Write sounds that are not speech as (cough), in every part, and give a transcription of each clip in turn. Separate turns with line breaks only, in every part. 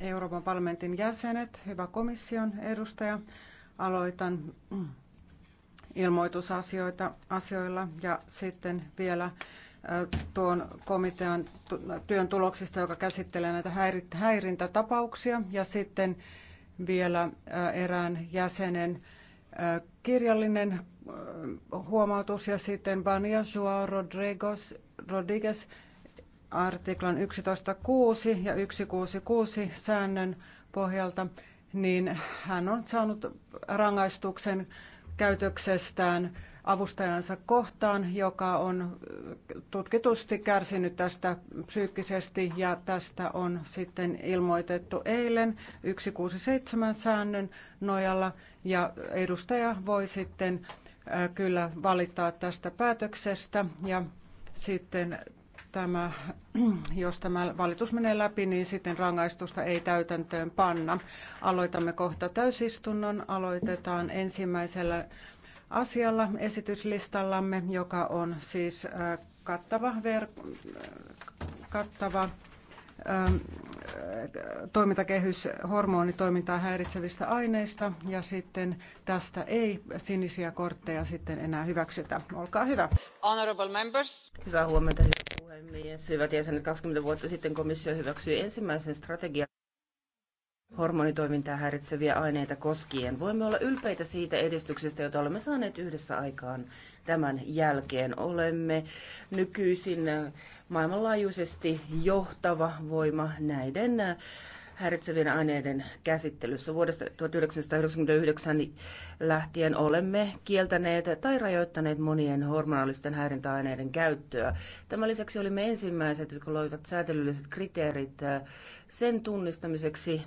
Euroopan parlamentin jäsenet, hyvä komission edustaja. Aloitan mm, ilmoitusasioita asioilla ja sitten vielä tuon komitean työn tuloksista, joka käsittelee näitä häirintätapauksia ja sitten vielä erään jäsenen kirjallinen huomautus ja sitten Banja Joao Rodriguez artiklan 11.6 ja 166 säännön pohjalta, niin hän on saanut rangaistuksen käytöksestään avustajansa kohtaan, joka on tutkitusti kärsinyt tästä psyykkisesti ja tästä on sitten ilmoitettu eilen 167 säännön nojalla ja edustaja voi sitten kyllä valittaa tästä päätöksestä ja sitten tämä, (clears throat) jos tämä valitus menee läpi, niin sitten rangaistusta ei täytäntöön panna. Aloitamme kohta täysistunnon. Aloitetaan ensimmäisellä asialla esityslistallamme, joka on siis äh, kattava, ver... Äh, kattava ähm, äh, toimintakehys hormonitoimintaa häiritsevistä aineista ja sitten tästä ei sinisiä kortteja sitten enää hyväksytä. Olkaa hyvät.
Honorable members. Hyvää huomenta. Puhemies,
hyvät jäsenet, 20 vuotta sitten komissio hyväksyi ensimmäisen
strategian hormonitoimintaa häiritseviä aineita koskien. Voimme olla ylpeitä siitä edistyksestä, jota olemme saaneet yhdessä aikaan tämän jälkeen. Olemme nykyisin maailmanlaajuisesti johtava voima näiden häiritsevien aineiden käsittelyssä. Vuodesta 1999 lähtien olemme kieltäneet tai rajoittaneet monien hormonaalisten häirintäaineiden käyttöä. Tämän lisäksi olimme ensimmäiset, jotka loivat säätelylliset kriteerit äh, sen tunnistamiseksi,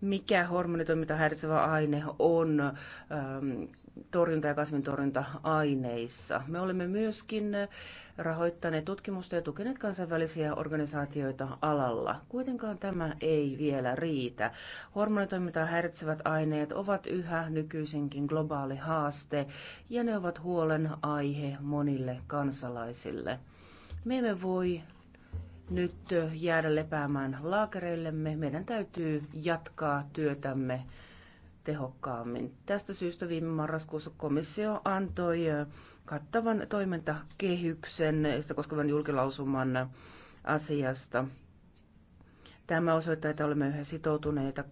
mikä hormonitoiminta häiritsevä aine on ähm, torjunta- ja kasvintorjunta-aineissa. Me olemme myöskin äh, rahoittaneet tutkimusta ja tukeneet kansainvälisiä organisaatioita alalla. Kuitenkaan tämä ei vielä riitä. Hormonitoimintaa häiritsevät aineet ovat yhä nykyisinkin globaali haaste ja ne ovat huolen aihe monille kansalaisille. Me emme voi nyt jäädä lepäämään laakereillemme. Meidän täytyy jatkaa työtämme tehokkaammin. Tästä syystä viime marraskuussa komissio antoi kattavan toimintakehyksen sitä koskevan julkilausuman asiasta. Tämä osoittaa, että olemme yhä sitoutuneita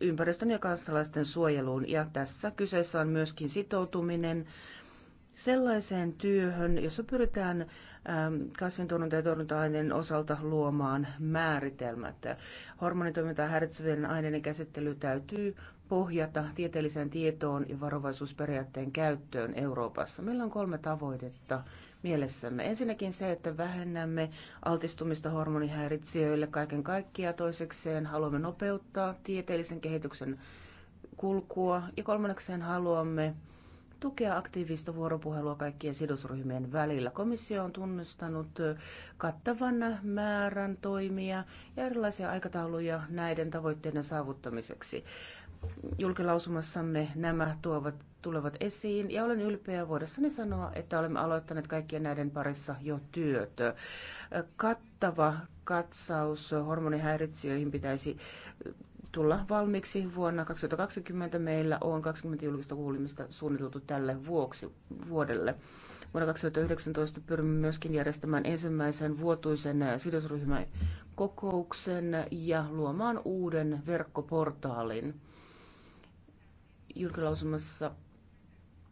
ympäristön ja kansalaisten suojeluun. Ja tässä kyseessä on myöskin sitoutuminen sellaiseen työhön, jossa pyritään ähm, kasvintuotanto- ja torjunta-aineiden osalta luomaan määritelmät. Hormonitoimintaa häiritsevien aineiden käsittely täytyy pohjata tieteelliseen tietoon ja varovaisuusperiaatteen käyttöön Euroopassa. Meillä on kolme tavoitetta mielessämme. Ensinnäkin se, että vähennämme altistumista hormonihäiritsijöille kaiken kaikkiaan. Toisekseen haluamme nopeuttaa tieteellisen kehityksen kulkua. Ja kolmannekseen haluamme tukea aktiivista vuoropuhelua kaikkien sidosryhmien välillä. Komissio on tunnistanut kattavan määrän toimia ja erilaisia aikatauluja näiden tavoitteiden saavuttamiseksi julkilausumassamme nämä tuovat, tulevat esiin ja olen ylpeä voidessani sanoa, että olemme aloittaneet kaikkien näiden parissa jo työt. Kattava katsaus hormonihäiritsijöihin pitäisi tulla valmiiksi vuonna 2020. Meillä on 20 julkista kuulimista suunniteltu tälle vuoksi, vuodelle. Vuonna 2019 pyrimme myöskin järjestämään ensimmäisen vuotuisen sidosryhmän kokouksen ja luomaan uuden verkkoportaalin julkilausumassa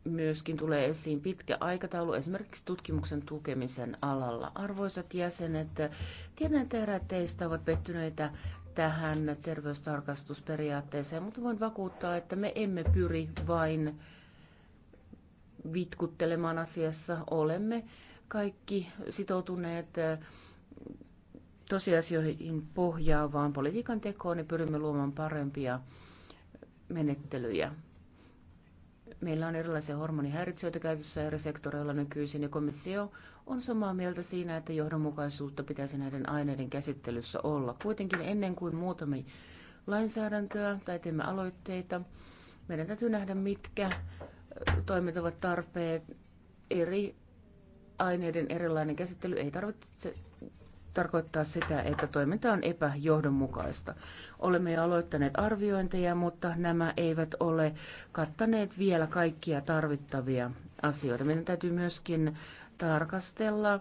myöskin tulee esiin pitkä aikataulu esimerkiksi tutkimuksen tukemisen alalla. Arvoisat jäsenet, tiedän, että eräät teistä ovat pettyneitä tähän terveystarkastusperiaatteeseen, mutta voin vakuuttaa, että me emme pyri vain vitkuttelemaan asiassa. Olemme kaikki sitoutuneet tosiasioihin pohjaavaan politiikan tekoon ja pyrimme luomaan parempia menettelyjä meillä on erilaisia hormonihäiritsijöitä käytössä eri sektoreilla nykyisin, ja komissio on samaa mieltä siinä, että johdonmukaisuutta pitäisi näiden aineiden käsittelyssä olla. Kuitenkin ennen kuin muutamme lainsäädäntöä tai teemme aloitteita, meidän täytyy nähdä, mitkä toimet ovat tarpeet. Eri aineiden erilainen käsittely ei tarvitse tarkoittaa sitä, että toiminta on epäjohdonmukaista. Olemme jo aloittaneet arviointeja, mutta nämä eivät ole kattaneet vielä kaikkia tarvittavia asioita. Meidän täytyy myöskin tarkastella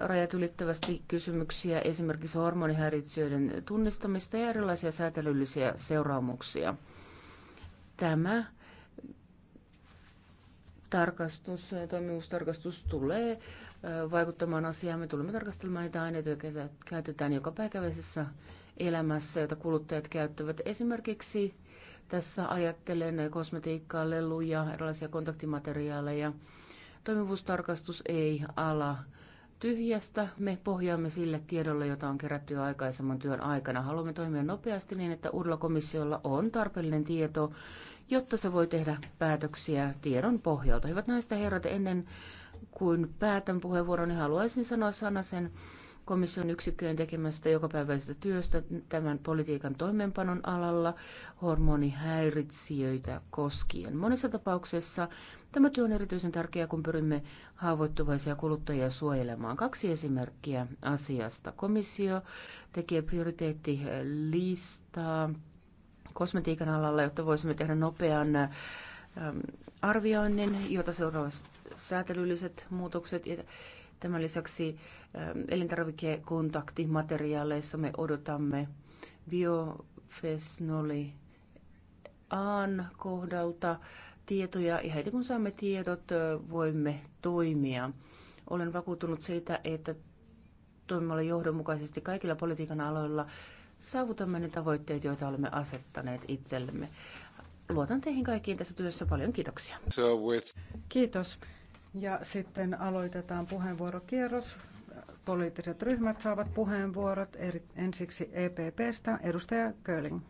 rajat ylittävästi kysymyksiä, esimerkiksi hormonihäiritsijöiden tunnistamista ja erilaisia säätelyllisiä seuraamuksia. Tämä tarkastus, toimivuustarkastus tulee vaikuttamaan asiaan. Me tulemme tarkastelemaan niitä aineita, joita käytetään joka päiväisessä elämässä, jota kuluttajat käyttävät. Esimerkiksi tässä ajattelen kosmetiikkaa, leluja, erilaisia kontaktimateriaaleja. Toimivuustarkastus ei ala tyhjästä. Me pohjaamme sille tiedolle, jota on kerätty jo aikaisemman työn aikana. Haluamme toimia nopeasti niin, että uudella komissiolla on tarpeellinen tieto, jotta se voi tehdä päätöksiä tiedon pohjalta. Hyvät naiset ja herrat, ennen kun päätän puheenvuoron, niin haluaisin sanoa sana sen komission yksikköjen tekemästä jokapäiväisestä työstä tämän politiikan toimeenpanon alalla hormonihäiritsijöitä koskien. Monissa tapauksessa tämä työ on erityisen tärkeää, kun pyrimme haavoittuvaisia kuluttajia suojelemaan. Kaksi esimerkkiä asiasta. Komissio tekee prioriteettilistaa kosmetiikan alalla, jotta voisimme tehdä nopean arvioinnin, jota seuraavassa säätelylliset muutokset ja tämän lisäksi ähm, elintarvikekontaktimateriaaleissa me odotamme biofesnoli Aan kohdalta tietoja ja heti kun saamme tiedot, äh, voimme toimia. Olen vakuuttunut siitä, että toimimalla johdonmukaisesti kaikilla politiikan aloilla saavutamme ne tavoitteet, joita olemme asettaneet itsellemme. Luotan teihin kaikkiin tässä työssä.
Paljon kiitoksia.
Kiitos. Ja sitten aloitetaan puheenvuorokierros. Poliittiset ryhmät saavat puheenvuorot eri, ensiksi EPPstä. Edustaja Köling.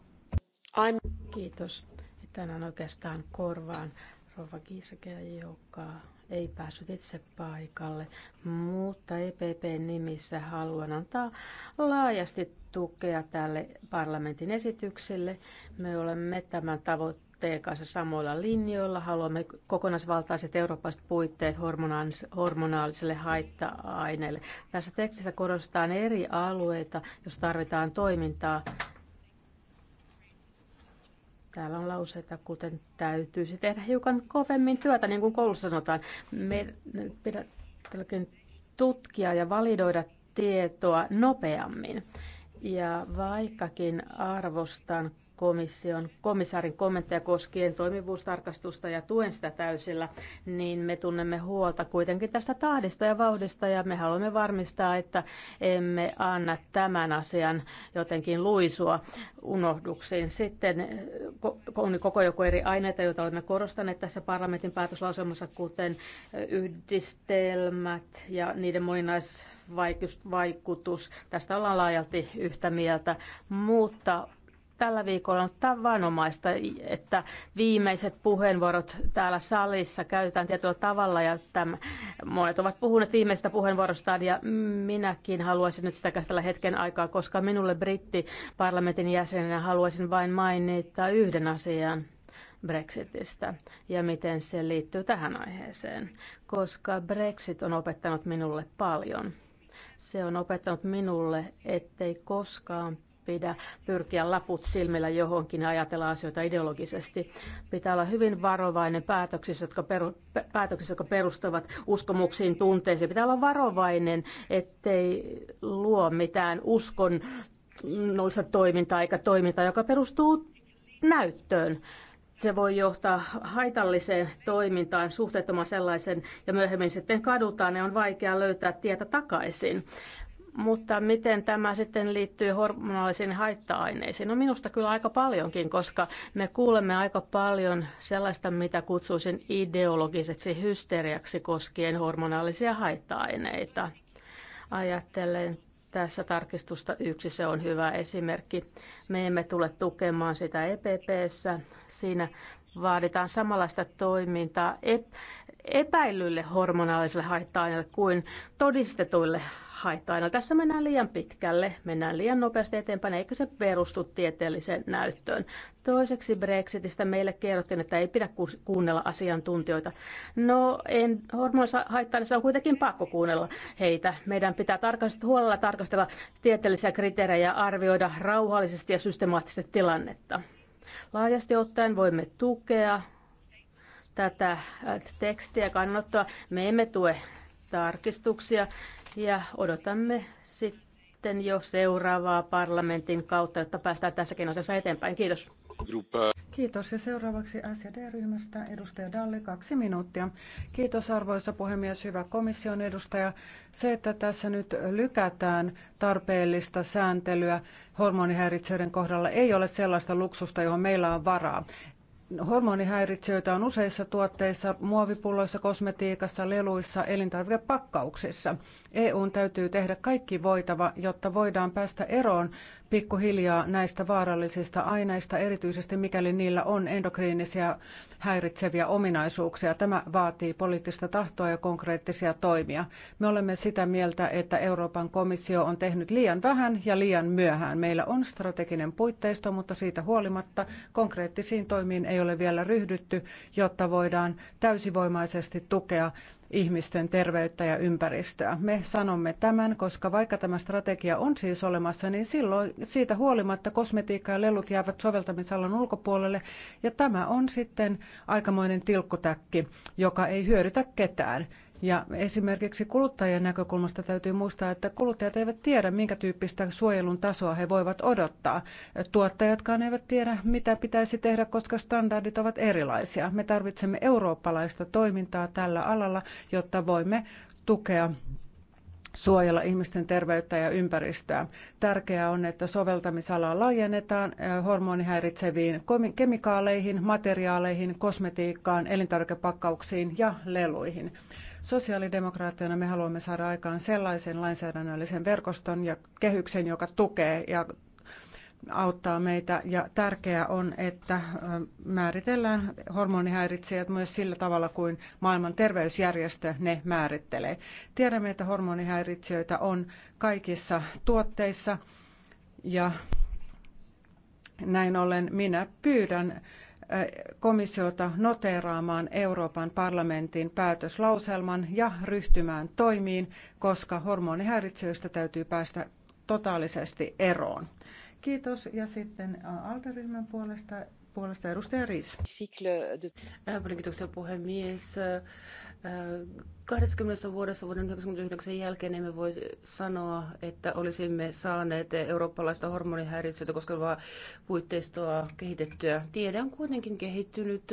I'm... Kiitos. Tänään oikeastaan korvaan Rova Kiisakeä, joka ei päässyt itse paikalle, mutta EPPn nimissä haluan antaa laajasti tukea tälle parlamentin esitykselle. Me olemme tämän tavoitteen teidän kanssa samoilla linjoilla. Haluamme kokonaisvaltaiset eurooppalaiset puitteet hormonaaliselle haitta-aineelle. Tässä tekstissä korostetaan eri alueita, jos tarvitaan toimintaa. Täällä on lauseita, kuten täytyisi tehdä hiukan kovemmin työtä, niin kuin koulussa sanotaan. Me pitää tutkia ja validoida tietoa nopeammin. Ja vaikkakin arvostan komission komissaarin kommentteja koskien toimivuustarkastusta ja tuen sitä täysillä, niin me tunnemme huolta kuitenkin tästä tahdista ja vauhdista ja me haluamme varmistaa, että emme anna tämän asian jotenkin luisua unohduksiin. Sitten on koko joku eri aineita, joita olemme korostaneet tässä parlamentin päätöslauselmassa, kuten yhdistelmät ja niiden moninaisvaikutus. Tästä ollaan laajalti yhtä mieltä, mutta tällä viikolla on tavanomaista, että viimeiset puheenvuorot täällä salissa käytetään tietyllä tavalla ja tämän, monet ovat puhuneet viimeistä puheenvuorostaan ja minäkin haluaisin nyt sitä käsitellä hetken aikaa, koska minulle britti parlamentin jäsenenä haluaisin vain mainita yhden asian. Brexitistä ja miten se liittyy tähän aiheeseen, koska Brexit on opettanut minulle paljon. Se on opettanut minulle, ettei koskaan pidä pyrkiä laput silmillä johonkin ja ajatella asioita ideologisesti. Pitää olla hyvin varovainen päätöksissä, jotka, peru, päätöksissä, jotka perustuvat uskomuksiin, tunteisiin. Pitää olla varovainen, ettei luo mitään uskon nollista toimintaa eikä toimintaa, joka perustuu näyttöön se voi johtaa haitalliseen toimintaan, suhteettoman sellaisen, ja myöhemmin sitten kadutaan, ja on vaikea löytää tietä takaisin. Mutta miten tämä sitten liittyy hormonaalisiin haitta-aineisiin? No minusta kyllä aika paljonkin, koska me kuulemme aika paljon sellaista, mitä kutsuisin ideologiseksi hysteriaksi koskien hormonaalisia haitta-aineita. Ajattelen tässä tarkistusta yksi, se on hyvä esimerkki. Me emme tule tukemaan sitä EPPssä. Siinä vaaditaan samanlaista toimintaa epäilylle hormonaaliselle haitta kuin todistetuille haitta-aineille. Tässä mennään liian pitkälle, mennään liian nopeasti eteenpäin, eikö se perustu tieteelliseen näyttöön. Toiseksi Brexitistä meille kerrottiin, että ei pidä kuunnella asiantuntijoita. No, en, hormonihaitta on kuitenkin pakko kuunnella heitä. Meidän pitää tarkast- huolella tarkastella tieteellisiä kriteerejä ja arvioida rauhallisesti ja systemaattisesti tilannetta. Laajasti ottaen voimme tukea tätä äh, tekstiä kannattaa. Me emme tue tarkistuksia ja odotamme sitten jo seuraavaa parlamentin kautta, jotta päästään tässäkin asiassa eteenpäin. Kiitos.
Kiitos. Ja seuraavaksi sd ryhmästä edustaja Dalli, kaksi minuuttia. Kiitos arvoisa puhemies, hyvä komission edustaja. Se, että tässä nyt lykätään tarpeellista sääntelyä hormonihäiritsijöiden kohdalla, ei ole sellaista luksusta, johon meillä on varaa. Hormonihäiritsijöitä on useissa tuotteissa, muovipulloissa, kosmetiikassa, leluissa, elintarvikepakkauksissa. EUn täytyy tehdä kaikki voitava, jotta voidaan päästä eroon pikkuhiljaa näistä vaarallisista aineista, erityisesti mikäli niillä on endokriinisia häiritseviä ominaisuuksia. Tämä vaatii poliittista tahtoa ja konkreettisia toimia. Me olemme sitä mieltä, että Euroopan komissio on tehnyt liian vähän ja liian myöhään. Meillä on strateginen puitteisto, mutta siitä huolimatta konkreettisiin toimiin ei ole vielä ryhdytty, jotta voidaan täysivoimaisesti tukea ihmisten terveyttä ja ympäristöä. Me sanomme tämän, koska vaikka tämä strategia on siis olemassa, niin silloin siitä huolimatta kosmetiikka ja lelut jäävät soveltamisalan ulkopuolelle. Ja tämä on sitten aikamoinen tilkkutäkki, joka ei hyödytä ketään. Ja esimerkiksi kuluttajien näkökulmasta täytyy muistaa, että kuluttajat eivät tiedä, minkä tyyppistä suojelun tasoa he voivat odottaa. Tuottajatkaan eivät tiedä, mitä pitäisi tehdä, koska standardit ovat erilaisia. Me tarvitsemme eurooppalaista toimintaa tällä alalla, jotta voimme tukea suojella ihmisten terveyttä ja ympäristöä. Tärkeää on, että soveltamisalaa laajennetaan hormonihäiritseviin kemikaaleihin, materiaaleihin, kosmetiikkaan, elintarvikepakkauksiin ja leluihin. Sosiaalidemokraatteina me haluamme saada aikaan sellaisen lainsäädännöllisen verkoston ja kehyksen, joka tukee ja auttaa meitä. Ja tärkeää on, että määritellään hormonihäiritsijät myös sillä tavalla kuin maailman terveysjärjestö ne määrittelee. Tiedämme, että hormonihäiritsijöitä on kaikissa tuotteissa ja näin ollen minä pyydän komissiota noteeraamaan Euroopan parlamentin päätöslauselman ja ryhtymään toimiin, koska hormonihäiritsijöistä täytyy päästä totaalisesti eroon. Kiitos ja sitten ALDE-ryhmän puolesta, puolesta edustaja Riis.
Kiitoksia puhemies 20 vuodessa vuoden 1999 jälkeen emme voi sanoa, että olisimme saaneet eurooppalaista hormonihäiriötä koskevaa puitteistoa kehitettyä. Tiede on kuitenkin kehittynyt.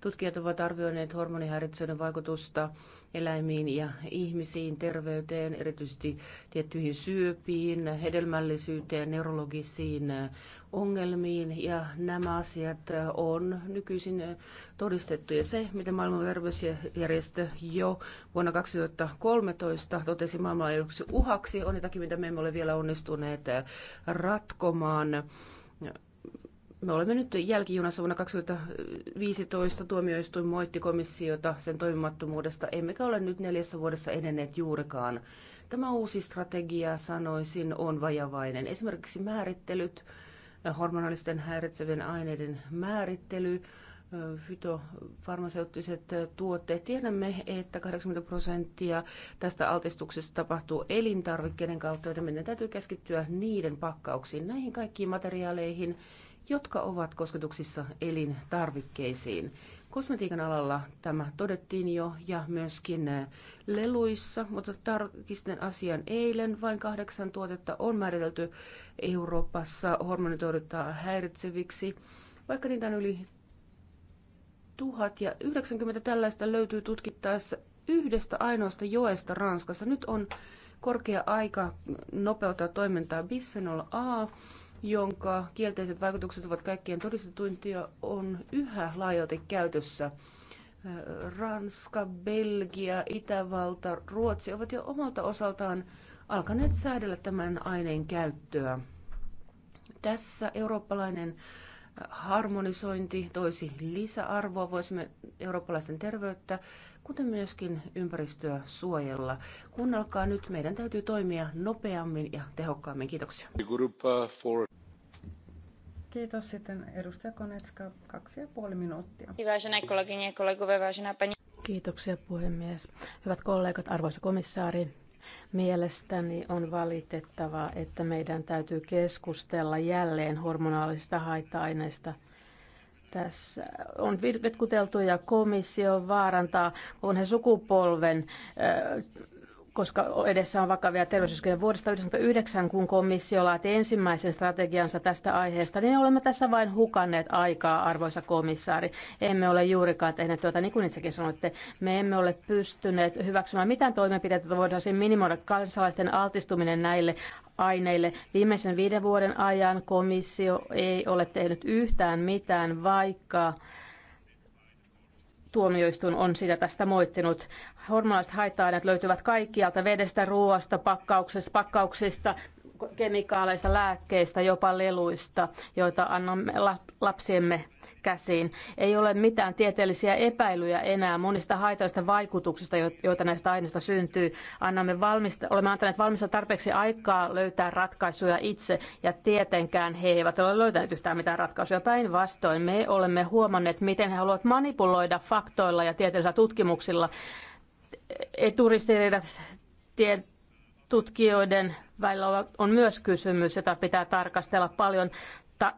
Tutkijat ovat arvioineet hormonihäiriöiden vaikutusta eläimiin ja ihmisiin, terveyteen, erityisesti tiettyihin syöpiin, hedelmällisyyteen, neurologisiin ongelmiin. Ja nämä asiat on nykyisin todistettu. Ja se, mitä maailman terveysjärjestö jo vuonna 2013 totesi maailmanlaajuiseksi uhaksi, on jotakin, mitä me emme ole vielä onnistuneet ratkomaan me olemme nyt jälkijunassa vuonna 2015 tuomioistuin moitti komissiota sen toimimattomuudesta, emmekä ole nyt neljässä vuodessa edenneet juurikaan. Tämä uusi strategia, sanoisin, on vajavainen. Esimerkiksi määrittelyt, hormonallisten häiritsevien aineiden määrittely, fytofarmaseuttiset tuotteet. Tiedämme, että 80 prosenttia tästä altistuksesta tapahtuu elintarvikkeiden kautta, joten meidän täytyy keskittyä niiden pakkauksiin, näihin kaikkiin materiaaleihin, jotka ovat kosketuksissa elintarvikkeisiin. Kosmetiikan alalla tämä todettiin jo ja myöskin eh, leluissa, mutta tarkistin asian eilen. Vain kahdeksan tuotetta on määritelty Euroopassa hormonitoiduttaa häiritseviksi, vaikka niitä on yli tuhat ja 90 tällaista löytyy tutkittaessa yhdestä ainoasta joesta Ranskassa. Nyt on korkea aika nopeuttaa toimintaa bisphenol A jonka kielteiset vaikutukset ovat kaikkien todistetuintia, on yhä laajalti käytössä. Ranska, Belgia, Itävalta, Ruotsi ovat jo omalta osaltaan alkaneet säädellä tämän aineen käyttöä. Tässä eurooppalainen harmonisointi toisi lisäarvoa, voisimme eurooppalaisten terveyttä kuten myöskin ympäristöä suojella. Kuunnelkaa nyt, meidän täytyy toimia nopeammin ja tehokkaammin. Kiitoksia.
Uh,
Kiitos sitten edustaja Konetska, kaksi ja puoli minuuttia. Kiitoksia puhemies. Hyvät kollegat, arvoisa komissaari, Mielestäni on valitettavaa, että meidän täytyy keskustella jälleen hormonaalisista haitta-aineista – tässä on vetkuteltu ja komissio vaarantaa, kun he sukupolven koska edessä on vakavia terveysiskuja. Vuodesta 1999, kun komissio laati ensimmäisen strategiansa tästä aiheesta, niin olemme tässä vain hukanneet aikaa, arvoisa komissaari. Emme ole juurikaan tehneet tuota, niin kuin itsekin sanoitte, me emme ole pystyneet hyväksymään mitään toimenpiteitä, että voitaisiin minimoida kansalaisten altistuminen näille aineille. Viimeisen viiden vuoden ajan komissio ei ole tehnyt yhtään mitään, vaikka tuomioistuin on sitä tästä moittinut. Hormonaiset haitta-aineet löytyvät kaikkialta, vedestä, ruoasta, pakkauksista, pakkauksista, kemikaaleista, lääkkeistä, jopa leluista, joita annamme lapsiemme käsiin. Ei ole mitään tieteellisiä epäilyjä enää monista haitallisista vaikutuksista, joita näistä aineista syntyy. Annamme valmista, olemme antaneet valmista tarpeeksi aikaa löytää ratkaisuja itse, ja tietenkään he eivät ole löytäneet yhtään mitään ratkaisuja. Päinvastoin me olemme huomanneet, miten he haluavat manipuloida faktoilla ja tieteellisillä tutkimuksilla eturistiriidat tutkijoiden välillä on myös kysymys, jota pitää tarkastella paljon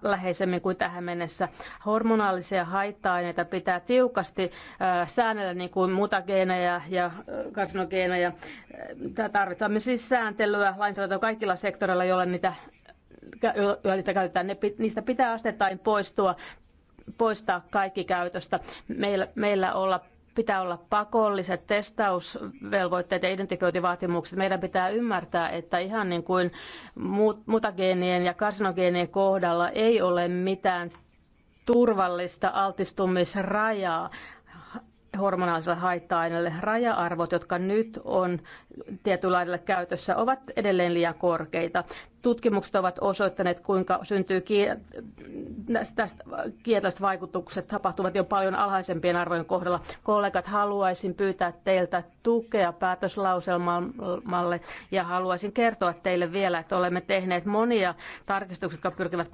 läheisemmin kuin tähän mennessä. Hormonaalisia haitta-aineita pitää tiukasti äh, säännellä niin kuin mutageeneja ja tarvitaan äh, äh, Tarvitsemme siis sääntelyä lainsäädäntöä kaikilla sektoreilla, joilla niitä, jo, niitä käytetään. Ne, niistä pitää asteittain poistua poistaa kaikki käytöstä. Meillä, meillä olla Pitää olla pakolliset testausvelvoitteet ja identifiointivaatimukset. Meidän pitää ymmärtää, että ihan niin kuin mutageenien ja karsinogeenien kohdalla ei ole mitään turvallista altistumisrajaa hormonaaliselle haitta-aineelle. Raja-arvot, jotka nyt on tietynlailla käytössä, ovat edelleen liian korkeita. Tutkimukset ovat osoittaneet, kuinka syntyy kiel- tästä vaikutukset tapahtuvat jo paljon alhaisempien arvojen kohdalla. Kollegat, haluaisin pyytää teiltä tukea päätöslauselmalle ja haluaisin kertoa teille vielä, että olemme tehneet monia tarkistuksia, jotka pyrkivät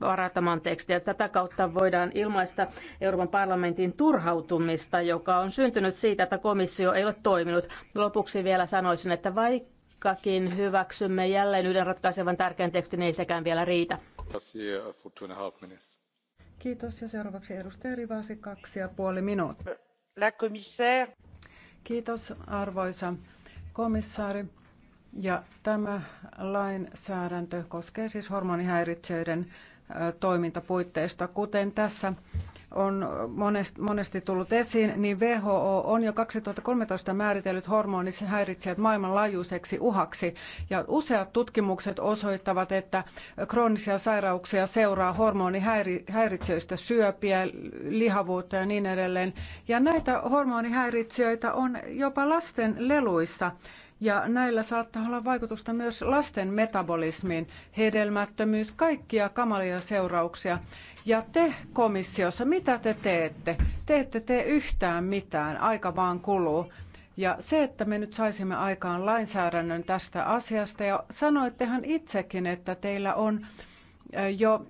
parantamaan tekstiä. Tätä kautta voidaan ilmaista Euroopan parlamentin turhautumista, joka on syntynyt siitä, että komissio ei ole toiminut. Lopuksi vielä sanoisin, että vaikka vaikkakin hyväksymme jälleen yhden ratkaisevan tärkeän tekstin, niin ei sekään vielä riitä. Kiitos ja seuraavaksi edustaja Rivasi kaksi ja puoli minuuttia.
La commissaire. Kiitos arvoisa komissaari. Ja tämä lainsäädäntö koskee siis hormonihäiritseiden toimintapuitteista. Kuten tässä on monesti tullut esiin, niin WHO on jo 2013 määritellyt häiritsijät maailmanlaajuiseksi uhaksi. Ja useat tutkimukset osoittavat, että kroonisia sairauksia seuraa hormonihäiritsijöistä syöpiä, lihavuutta ja niin edelleen. Ja näitä hormonihäiritsijöitä on jopa lasten leluissa. Ja näillä saattaa olla vaikutusta myös lasten metabolismiin, hedelmättömyys, kaikkia kamalia seurauksia. Ja te komissiossa, mitä te teette? Te ette tee yhtään mitään, aika vaan kuluu. Ja se, että me nyt saisimme aikaan lainsäädännön tästä asiasta, ja sanoittehan itsekin, että teillä on jo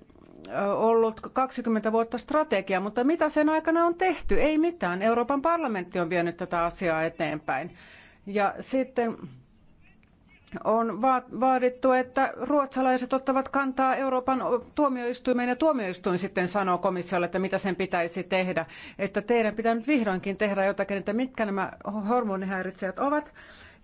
ollut 20 vuotta strategia, mutta mitä sen aikana on tehty? Ei mitään. Euroopan parlamentti on vienyt tätä asiaa eteenpäin. Ja sitten on vaadittu, että ruotsalaiset ottavat kantaa Euroopan tuomioistuimeen ja tuomioistuin sitten sanoo komissiolle, että mitä sen pitäisi tehdä. Että teidän pitää nyt vihdoinkin tehdä jotakin, että mitkä nämä hormonihäiritsijät ovat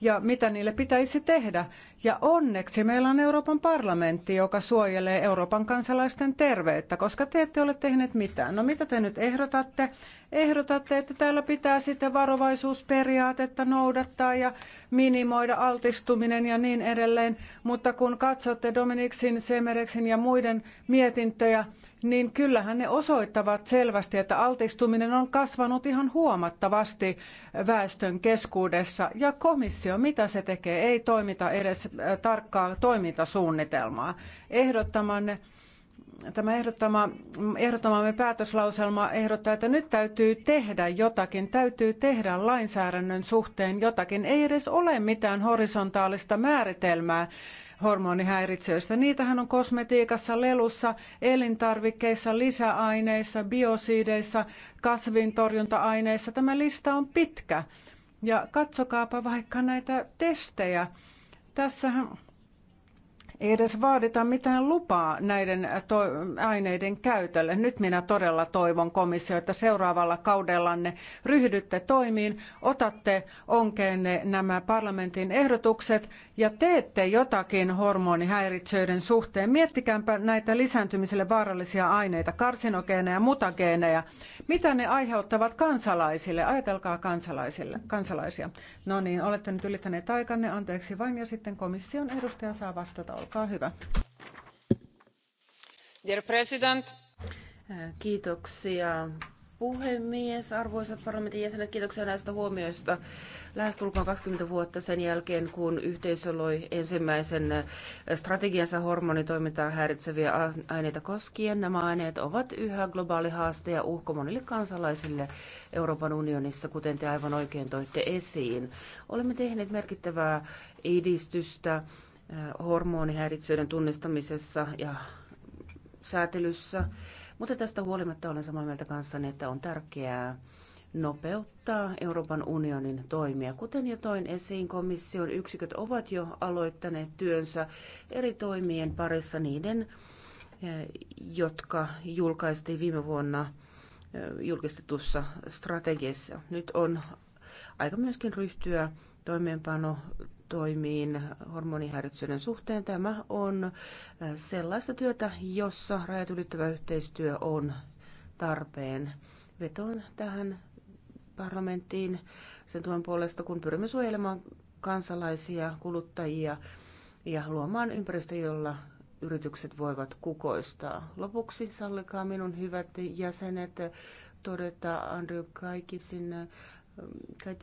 ja mitä niille pitäisi tehdä. Ja onneksi meillä on Euroopan parlamentti, joka suojelee Euroopan kansalaisten terveyttä, koska te ette ole tehneet mitään. No mitä te nyt ehdotatte? Ehdotatte, että täällä pitää sitten varovaisuusperiaatetta noudattaa ja minimoida altistuminen ja niin edelleen. Mutta kun katsotte Dominiksin, Semereksin ja muiden mietintöjä, niin kyllähän ne osoittavat selvästi, että altistuminen on kasvanut ihan huomattavasti väestön keskuudessa. Ja komissio, mitä se tekee, ei toimita edes äh, tarkkaa toimintasuunnitelmaa. Ehdottamanne tämä ehdottama, ehdottamamme päätöslauselma ehdottaa, että nyt täytyy tehdä jotakin, täytyy tehdä lainsäädännön suhteen jotakin. Ei edes ole mitään horisontaalista määritelmää hormonihäiritsijöistä. Niitähän on kosmetiikassa, lelussa, elintarvikkeissa, lisäaineissa, biosiideissa, kasvintorjunta-aineissa. Tämä lista on pitkä. Ja katsokaapa vaikka näitä testejä. Tässähän ei edes vaadita mitään lupaa näiden aineiden käytölle. Nyt minä todella toivon komissio, että seuraavalla kaudellanne ryhdytte toimiin, otatte onkeenne nämä parlamentin ehdotukset ja teette jotakin hormonihäiritsijöiden suhteen. Miettikääpä näitä lisääntymiselle vaarallisia aineita, karsinogeeneja, mutageeneja. Mitä ne aiheuttavat kansalaisille? Ajatelkaa kansalaisille, kansalaisia. No niin, olette nyt ylittäneet aikanne. Anteeksi vain ja sitten komission edustaja saa vastata olkaa hyvä.
Dear President.
Kiitoksia puhemies,
arvoisat parlamentin jäsenet, kiitoksia näistä huomioista. Lähestulkoon 20 vuotta sen jälkeen, kun yhteisö loi ensimmäisen strategiansa hormonitoimintaa häiritseviä aineita koskien, nämä aineet ovat yhä globaali haaste ja uhko monille kansalaisille Euroopan unionissa, kuten te aivan oikein toitte esiin. Olemme tehneet merkittävää edistystä hormonihäiritsyiden tunnistamisessa ja säätelyssä. Mutta tästä huolimatta olen samaa mieltä kanssani, että on tärkeää nopeuttaa Euroopan unionin toimia. Kuten jo toin esiin, komission yksiköt ovat jo aloittaneet työnsä eri toimien parissa niiden, jotka julkaistiin viime vuonna julkistetussa strategiassa. Nyt on aika myöskin ryhtyä toimeenpano toimiin hormonihäiritsyiden suhteen. Tämä on äh, sellaista työtä, jossa rajat ylittävä yhteistyö on tarpeen. Vetoon tähän parlamenttiin sen tuen puolesta, kun pyrimme suojelemaan kansalaisia, kuluttajia ja luomaan ympäristö, jolla yritykset voivat kukoistaa. Lopuksi sallikaa minun hyvät jäsenet todeta Andrew Kaikisin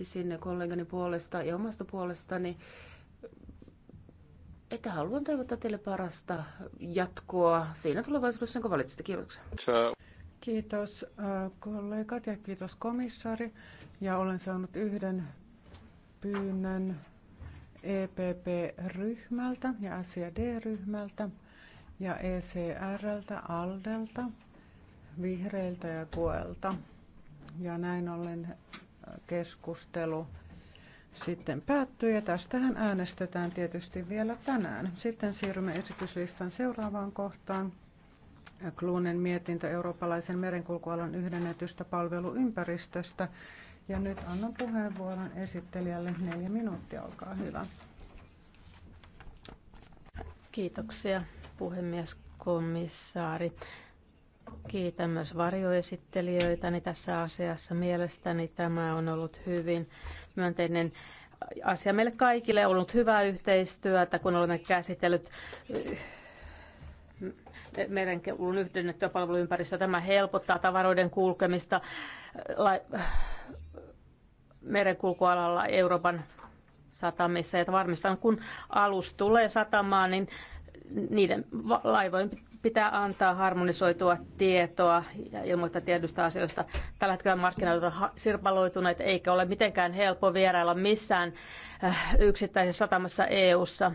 sinne kollegani puolesta ja omasta puolestani, että haluan toivottaa teille parasta jatkoa siinä tulevaisuudessa,
jonka valitsitte. Kiitoksia. Kiitos äh, kollegat ja kiitos komissaari. Ja olen saanut yhden pyynnön EPP-ryhmältä ja SJD-ryhmältä e ja ECRltä, ALDelta, Vihreiltä ja Kuelta. Ja näin ollen keskustelu sitten päättyy ja tästähän äänestetään tietysti vielä tänään. Sitten siirrymme esityslistan seuraavaan kohtaan. Kluunen mietintö eurooppalaisen merenkulkualan yhdennetystä palveluympäristöstä.
Ja nyt annan puheenvuoron esittelijälle. Neljä minuuttia, olkaa hyvä. Kiitoksia puhemies komissaari. Kiitän myös varjoesittelijöitäni tässä asiassa. Mielestäni tämä on ollut hyvin myönteinen asia meille kaikille. On ollut hyvää yhteistyötä, kun olemme käsitellyt eh, kulun yhdennettyä palveluympäristöä. Tämä helpottaa tavaroiden kulkemista merenkulkualalla Euroopan satamissa. Ja varmistan, kun alus tulee satamaan, niin niiden laivojen pitää antaa harmonisoitua tietoa ja ilmoittaa tietystä asioista. Tällä hetkellä markkinoita ovat sirpaloituneet eikä ole mitenkään helppo vierailla missään äh, yksittäisessä satamassa EU-ssa.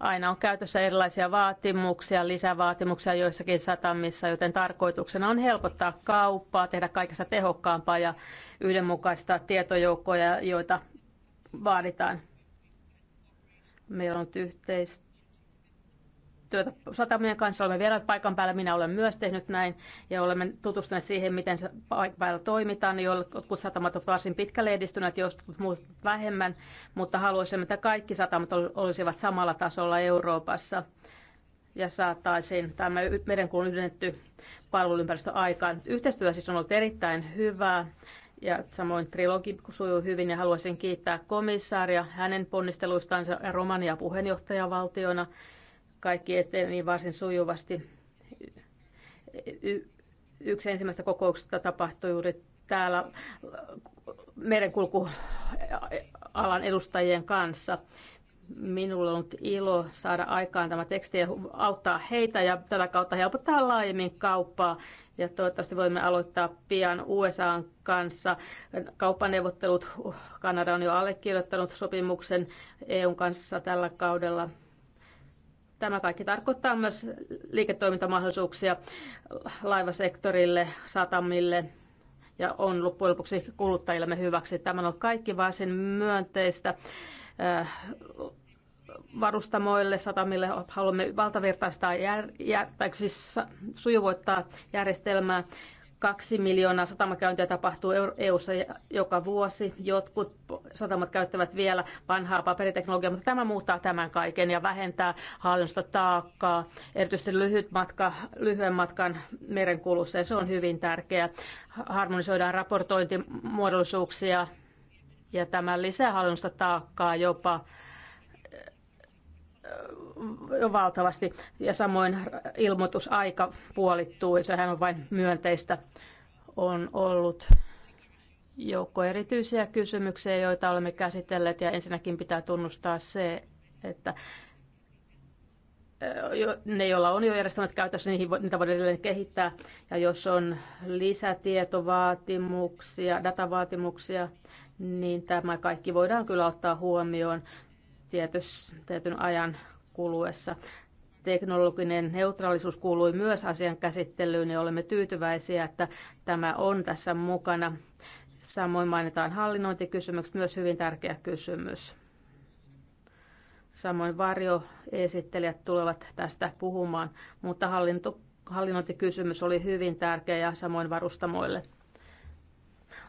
Aina on käytössä erilaisia vaatimuksia, lisävaatimuksia joissakin satamissa, joten tarkoituksena on helpottaa kauppaa, tehdä kaikesta tehokkaampaa ja yhdenmukaista tietojoukkoja, joita vaaditaan. Meillä on yhteistyö työtä satamien kanssa, olemme vieraat paikan päällä, minä olen myös tehnyt näin, ja olemme tutustuneet siihen, miten paikan päällä toimitaan. Jotkut satamat ovat varsin pitkälle edistyneet, jotkut muut vähemmän, mutta haluaisimme, että kaikki satamat olisivat samalla tasolla Euroopassa ja saataisiin tämä merenkulun yhdennetty palveluympäristö aikaan. Yhteistyö siis on ollut erittäin hyvää ja samoin trilogi sujuu hyvin ja haluaisin kiittää komissaaria hänen ponnisteluistaan ja Romania puheenjohtajavaltiona. valtiona kaikki eteni niin varsin sujuvasti. yksi ensimmäistä kokouksista tapahtui juuri täällä merenkulkualan edustajien kanssa. Minulla on ollut ilo saada aikaan tämä teksti ja auttaa heitä ja tätä kautta helpottaa laajemmin kauppaa. Ja toivottavasti voimme aloittaa pian USAn kanssa kauppaneuvottelut. Kanada on jo allekirjoittanut sopimuksen EUn kanssa tällä kaudella. Tämä kaikki tarkoittaa myös liiketoimintamahdollisuuksia laivasektorille, satamille ja on loppujen lopuksi kuluttajillemme hyväksi. Tämä on kaikki varsin myönteistä äh, varustamoille, satamille haluamme valtavirtaistaa jär, jär, tai siis sujuvoittaa järjestelmää Kaksi miljoonaa satamakäyntiä tapahtuu EU-ssa joka vuosi. Jotkut satamat käyttävät vielä vanhaa paperiteknologiaa, mutta tämä muuttaa tämän kaiken ja vähentää hallinnosta taakkaa, erityisesti lyhyt matka, lyhyen matkan merenkulussa, ja se on hyvin tärkeää. Harmonisoidaan raportointimuodollisuuksia, ja tämä lisää hallinnosta taakkaa jopa valtavasti ja samoin ilmoitusaika puolittuu ja sehän on vain myönteistä. On ollut joukko erityisiä kysymyksiä, joita olemme käsitelleet ja ensinnäkin pitää tunnustaa se, että ne, joilla on jo järjestelmät käytössä, niihin, niitä voidaan edelleen kehittää. Ja jos on lisätietovaatimuksia, datavaatimuksia, niin tämä kaikki voidaan kyllä ottaa huomioon tietys, tietyn ajan kuluessa. Teknologinen neutraalisuus kuului myös asian käsittelyyn ja olemme tyytyväisiä, että tämä on tässä mukana. Samoin mainitaan hallinnointikysymykset, myös hyvin tärkeä kysymys. Samoin varjoesittelijät tulevat tästä puhumaan, mutta hallinto, hallinnointikysymys oli hyvin tärkeä ja samoin varustamoille.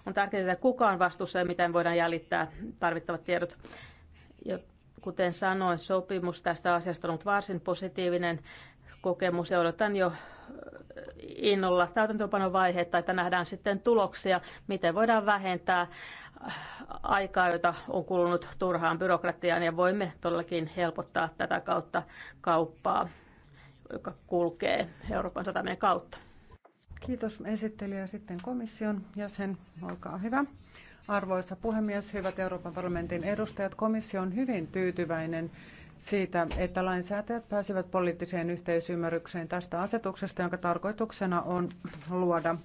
On tärkeää, että kuka on vastuussa ja miten voidaan jäljittää tarvittavat tiedot. Kuten sanoin, sopimus tästä asiasta on ollut varsin positiivinen kokemus ja odotan jo äh, innolla täytäntöönpanovaihetta, että nähdään sitten tuloksia, miten voidaan vähentää äh, aikaa, jota on kulunut turhaan byrokratiaan ja voimme todellakin helpottaa tätä kautta kauppaa, joka kulkee Euroopan satamien kautta.
Kiitos esittelijä. Sitten komission jäsen, olkaa hyvä. Arvoisa puhemies, hyvät Euroopan parlamentin edustajat, komissio on hyvin tyytyväinen siitä, että lainsäätäjät pääsivät poliittiseen yhteisymmärrykseen tästä asetuksesta, jonka tarkoituksena on luoda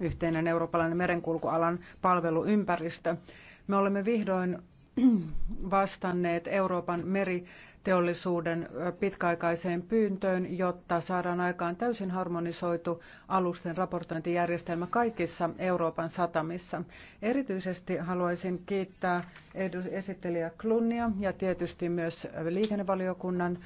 yhteinen eurooppalainen merenkulkualan palveluympäristö. Me olemme vihdoin (clears throat) vastanneet Euroopan meri teollisuuden pitkäaikaiseen pyyntöön, jotta saadaan aikaan täysin harmonisoitu alusten raportointijärjestelmä kaikissa Euroopan satamissa. Erityisesti haluaisin kiittää esittelijä Klunnia ja tietysti myös liikennevaliokunnan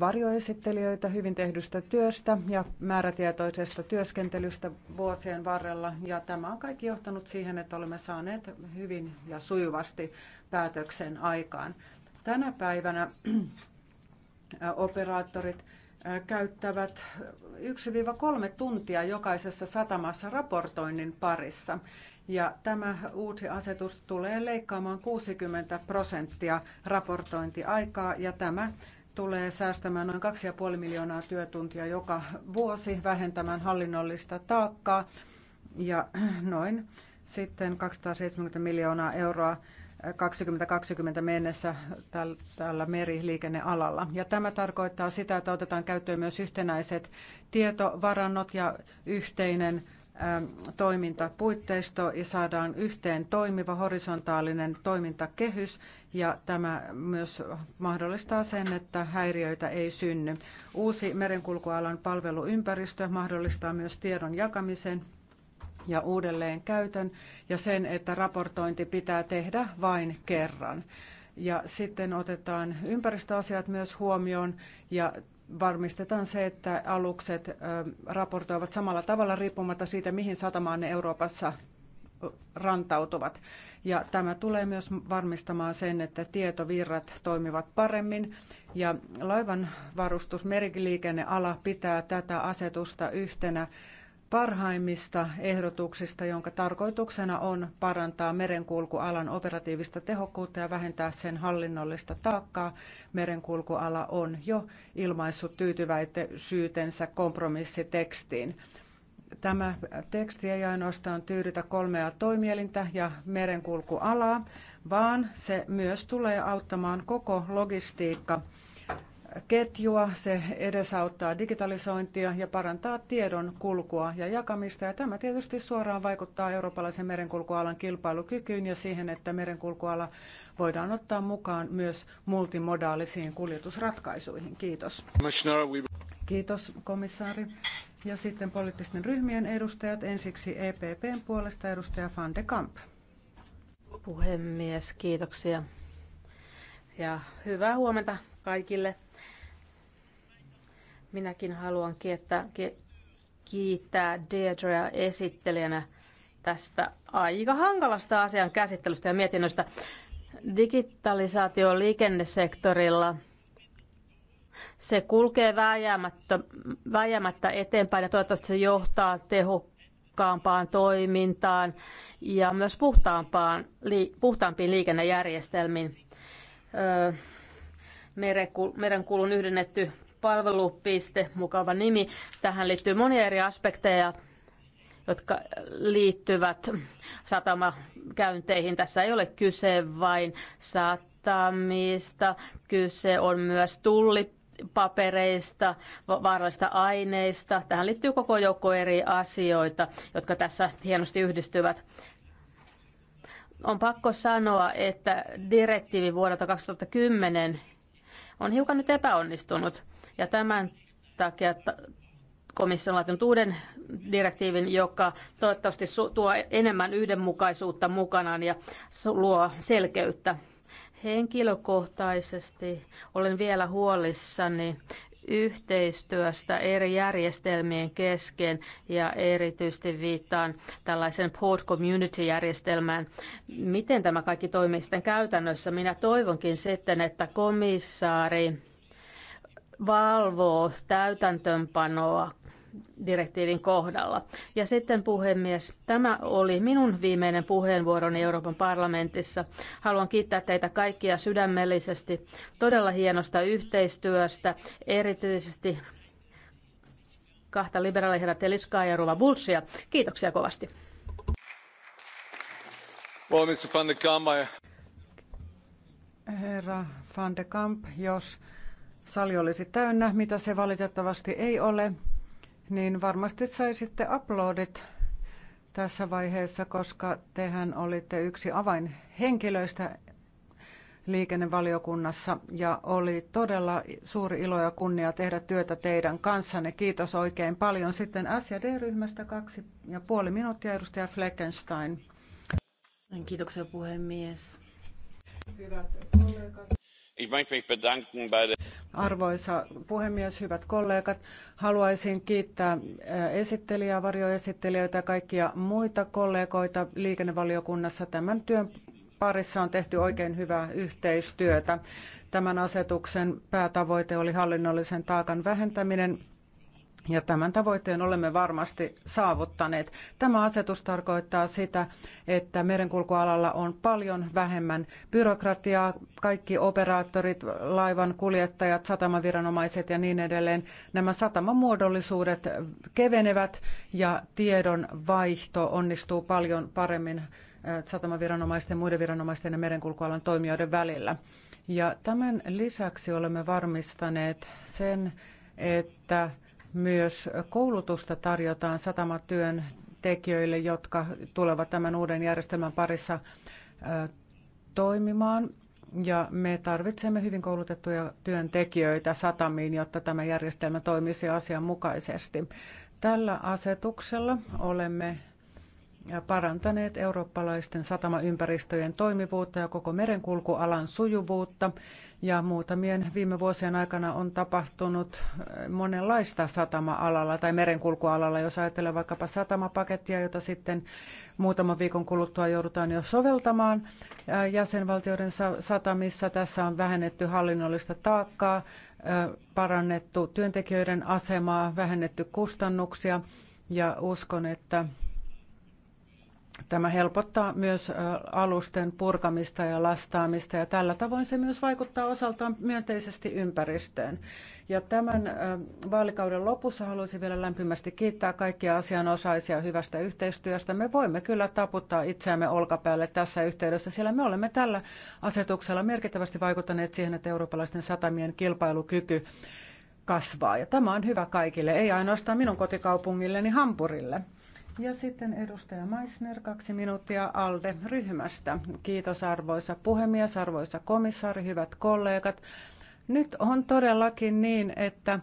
varjoesittelijöitä hyvin tehdystä työstä ja määrätietoisesta työskentelystä vuosien varrella. Ja tämä on kaikki johtanut siihen, että olemme saaneet hyvin ja sujuvasti päätöksen aikaan. Tänä päivänä äh, operaattorit äh, käyttävät 1-3 tuntia jokaisessa satamassa raportoinnin parissa. Ja tämä uusi asetus tulee leikkaamaan 60 prosenttia raportointiaikaa ja tämä tulee säästämään noin 2,5 miljoonaa työtuntia joka vuosi, vähentämään hallinnollista taakkaa ja äh, noin sitten 270 miljoonaa euroa 2020 mennessä tällä meriliikennealalla. Ja tämä tarkoittaa sitä, että otetaan käyttöön myös yhtenäiset tietovarannot ja yhteinen toimintapuitteisto ja saadaan yhteen toimiva horisontaalinen toimintakehys ja tämä myös mahdollistaa sen, että häiriöitä ei synny. Uusi merenkulkualan palveluympäristö mahdollistaa myös tiedon jakamisen ja uudelleen käytön ja sen, että raportointi pitää tehdä vain kerran. Ja sitten otetaan ympäristöasiat myös huomioon ja varmistetaan se, että alukset raportoivat samalla tavalla riippumatta siitä, mihin satamaan ne Euroopassa rantautuvat. Ja tämä tulee myös varmistamaan sen, että tietovirrat toimivat paremmin. Ja laivan varustus merikiliikenneala pitää tätä asetusta yhtenä parhaimmista ehdotuksista, jonka tarkoituksena on parantaa merenkulkualan operatiivista tehokkuutta ja vähentää sen hallinnollista taakkaa. Merenkulkuala on jo ilmaissut tyytyväisyytensä kompromissitekstiin. Tämä teksti ei ainoastaan tyydytä kolmea toimielintä ja merenkulkualaa, vaan se myös tulee auttamaan koko logistiikka ketjua, se edesauttaa digitalisointia ja parantaa tiedon kulkua ja jakamista. Ja tämä tietysti suoraan vaikuttaa eurooppalaisen merenkulkualan kilpailukykyyn ja siihen, että merenkulkuala voidaan ottaa mukaan myös multimodaalisiin kuljetusratkaisuihin. Kiitos. Kiitos komissaari. Ja sitten poliittisten ryhmien edustajat. Ensiksi EPPn puolesta edustaja Van de Kamp. Puhemies, kiitoksia.
Ja hyvää huomenta kaikille. Minäkin haluan kiittää, kiittää Deirdrea esittelijänä tästä aika hankalasta asian käsittelystä ja mietinnöstä. Digitalisaatio liikennesektorilla se kulkee vääjäämättä, eteenpäin ja toivottavasti se johtaa tehokkaampaan toimintaan ja myös puhtaampaan, li, puhtaampiin liikennejärjestelmiin. Öö, merenkulun yhdennetty palvelupiste, mukava nimi. Tähän liittyy monia eri aspekteja, jotka liittyvät satamakäynteihin. Tässä ei ole kyse vain satamista, kyse on myös tulli papereista, vaarallista aineista. Tähän liittyy koko joukko eri asioita, jotka tässä hienosti yhdistyvät. On pakko sanoa, että direktiivi vuodelta 2010 on hiukan nyt epäonnistunut. Ja tämän takia komissio on laittanut uuden direktiivin, joka toivottavasti tuo enemmän yhdenmukaisuutta mukanaan ja luo selkeyttä. Henkilökohtaisesti olen vielä huolissani yhteistyöstä eri järjestelmien kesken ja erityisesti viittaan tällaisen Port Community-järjestelmään. Miten tämä kaikki toimii sitten käytännössä? Minä toivonkin sitten, että komissaari valvoo täytäntöönpanoa direktiivin kohdalla. Ja sitten puhemies, tämä oli minun viimeinen puheenvuoroni Euroopan parlamentissa. Haluan kiittää teitä kaikkia sydämellisesti todella hienosta yhteistyöstä, erityisesti kahta liberaaliherra Teliskaa ja Ruva Bulsia. Kiitoksia kovasti.
Herra van de Kamp, jos sali olisi täynnä, mitä se valitettavasti ei ole, niin varmasti saisitte uploadit tässä vaiheessa, koska tehän olitte yksi avainhenkilöistä liikennevaliokunnassa ja oli todella suuri ilo ja kunnia tehdä työtä teidän kanssanne. Kiitos oikein paljon. Sitten SJD-ryhmästä kaksi ja puoli minuuttia, edustaja Fleckenstein. Kiitoksia puhemies. Hyvät kollegat. Arvoisa puhemies, hyvät kollegat, haluaisin kiittää eh, esittelijää, varjoesittelijöitä ja kaikkia muita kollegoita liikennevaliokunnassa tämän työn parissa on tehty oikein hyvää yhteistyötä. Tämän asetuksen päätavoite oli hallinnollisen taakan vähentäminen ja tämän tavoitteen olemme varmasti saavuttaneet. Tämä asetus tarkoittaa sitä, että merenkulkualalla on paljon vähemmän byrokratiaa. Kaikki operaattorit, laivan kuljettajat, satamaviranomaiset ja niin edelleen, nämä satamamuodollisuudet kevenevät ja tiedon vaihto onnistuu paljon paremmin satamaviranomaisten, muiden viranomaisten ja merenkulkualan toimijoiden välillä. Ja tämän lisäksi olemme varmistaneet sen, että myös koulutusta tarjotaan satamatyön tekijöille, jotka tulevat tämän uuden järjestelmän parissa toimimaan. Ja me tarvitsemme hyvin koulutettuja työntekijöitä satamiin, jotta tämä järjestelmä toimisi asianmukaisesti. Tällä asetuksella olemme parantaneet eurooppalaisten satamaympäristöjen toimivuutta ja koko merenkulkualan sujuvuutta. Ja muutamien viime vuosien aikana on tapahtunut äh, monenlaista satama-alalla tai merenkulkualalla. Jos ajatellaan vaikkapa satamapakettia, jota sitten muutaman viikon kuluttua joudutaan jo soveltamaan äh, jäsenvaltioiden satamissa. Tässä on vähennetty hallinnollista taakkaa, äh, parannettu työntekijöiden asemaa, vähennetty kustannuksia ja uskon, että Tämä helpottaa myös alusten purkamista ja lastaamista ja tällä tavoin se myös vaikuttaa osaltaan myönteisesti ympäristöön. Ja tämän vaalikauden lopussa haluaisin vielä lämpimästi kiittää kaikkia asianosaisia hyvästä yhteistyöstä. Me voimme kyllä taputtaa itseämme olkapäälle tässä yhteydessä, sillä me olemme tällä asetuksella merkittävästi vaikuttaneet siihen, että eurooppalaisten satamien kilpailukyky kasvaa. Ja tämä on hyvä kaikille, ei ainoastaan minun kotikaupungilleni Hampurille. Ja sitten edustaja Meissner, kaksi minuuttia ALDE-ryhmästä. Kiitos arvoisa puhemies, arvoisa komissaari, hyvät kollegat. Nyt on todellakin niin, että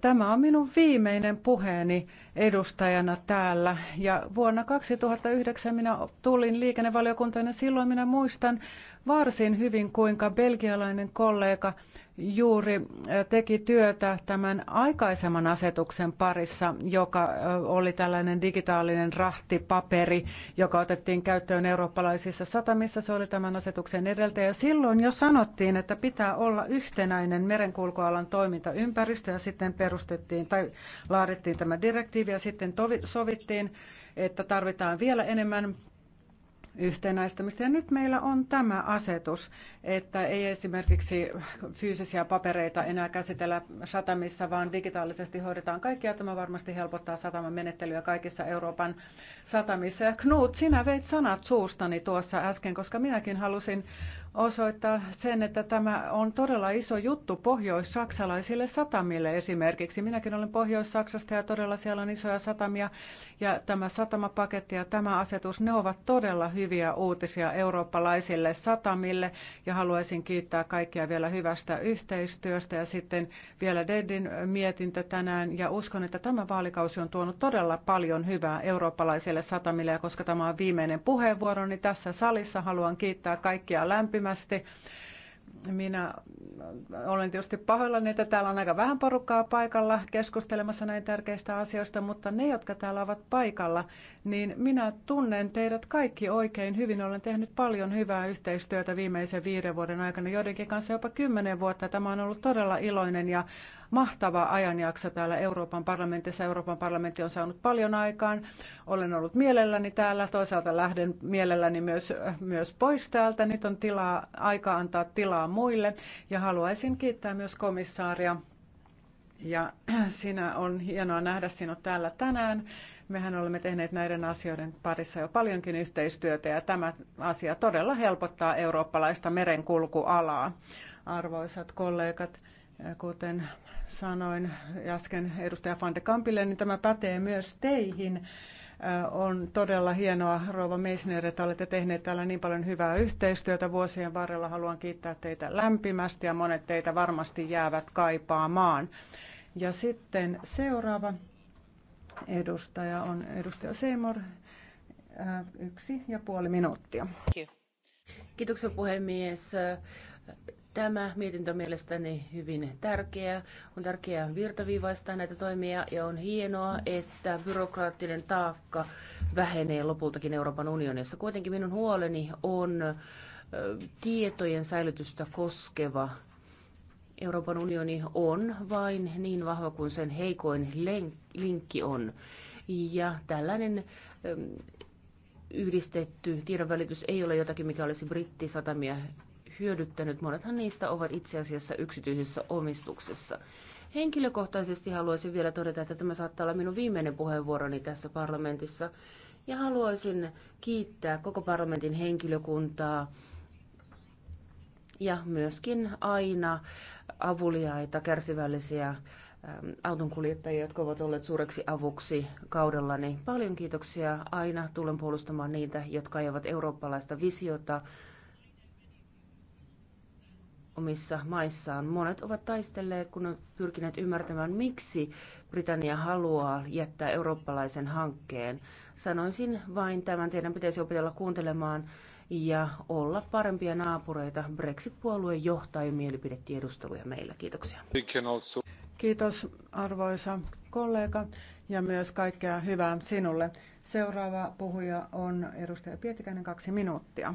Tämä on minun viimeinen puheeni edustajana täällä ja vuonna 2009 minä tulin liikennevaliokuntaan ja silloin minä muistan varsin hyvin, kuinka belgialainen kollega juuri teki työtä tämän aikaisemman asetuksen parissa, joka oli tällainen digitaalinen rahtipaperi, joka otettiin käyttöön eurooppalaisissa satamissa. Se oli tämän asetuksen edeltäjä. Silloin jo sanottiin, että pitää olla yhtenäinen merenkulkualan toimintaympäristö ja sitten perustettiin tai laadittiin tämä direktiivi ja sitten sovittiin, että tarvitaan vielä enemmän yhtenäistämistä. Ja nyt meillä on tämä asetus, että ei esimerkiksi fyysisiä papereita enää käsitellä satamissa, vaan digitaalisesti hoidetaan kaikkia. Tämä varmasti helpottaa sataman menettelyä kaikissa Euroopan satamissa. Ja Knut, sinä veit sanat suustani tuossa äsken, koska minäkin halusin osoittaa sen, että tämä on todella iso juttu pohjois-saksalaisille satamille esimerkiksi. Minäkin olen Pohjois-Saksasta ja todella siellä on isoja satamia ja tämä satamapaketti ja tämä asetus, ne ovat todella hyviä uutisia eurooppalaisille satamille ja haluaisin kiittää kaikkia vielä hyvästä yhteistyöstä ja sitten vielä Dedin mietintä tänään ja uskon, että tämä vaalikausi on tuonut todella paljon hyvää eurooppalaisille satamille ja koska tämä on viimeinen puheenvuoro, niin tässä salissa haluan kiittää kaikkia lämpimästi lämpimästi. Minä olen tietysti pahoillani, että täällä on aika vähän porukkaa paikalla keskustelemassa näin tärkeistä asioista, mutta ne, jotka täällä ovat paikalla, niin minä tunnen teidät kaikki oikein hyvin. Olen tehnyt paljon hyvää yhteistyötä viimeisen viiden vuoden aikana, joidenkin kanssa jopa kymmenen vuotta. Tämä on ollut todella iloinen ja mahtava ajanjakso täällä Euroopan parlamentissa. Euroopan parlamentti on saanut paljon aikaan. Olen ollut mielelläni täällä, toisaalta lähden mielelläni myös, myös pois täältä. Nyt on tilaa, aika antaa tilaa muille ja haluaisin kiittää myös komissaaria ja sinä on hienoa nähdä sinut täällä tänään. Mehän olemme tehneet näiden asioiden parissa jo paljonkin yhteistyötä ja tämä asia todella helpottaa eurooppalaista merenkulkualaa. Arvoisat kollegat, Kuten sanoin äsken edustaja Van de Kampille, niin tämä pätee myös teihin. On todella hienoa, Rouva Meisner, että olette tehneet täällä niin paljon hyvää yhteistyötä vuosien varrella. Haluan kiittää teitä lämpimästi ja monet teitä varmasti jäävät kaipaamaan. Ja sitten seuraava edustaja on edustaja Seymour, yksi ja puoli minuuttia.
Kiitoksia puhemies Tämä mietintö on mielestäni hyvin tärkeä. On tärkeää virtaviivaistaa näitä toimia ja on hienoa, että byrokraattinen taakka vähenee lopultakin Euroopan unionissa. Kuitenkin minun huoleni on tietojen säilytystä koskeva Euroopan unioni on vain niin vahva kuin sen heikoin linkki on. Ja tällainen yhdistetty tiedonvälitys ei ole jotakin, mikä olisi brittisatamia hyödyttänyt. Monethan niistä ovat itse asiassa yksityisessä omistuksessa. Henkilökohtaisesti haluaisin vielä todeta, että tämä saattaa olla minun viimeinen puheenvuoroni tässä parlamentissa. Ja haluaisin kiittää koko parlamentin henkilökuntaa ja myöskin aina avuliaita, kärsivällisiä ähm, autonkuljettajia, jotka ovat olleet suureksi avuksi kaudellani. Paljon kiitoksia. Aina tulen puolustamaan niitä, jotka ajavat eurooppalaista visiota omissa maissaan. Monet ovat taistelleet, kun ovat pyrkineet ymmärtämään, miksi Britannia haluaa jättää eurooppalaisen hankkeen. Sanoisin vain tämän, teidän pitäisi opetella kuuntelemaan ja olla parempia naapureita. Brexit-puolue
johtaa jo mielipidetiedusteluja meillä. Kiitoksia. Kiitos arvoisa kollega ja myös kaikkea hyvää sinulle. Seuraava puhuja on edustaja Pietikäinen, kaksi minuuttia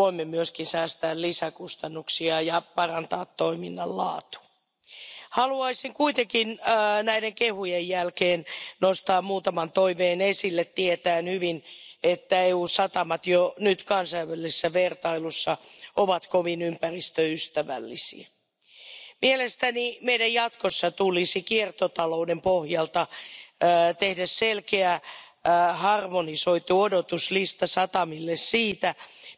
voimme myös säästää lisäkustannuksia ja parantaa toiminnan laatua. haluaisin kuitenkin näiden kehujen jälkeen nostaa muutaman toiveen esille tietäen hyvin että eu n satamat jo nyt kansainvälisessä vertailussa ovat kovin ympäristöystävällisiä. mielestäni meidän jatkossa tulisi kiertotalouden pohjalta tehdä selkeä harmonisoitu odotuslista satamille siitä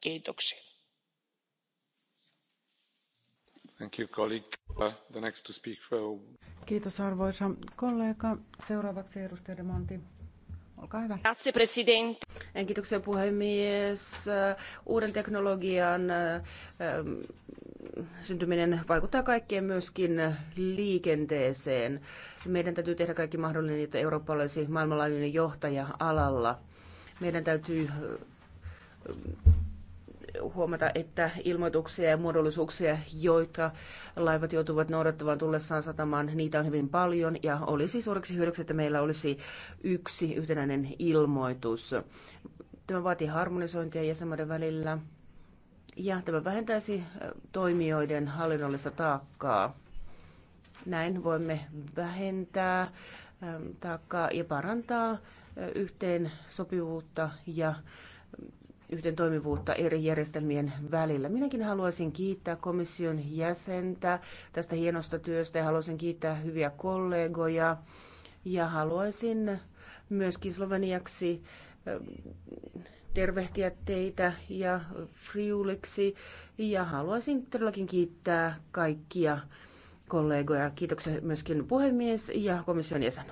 kiitoksia.
Uh,
Kiitos arvoisa kollega. Seuraavaksi edustaja De Monti. Olkaa hyvä. Grazie,
presidente. Eh, kiitoksia puhemies. Eh, uuden teknologian eh, syntyminen vaikuttaa kaikkeen myöskin liikenteeseen. Meidän täytyy tehdä kaikki mahdollinen, että Eurooppa olisi maailmanlaajuinen johtaja alalla. Meidän täytyy huomata, että ilmoituksia ja muodollisuuksia, joita laivat joutuvat noudattamaan tullessaan satamaan, niitä on hyvin paljon ja olisi suureksi hyödyksi, että meillä olisi yksi yhtenäinen ilmoitus. Tämä vaatii harmonisointia jäsenmaiden välillä ja tämä vähentäisi äh, toimijoiden hallinnollista taakkaa. Näin voimme vähentää ähm, taakkaa ja parantaa äh, yhteen sopivuutta ja yhteen toimivuutta eri järjestelmien välillä. Minäkin haluaisin kiittää komission jäsentä tästä hienosta työstä ja haluaisin kiittää hyviä kollegoja ja haluaisin myöskin sloveniaksi eh, tervehtiä teitä ja Friuliksi ja haluaisin todellakin kiittää kaikkia kollegoja. Kiitoksia myöskin
puhemies ja komission jäsen.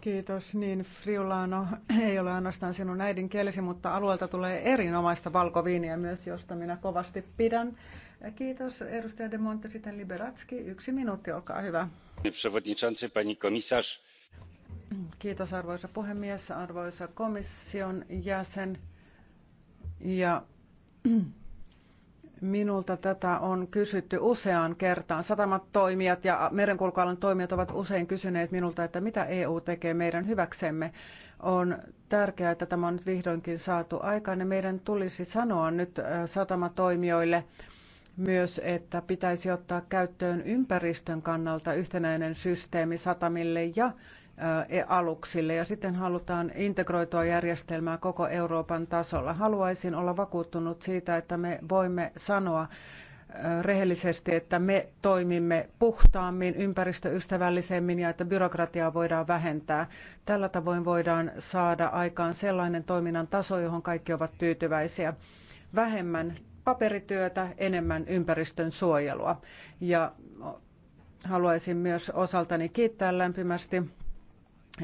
Kiitos. Niin, Friulano (clears throat) ei ole ainoastaan sinun äidinkielesi, mutta alueelta tulee erinomaista valkoviiniä myös, josta minä kovasti pidän. Kiitos, edustaja De Monte. Sitten Liberatski, yksi minuutti, olkaa hyvä. pani Kiitos, arvoisa puhemies, arvoisa komission jäsen. Ja (clears throat) Minulta tätä on kysytty useaan kertaan. Satamat toimijat ja merenkulkualan toimijat ovat usein kysyneet minulta, että mitä EU tekee meidän hyväksemme. On tärkeää, että tämä on nyt vihdoinkin saatu aikaan ja meidän tulisi sanoa nyt satamatoimijoille myös, että pitäisi ottaa käyttöön ympäristön kannalta yhtenäinen systeemi satamille ja aluksille ja sitten halutaan integroitua järjestelmää koko Euroopan tasolla. Haluaisin olla vakuuttunut siitä, että me voimme sanoa rehellisesti, että me toimimme puhtaammin, ympäristöystävällisemmin ja että byrokratiaa voidaan vähentää. Tällä tavoin voidaan saada aikaan sellainen toiminnan taso, johon kaikki ovat tyytyväisiä. Vähemmän paperityötä, enemmän ympäristön suojelua. Ja haluaisin myös osaltani kiittää lämpimästi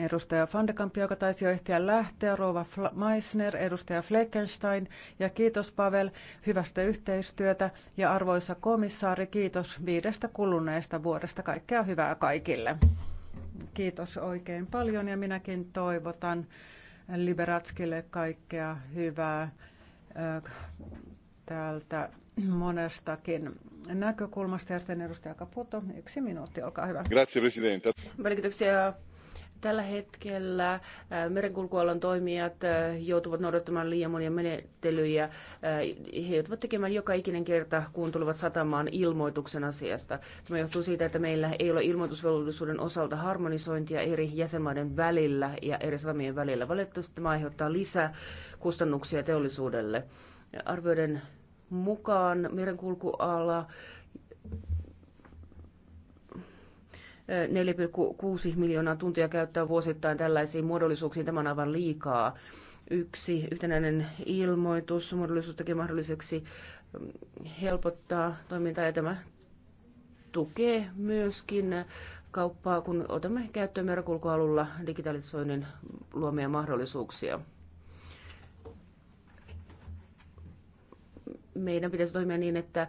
Edustaja Kamp, joka taisi jo ehtiä lähteä, Rova Meissner, edustaja Fleckenstein ja kiitos Pavel hyvästä yhteistyötä ja arvoisa komissaari, kiitos viidestä kuluneesta vuodesta. Kaikkea hyvää kaikille. Kiitos oikein paljon ja minäkin toivotan Liberatskille kaikkea hyvää täältä monestakin näkökulmasta. Ja edustaja Caputo, yksi minuutti, olkaa hyvä.
Grazie, Presidente.
Tällä hetkellä äh, merenkulkualan
toimijat äh, joutuvat noudattamaan liian monia menettelyjä. Äh, he joutuvat tekemään joka ikinen kerta, kun tulevat satamaan ilmoituksen asiasta. Tämä johtuu siitä, että meillä ei ole ilmoitusvelvollisuuden osalta harmonisointia eri jäsenmaiden välillä ja eri satamien välillä. Valitettavasti tämä aiheuttaa lisää kustannuksia teollisuudelle. Arvioiden mukaan merenkulkuala 4,6 miljoonaa tuntia käyttää vuosittain tällaisiin muodollisuuksiin. Tämä on aivan liikaa. Yksi yhtenäinen ilmoitus muodollisuus tekee mahdolliseksi mm, helpottaa toimintaa ja tämä tukee myöskin kauppaa, kun otamme käyttöön merenkulkualulla digitalisoinnin luomia mahdollisuuksia. meidän pitäisi toimia niin, että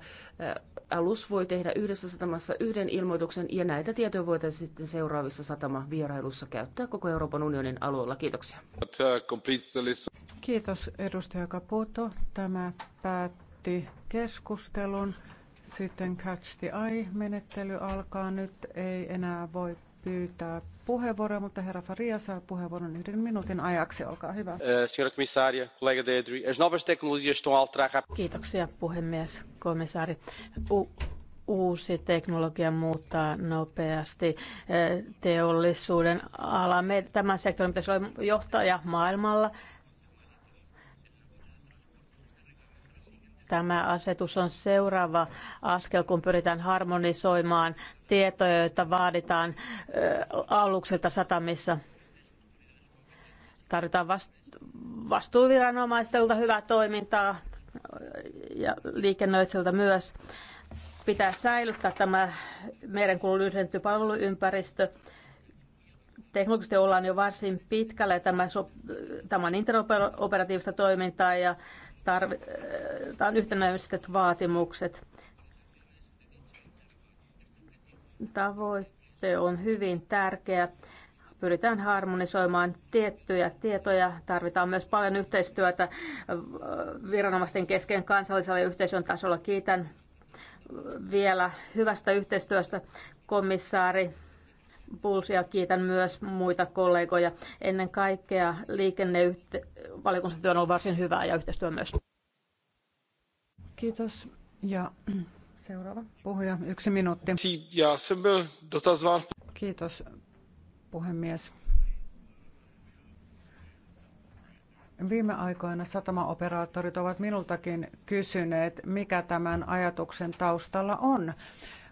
alus voi tehdä yhdessä satamassa yhden ilmoituksen ja näitä tietoja voitaisiin sitten seuraavissa satamavierailussa käyttää koko Euroopan unionin alueella. Kiitoksia.
Kiitos edustaja Caputo. Tämä päätti keskustelun. Sitten catch the eye-menettely alkaa nyt. Ei enää voi pyytää puheenvuoroa, mutta herra Faria saa puheenvuoron yhden minuutin ajaksi. Olkaa
hyvä.
Eh,
Kiitoksia puhemies, komissaari. U- uusi teknologia muuttaa nopeasti eh, teollisuuden ala. Me, tämän sektorin pitäisi olla johtaja maailmalla Tämä asetus on seuraava askel, kun pyritään harmonisoimaan tietoja, joita vaaditaan alukselta satamissa. Tarvitaan vastuuviranomaisilta hyvää toimintaa ja liikennöitsiltä myös. Pitää säilyttää tämä merenkulun yhdennetty palveluympäristö teknologisesti ollaan jo varsin pitkälle. Tämä, tämä on interoperatiivista toimintaa ja tarvitaan äh, yhtenäiset vaatimukset. Tavoitte on hyvin tärkeä. Pyritään harmonisoimaan tiettyjä tietoja. Tarvitaan myös paljon yhteistyötä äh, viranomaisten kesken kansallisella yhteisön tasolla. Kiitän vielä hyvästä yhteistyöstä, komissaari ja kiitän myös muita kollegoja. Ennen kaikkea liikennevaliokuntatyö on ollut varsin hyvää ja yhteistyö myös. Kiitos. Ja seuraava puhuja, yksi minuutti.
Kiitos puhemies. Viime aikoina satamaoperaattorit ovat minultakin kysyneet, mikä tämän ajatuksen taustalla on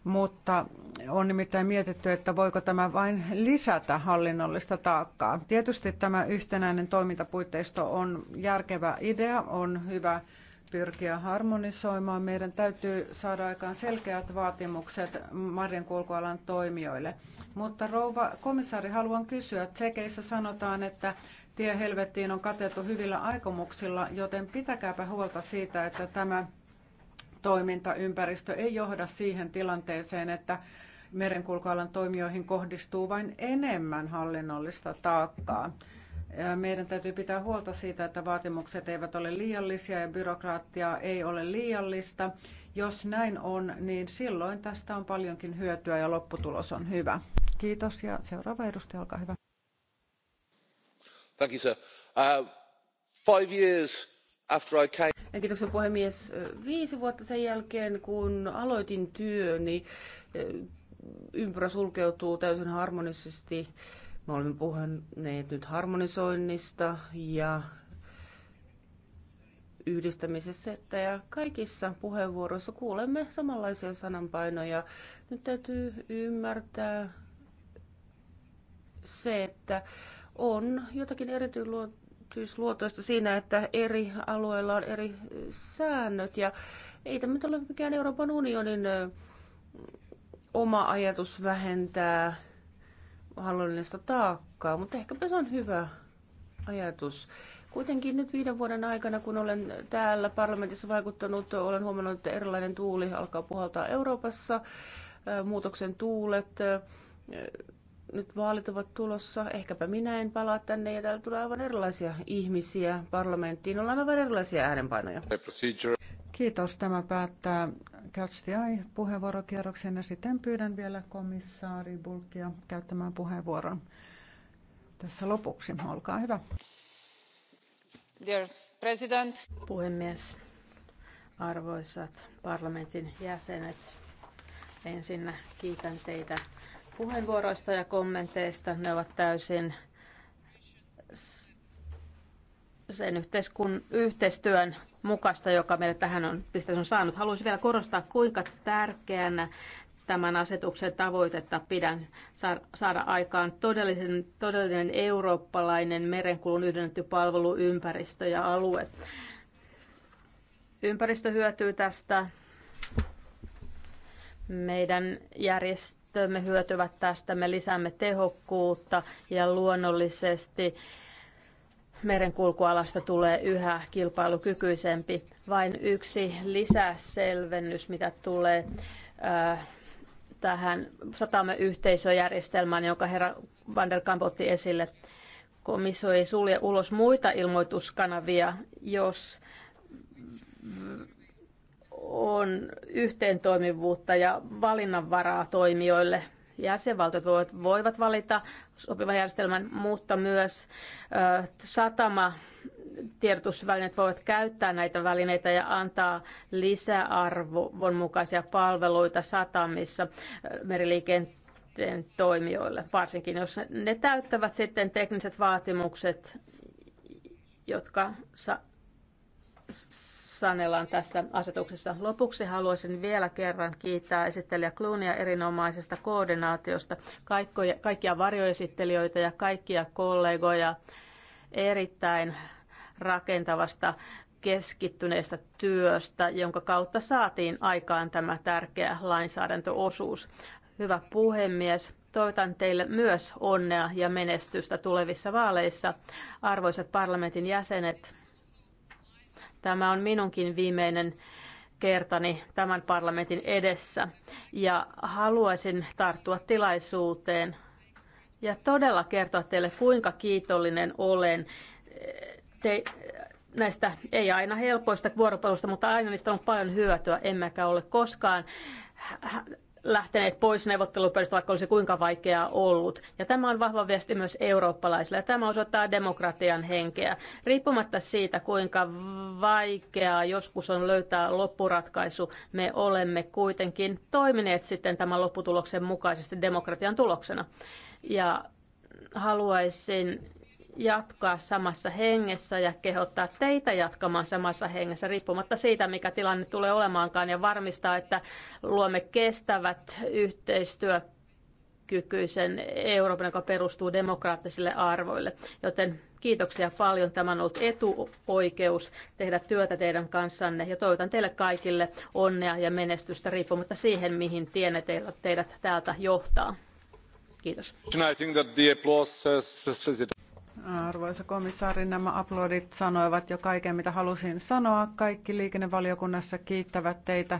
mutta on nimittäin mietitty, että voiko tämä vain lisätä hallinnollista taakkaa. Tietysti tämä yhtenäinen toimintapuitteisto on järkevä idea, on hyvä pyrkiä harmonisoimaan. Meidän täytyy saada aikaan selkeät vaatimukset marjankulkualan toimijoille. Mutta rouva komissaari, haluan kysyä. Tsekeissä sanotaan, että tie helvettiin on katettu hyvillä aikomuksilla, joten pitäkääpä huolta siitä, että tämä toimintaympäristö ei johda siihen tilanteeseen, että merenkulkualan toimijoihin kohdistuu vain enemmän hallinnollista taakkaa. Meidän täytyy pitää huolta siitä, että vaatimukset eivät ole liiallisia ja byrokraattia ei ole liiallista. Jos näin on, niin silloin tästä on paljonkin hyötyä ja lopputulos on hyvä. Kiitos ja seuraava edustaja, olkaa hyvä.
Thank you, sir. Uh, five years After I came...
Äh, puhemies. Äh, viisi vuotta
sen jälkeen, kun aloitin työni, niin ympyrä sulkeutuu täysin harmonisesti. Me olemme puhuneet nyt harmonisoinnista ja yhdistämisessä että ja kaikissa puheenvuoroissa kuulemme samanlaisia sananpainoja. Nyt täytyy ymmärtää se, että on jotakin erityisluontoista erityisluotoista siinä, että eri alueilla on eri säännöt ja ei tämä ole mikään Euroopan unionin oma ajatus vähentää hallinnollista taakkaa, mutta ehkäpä se on hyvä ajatus. Kuitenkin nyt viiden vuoden aikana, kun olen täällä parlamentissa vaikuttanut, olen huomannut, että erilainen tuuli alkaa puhaltaa Euroopassa, muutoksen tuulet, nyt vaalit ovat tulossa, ehkäpä minä en palaa tänne ja täällä tulee aivan erilaisia
ihmisiä parlamenttiin. Ollaan aivan erilaisia äänenpainoja. Kiitos. Tämä päättää Catch the Eye-puheenvuorokierroksen ja sitten pyydän vielä komissaari Bulkia käyttämään puheenvuoron tässä lopuksi. Olkaa hyvä.
Dear President. Puhemies, arvoisat parlamentin jäsenet, ensinnä kiitän teitä puheenvuoroista ja kommenteista. Ne ovat täysin sen yhteiskun, yhteistyön mukaista, joka meille tähän on, on saanut. Haluaisin vielä korostaa, kuinka tärkeänä tämän asetuksen tavoitetta pidän saada aikaan todellisen, todellinen eurooppalainen merenkulun yhdennetty palveluympäristö ja alue. Ympäristö hyötyy tästä. Meidän järjestelmämme väestömme hyötyvät tästä, me lisäämme tehokkuutta ja luonnollisesti merenkulkualasta tulee yhä kilpailukykyisempi. Vain yksi lisäselvennys, mitä tulee äh, tähän yhteisöjärjestelmään, jonka herra Van der Kamp otti esille. Komissio ei sulje ulos muita ilmoituskanavia, jos on yhteentoimivuutta ja valinnanvaraa toimijoille. Jäsenvaltiot voivat, voivat valita sopivan järjestelmän, mutta myös ö, satama tiedotusvälineet voivat käyttää näitä välineitä ja antaa lisäarvon mukaisia palveluita satamissa meriliikenteen toimijoille, varsinkin jos ne täyttävät sitten tekniset vaatimukset, jotka sa- sanellaan tässä asetuksessa. Lopuksi haluaisin vielä kerran kiittää esittelijä Kluunia erinomaisesta koordinaatiosta, kaikkia varjoesittelijöitä ja kaikkia kollegoja erittäin rakentavasta keskittyneestä työstä, jonka kautta saatiin aikaan tämä tärkeä lainsäädäntöosuus. Hyvä puhemies, toivotan teille myös onnea ja menestystä tulevissa vaaleissa. Arvoisat parlamentin jäsenet, Tämä on minunkin viimeinen kertani tämän parlamentin edessä ja haluaisin tarttua tilaisuuteen ja todella kertoa teille, kuinka kiitollinen olen eh, te, näistä ei aina helpoista vuoropalusta, mutta aina niistä on paljon hyötyä, emmekä ole koskaan lähteneet pois neuvottelupöydästä, vaikka olisi kuinka vaikeaa ollut. Ja tämä on vahva viesti myös eurooppalaisille. Ja tämä osoittaa demokratian henkeä. Riippumatta siitä, kuinka vaikeaa joskus on löytää loppuratkaisu, me olemme kuitenkin toimineet sitten tämän lopputuloksen mukaisesti demokratian tuloksena. Ja haluaisin jatkaa samassa hengessä ja kehottaa teitä jatkamaan samassa hengessä riippumatta siitä, mikä tilanne tulee olemaankaan ja varmistaa, että luomme kestävät yhteistyökykyisen Euroopan, joka perustuu demokraattisille arvoille. Joten kiitoksia paljon. Tämä on ollut etuoikeus tehdä työtä teidän kanssanne ja toivotan teille kaikille onnea ja menestystä riippumatta siihen, mihin tienne teidät täältä johtaa. Kiitos. Arvoisa komissaari, nämä
aplodit sanoivat jo kaiken, mitä halusin sanoa. Kaikki liikennevaliokunnassa kiittävät teitä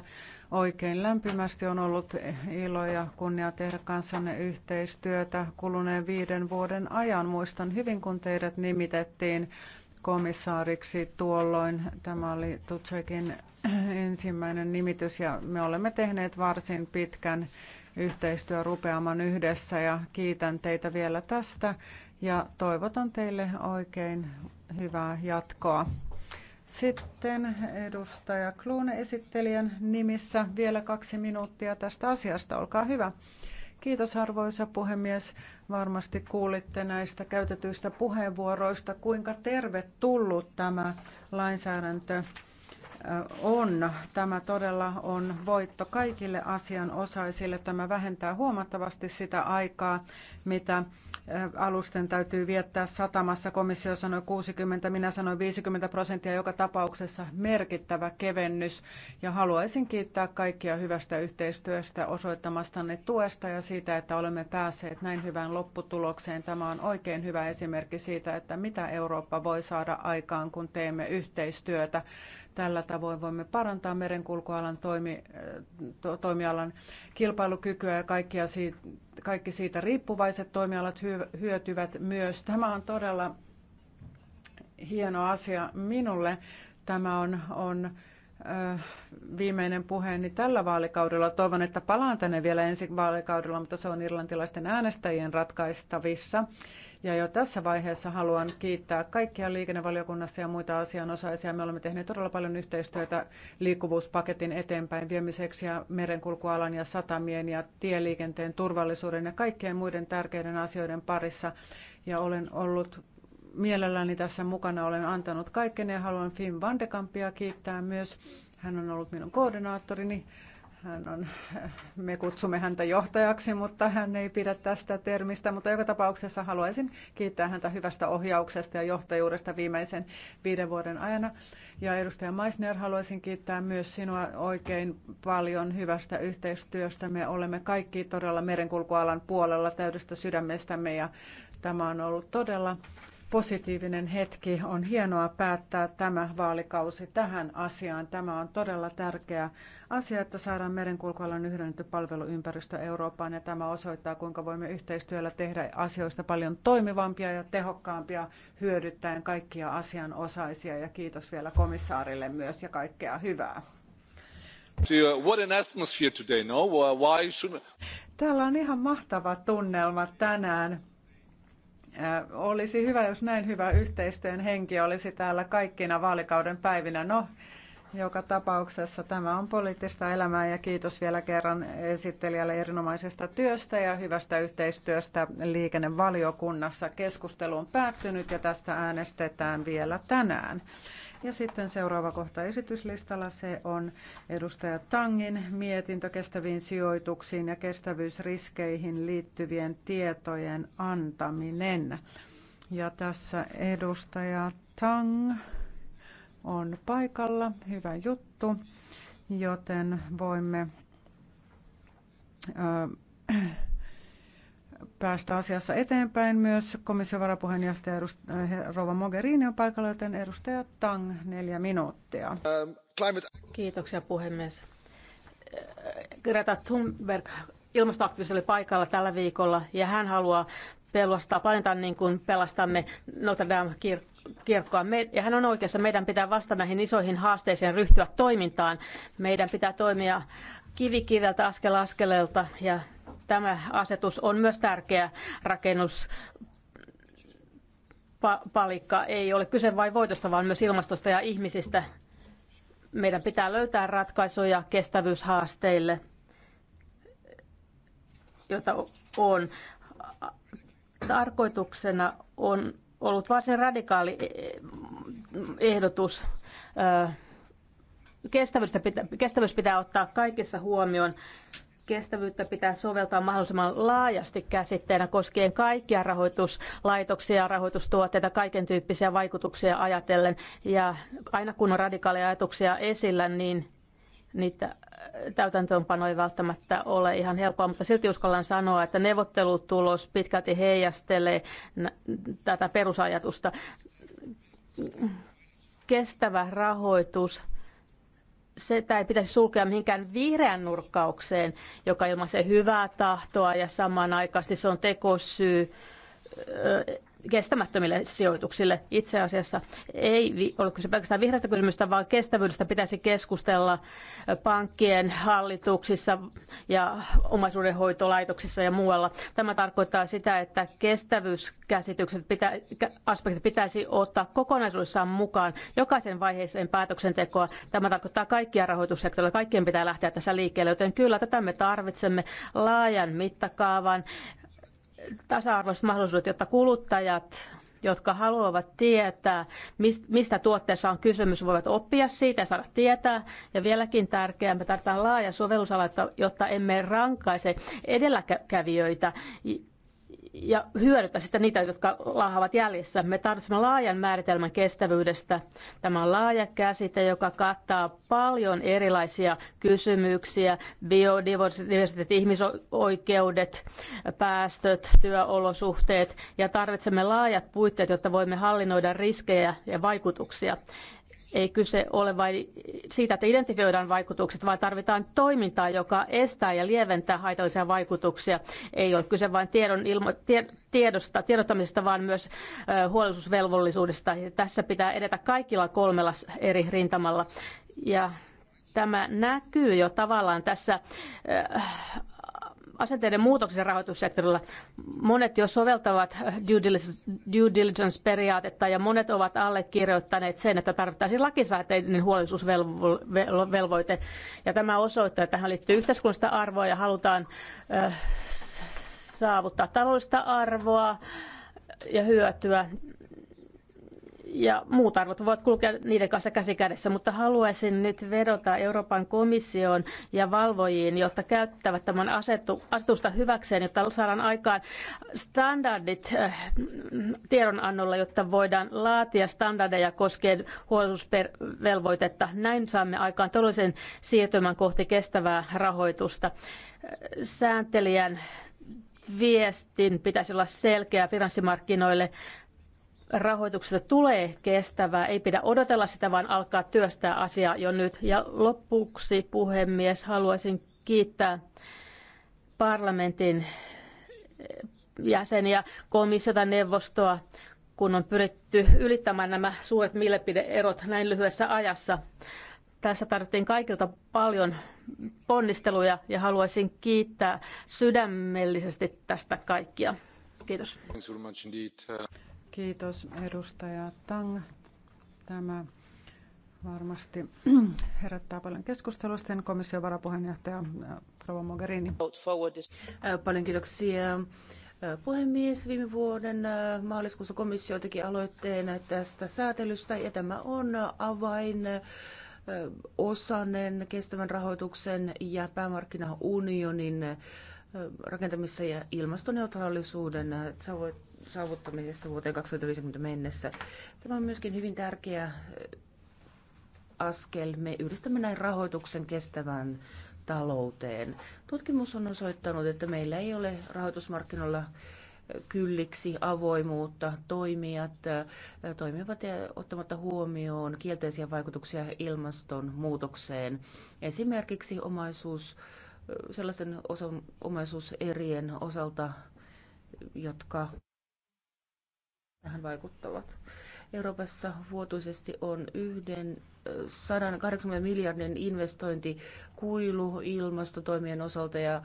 oikein lämpimästi. On ollut ilo ja kunnia tehdä kanssanne yhteistyötä kuluneen viiden vuoden ajan. Muistan hyvin, kun teidät nimitettiin komissaariksi tuolloin. Tämä oli Tutsekin ensimmäinen nimitys ja me olemme tehneet varsin pitkän yhteistyörupeaman yhdessä ja kiitän teitä vielä tästä ja toivotan teille oikein hyvää jatkoa. Sitten edustaja Kluun esittelijän nimissä vielä kaksi minuuttia tästä asiasta. Olkaa hyvä. Kiitos arvoisa puhemies. Varmasti kuulitte näistä käytetyistä puheenvuoroista, kuinka tervetullut tämä lainsäädäntö on. Tämä todella on voitto kaikille asianosaisille. Tämä vähentää huomattavasti sitä aikaa, mitä alusten täytyy viettää satamassa. Komissio sanoi 60, minä sanoin 50 prosenttia joka tapauksessa merkittävä kevennys. Ja haluaisin kiittää kaikkia hyvästä yhteistyöstä, osoittamastanne tuesta ja siitä, että olemme päässeet näin hyvään lopputulokseen. Tämä on oikein hyvä esimerkki siitä, että mitä Eurooppa voi saada aikaan, kun teemme yhteistyötä. Tällä tavoin voimme parantaa merenkulkualan toimi, to, toimialan kilpailukykyä ja kaikkia siitä, kaikki siitä riippuvaiset toimialat hyötyvät myös. Tämä on todella hieno asia minulle. Tämä on, on viimeinen puheeni tällä vaalikaudella. Toivon, että palaan tänne vielä ensi vaalikaudella, mutta se on irlantilaisten äänestäjien ratkaistavissa. Ja jo tässä vaiheessa haluan kiittää kaikkia liikennevaliokunnassa ja muita asianosaisia. Me olemme tehneet todella paljon yhteistyötä liikkuvuuspaketin eteenpäin viemiseksi ja merenkulkualan ja satamien ja tieliikenteen turvallisuuden ja kaikkien muiden tärkeiden asioiden parissa. Ja olen ollut mielelläni tässä mukana, olen antanut kaikkeni ja haluan Finn Vandekampia kiittää myös. Hän on ollut minun koordinaattorini hän on, me kutsumme häntä johtajaksi, mutta hän ei pidä tästä termistä. Mutta joka tapauksessa haluaisin kiittää häntä hyvästä ohjauksesta ja johtajuudesta viimeisen viiden vuoden ajana. Ja edustaja Meissner, haluaisin kiittää myös sinua oikein paljon hyvästä yhteistyöstä. Me olemme kaikki todella merenkulkualan puolella täydestä sydämestämme ja tämä on ollut todella positiivinen hetki. On hienoa päättää tämä vaalikausi tähän asiaan. Tämä on todella tärkeä asia, että saadaan merenkulkualan yhdennetty palveluympäristö Eurooppaan ja tämä osoittaa, kuinka voimme yhteistyöllä tehdä asioista paljon toimivampia ja tehokkaampia hyödyttäen kaikkia asianosaisia ja kiitos vielä komissaarille myös ja kaikkea hyvää.
No?
Täällä on ihan mahtava tunnelma tänään. Äh, olisi hyvä, jos näin hyvä yhteistyön henki olisi täällä kaikkina vaalikauden päivinä. No, joka tapauksessa tämä on poliittista elämää ja kiitos vielä kerran esittelijälle erinomaisesta työstä ja hyvästä yhteistyöstä liikennevaliokunnassa. Keskustelu on päättynyt ja tästä äänestetään vielä tänään. Ja sitten seuraava kohta esityslistalla se on edustaja Tangin mietintö kestäviin sijoituksiin ja kestävyysriskeihin liittyvien tietojen antaminen. Ja tässä edustaja Tang on paikalla. Hyvä juttu, joten voimme äh, päästä asiassa eteenpäin. Myös komission varapuheenjohtaja äh, Rova Mogherini on paikalla, joten edustaja Tang, neljä minuuttia.
Ähm, Kiitoksia
puhemies. Äh,
Greta Thunberg ilmastoaktivisti oli paikalla tällä viikolla ja hän haluaa pelastaa planeetan niin kuin pelastamme Notre Dame kirkkoa. ja hän on oikeassa, meidän pitää vastata näihin isoihin haasteisiin ryhtyä toimintaan. Meidän pitää toimia kivikiveltä askel askeleelta ja Tämä asetus on myös tärkeä rakennus palikka. Ei ole kyse vain voitosta, vaan myös ilmastosta ja ihmisistä. Meidän pitää löytää ratkaisuja kestävyyshaasteille, joita on. Tarkoituksena on ollut varsin radikaali eh, ehdotus. Kestävyys pitää, kestävyys pitää ottaa kaikessa huomioon kestävyyttä pitää soveltaa mahdollisimman laajasti käsitteenä koskien kaikkia rahoituslaitoksia ja rahoitustuotteita, kaiken tyyppisiä vaikutuksia ajatellen. Ja aina kun on radikaaleja ajatuksia esillä, niin niitä äh, täytäntöönpano ei välttämättä ole ihan helppoa, mutta silti uskallan sanoa, että neuvottelutulos pitkälti heijastelee tätä perusajatusta. Kestävä rahoitus se ei pitäisi sulkea mihinkään vihreän nurkkaukseen, joka ilmaisee hyvää tahtoa ja samanaikaisesti se on tekosyy kestämättömille sijoituksille. Itse asiassa ei ole kyse pelkästään vihreästä kysymystä, vaan kestävyydestä pitäisi keskustella pankkien hallituksissa ja omaisuudenhoitolaitoksissa ja muualla. Tämä tarkoittaa sitä, että kestävyyskäsitykset pitä, aspektit pitäisi ottaa kokonaisuudessaan mukaan jokaisen vaiheeseen päätöksentekoa. Tämä tarkoittaa kaikkia rahoitussektoreita. Kaikkien pitää lähteä tässä liikkeelle, joten kyllä tätä me tarvitsemme laajan mittakaavan tasa-arvoiset mahdollisuudet, jotta kuluttajat jotka haluavat tietää, mistä tuotteessa on kysymys, voivat oppia siitä ja saada tietää. Ja vieläkin tärkeää, me tarvitaan laaja sovellusala, jotta emme rankaise edelläkävijöitä ja hyödytä sitä niitä, jotka laahavat jäljessä. Me tarvitsemme laajan määritelmän kestävyydestä. Tämä on laaja käsite, joka kattaa paljon erilaisia kysymyksiä, biodiversiteetit, ihmisoikeudet, päästöt, työolosuhteet ja tarvitsemme laajat puitteet, jotta voimme hallinnoida riskejä ja vaikutuksia. Ei kyse ole vain siitä, että identifioidaan vaikutukset, vaan tarvitaan toimintaa, joka estää ja lieventää haitallisia vaikutuksia. Ei ole kyse vain tiedon ilmo- tie- tiedosta, tiedottamisesta, vaan myös ö, huolellisuusvelvollisuudesta. Ja tässä pitää edetä kaikilla kolmella eri rintamalla. Ja tämä näkyy jo tavallaan tässä ö, asenteiden muutoksen rahoitussektorilla. Monet jo soveltavat due diligence-periaatetta ja monet ovat allekirjoittaneet sen, että tarvittaisiin lakisääteinen huolellisuusvelvoite. Ja tämä osoittaa, että tähän liittyy yhteiskunnallista arvoa ja halutaan äh, saavuttaa taloudellista arvoa ja hyötyä ja muut arvot voivat kulkea niiden kanssa käsi kädessä, mutta haluaisin nyt vedota Euroopan komissioon ja valvojiin, jotta käyttävät tämän asetu, asetusta hyväkseen, jotta saadaan aikaan standardit äh, tiedonannolla, jotta voidaan laatia standardeja koskien huolellisuusvelvoitetta. Näin saamme aikaan todellisen siirtymän kohti kestävää rahoitusta. Sääntelijän viestin pitäisi olla selkeä finanssimarkkinoille rahoituksesta tulee kestävää. Ei pidä odotella sitä, vaan alkaa työstää asiaa jo nyt. Ja lopuksi, puhemies, haluaisin kiittää parlamentin jäseniä, komissiota, neuvostoa, kun on pyritty ylittämään nämä suuret mielipideerot näin lyhyessä ajassa. Tässä tarvittiin kaikilta paljon ponnisteluja ja haluaisin kiittää sydämellisesti tästä kaikkia. Kiitos. Kiitos edustaja
Tang. Tämä varmasti herättää paljon keskustelua. Sitten komission varapuheenjohtaja äh, Rova Mogherini.
Äh,
paljon kiitoksia. Äh,
puhemies, viime vuoden maaliskuussa komissio teki aloitteen tästä säätelystä ja tämä on avain osanen kestävän rahoituksen ja päämarkkinaunionin rakentamisessa ja ilmastoneutraalisuuden saavuttamisessa vuoteen 2050 mennessä. Tämä on myöskin hyvin tärkeä eh, askel. Me yhdistämme näin rahoituksen kestävään talouteen. Tutkimus on osoittanut, että meillä ei ole rahoitusmarkkinoilla eh, kylliksi avoimuutta, toimijat eh, toimivat ottamatta huomioon kielteisiä vaikutuksia ilmastonmuutokseen. Esimerkiksi omaisuus, sellaisten osa, omaisuuserien osalta, jotka tähän vaikuttavat. Euroopassa vuotuisesti on yhden 180 miljardin investointi kuilu ilmastotoimien osalta ja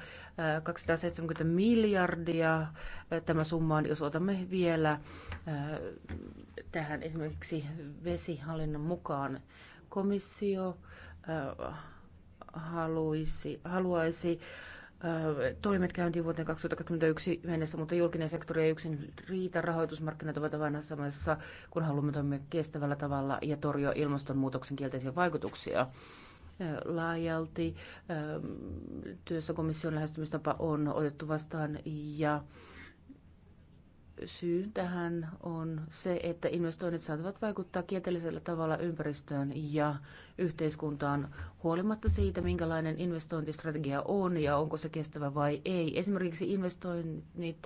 270 miljardia tämä summa on, jos otamme vielä tähän esimerkiksi vesihallinnon mukaan. Komissio haluaisi, haluaisi toimet käyntiin vuoteen 2021 mennessä, mutta julkinen sektori ei yksin riitä. Rahoitusmarkkinat ovat vain samassa, kun haluamme toimia kestävällä tavalla ja torjua ilmastonmuutoksen kielteisiä vaikutuksia laajalti. Työssä komission lähestymistapa on otettu vastaan ja Syy tähän on se, että investoinnit saattavat vaikuttaa kielteisellä tavalla ympäristöön ja yhteiskuntaan huolimatta siitä, minkälainen investointistrategia on ja onko se kestävä vai ei. Esimerkiksi investoinnit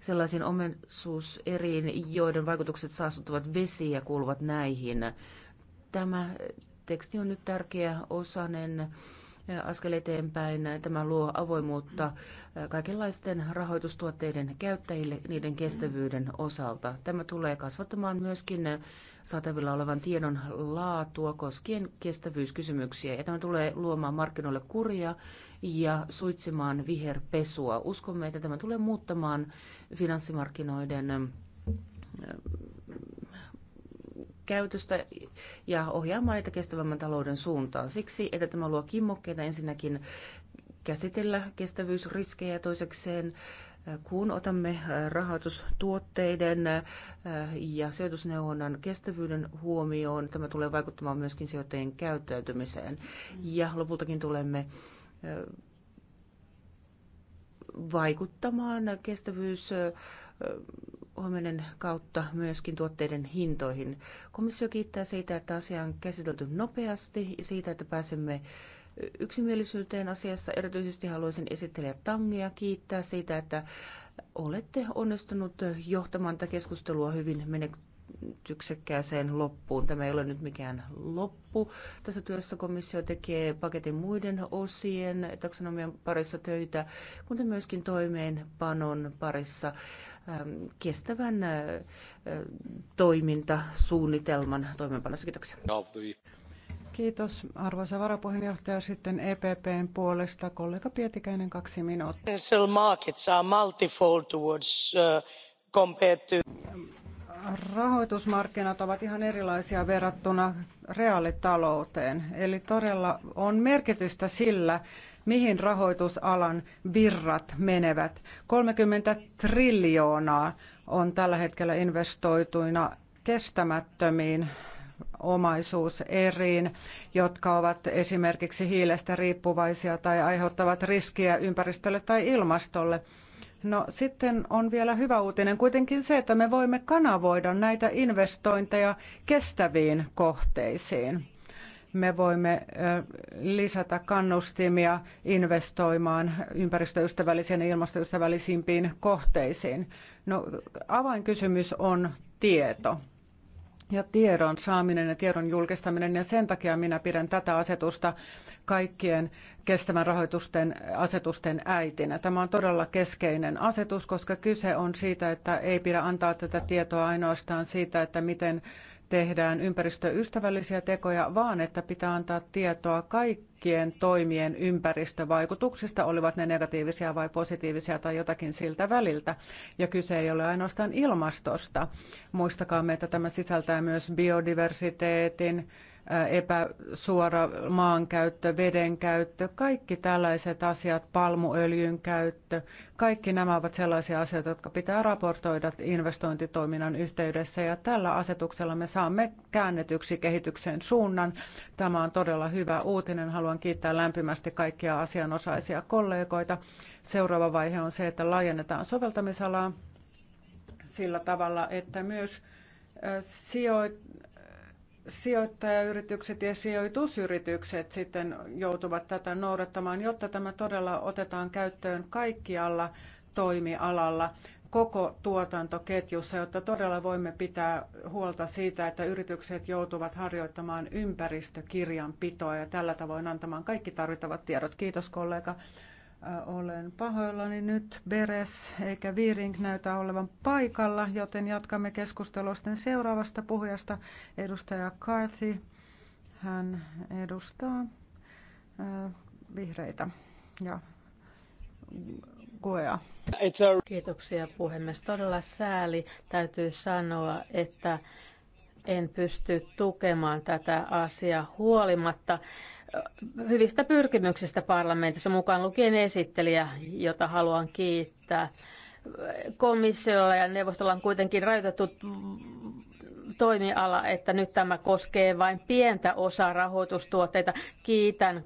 sellaisiin omensuuseriin, joiden vaikutukset saastuttavat vesiä, kuuluvat näihin. Tämä teksti on nyt tärkeä osanen askel eteenpäin. Tämä luo avoimuutta kaikenlaisten rahoitustuotteiden käyttäjille niiden kestävyyden osalta. Tämä tulee kasvattamaan myöskin saatavilla olevan tiedon laatua koskien kestävyyskysymyksiä. Ja tämä tulee luomaan markkinoille kuria ja suitsimaan viherpesua. Uskomme, että tämä tulee muuttamaan finanssimarkkinoiden käytöstä ja ohjaamaan niitä kestävämmän talouden suuntaan. Siksi, että tämä luo kimmokkeita ensinnäkin käsitellä kestävyysriskejä toisekseen äh, kun otamme äh, rahoitustuotteiden äh, ja sijoitusneuvonnan kestävyyden huomioon, tämä tulee vaikuttamaan myöskin sijoittajien käyttäytymiseen. Ja lopultakin tulemme vaikuttamaan kestävyys huomioiden kautta myöskin tuotteiden hintoihin. Komissio kiittää siitä, että asia on käsitelty nopeasti ja siitä, että pääsemme yksimielisyyteen asiassa. Erityisesti haluaisin esittelijä Tangia kiittää siitä, että olette onnistunut johtamaan tätä keskustelua hyvin menestyksellisesti tyksekkääseen loppuun. Tämä ei ole nyt mikään loppu. Tässä työssä komissio tekee paketin muiden osien taksonomian parissa töitä, kuten myöskin toimeenpanon parissa ähm, kestävän äh, toimintasuunnitelman
toimeenpanossa. Kiitoksia.
Kiitos arvoisa varapuheenjohtaja. Sitten EPPn puolesta kollega Pietikäinen kaksi minuuttia.
Markets are multifold towards uh, compared to
rahoitusmarkkinat ovat ihan erilaisia verrattuna reaalitalouteen. Eli todella on merkitystä sillä, mihin rahoitusalan virrat menevät. 30 triljoonaa on tällä hetkellä investoituina kestämättömiin omaisuuseriin, jotka ovat esimerkiksi hiilestä riippuvaisia tai aiheuttavat riskiä ympäristölle tai ilmastolle. No sitten on vielä hyvä uutinen kuitenkin se, että me voimme kanavoida näitä investointeja kestäviin kohteisiin. Me voimme lisätä kannustimia investoimaan ympäristöystävällisiin ja ilmastoystävällisimpiin kohteisiin. No, avainkysymys on tieto ja tiedon saaminen ja tiedon julkistaminen. Ja sen takia minä pidän tätä asetusta kaikkien kestävän rahoitusten asetusten äitinä. Tämä on todella keskeinen asetus, koska kyse on siitä, että ei pidä antaa tätä tietoa ainoastaan siitä, että miten tehdään ympäristöystävällisiä tekoja, vaan että pitää antaa tietoa kaikkien toimien ympäristövaikutuksista, olivat ne negatiivisia vai positiivisia tai jotakin siltä väliltä. Ja kyse ei ole ainoastaan ilmastosta. Muistakaamme, että tämä sisältää myös biodiversiteetin, epäsuora maankäyttö, vedenkäyttö, kaikki tällaiset asiat, palmuöljyn käyttö, kaikki nämä ovat sellaisia asioita, jotka pitää raportoida investointitoiminnan yhteydessä ja tällä asetuksella me saamme käännetyksi kehityksen suunnan. Tämä on todella hyvä uutinen. Haluan kiittää lämpimästi kaikkia asianosaisia kollegoita. Seuraava vaihe on se, että laajennetaan soveltamisalaa sillä tavalla, että myös sijoit, sijoittajayritykset ja sijoitusyritykset sitten joutuvat tätä noudattamaan, jotta tämä todella otetaan käyttöön kaikkialla toimialalla koko tuotantoketjussa, jotta todella voimme pitää huolta siitä, että yritykset joutuvat harjoittamaan ympäristökirjanpitoa ja tällä tavoin antamaan kaikki tarvittavat tiedot. Kiitos kollega olen pahoillani nyt Beres eikä Viirink näytä olevan paikalla, joten jatkamme keskustelusten seuraavasta puhujasta, edustaja Carthy. Hän edustaa
vihreitä ja Goea. Kiitoksia puhemies. Todella sääli täytyy sanoa, että en pysty tukemaan tätä asiaa huolimatta hyvistä pyrkimyksistä parlamentissa, mukaan lukien esittelijä, jota haluan kiittää. Komissiolla ja neuvostolla on kuitenkin rajoitettu toimiala, että nyt tämä koskee vain pientä osaa rahoitustuotteita. Kiitän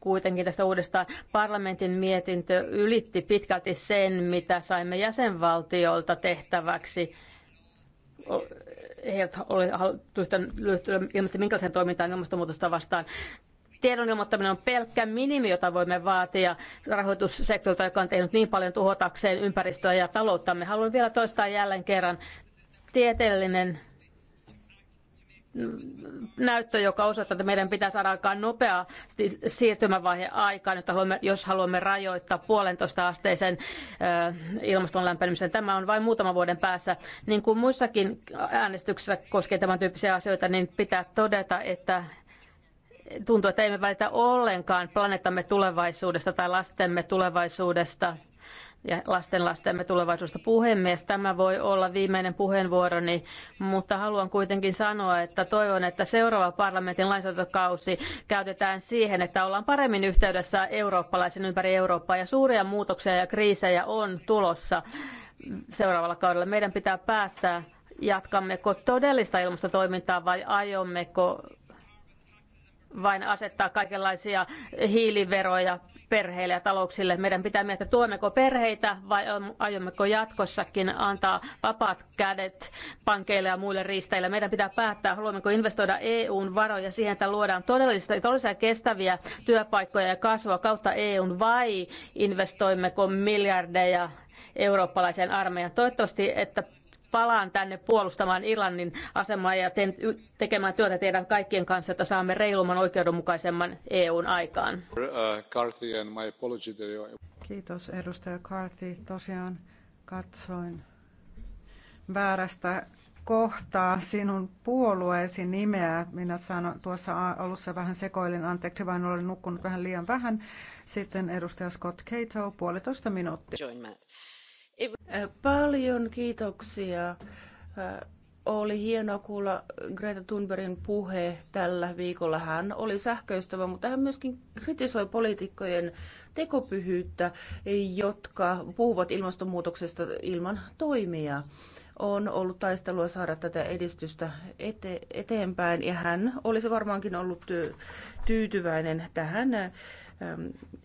kuitenkin tästä uudestaan. Parlamentin mietintö ylitti pitkälti sen, mitä saimme jäsenvaltiolta tehtäväksi Heiltä oli ole ilmeisesti minkälaisen toimintaan ilmastonmuutosta vastaan tiedon ilmoittaminen on pelkkä minimi, jota voimme vaatia rahoitussektorilta, joka on tehnyt niin paljon tuhotakseen ympäristöä ja talouttamme. Haluan vielä toistaa jälleen kerran tieteellinen näyttö, joka osoittaa, että meidän pitää saada aikaan nopea siirtymävaihe aikaan, jotta haluamme, jos haluamme rajoittaa puolentoista asteisen ilmaston lämpenemisen. Tämä on vain muutaman vuoden päässä. Niin kuin muissakin äänestyksissä koskee tämän tyyppisiä asioita, niin pitää todeta, että tuntuu, että emme välitä ollenkaan planeettamme tulevaisuudesta tai lastemme tulevaisuudesta ja lastenlastemme tulevaisuudesta puhemies. Tämä voi olla viimeinen puheenvuoroni, mutta haluan kuitenkin sanoa, että toivon, että seuraava parlamentin lainsäädäntökausi käytetään siihen, että ollaan paremmin yhteydessä eurooppalaisen ympäri Eurooppaa ja suuria muutoksia ja kriisejä on tulossa seuraavalla kaudella. Meidän pitää päättää, jatkammeko todellista ilmastotoimintaa vai aiommeko vain asettaa kaikenlaisia hiiliveroja perheille ja talouksille. Meidän pitää miettiä, tuemmeko perheitä vai aiommeko jatkossakin antaa vapaat kädet pankeille ja muille riistäjille. Meidän pitää päättää, haluammeko investoida EUn varoja siihen, että luodaan todellisia, todellisia kestäviä työpaikkoja ja kasvua kautta EUn vai investoimmeko miljardeja eurooppalaiseen armeijaan. Toivottavasti, että palaan tänne puolustamaan Irlannin asemaa ja teen, tekemään työtä teidän kaikkien kanssa, että saamme reilumman oikeudenmukaisemman EUn aikaan.
Uh,
Kiitos edustaja Carthy. Tosiaan katsoin
väärästä kohtaa sinun puolueesi nimeä. Minä sanon tuossa alussa vähän sekoilin, anteeksi vain olen nukkunut vähän liian vähän. Sitten edustaja Scott Cato, puolitoista minuuttia. Äh,
paljon kiitoksia. Äh, oli hienoa kuulla Greta Thunbergin puhe tällä viikolla. Hän oli sähköistävä, mutta hän myöskin kritisoi poliitikkojen tekopyhyyttä, jotka puhuvat ilmastonmuutoksesta ilman toimia. On ollut taistelua saada tätä edistystä ete- eteenpäin ja hän olisi varmaankin ollut tyytyväinen tähän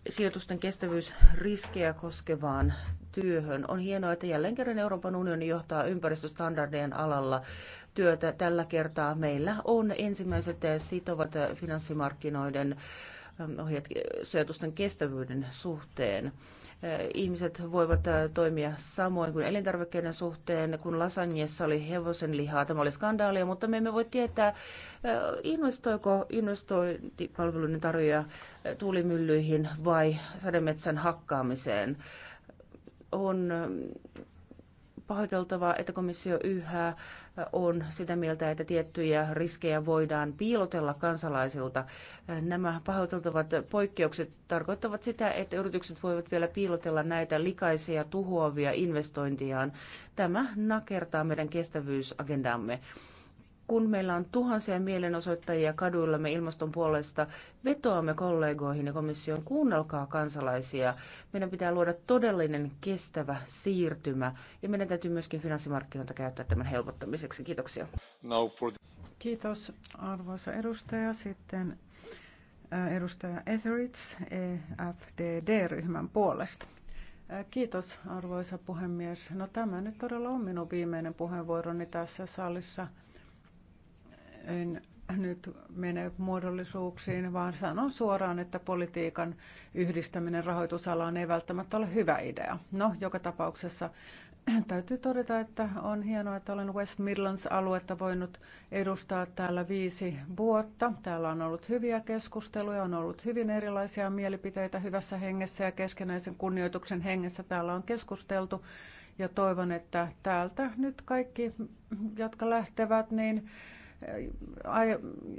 sijoitusten kestävyysriskejä koskevaan työhön. On hienoa, että jälleen kerran Euroopan unioni johtaa ympäristöstandardien alalla työtä. Tällä kertaa meillä on ensimmäiset sitovat finanssimarkkinoiden ähm, ohjeet sijoitusten kestävyyden suhteen. Äh, ihmiset voivat äh, toimia samoin kuin elintarvikkeiden suhteen, kun lasagnessa oli hevosen lihaa. Tämä oli skandaalia, mutta me emme voi tietää, äh, investoiko investointipalveluiden tarjoaja tuulimyllyihin vai sademetsän hakkaamiseen on ähm, pahoiteltavaa, että komissio yhä äh, on sitä mieltä, että tiettyjä riskejä voidaan piilotella kansalaisilta. Äh, nämä pahoiteltavat poikkeukset tarkoittavat sitä, että yritykset voivat vielä piilotella näitä likaisia, tuhoavia investointejaan. Tämä nakertaa meidän kestävyysagendamme kun meillä on tuhansia mielenosoittajia kaduillamme ilmaston puolesta, vetoamme kollegoihin ja komission, kuunnelkaa kansalaisia. Meidän pitää luoda todellinen kestävä siirtymä ja
meidän
täytyy myöskin finanssimarkkinoita käyttää tämän helpottamiseksi. Kiitoksia. Kiitos arvoisa edustaja. Sitten äh, edustaja Etheridge EFDD-ryhmän puolesta. Äh, kiitos arvoisa puhemies. No tämä nyt todella on minun viimeinen puheenvuoroni tässä salissa – en nyt mene muodollisuuksiin, vaan sanon suoraan, että politiikan yhdistäminen rahoitusalaan ei välttämättä ole hyvä idea. No, joka tapauksessa täytyy todeta, että on hienoa, että olen West Midlands-aluetta voinut edustaa täällä viisi vuotta. Täällä on ollut hyviä keskusteluja, on ollut hyvin erilaisia mielipiteitä hyvässä hengessä ja keskenäisen kunnioituksen hengessä täällä on keskusteltu. Ja toivon, että täältä nyt kaikki, jotka lähtevät, niin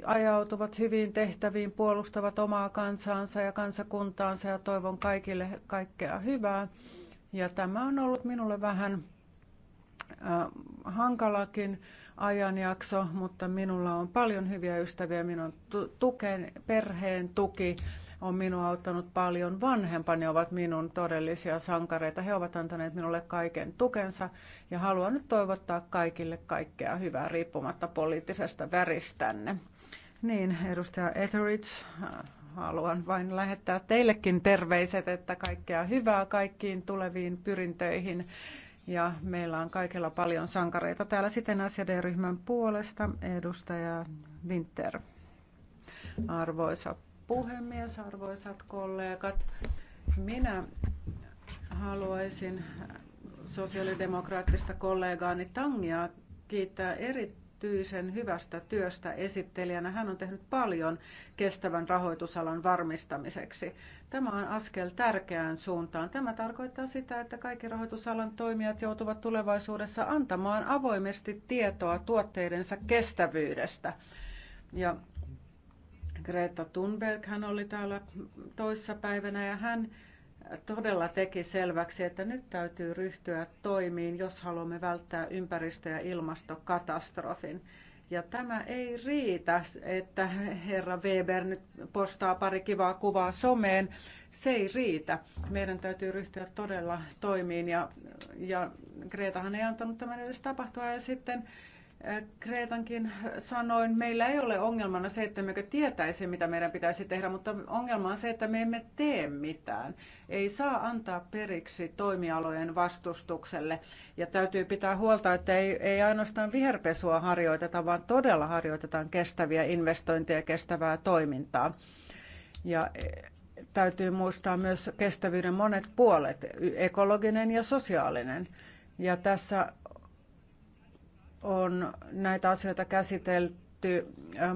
ajautuvat hyvin tehtäviin, puolustavat omaa kansaansa ja kansakuntaansa ja toivon kaikille kaikkea hyvää. Ja tämä on ollut minulle vähän hankalakin ajanjakso, mutta minulla on paljon hyviä ystäviä, minun tuken, perheen tuki on minua auttanut paljon. Vanhempani ovat minun todellisia sankareita. He ovat antaneet minulle kaiken tukensa ja haluan nyt toivottaa kaikille kaikkea hyvää riippumatta poliittisesta väristänne. Niin, edustaja Etheridge, haluan vain lähettää teillekin terveiset, että kaikkea hyvää kaikkiin tuleviin pyrintöihin. Ja meillä on kaikilla paljon sankareita täällä sitten asiaryhmän puolesta. Edustaja Winter, arvoisa puhemies, arvoisat kollegat. Minä haluaisin sosiaalidemokraattista kollegaani Tangia kiittää erityisen hyvästä työstä esittelijänä. Hän on tehnyt paljon kestävän rahoitusalan varmistamiseksi. Tämä on askel tärkeään suuntaan. Tämä tarkoittaa sitä, että kaikki rahoitusalan toimijat joutuvat tulevaisuudessa antamaan avoimesti tietoa tuotteidensa kestävyydestä. Ja Greta Thunberg, hän oli täällä toissa päivänä ja hän todella teki selväksi, että nyt täytyy ryhtyä toimiin, jos haluamme välttää ympäristö- ja ilmastokatastrofin. Ja tämä ei riitä, että herra Weber nyt postaa pari kivaa kuvaa someen. Se ei riitä. Meidän täytyy ryhtyä todella toimiin. Ja, ja Greetahan ei antanut tämän edes tapahtua. Ja sitten Kreetankin sanoin, meillä ei ole ongelmana se, että mekö tietäisi, mitä meidän pitäisi tehdä, mutta ongelma on se, että me emme tee mitään. Ei saa antaa periksi toimialojen vastustukselle ja täytyy pitää huolta, että ei, ei ainoastaan viherpesua harjoiteta, vaan todella harjoitetaan kestäviä investointeja ja kestävää toimintaa. Ja e, täytyy muistaa myös kestävyyden monet puolet, ekologinen ja sosiaalinen. Ja tässä on näitä asioita käsitelty äh,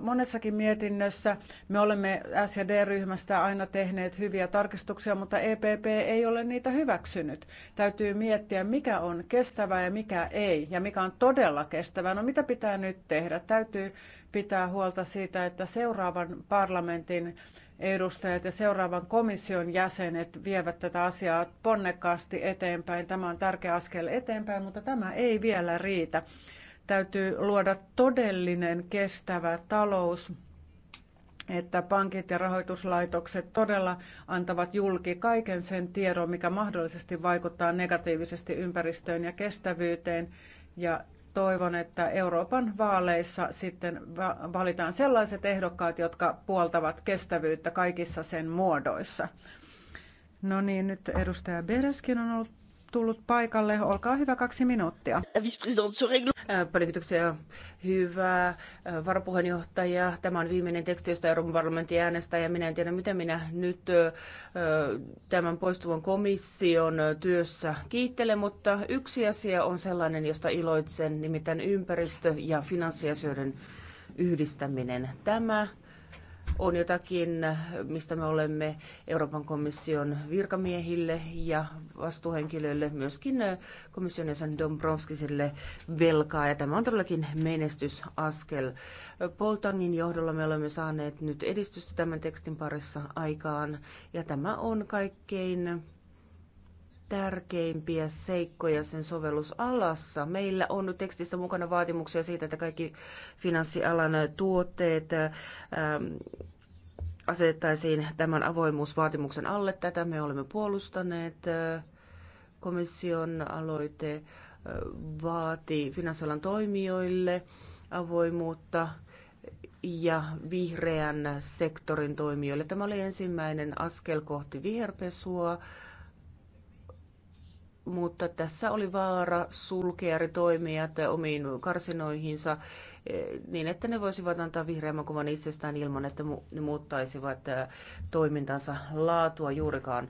monessakin mietinnössä. Me olemme d ryhmästä aina tehneet hyviä tarkistuksia, mutta EPP ei ole niitä hyväksynyt. Täytyy miettiä, mikä on kestävää ja mikä ei, ja mikä on todella kestävää. No mitä pitää nyt tehdä? Täytyy pitää huolta siitä, että seuraavan parlamentin edustajat ja seuraavan komission jäsenet vievät tätä asiaa ponnekkaasti eteenpäin. Tämä on tärkeä askel eteenpäin, mutta tämä ei vielä riitä. Täytyy luoda todellinen kestävä talous, että pankit ja rahoituslaitokset todella antavat julki kaiken sen tiedon, mikä mahdollisesti vaikuttaa negatiivisesti ympäristöön ja kestävyyteen. Ja toivon, että Euroopan vaaleissa sitten valitaan sellaiset ehdokkaat, jotka puoltavat kestävyyttä kaikissa sen muodoissa. No niin, nyt edustaja Bereskin on ollut tullut paikalle. Olkaa hyvä, kaksi minuuttia. kiitoksia. Hyvä
varapuheenjohtaja. Tämä on viimeinen teksti, josta Euroopan parlamentti äänestää ja minä en tiedä, mitä minä nyt tämän poistuvan komission työssä kiittelen, mutta yksi asia on sellainen, josta iloitsen, nimittäin ympäristö- ja finanssiasioiden yhdistäminen. Tämä on jotakin, mistä me olemme Euroopan komission virkamiehille ja vastuuhenkilöille, myöskin komission jäsen Dombrovskiselle velkaa. Ja tämä on todellakin menestysaskel. Poltangin johdolla me olemme saaneet nyt edistystä tämän tekstin parissa aikaan, ja tämä on kaikkein tärkeimpiä seikkoja sen sovellusalassa. Meillä on nyt tekstissä mukana vaatimuksia siitä, että kaikki finanssialan tuotteet ähm, asettaisiin tämän avoimuusvaatimuksen alle. Tätä me olemme puolustaneet. Komission aloite äh, vaati finanssialan toimijoille avoimuutta ja vihreän sektorin toimijoille. Tämä oli ensimmäinen askel kohti viherpesua mutta tässä oli vaara sulkea eri toimijat omiin karsinoihinsa eh, niin, että ne voisivat antaa vihreämmän kuvan itsestään ilman, että ne muuttaisivat eh, toimintansa laatua juurikaan.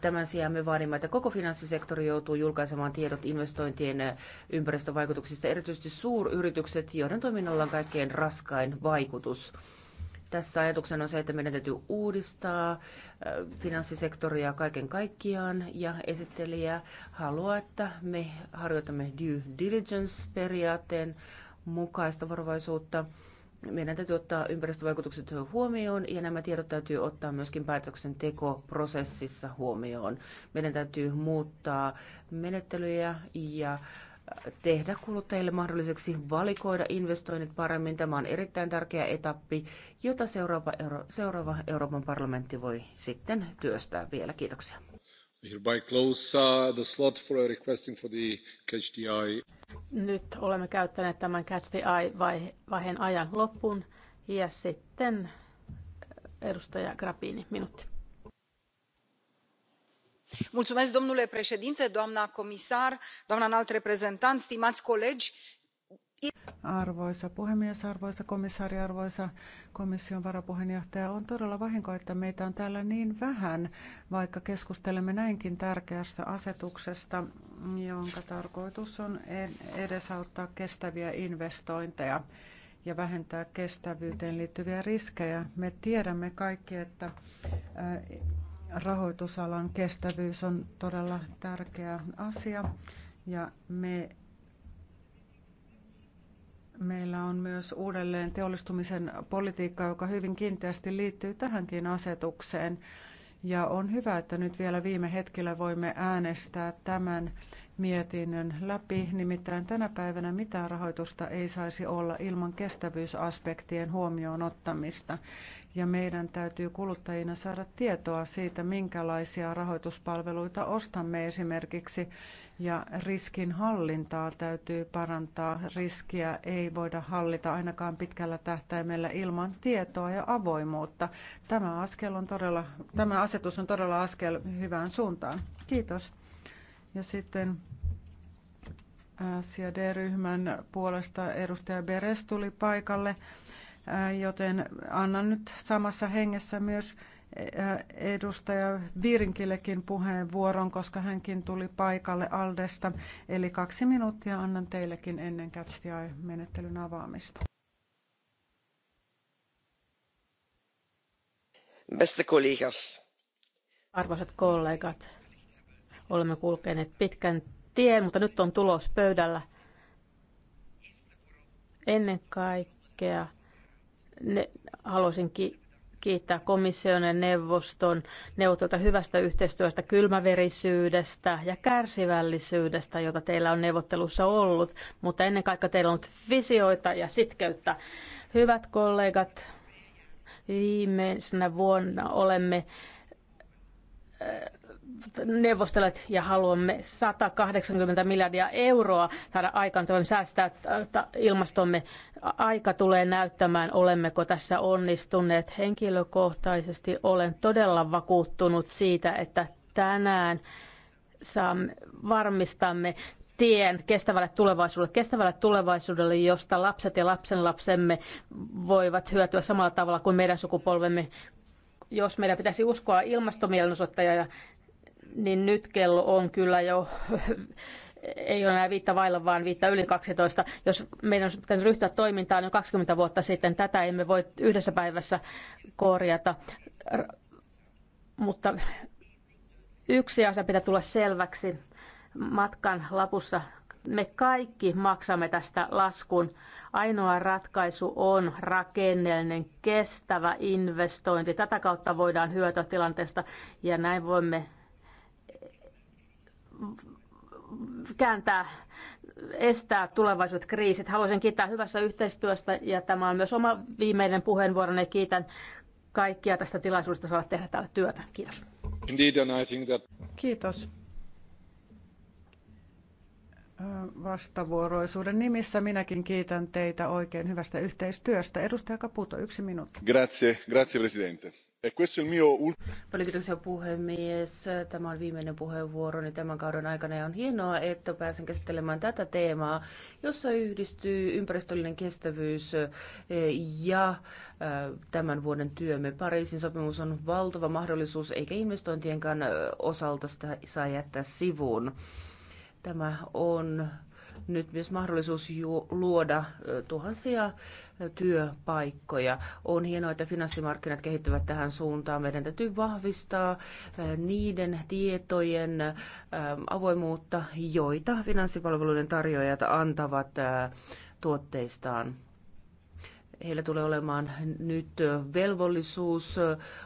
Tämän sijaan me vaadimme, että koko finanssisektori joutuu julkaisemaan tiedot investointien eh, ympäristövaikutuksista, erityisesti suuryritykset, joiden toiminnalla on kaikkein raskain vaikutus. Tässä ajatuksena on se, että meidän täytyy uudistaa finanssisektoria kaiken kaikkiaan ja esittelijä haluaa, että me harjoitamme due diligence-periaatteen mukaista varovaisuutta. Meidän täytyy ottaa ympäristövaikutukset huomioon ja nämä tiedot täytyy ottaa myöskin päätöksentekoprosessissa huomioon. Meidän täytyy muuttaa menettelyjä ja tehdä kuluttajille mahdolliseksi valikoida investoinnit paremmin. Tämä on erittäin tärkeä etappi, jota seuraava, Euro- seuraava Euroopan parlamentti voi sitten työstää vielä. Kiitoksia.
Nyt olemme käyttäneet tämän Catch the Eye-vaiheen ajan loppuun ja sitten uh, edustaja Grappini, minuutti
domnule președinte doamnă comisar doamnă înalt reprezentant stimați colegi Arvoisa puhemies, arvoisa komissaari, arvoisa komission varapuheenjohtaja, on todella vahinko, että meitä on täällä niin vähän, vaikka keskustelemme näinkin tärkeästä asetuksesta, jonka tarkoitus on edesauttaa kestäviä investointeja ja vähentää kestävyyteen liittyviä riskejä. Me tiedämme kaikki, että rahoitusalan kestävyys on todella tärkeä asia ja me Meillä on myös uudelleen teollistumisen politiikka, joka hyvin kiinteästi liittyy tähänkin asetukseen. Ja on hyvä, että nyt vielä viime hetkellä voimme äänestää tämän mietinnön läpi. Nimittäin tänä päivänä mitään rahoitusta ei saisi olla ilman kestävyysaspektien huomioon ottamista ja meidän täytyy kuluttajina saada tietoa siitä, minkälaisia rahoituspalveluita ostamme esimerkiksi. Ja riskinhallintaa täytyy parantaa. Riskiä ei voida hallita ainakaan pitkällä tähtäimellä ilman tietoa ja avoimuutta. Tämä, askel on todella, tämä asetus on todella askel hyvään suuntaan. Kiitos. Ja sitten SJD-ryhmän puolesta edustaja Beres tuli paikalle. Äh, joten annan nyt samassa hengessä myös äh, edustaja Virinkillekin puheenvuoron, koska hänkin tuli paikalle Aldesta. Eli kaksi minuuttia annan teillekin ennen CatchDI-menettelyn avaamista. Beste kollegas.
Arvoisat kollegat, olemme kulkeneet pitkän tien, mutta nyt on tulos pöydällä. Ennen kaikkea ne, haluaisin ki- kiittää komission ja neuvoston neuvotelta hyvästä yhteistyöstä, kylmäverisyydestä ja kärsivällisyydestä, jota teillä on neuvottelussa ollut, mutta ennen kaikkea teillä on ollut visioita ja sitkeyttä. Hyvät kollegat, viimeisenä vuonna olemme neuvostelet ja haluamme 180 miljardia euroa saada aikaan, että voimme säästää ilmastomme. Aika tulee näyttämään, olemmeko tässä onnistuneet. Henkilökohtaisesti olen todella vakuuttunut siitä, että tänään saamme, varmistamme tien kestävälle tulevaisuudelle, kestävälle tulevaisuudelle, josta lapset ja lapsenlapsemme voivat hyötyä samalla tavalla kuin meidän sukupolvemme jos meidän pitäisi uskoa ilmastomielenosoittajia, niin nyt kello on kyllä jo ei ole enää viittä vailla, vaan viittä yli 12. Jos meidän olisi ryhtyä toimintaan jo 20 vuotta sitten, tätä emme voi yhdessä päivässä korjata. mutta yksi asia pitää tulla selväksi matkan lapussa. Me kaikki maksamme tästä laskun. Ainoa ratkaisu on rakenteellinen, kestävä investointi. Tätä kautta voidaan hyötyä tilanteesta ja näin voimme kääntää, estää tulevaisuudet kriisit. Haluaisin kiittää hyvässä yhteistyöstä ja tämä on myös oma viimeinen puheenvuoroni. Kiitän kaikkia tästä tilaisuudesta saada tehdä täällä työtä. Kiitos. Kiitos.
Vastavuoroisuuden nimissä minäkin kiitän teitä oikein hyvästä yhteistyöstä. Edustaja Kaputo, yksi minuutti.
Grazie, grazie presidente. E
Paljon
puhemies. Tämä on viimeinen puheenvuoroni tämän kauden aikana ja on hienoa, että pääsen käsittelemään tätä teemaa, jossa yhdistyy ympäristöllinen kestävyys eh, ja eh, tämän vuoden työmme. Pariisin sopimus on valtava mahdollisuus, eikä investointienkaan eh, osalta sitä saa jättää sivuun. Tämä on nyt myös mahdollisuus luoda tuhansia työpaikkoja. On hienoa, että finanssimarkkinat kehittyvät tähän suuntaan. Meidän täytyy vahvistaa niiden tietojen avoimuutta, joita finanssipalveluiden tarjoajat antavat tuotteistaan heillä tulee olemaan nyt velvollisuus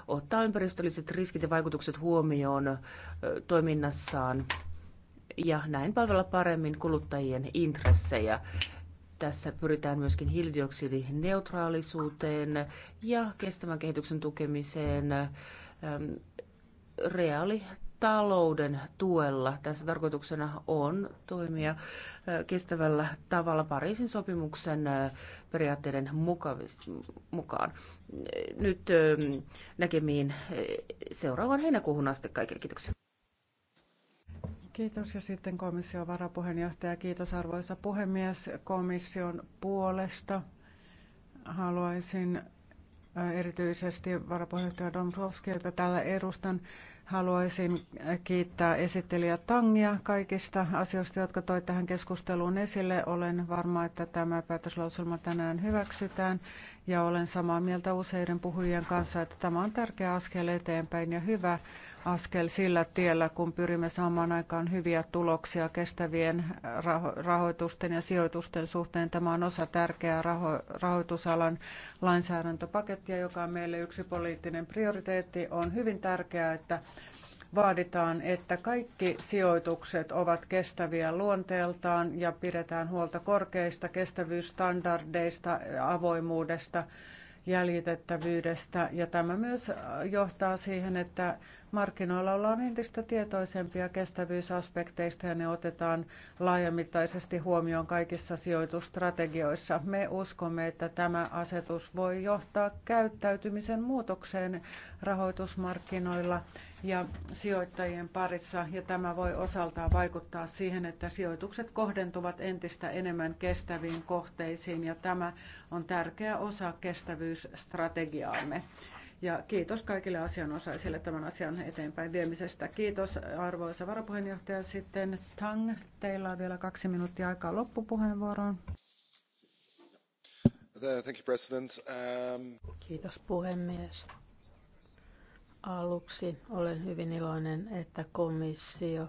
ottaa ympäristölliset riskit ja vaikutukset huomioon toiminnassaan ja näin palvella paremmin kuluttajien intressejä. Tässä pyritään myöskin hiilidioksidineutraalisuuteen ja kestävän kehityksen tukemiseen ähm, reaalitalouden tuella. Tässä tarkoituksena on toimia äh, kestävällä tavalla Pariisin sopimuksen äh, periaatteiden mukaan. Nyt ähm, näkemiin äh, seuraavan heinäkuuhun asti kaikille. Kiitoksia.
Kiitos ja sitten komission varapuheenjohtaja. Kiitos arvoisa puhemies komission puolesta. Haluaisin äh, erityisesti varapuheenjohtaja Domrovski, jota täällä edustan. Haluaisin kiittää esittelijä Tangia kaikista asioista, jotka toi tähän keskusteluun esille. Olen varma, että tämä päätöslauselma tänään hyväksytään ja olen samaa mieltä useiden puhujien kanssa, että tämä on tärkeä askel eteenpäin ja hyvä askel sillä tiellä, kun pyrimme saamaan aikaan hyviä tuloksia kestävien rahoitusten ja sijoitusten suhteen. Tämä on osa tärkeää raho- rahoitusalan lainsäädäntöpakettia, joka on meille yksi poliittinen prioriteetti. On hyvin tärkeää, että vaaditaan, että kaikki sijoitukset ovat kestäviä luonteeltaan ja pidetään huolta korkeista kestävyysstandardeista, avoimuudesta jäljitettävyydestä ja tämä myös johtaa siihen, että markkinoilla ollaan entistä tietoisempia kestävyysaspekteista ja ne otetaan laajamittaisesti huomioon kaikissa sijoitusstrategioissa. Me uskomme, että tämä asetus voi johtaa käyttäytymisen muutokseen rahoitusmarkkinoilla ja sijoittajien parissa, ja tämä voi osaltaan vaikuttaa siihen, että sijoitukset kohdentuvat entistä enemmän kestäviin kohteisiin, ja tämä on tärkeä osa kestävyysstrategiaamme. Ja kiitos kaikille asianosaisille tämän asian eteenpäin viemisestä. Kiitos arvoisa varapuheenjohtaja. Sitten Tang, teillä on vielä kaksi
minuuttia aikaa loppupuheenvuoroon. Um, kiitos puhemies. Aluksi olen hyvin iloinen, että komissio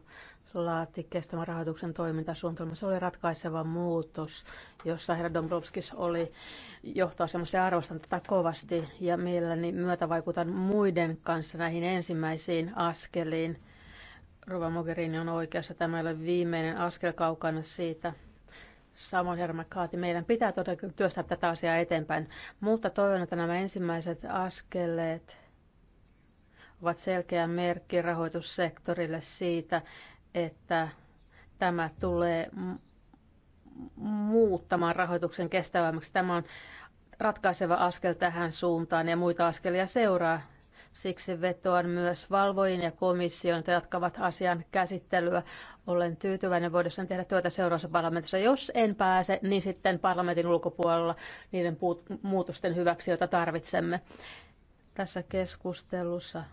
laati kestävän rahoituksen toimintasuunnitelma. Se oli ratkaiseva muutos, jossa herra Dombrovskis oli johtoasemassa ja arvostan tätä kovasti ja mielelläni vaikutan muiden kanssa näihin ensimmäisiin askeliin. Rova Mogherini on oikeassa. Tämä ei ole viimeinen askel kaukana siitä. Samoin herra McCarthy, meidän pitää todella työstää tätä asiaa eteenpäin, mutta toivon, että nämä ensimmäiset askeleet – ovat selkeä merkki rahoitussektorille siitä, että tämä tulee muuttamaan rahoituksen kestävämmäksi. Tämä on ratkaiseva askel tähän suuntaan ja muita askelia seuraa. Siksi vetoan myös valvojiin ja komission, jotka jatkavat asian käsittelyä. Olen tyytyväinen voidessaan tehdä työtä seuraavassa parlamentissa. Jos en pääse, niin sitten parlamentin ulkopuolella niiden muutosten hyväksi, joita tarvitsemme. Tässä keskustelussa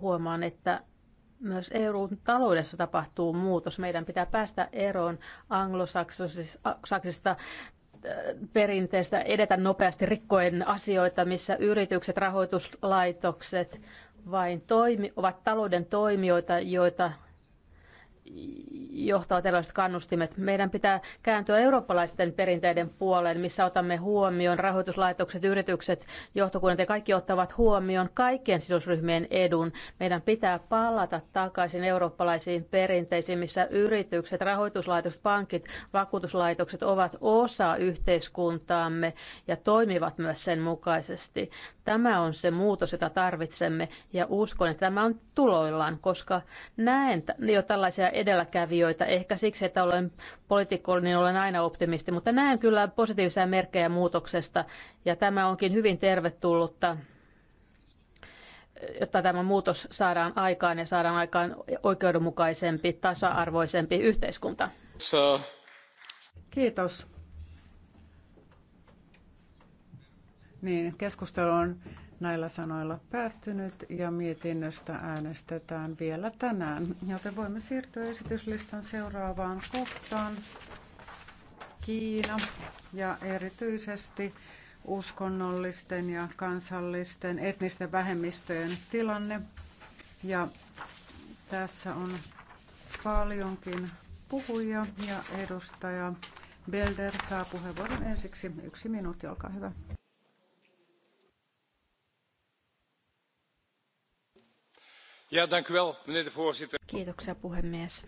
huomaan, että myös EUn taloudessa tapahtuu muutos. Meidän pitää päästä eroon anglosaksisesta äh, perinteestä, edetä nopeasti rikkoen asioita, missä yritykset, rahoituslaitokset vain toimi, ovat talouden toimijoita, joita johtaa tällaiset kannustimet. Meidän pitää kääntyä eurooppalaisten perinteiden puoleen, missä otamme huomioon rahoituslaitokset, yritykset, johtokunnat ja kaikki ottavat huomioon kaikkien sidosryhmien edun. Meidän pitää palata takaisin eurooppalaisiin perinteisiin, missä yritykset, rahoituslaitokset, pankit, vakuutuslaitokset ovat osa yhteiskuntaamme ja toimivat myös sen mukaisesti. Tämä on se muutos, jota tarvitsemme ja uskon, että tämä on tuloillaan, koska näen jo tällaisia edelläkävijöitä. Ehkä siksi, että olen poliitikko, niin olen aina optimisti, mutta näen kyllä positiivisia merkkejä muutoksesta ja tämä onkin hyvin tervetullutta jotta tämä muutos saadaan aikaan ja saadaan aikaan oikeudenmukaisempi, tasa-arvoisempi yhteiskunta. Kiitos.
Niin, keskustelu on näillä sanoilla päättynyt ja mietinnöstä äänestetään vielä tänään, joten voimme siirtyä esityslistan seuraavaan kohtaan. Kiina ja erityisesti uskonnollisten ja kansallisten etnisten vähemmistöjen tilanne. Ja tässä on paljonkin puhuja ja edustaja Belder saa puheenvuoron ensiksi. Yksi minuutti, olkaa hyvä.
Kiitoksia puhemies.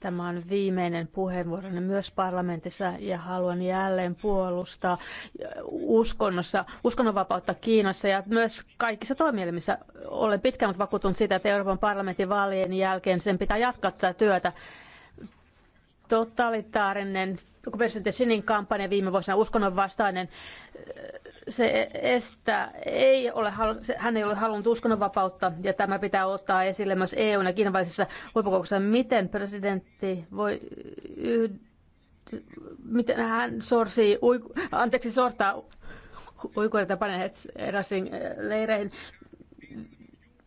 Tämä on viimeinen puheenvuoroni myös parlamentissa ja haluan jälleen puolustaa uskonnossa, uskonnonvapautta Kiinassa ja myös kaikissa toimielimissä. Olen pitkään vakuuttunut siitä, että Euroopan parlamentin vaalien jälkeen sen pitää jatkaa tätä työtä totalitaarinen presidentti Sinin kampanja viime vuosina uskonnonvastainen, se estää, ei ole, hän ei ole halunnut uskonnonvapautta ja tämä pitää ottaa esille myös EUn ja Kiinan välisessä huippukokouksessa. Miten presidentti voi yhd... miten hän sorsii, uiku... anteeksi, sortaa uikureita paneet eräsiin leireihin.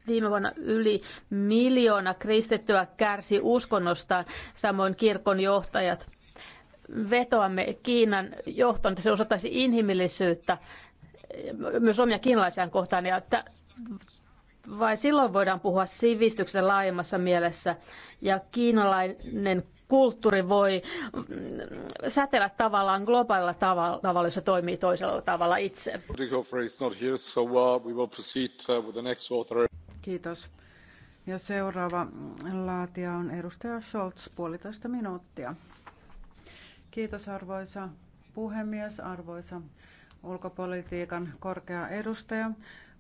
Viime vuonna yli miljoona kristittyä kärsi uskonnostaan, samoin kirkon johtajat. Vetoamme Kiinan johtoon, että se osoittaisi inhimillisyyttä eh, myös omia kiinalaisiaan kohtaan. Ja että vai silloin voidaan puhua sivistyksen laajemmassa mielessä. Ja kiinalainen kulttuuri voi mm, säteillä tavallaan globaalilla tavalla, tavalla jos se toimii toisella tavalla itse.
Kiitos. Ja seuraava laatia on edustaja Scholz, puolitoista minuuttia. Kiitos arvoisa puhemies, arvoisa ulkopolitiikan korkea edustaja.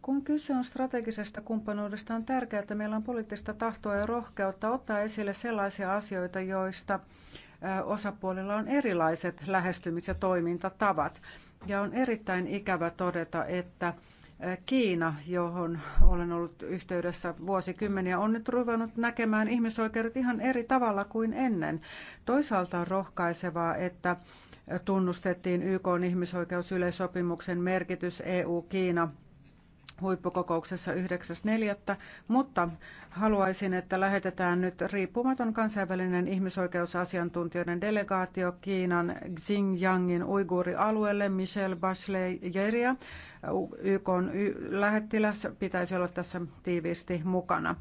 Kun kyse on strategisesta kumppanuudesta, on tärkeää, että meillä on poliittista tahtoa ja rohkeutta ottaa esille sellaisia asioita, joista osapuolilla on erilaiset lähestymis- ja toimintatavat. Ja on erittäin ikävä todeta, että Kiina, johon olen ollut yhteydessä vuosikymmeniä, on nyt ruvennut näkemään ihmisoikeudet ihan eri tavalla kuin ennen. Toisaalta on rohkaisevaa, että tunnustettiin YK ihmisoikeusyleissopimuksen merkitys EU-Kiina huippukokouksessa 9.4. Mutta haluaisin, että lähetetään nyt riippumaton kansainvälinen ihmisoikeusasiantuntijoiden delegaatio Kiinan Xinjiangin uiguurialueelle. Michelle Bachelet Jeria, YK lähettiläs, pitäisi olla tässä tiiviisti mukana.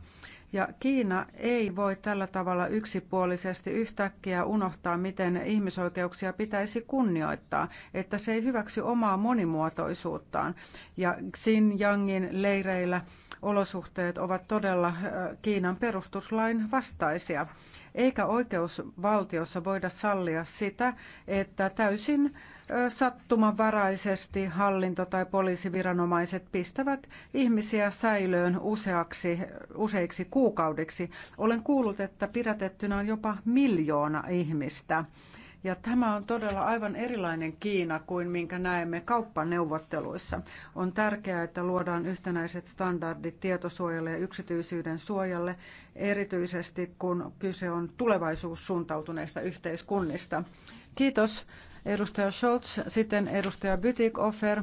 Ja Kiina ei voi tällä tavalla yksipuolisesti yhtäkkiä unohtaa, miten ihmisoikeuksia pitäisi kunnioittaa, että se ei hyväksy omaa monimuotoisuuttaan. Ja Xinjiangin leireillä olosuhteet ovat todella äh, Kiinan perustuslain vastaisia. Eikä oikeusvaltiossa voida sallia sitä, että täysin sattumanvaraisesti hallinto- tai poliisiviranomaiset pistävät ihmisiä säilöön useaksi, useiksi kuukaudeksi. Olen kuullut, että pidätettynä on jopa miljoona ihmistä. Ja tämä on todella aivan erilainen Kiina kuin minkä näemme kauppaneuvotteluissa. On tärkeää, että luodaan yhtenäiset standardit tietosuojalle ja yksityisyyden suojalle, erityisesti kun kyse on tulevaisuussuuntautuneista yhteiskunnista. Kiitos Edustaja Scholz, sitten edustaja Bytikoffer.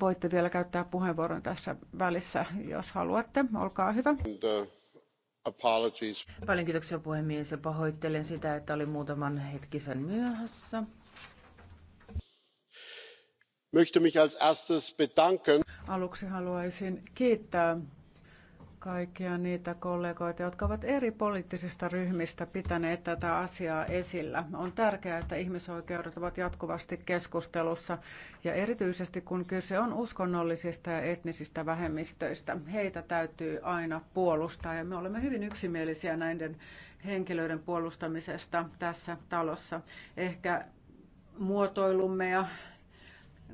Voitte vielä käyttää puheenvuoron tässä välissä, jos haluatte. Olkaa hyvä.
Uh, apologies.
Paljon kiitoksia puhemies ja pahoittelen sitä, että olin muutaman
hetkisen myöhässä.
Möchte mich als erstes bedanken.
Aluksi haluaisin kiittää kaikkia niitä kollegoita, jotka ovat eri poliittisista ryhmistä pitäneet tätä asiaa esillä. On tärkeää, että ihmisoikeudet ovat jatkuvasti keskustelussa ja erityisesti kun kyse on uskonnollisista ja etnisistä vähemmistöistä, heitä täytyy aina puolustaa ja me olemme hyvin yksimielisiä näiden henkilöiden puolustamisesta tässä talossa. Ehkä muotoilumme ja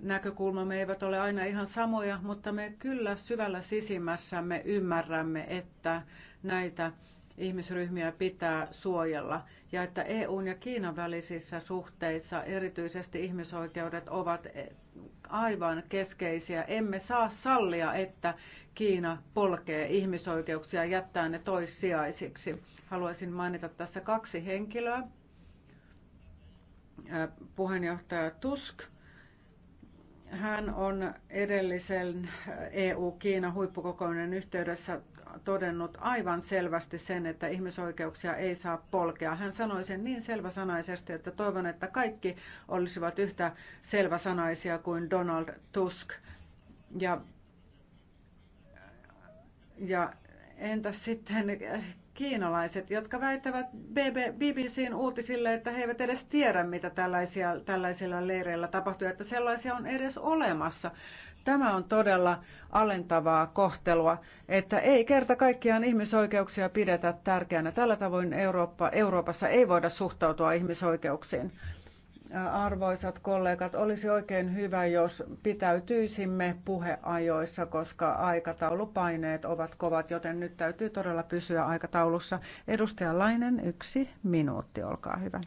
näkökulmamme eivät ole aina ihan samoja, mutta me kyllä syvällä sisimmässämme ymmärrämme, että näitä ihmisryhmiä pitää suojella ja että EUn ja Kiinan välisissä suhteissa erityisesti ihmisoikeudet ovat aivan keskeisiä. Emme saa sallia, että Kiina polkee ihmisoikeuksia ja jättää ne toissijaisiksi. Haluaisin mainita tässä kaksi henkilöä. Puheenjohtaja Tusk hän on edellisen EU-Kiina huippukokouksen yhteydessä todennut aivan selvästi sen, että ihmisoikeuksia ei saa polkea. Hän sanoi sen niin selväsanaisesti, että toivon, että kaikki olisivat yhtä selväsanaisia kuin Donald Tusk. Ja, ja entä sitten kiinalaiset, jotka väittävät BBCn uutisille, että he eivät edes tiedä, mitä tällaisia, tällaisilla leireillä tapahtuu, että sellaisia on edes olemassa. Tämä on todella alentavaa kohtelua, että ei kerta kaikkiaan ihmisoikeuksia pidetä tärkeänä. Tällä tavoin Eurooppa, Euroopassa ei voida suhtautua ihmisoikeuksiin. Arvoisat kollegat, olisi oikein hyvä, jos pitäytyisimme puheajoissa, koska aikataulupaineet ovat kovat, joten nyt täytyy todella pysyä aikataulussa. Edustaja Lainen, yksi minuutti, olkaa hyvä.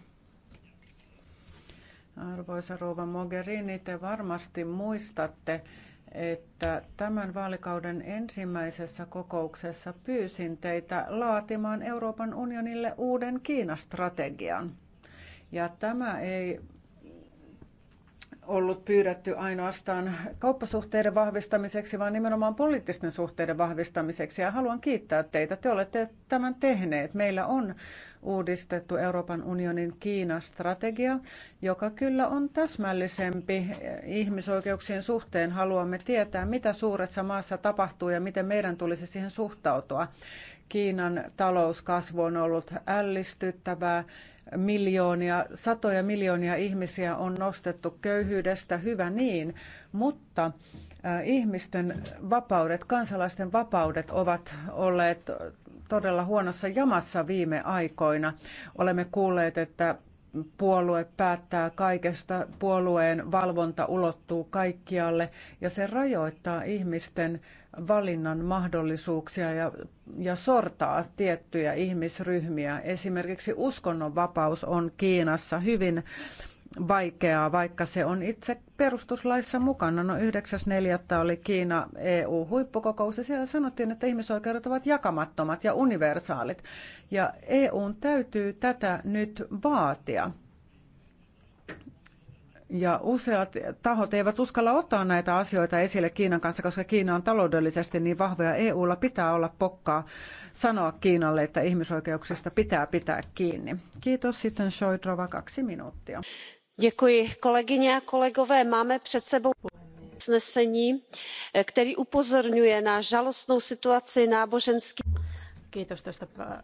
Arvoisa rouva Mogherini, te varmasti muistatte, että tämän vaalikauden ensimmäisessä kokouksessa pyysin teitä laatimaan Euroopan unionille uuden Kiinastrategian. Ja tämä ei ollut pyydetty ainoastaan kauppasuhteiden vahvistamiseksi, vaan nimenomaan poliittisten suhteiden vahvistamiseksi. Ja haluan kiittää teitä. Te olette tämän tehneet. Meillä on uudistettu Euroopan unionin Kiina-strategia, joka kyllä on täsmällisempi ihmisoikeuksien suhteen. Haluamme tietää, mitä suuressa maassa tapahtuu ja miten meidän tulisi siihen suhtautua. Kiinan talouskasvu on ollut ällistyttävää miljoonia, satoja miljoonia ihmisiä on nostettu köyhyydestä, hyvä niin, mutta äh, ihmisten vapaudet, kansalaisten vapaudet ovat olleet todella huonossa jamassa viime aikoina. Olemme kuulleet, että puolue päättää kaikesta, puolueen valvonta ulottuu kaikkialle ja se rajoittaa ihmisten valinnan mahdollisuuksia ja, ja sortaa tiettyjä ihmisryhmiä. Esimerkiksi uskonnonvapaus on Kiinassa hyvin vaikeaa, vaikka se on itse perustuslaissa mukana. No 9.4. oli Kiina EU-huippukokous ja siellä sanottiin, että ihmisoikeudet ovat jakamattomat ja universaalit. Ja EUn täytyy tätä nyt vaatia. Ja useat tahot eivät uskalla ottaa näitä asioita esille Kiinan kanssa, koska Kiina on taloudellisesti niin vahva ja EUlla pitää olla pokkaa sanoa Kiinalle, että ihmisoikeuksista pitää pitää kiinni. Kiitos sitten Shoidrova, kaksi minuuttia.
Děkuji kolegyně a kolegové. Máme před sebou usnesení, který upozorňuje na žalostnou situaci náboženských. Kiitos tästä äh,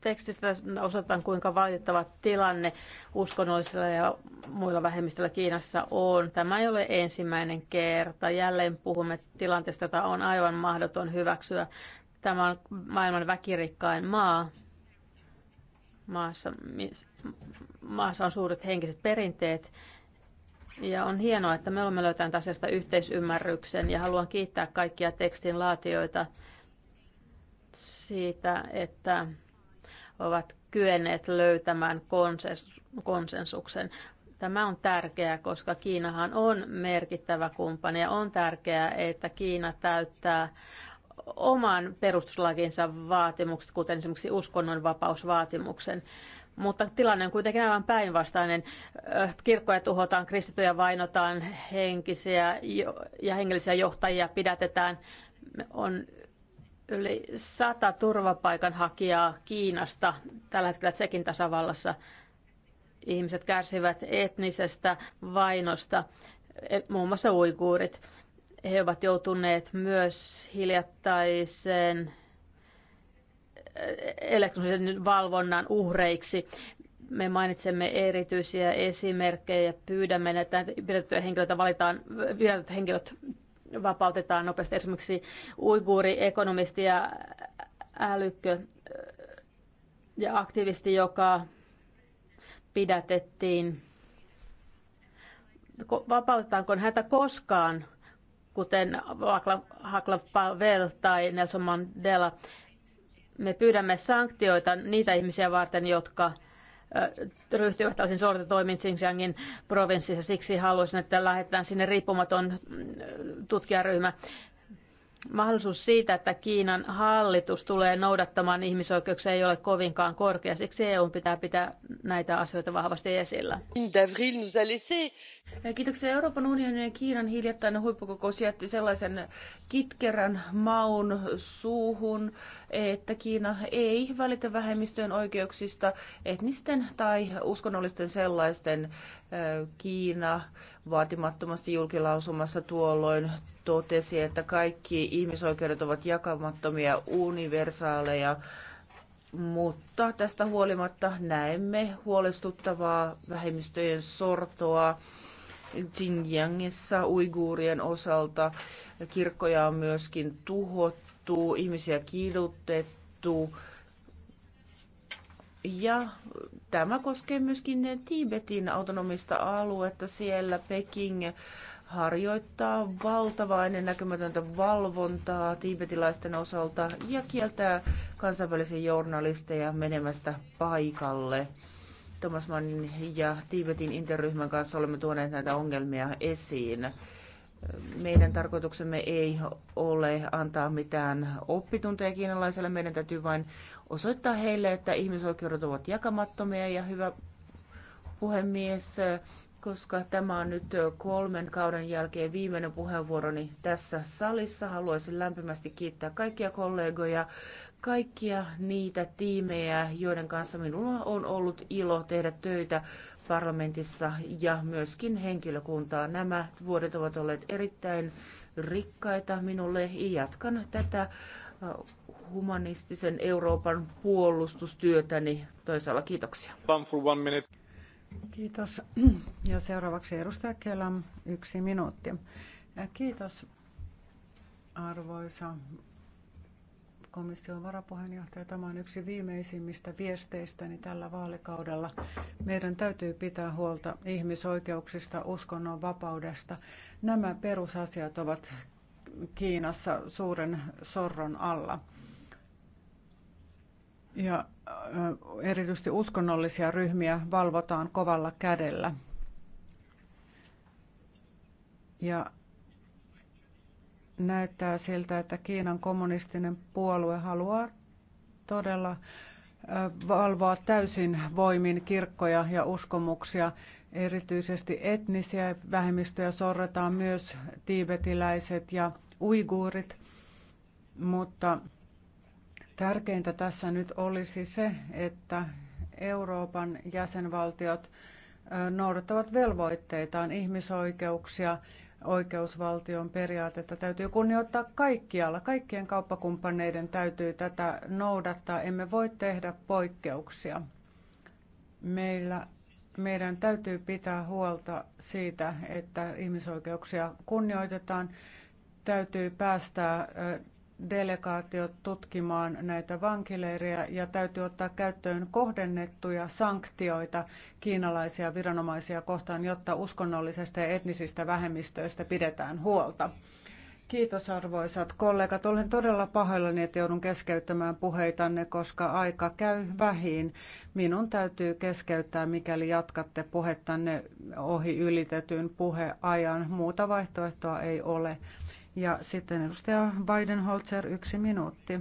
tekstistä osataan kuinka valitettava tilanne uskonnollisilla ja muilla vähemmistöillä Kiinassa on. Tämä ei ole ensimmäinen kerta. Jälleen puhumme tilanteesta, jota on aivan mahdoton hyväksyä. Tämä on maailman väkirikkain maa. Maassa, maassa on suuret henkiset perinteet. Ja on hienoa, että me olemme löytäneet asiasta yhteisymmärryksen ja haluan kiittää kaikkia tekstin laatioita siitä, että ovat kyenneet löytämään konsensuksen. Tämä on tärkeää, koska Kiinahan on merkittävä kumppani ja on tärkeää, että Kiina täyttää oman perustuslakinsa vaatimukset, kuten esimerkiksi uskonnonvapausvaatimuksen. Mutta tilanne on kuitenkin aivan päinvastainen. Kirkkoja tuhotaan, kristityjä vainotaan, henkisiä ja hengellisiä johtajia pidätetään. On yli sata turvapaikanhakijaa Kiinasta tällä hetkellä Tsekin tasavallassa. Ihmiset kärsivät etnisestä vainosta, e, muun muassa uiguurit. He ovat joutuneet myös hiljattaisen e, elektronisen valvonnan uhreiksi. Me mainitsemme erityisiä esimerkkejä ja pyydämme, että pidettyjä henkilöitä valitaan, henkilöt vapautetaan nopeasti. Esimerkiksi uiguuri, ekonomisti ja älykkö ja aktivisti, joka pidätettiin. Vapautetaanko häntä koskaan, kuten Haklav Pavel tai Nelson Mandela? Me pyydämme sanktioita niitä ihmisiä varten, jotka – ryhtyvät tällaisiin sortitoimiin Xinjiangin provinssissa. Siksi haluaisin, että lähetetään sinne riippumaton mm, tutkijaryhmä mahdollisuus siitä, että Kiinan hallitus tulee noudattamaan ihmisoikeuksia ei ole kovinkaan korkea. Siksi EU pitää pitää näitä asioita vahvasti esillä.
Kiitoksia. Euroopan
unionin ja Kiinan hiljattainen huippukokous jätti sellaisen kitkerän maun suuhun, että Kiina ei välitä vähemmistöjen oikeuksista etnisten tai uskonnollisten sellaisten Kiina vaatimattomasti julkilausumassa tuolloin totesi, että kaikki ihmisoikeudet ovat jakamattomia, universaaleja, mutta tästä huolimatta näemme huolestuttavaa vähemmistöjen sortoa Xinjiangissa uiguurien osalta. Kirkkoja on myöskin tuhottu, ihmisiä kidutettu ja tämä koskee myöskin Tiibetin autonomista aluetta. Siellä Peking harjoittaa valtavaa näkymätöntä valvontaa tiibetilaisten osalta ja kieltää kansainvälisiä journalisteja menemästä paikalle. Thomas Mannin ja Tiibetin interryhmän kanssa olemme tuoneet näitä ongelmia esiin meidän tarkoituksemme ei ole antaa mitään oppitunteja kiinalaiselle. Meidän täytyy vain osoittaa heille, että ihmisoikeudet ovat jakamattomia ja hyvä puhemies, koska tämä on nyt kolmen kauden jälkeen viimeinen puheenvuoroni tässä salissa. Haluaisin lämpimästi kiittää kaikkia kollegoja, kaikkia niitä tiimejä, joiden kanssa minulla on ollut ilo tehdä töitä parlamentissa ja myöskin henkilökuntaa. Nämä vuodet ovat olleet erittäin rikkaita minulle. Jatkan tätä äh, humanistisen Euroopan puolustustyötäni toisaalla. Kiitoksia.
Kiitos. (clears throat) Ja seuraavaksi edustaja Kelam, yksi minuutti. Kiitos arvoisa komission varapuheenjohtaja. Tämä on yksi viimeisimmistä viesteistäni tällä vaalikaudella. Meidän täytyy pitää huolta ihmisoikeuksista, uskonnon vapaudesta. Nämä perusasiat ovat Kiinassa suuren sorron alla. Ja erityisesti uskonnollisia ryhmiä valvotaan kovalla kädellä. Ja näyttää siltä, että Kiinan kommunistinen puolue haluaa todella valvoa täysin voimin kirkkoja ja uskomuksia. Erityisesti etnisiä vähemmistöjä sorretaan myös tiibetiläiset ja uiguurit, mutta tärkeintä tässä nyt olisi se, että Euroopan jäsenvaltiot noudattavat velvoitteitaan, ihmisoikeuksia, oikeusvaltion periaatetta täytyy kunnioittaa kaikkialla. Kaikkien kauppakumppaneiden täytyy tätä noudattaa. Emme voi tehdä poikkeuksia. Meillä, meidän täytyy pitää huolta siitä, että ihmisoikeuksia kunnioitetaan. Täytyy päästää delegaatiot tutkimaan näitä vankileirejä ja täytyy ottaa käyttöön kohdennettuja sanktioita kiinalaisia viranomaisia kohtaan, jotta uskonnollisista ja etnisistä vähemmistöistä pidetään huolta. Kiitos arvoisat kollegat. Olen todella pahoillani, että joudun keskeyttämään puheitanne, koska aika käy vähin. Minun täytyy keskeyttää, mikäli jatkatte puhettanne ohi ylitetyn puheajan. Muuta vaihtoehtoa ei ole. Ja sitten edustaja Biden-Holzer, yksi minuutti.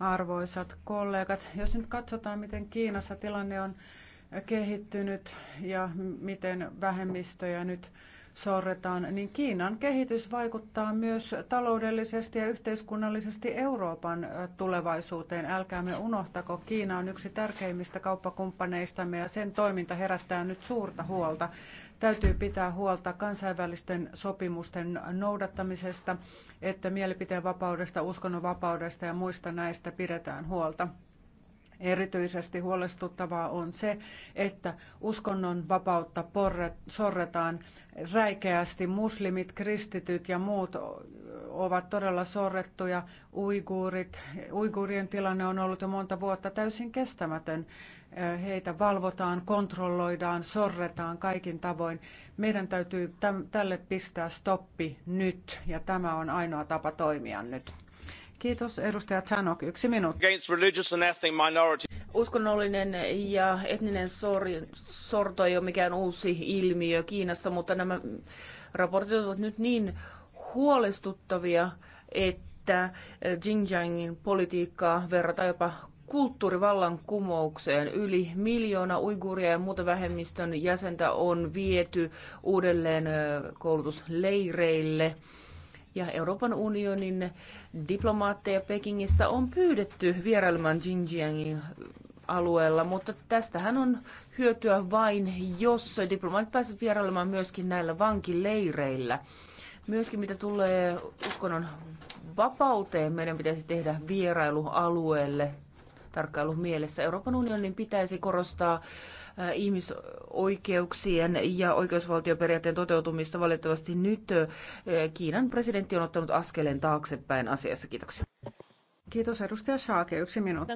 Arvoisat kollegat, jos nyt katsotaan, miten Kiinassa tilanne on kehittynyt ja miten vähemmistöjä nyt sorretaan, niin Kiinan kehitys vaikuttaa myös taloudellisesti ja yhteiskunnallisesti Euroopan tulevaisuuteen. Älkäämme unohtako, Kiina on yksi tärkeimmistä kauppakumppaneistamme ja sen toiminta herättää nyt suurta huolta. Täytyy pitää huolta kansainvälisten sopimusten noudattamisesta, että mielipiteenvapaudesta, uskonnonvapaudesta ja muista näistä pidetään huolta. Erityisesti huolestuttavaa on se, että uskonnon vapautta sorretaan räikeästi. Muslimit, kristityt ja muut ovat todella sorrettuja. Uiguurit, uiguurien tilanne on ollut jo monta vuotta täysin kestämätön heitä valvotaan, kontrolloidaan, sorretaan kaikin tavoin. Meidän täytyy tälle pistää stoppi nyt ja tämä on ainoa tapa toimia nyt. Kiitos. Edustaja Tanok, yksi minuutti. Uskonnollinen ja etninen
sori, sorto ei ole mikään uusi ilmiö Kiinassa, mutta nämä raportit ovat nyt niin huolestuttavia, että Xinjiangin politiikkaa verrataan jopa kulttuurivallankumoukseen. Yli miljoona uiguria ja muuta vähemmistön jäsentä on viety uudelleen koulutusleireille. Ja Euroopan unionin diplomaatteja Pekingistä on pyydetty vierailemaan Xinjiangin alueella, mutta tästähän on hyötyä vain, jos diplomaatit pääsevät vierailemaan myöskin näillä vankileireillä. Myöskin mitä tulee uskonnon vapauteen, meidän pitäisi tehdä vierailu alueelle tarkkailu mielessä. Euroopan unionin pitäisi korostaa ihmisoikeuksien ja oikeusvaltioperiaatteen toteutumista. Valitettavasti nyt Kiinan presidentti on ottanut askeleen taaksepäin asiassa. Kiitoksia.
Kiitos edustaja Saake, yksi minuutti.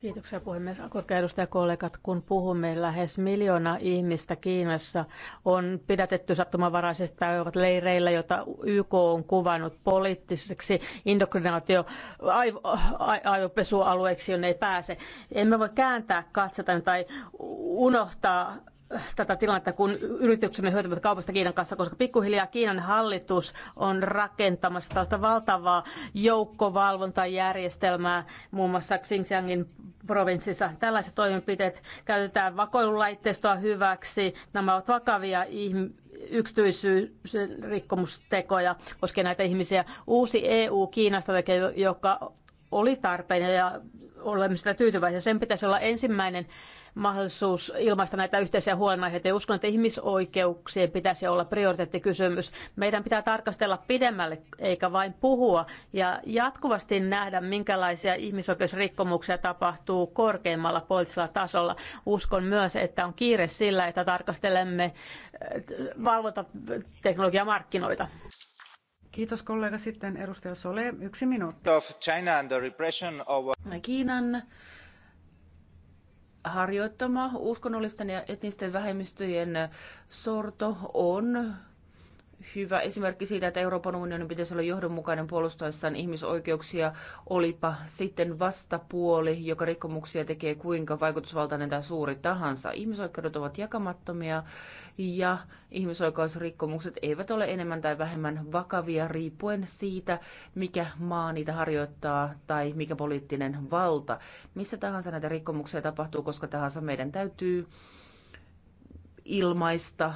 Kiitoksia puhemies. Korkea edustajakollegat, kun puhumme lähes miljoona ihmistä Kiinassa on pidätetty sattumanvaraisesti tai ovat leireillä, jota YK on kuvannut poliittiseksi indoktrinaatio aivopesualueeksi, jonne ei pääse. Emme voi kääntää katsota tai unohtaa tätä tilannetta, kun yrityksemme hyötyvät kaupasta Kiinan kanssa, koska pikkuhiljaa Kiinan hallitus on rakentamassa tällaista valtavaa joukkovalvontajärjestelmää muun muassa Xinjiangin provinssissa. Tällaiset toimenpiteet käytetään vakoilulaitteistoa hyväksi. Nämä ovat vakavia ihmisiä yksityisrikkomustekoja näitä ihmisiä. Uusi EU-Kiinasta, joka oli tarpeen ja olemme sitä tyytyväisiä. Sen pitäisi olla ensimmäinen mahdollisuus ilmaista näitä yhteisiä huolenaiheita. Ja uskon, että ihmisoikeuksien pitäisi olla prioriteettikysymys. Meidän pitää tarkastella pidemmälle eikä vain puhua ja jatkuvasti nähdä, minkälaisia ihmisoikeusrikkomuksia tapahtuu korkeimmalla poliittisella tasolla. Uskon myös, että on kiire sillä, että tarkastelemme äh, valvontateknologiamarkkinoita.
Kiitos kollega. Sitten edustaja Sole, yksi minuutti.
Of China and the repression of...
Kiinan harjoittama
uskonnollisten ja etnisten vähemmistöjen sorto on hyvä esimerkki siitä, että Euroopan unionin pitäisi olla johdonmukainen puolustaessaan ihmisoikeuksia, olipa sitten vastapuoli, joka rikkomuksia tekee kuinka vaikutusvaltainen tai suuri tahansa. Ihmisoikeudet ovat jakamattomia ja ihmisoikeusrikkomukset eivät ole enemmän tai vähemmän vakavia riippuen siitä, mikä maa niitä harjoittaa tai mikä poliittinen valta. Missä tahansa näitä rikkomuksia tapahtuu, koska tahansa meidän täytyy ilmaista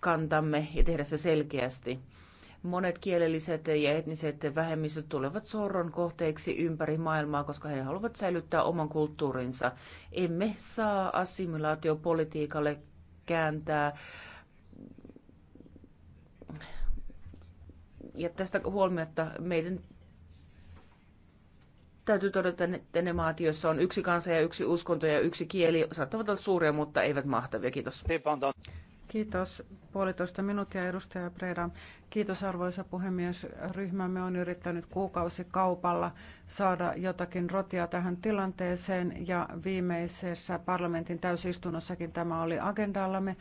kantamme ja tehdä se selkeästi. Monet kielelliset ja etniset vähemmistöt tulevat sorron kohteeksi ympäri maailmaa, koska he haluavat säilyttää oman kulttuurinsa. Emme saa assimilaatiopolitiikalle kääntää ja tästä huolimatta meidän täytyy todeta, että ne maat, joissa on yksi kansa ja yksi uskonto ja yksi kieli, saattavat olla suuria, mutta eivät mahtavia. Kiitos.
Kiitos puolitoista minuuttia edustaja Preda. Kiitos arvoisa puhemies. Ryhmämme on yrittänyt kuukausikaupalla saada jotakin rotia tähän tilanteeseen ja viimeisessä parlamentin täysistunnossakin tämä oli agendallamme.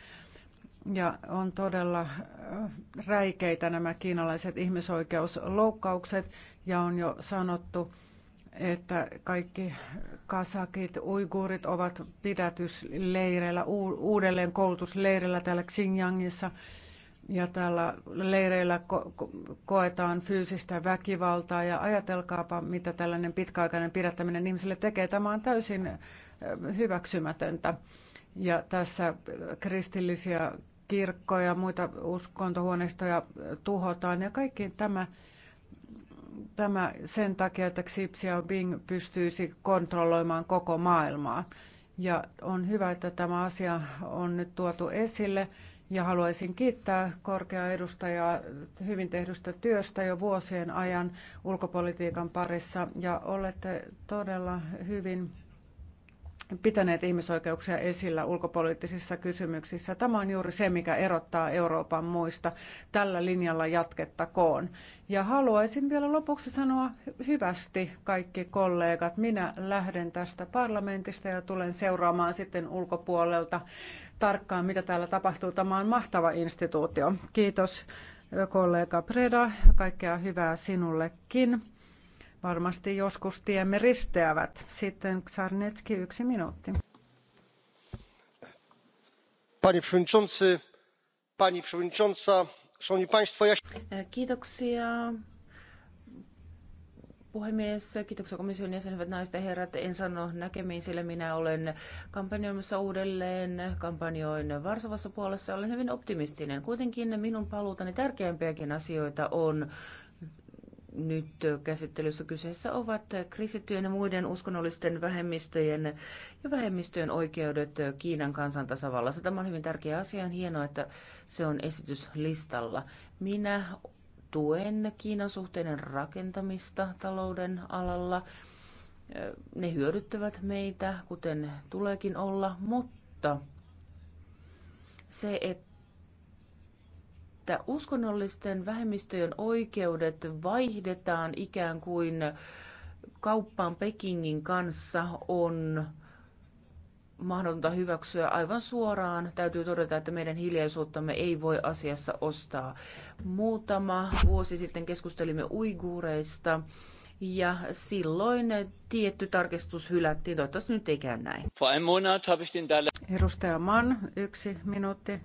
Ja on todella äh, räikeitä nämä kiinalaiset ihmisoikeusloukkaukset ja on jo sanottu, että kaikki kasakit, uiguurit ovat pidätysleireillä, uudelleen koulutusleireillä täällä Xinjiangissa. Ja täällä leireillä ko- koetaan fyysistä väkivaltaa ja ajatelkaapa, mitä tällainen pitkäaikainen pidättäminen ihmisille tekee. Tämä on täysin hyväksymätöntä. Ja tässä kristillisiä kirkkoja, muita uskontohuoneistoja tuhotaan ja kaikki tämä tämä sen takia, että Xi Jinping pystyisi kontrolloimaan koko maailmaa. Ja on hyvä, että tämä asia on nyt tuotu esille ja haluaisin kiittää korkea edustajaa hyvin tehdystä työstä jo vuosien ajan ulkopolitiikan parissa ja olette todella hyvin pitäneet ihmisoikeuksia esillä ulkopoliittisissa kysymyksissä. Tämä on juuri se, mikä erottaa Euroopan muista. Tällä linjalla jatkettakoon. Ja haluaisin vielä lopuksi sanoa hyvästi kaikki kollegat. Minä lähden tästä parlamentista ja tulen seuraamaan sitten ulkopuolelta tarkkaan, mitä täällä tapahtuu. Tämä on mahtava instituutio. Kiitos kollega Preda. Kaikkea hyvää sinullekin. Varmasti joskus tiemme risteävät. Sitten Czarnecki, yksi
minuutti. Pani przewodniczący, pani przewodnicząca, szanowni państwo, ja... Kiitoksia
puhemies, kiitoksia komission jäsen, hyvät naiset ja herrat. En sano näkemiin, sillä minä olen kampanjoimassa uudelleen, kampanjoin Varsovassa puolessa. Olen hyvin optimistinen. Kuitenkin minun paluutani tärkeämpiäkin asioita on, nyt käsittelyssä kyseessä ovat kristittyjen ja muiden uskonnollisten vähemmistöjen ja vähemmistöjen oikeudet Kiinan kansantasavallassa. Tämä on hyvin tärkeä asia. On hienoa, että se on esityslistalla. Minä tuen Kiinan suhteiden rakentamista talouden alalla. Ne hyödyttävät meitä, kuten tuleekin olla, mutta se, että että uskonnollisten vähemmistöjen oikeudet vaihdetaan ikään kuin kauppaan Pekingin kanssa on mahdotonta hyväksyä aivan suoraan. Täytyy todeta, että meidän hiljaisuuttamme ei voi asiassa ostaa. Muutama vuosi sitten keskustelimme uiguureista ja silloin tietty tarkistus hylättiin. Toivottavasti nyt ei käy näin.
Edustaja Mann, yksi minuutti.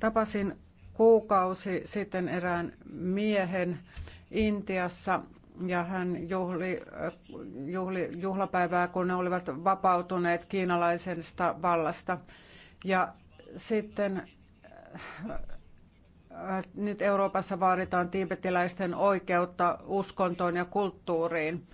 Tapasin kuukausi sitten erään miehen Intiassa ja hän juhli, juhli juhlapäivää, kun ne olivat vapautuneet kiinalaisesta vallasta. Ja sitten äh, nyt Euroopassa vaaditaan tiibetiläisten oikeutta uskontoon ja kulttuuriin.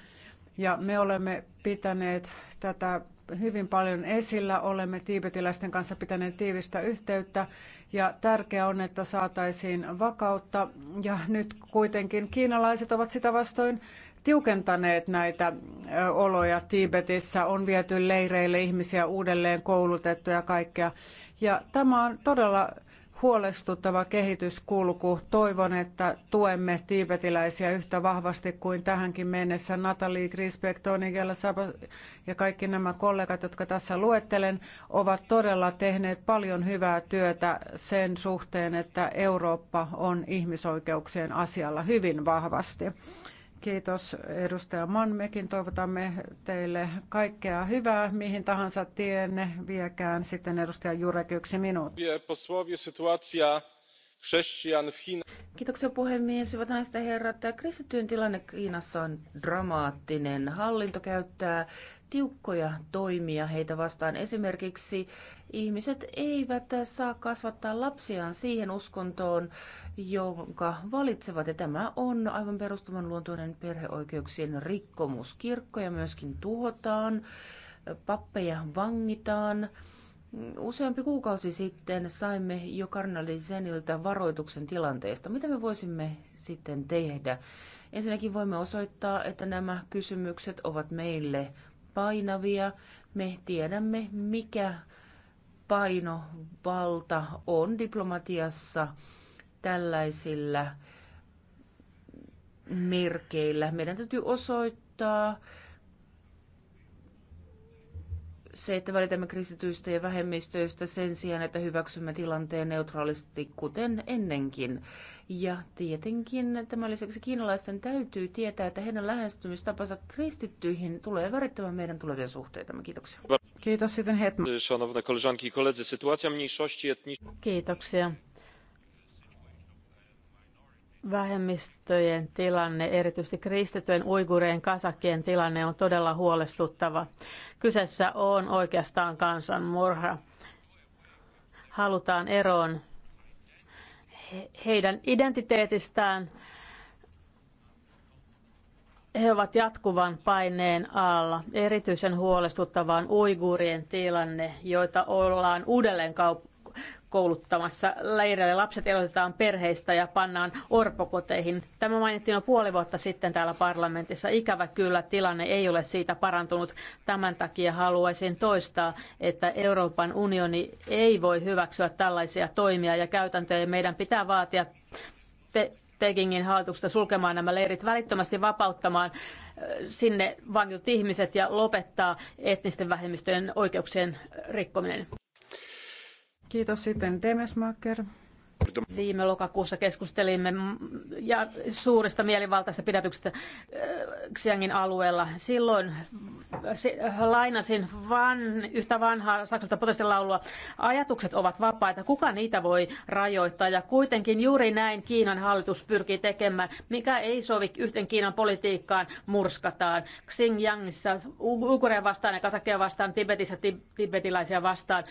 Ja me olemme pitäneet tätä hyvin paljon esillä. Olemme tiibetiläisten kanssa pitäneet tiivistä yhteyttä ja tärkeää on, että saataisiin vakautta. Ja nyt kuitenkin kiinalaiset ovat sitä vastoin tiukentaneet näitä oloja Tiibetissä. On viety leireille ihmisiä uudelleen koulutettu ja kaikkea. Ja tämä on todella huolestuttava kehityskulku. Toivon, että tuemme tiibetiläisiä yhtä vahvasti kuin tähänkin mennessä. Natalie Grisbeck, Toni Sabo ja kaikki nämä kollegat, jotka tässä luettelen, ovat todella tehneet paljon hyvää työtä sen suhteen, että Eurooppa on ihmisoikeuksien asialla hyvin vahvasti. Kiitos edustaja Mekin Toivotamme teille kaikkea hyvää, mihin tahansa tienne viekään. Sitten edustaja Jurek, yksi minuutti. Kiitoksia puhemies. Hyvät naiset ja herrat. Kristittyjen tilanne
Kiinassa on dramaattinen. Hallinto käyttää tiukkoja toimia heitä vastaan. Esimerkiksi ihmiset eivät saa kasvattaa lapsiaan siihen uskontoon, jonka valitsevat. Ja tämä on aivan perustuvan luontoinen perheoikeuksien rikkomus. Kirkkoja myöskin tuhotaan, pappeja vangitaan. Useampi kuukausi sitten saimme jo Karnalisenilta varoituksen tilanteesta. Mitä me voisimme sitten tehdä? Ensinnäkin voimme osoittaa, että nämä kysymykset ovat meille painavia. Me tiedämme, mikä painovalta on diplomatiassa tällaisilla merkeillä. Meidän täytyy osoittaa, se, että välitämme kristityistä ja vähemmistöistä sen sijaan, että hyväksymme tilanteen neutraalisti, kuten ennenkin. Ja tietenkin tämän lisäksi kiinalaisten täytyy tietää, että heidän lähestymistapansa kristittyihin tulee värittämään meidän tulevia suhteitamme. Kiitoksia.
Kiitos sitten Hetman.
Kiitoksia. Vähemmistöjen tilanne, erityisesti kristittyjen uigureen kasakien tilanne on todella huolestuttava. Kyseessä on oikeastaan kansanmurha. Halutaan eroon heidän identiteetistään. He ovat jatkuvan paineen alla. Erityisen huolestuttavaan uigurien tilanne, joita ollaan uudelleen kouluttamassa leireille. Lapset erotetaan perheistä ja pannaan orpokoteihin. Tämä mainittiin jo puoli vuotta sitten täällä parlamentissa. Ikävä kyllä tilanne ei ole siitä parantunut. Tämän takia haluaisin toistaa, että Euroopan unioni ei voi hyväksyä tällaisia toimia ja käytäntöjä. Meidän pitää vaatia te- Pekingin hallituksesta sulkemaan nämä leirit välittömästi vapauttamaan sinne vangitut ihmiset ja lopettaa etnisten vähemmistöjen oikeuksien rikkominen. Kiitos
sitten Demesmaker.
Viime lokakuussa keskustelimme ja suurista mielivaltaista pidätyksestä äh, Xiangin alueella. Silloin äh, äh, lainasin van, yhtä vanhaa Saksalta potestin laulua. Ajatukset ovat vapaita, kuka niitä voi rajoittaa? Ja kuitenkin juuri näin Kiinan hallitus pyrkii tekemään, mikä ei sovi yhteen Kiinan politiikkaan, murskataan. Xinjiangissa, Uiguria vastaan ja Kasakia vastaan, Tibetissä tibetilaisia vastaan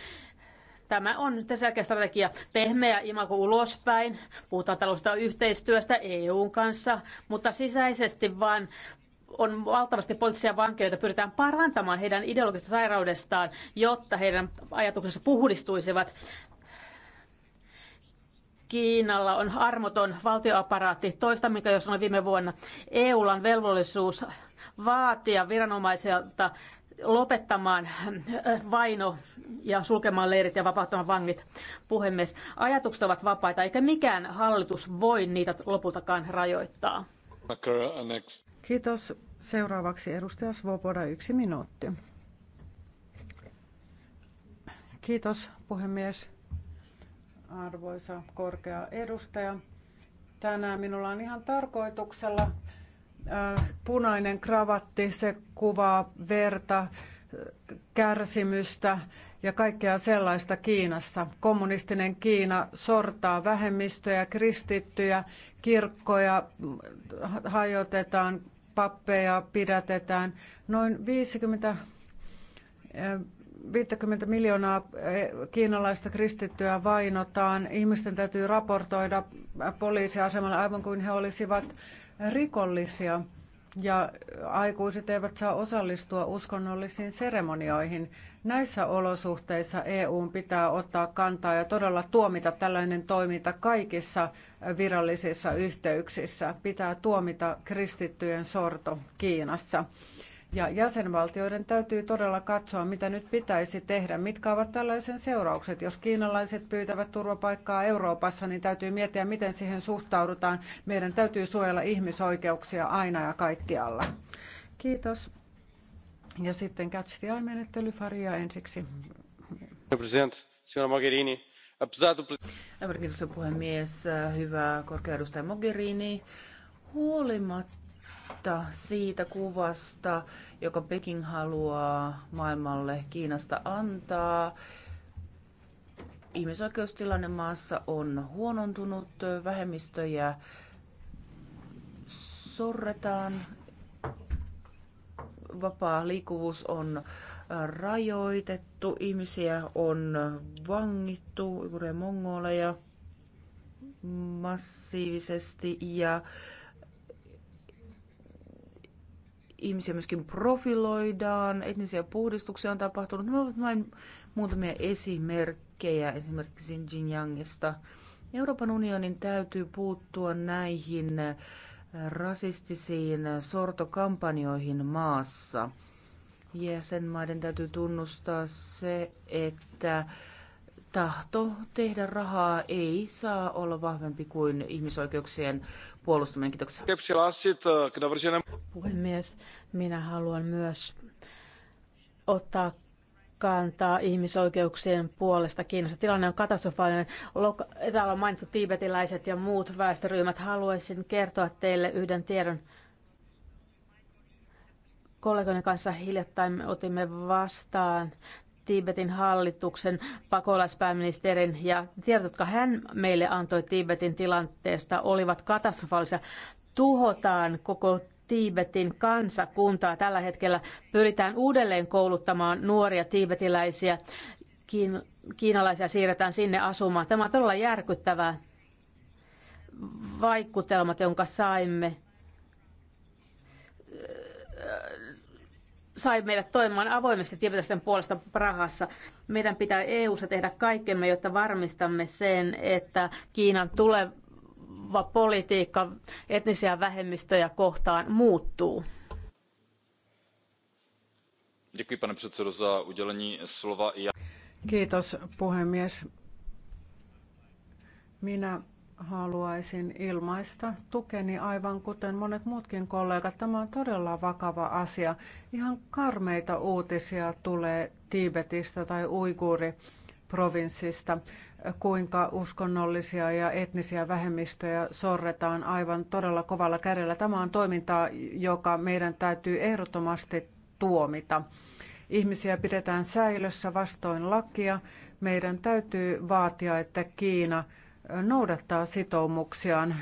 Tämä on nyt selkeä strategia. Pehmeä imako ulospäin, puhutaan taloudellisesta yhteistyöstä EUn kanssa, mutta sisäisesti vaan on valtavasti poliittisia vankeja, joita pyritään parantamaan heidän ideologisesta sairaudestaan, jotta heidän ajatuksensa puhdistuisivat. Kiinalla on armoton valtioaparaatti, toista mikä jos on viime vuonna. EUlla on velvollisuus vaatia viranomaiselta lopettamaan äh, vaino ja sulkemaan leirit ja vapauttamaan vangit. Puhemies, ajatukset ovat vapaita, eikä mikään hallitus voi niitä lopultakaan rajoittaa. Kiitos.
Seuraavaksi edustaja Svoboda, yksi minuutti. Kiitos puhemies. Arvoisa korkea edustaja. Tänään minulla on ihan tarkoituksella Äh, punainen kravatti, se kuvaa verta, äh, kärsimystä ja kaikkea sellaista Kiinassa. Kommunistinen Kiina sortaa vähemmistöjä, kristittyjä, kirkkoja hajotetaan, pappeja pidätetään. Noin 50, 50 äh, miljoonaa kiinalaista kristittyä vainotaan. Ihmisten täytyy raportoida poliisiasemalle aivan kuin he olisivat rikollisia ja aikuiset eivät saa osallistua uskonnollisiin seremonioihin. Näissä olosuhteissa EU pitää ottaa kantaa ja todella tuomita tällainen toiminta kaikissa virallisissa yhteyksissä. Pitää tuomita kristittyjen sorto Kiinassa. Ja jäsenvaltioiden täytyy todella katsoa, mitä nyt pitäisi tehdä, mitkä ovat tällaisen seuraukset. Jos kiinalaiset pyytävät turvapaikkaa Euroopassa, niin täytyy miettiä, miten siihen suhtaudutaan. Meidän täytyy suojella ihmisoikeuksia aina ja kaikkialla. Kiitos. Ja sitten catch the menettely Faria ensiksi. Arvoisa
puhemies, hyvä korkea edustaja Mogherini. Huolimatta huolta siitä kuvasta, joka Peking haluaa maailmalle Kiinasta antaa. Ihmisoikeustilanne maassa on huonontunut, vähemmistöjä sorretaan, vapaa liikkuvuus on rajoitettu, ihmisiä on vangittu, uigureja mongoleja massiivisesti ja ihmisiä myöskin profiloidaan, etnisiä puhdistuksia on tapahtunut. Nämä ovat vain muutamia esimerkkejä esimerkiksi Xinjiangista. Euroopan unionin täytyy puuttua näihin äh, rasistisiin sortokampanjoihin maassa. Jäsenmaiden täytyy tunnustaa se, että tahto tehdä rahaa ei saa
olla vahvempi kuin ihmisoikeuksien
puolustaminen. Kiitoksia. Eh,
Puhemies, minä haluan myös ottaa kantaa ihmisoikeuksien puolesta Kiinassa. Tilanne on katastrofaalinen. Täällä on mainittu tiibetiläiset ja muut väestöryhmät. Haluaisin kertoa teille yhden tiedon. Kollegoiden kanssa hiljattain otimme vastaan Tiibetin hallituksen pakolaispääministerin ja tiedot, jotka hän meille antoi Tiibetin tilanteesta, olivat katastrofaalisia. Tuhotaan koko Tiibetin kansakuntaa. Tällä hetkellä pyritään uudelleen kouluttamaan nuoria tiibetiläisiä. kiinalaisia siirretään sinne asumaan. Tämä on todella järkyttävää vaikutelmat, jonka saimme sai meidät toimimaan avoimesti tiepitäisten puolesta Prahassa. Meidän pitää EU-ssa tehdä kaikkemme, jotta varmistamme sen, että Kiinan tuleva politiikka etnisiä vähemmistöjä kohtaan muuttuu.
Kiitos puhemies. Minä haluaisin ilmaista tukeni aivan kuten monet muutkin kollegat. Tämä on todella vakava asia. Ihan karmeita uutisia tulee Tiibetistä tai uiguri provinssista, kuinka uskonnollisia ja etnisiä vähemmistöjä sorretaan aivan todella kovalla kädellä. Tämä on toimintaa, joka meidän täytyy ehdottomasti tuomita. Ihmisiä pidetään säilössä vastoin lakia. Meidän täytyy vaatia, että Kiina – noudattaa sitoumuksiaan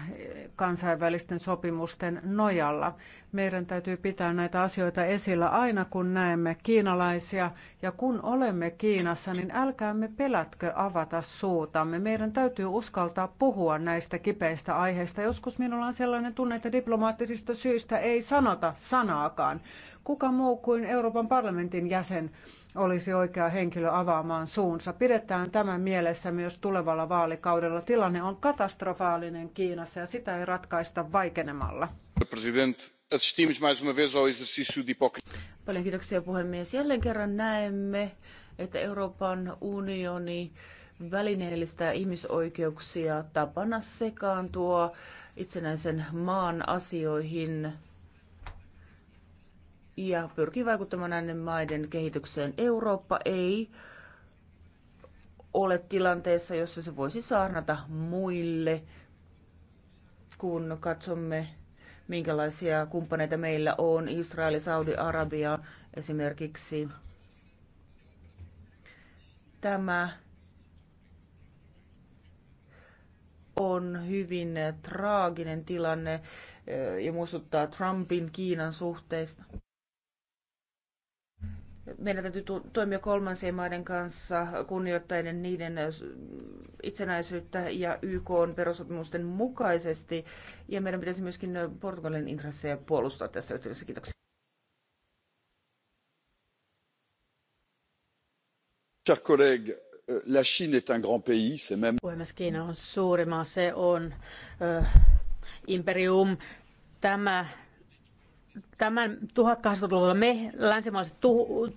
kansainvälisten sopimusten nojalla. Meidän täytyy pitää näitä asioita esillä aina, kun näemme kiinalaisia. Ja kun olemme Kiinassa, niin älkäämme pelätkö avata suutamme. Meidän täytyy uskaltaa puhua näistä kipeistä aiheista. Joskus minulla on sellainen tunne, että diplomaattisista syistä ei sanota sanaakaan. Kuka muu kuin Euroopan parlamentin jäsen olisi oikea henkilö avaamaan suunsa. Pidetään tämän mielessä myös tulevalla vaalikaudella. Tilanne on katastrofaalinen Kiinassa ja sitä ei ratkaista vaikenemalla. Paljon kiitoksia puhemies. Jälleen kerran näemme,
että Euroopan unioni välineellistä ihmisoikeuksia tapana sekaantua itsenäisen maan asioihin ja pyrkii vaikuttamaan näiden maiden kehitykseen. Eurooppa ei ole tilanteessa, jossa se voisi saarnata muille, kun katsomme, minkälaisia kumppaneita meillä on. Israel, Saudi-Arabia esimerkiksi. Tämä on hyvin traaginen tilanne eh, ja muistuttaa Trumpin Kiinan suhteista meidän täytyy toimia kolmansien maiden kanssa kunnioittaen niiden itsenäisyyttä ja YK on perusopimusten mukaisesti. Ja meidän pitäisi myöskin Portugalin intressejä puolustaa tässä yhteydessä. Kiitoksia. Chers collègues, la Chine est un grand pays, c'est même...
Puhemies, Kiina on suuri maa, se on ö, imperium. Tämä tämän 1800-luvulla me länsimaiset tu-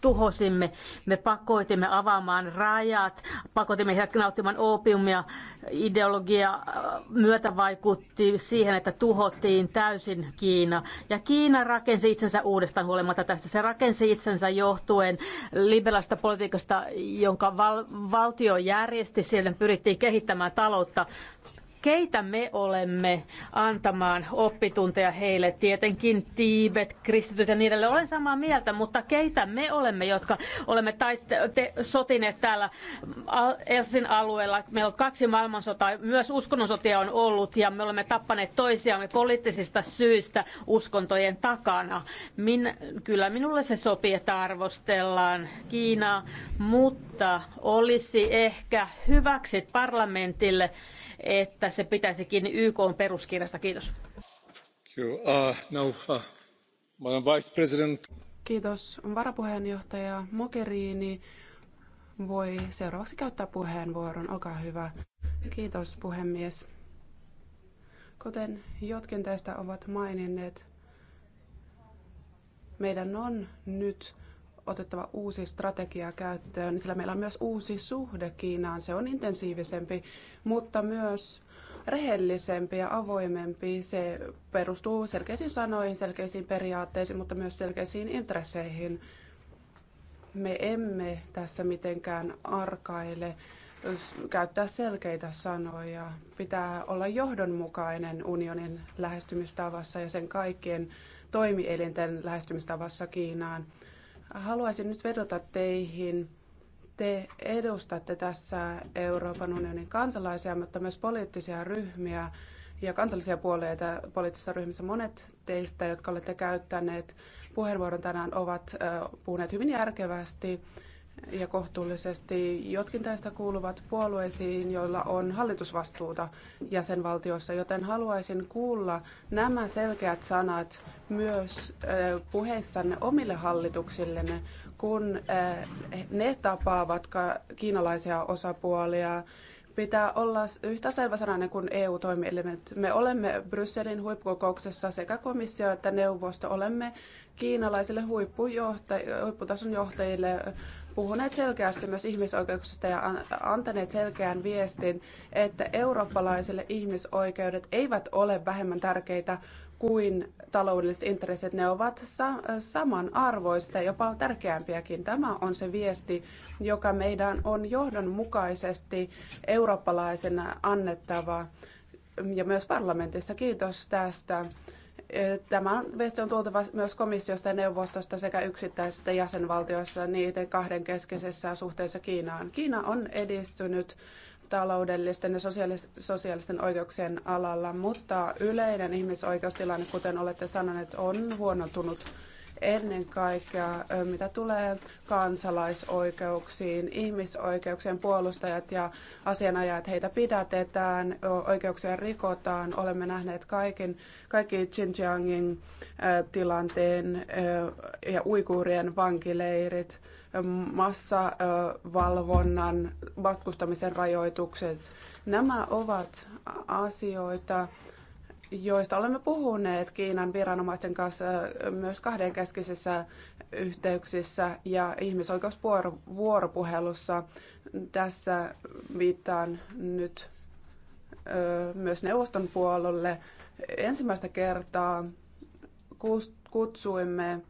tuhosimme, me pakoitimme avaamaan rajat, pakotimme heidät nauttimaan opiumia, ideologia äh, myötävaikutti siihen, että tuhottiin täysin Kiina. Ja Kiina rakensi itsensä uudestaan huolimatta tästä. Se rakensi itsensä johtuen liberaalista politiikasta, jonka val- valtio järjesti. Siellä pyrittiin kehittämään taloutta keitä me olemme antamaan oppitunteja heille. Tietenkin tiibet, kristityt ja niille Olen samaa mieltä, mutta keitä me olemme, jotka olemme taiste- te- sotineet täällä Elsin alueella. Meillä on kaksi maailmansotaa, myös uskonnonsotia on ollut ja me olemme tappaneet toisiamme poliittisista syistä uskontojen takana. Min- kyllä minulle se sopii, että arvostellaan Kiinaa, mutta olisi ehkä hyväksi parlamentille, että se pitäisikin YK peruskirjasta. Kiitos.
Uh, uh,
Kiitos. Varapuheenjohtaja Mogherini voi seuraavaksi käyttää puheenvuoron. Olkaa hyvä. Kiitos puhemies. Kuten jotkin teistä ovat maininneet, meidän on nyt otettava uusi strategia käyttöön, sillä meillä on myös uusi suhde Kiinaan. Se on intensiivisempi, mutta myös rehellisempi ja avoimempi. Se perustuu selkeisiin sanoihin, selkeisiin periaatteisiin, mutta myös selkeisiin intresseihin. Me emme tässä mitenkään arkaile käyttää selkeitä sanoja. Pitää olla johdonmukainen unionin lähestymistavassa ja sen kaikkien toimielinten lähestymistavassa Kiinaan. Haluaisin nyt vedota teihin. Te edustatte tässä Euroopan unionin kansalaisia, mutta myös poliittisia ryhmiä ja kansallisia puolueita poliittisissa ryhmissä. Monet teistä, jotka olette käyttäneet puheenvuoron tänään, ovat puhuneet hyvin järkevästi ja kohtuullisesti. Jotkin tästä kuuluvat puolueisiin, joilla on hallitusvastuuta jäsenvaltiossa, joten haluaisin kuulla nämä selkeät sanat myös äh, puheissanne omille hallituksillenne, kun äh, ne tapaavat kiinalaisia osapuolia. Pitää olla yhtä selväsanainen kuin EU-toimielimet. Me olemme Brysselin huippukokouksessa sekä komissio että neuvosto. Olemme kiinalaisille huipputason johtajille puhuneet selkeästi myös ihmisoikeuksista ja antaneet selkeän viestin, että eurooppalaisille ihmisoikeudet eivät ole vähemmän tärkeitä kuin taloudelliset intressit. Ne ovat sa- samanarvoista ja jopa tärkeämpiäkin. Tämä on se viesti, joka meidän on johdonmukaisesti eurooppalaisena annettava ja myös parlamentissa. Kiitos tästä. Tämä viesti on tuotava myös komissiosta ja neuvostosta sekä yksittäisistä jäsenvaltioista niiden kahden keskeisessä suhteessa Kiinaan. Kiina on edistynyt taloudellisten ja sosiaalisten oikeuksien alalla, mutta yleinen ihmisoikeustilanne, kuten olette sanoneet, on huonontunut ennen kaikkea mitä tulee kansalaisoikeuksiin, ihmisoikeuksien puolustajat ja asianajajat, heitä pidätetään, oikeuksia rikotaan. Olemme nähneet kaiken, kaikki Xinjiangin tilanteen ja uikuurien vankileirit, massavalvonnan, matkustamisen rajoitukset. Nämä ovat asioita, joista olemme puhuneet Kiinan viranomaisten kanssa myös kahdenkeskisissä yhteyksissä ja ihmisoikeusvuoropuhelussa. Tässä viittaan nyt myös neuvoston puolelle. Ensimmäistä kertaa kutsuimme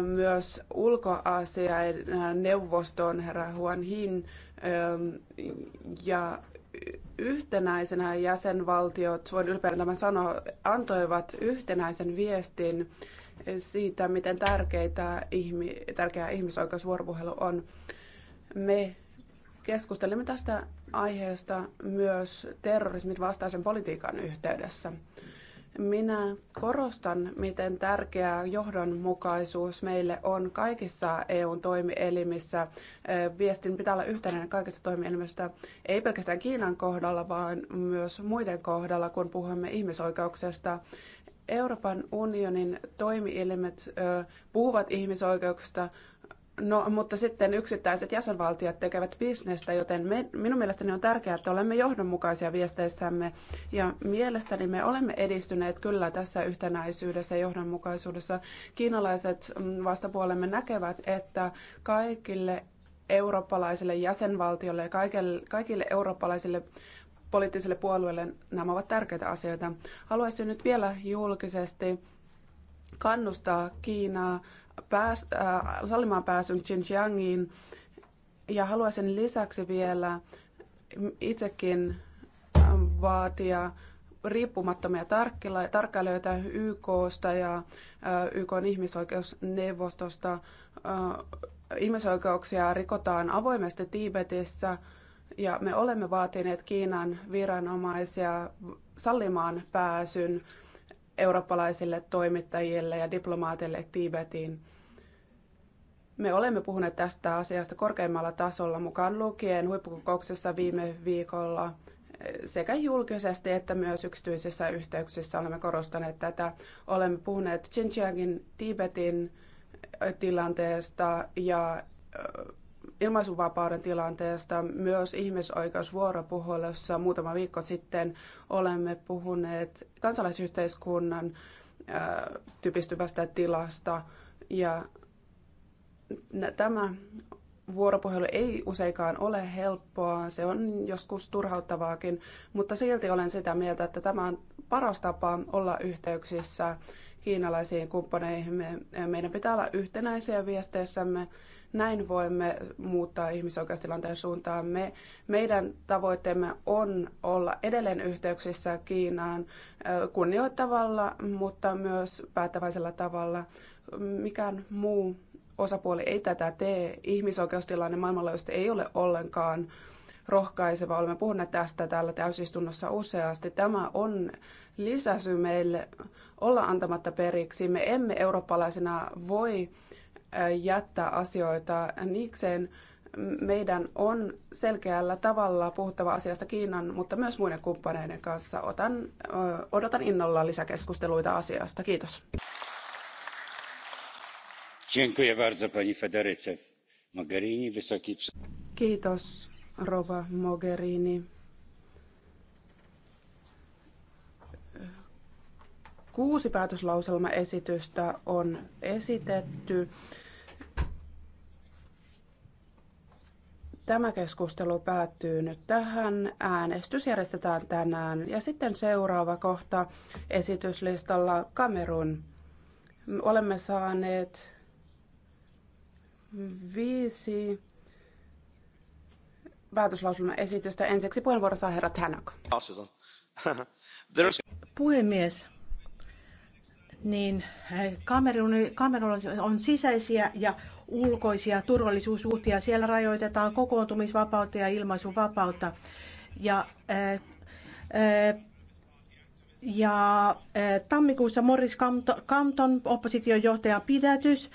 myös ulkoasiain neuvoston herra Huan Hin ja yhtenäisenä jäsenvaltiot, voin ylpeänä tämän sanoa, antoivat yhtenäisen viestin siitä, miten tärkeitä, ihmi, tärkeää ihmisoikeusvuoropuhelu on. Me keskustelimme tästä aiheesta myös terrorismin vastaisen politiikan yhteydessä. Minä korostan, miten tärkeää johdonmukaisuus meille on kaikissa EUn toimielimissä. Viestin pitää olla yhtenäinen kaikissa toimielimissä, ei pelkästään Kiinan kohdalla, vaan myös muiden kohdalla, kun puhumme ihmisoikeuksista. Euroopan unionin toimielimet puhuvat ihmisoikeuksista, No, mutta sitten yksittäiset jäsenvaltiot tekevät bisnestä, joten me, minun mielestäni on tärkeää, että olemme johdonmukaisia viesteissämme. Ja mielestäni me olemme edistyneet kyllä tässä yhtenäisyydessä ja johdonmukaisuudessa. Kiinalaiset mm, vastapuolemme näkevät, että kaikille eurooppalaisille jäsenvaltioille ja kaikille, kaikille eurooppalaisille poliittisille puolueille nämä ovat tärkeitä asioita. Haluaisin nyt vielä julkisesti kannustaa Kiinaa pääs, äh, sallimaan pääsyn Xinjiangiin. Ja haluaisin lisäksi vielä itsekin ähm, vaatia riippumattomia tarkkailijoita YKsta ja äh, YKn ihmisoikeusneuvostosta. Äh, ihmisoikeuksia rikotaan avoimesti Tiibetissä ja me olemme vaatineet Kiinan viranomaisia sallimaan pääsyn eurooppalaisille toimittajille ja diplomaateille Tiibetiin. Me olemme puhuneet tästä asiasta korkeimmalla tasolla mukaan lukien huippukokouksessa viime viikolla sekä julkisesti että myös yksityisissä yhteyksissä olemme korostaneet tätä. Olemme puhuneet Xinjiangin, Tiibetin eh, tilanteesta ja eh, ilmaisuvapauden tilanteesta myös ihmisoikeusvuoropuhelussa muutama viikko sitten olemme puhuneet kansalaisyhteiskunnan typistyvästä tilasta ja tämä vuoropuhelu ei useinkaan ole helppoa, se on joskus turhauttavaakin, mutta silti olen sitä mieltä, että tämä on paras tapa olla yhteyksissä kiinalaisiin kumppaneihin eh, Meidän pitää olla yhtenäisiä viesteissämme. Näin voimme muuttaa ihmisoikeustilanteen suuntaan. Me, meidän tavoitteemme on olla edelleen yhteyksissä Kiinaan eh, kunnioittavalla, mutta myös päättäväisellä tavalla. Mikään muu osapuoli ei tätä tee. Ihmisoikeustilanne maailmanlaajuisesti ei ole ollenkaan rohkaiseva. Olemme puhuneet tästä täällä täysistunnossa useasti. Tämä on lisäsy meille olla antamatta periksi. Me emme eurooppalaisena voi jättää asioita niikseen. Meidän on selkeällä tavalla puhuttava asiasta Kiinan, mutta myös muiden kumppaneiden kanssa. Otan, odotan innolla lisäkeskusteluita asiasta. Kiitos. Kiitos, rouva Mogherini. Kuusi päätöslauselmaesitystä on esitetty. Tämä keskustelu päättyy nyt tähän. Äänestys järjestetään tänään. Ja sitten seuraava kohta esityslistalla Kamerun. Olemme saaneet viisi päätöslauselman esitystä. Ensiksi puheenvuoro saa herra Tänak.
(laughs)
Puhemies, niin eh,
Kamerunilla on sisäisiä ja ulkoisia turvallisuusuhtia. Siellä rajoitetaan kokoontumisvapautta ja ilmaisuvapautta. Ja, ää, eh, ää, eh, tammikuussa Morris Canton, opposition johtajan pidätys,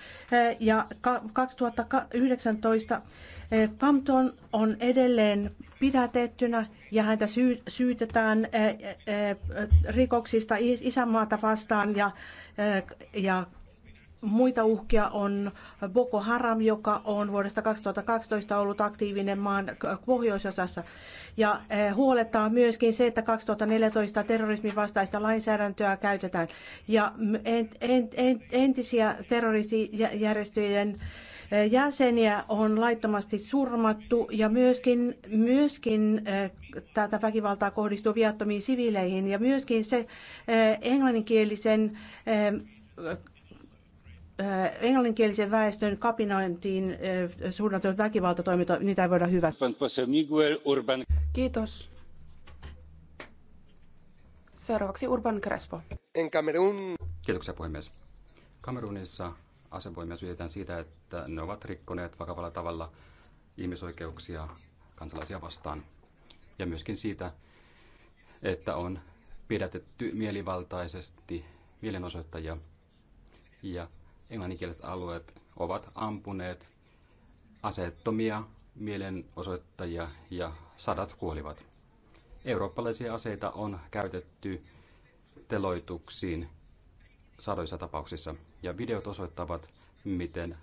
ja 2019 Canton on edelleen pidätettynä ja häntä syytetään rikoksista isänmaata vastaan ja, ja Muita uhkia on Boko Haram, joka on vuodesta 2012 ollut aktiivinen maan pohjoisosassa. Ja huolettaa myöskin se, että 2014 terrorismin vastaista lainsäädäntöä käytetään. Ja entisiä terroristijärjestöjen jäseniä on laittomasti surmattu ja myöskin, myöskin tätä väkivaltaa kohdistuu viattomiin siviileihin ja myöskin se englanninkielisen englanninkielisen väestön kapinointiin suunnatut
väkivaltatoiminta, niitä ei voida hyväksyä. Kiitos. Seuraavaksi Urban Crespo.
En Kamerun. Kiitoksia puhemies.
Kamerunissa asevoimia syytetään siitä, että ne ovat rikkoneet vakavalla tavalla ihmisoikeuksia kansalaisia vastaan. Ja myöskin siitä, että on pidätetty mielivaltaisesti mielenosoittajia ja englanninkieliset alueet ovat ampuneet aseettomia mielenosoittajia ja sadat kuolivat. Eurooppalaisia aseita on käytetty teloituksiin sadoissa tapauksissa. Ja videot osoittavat, miten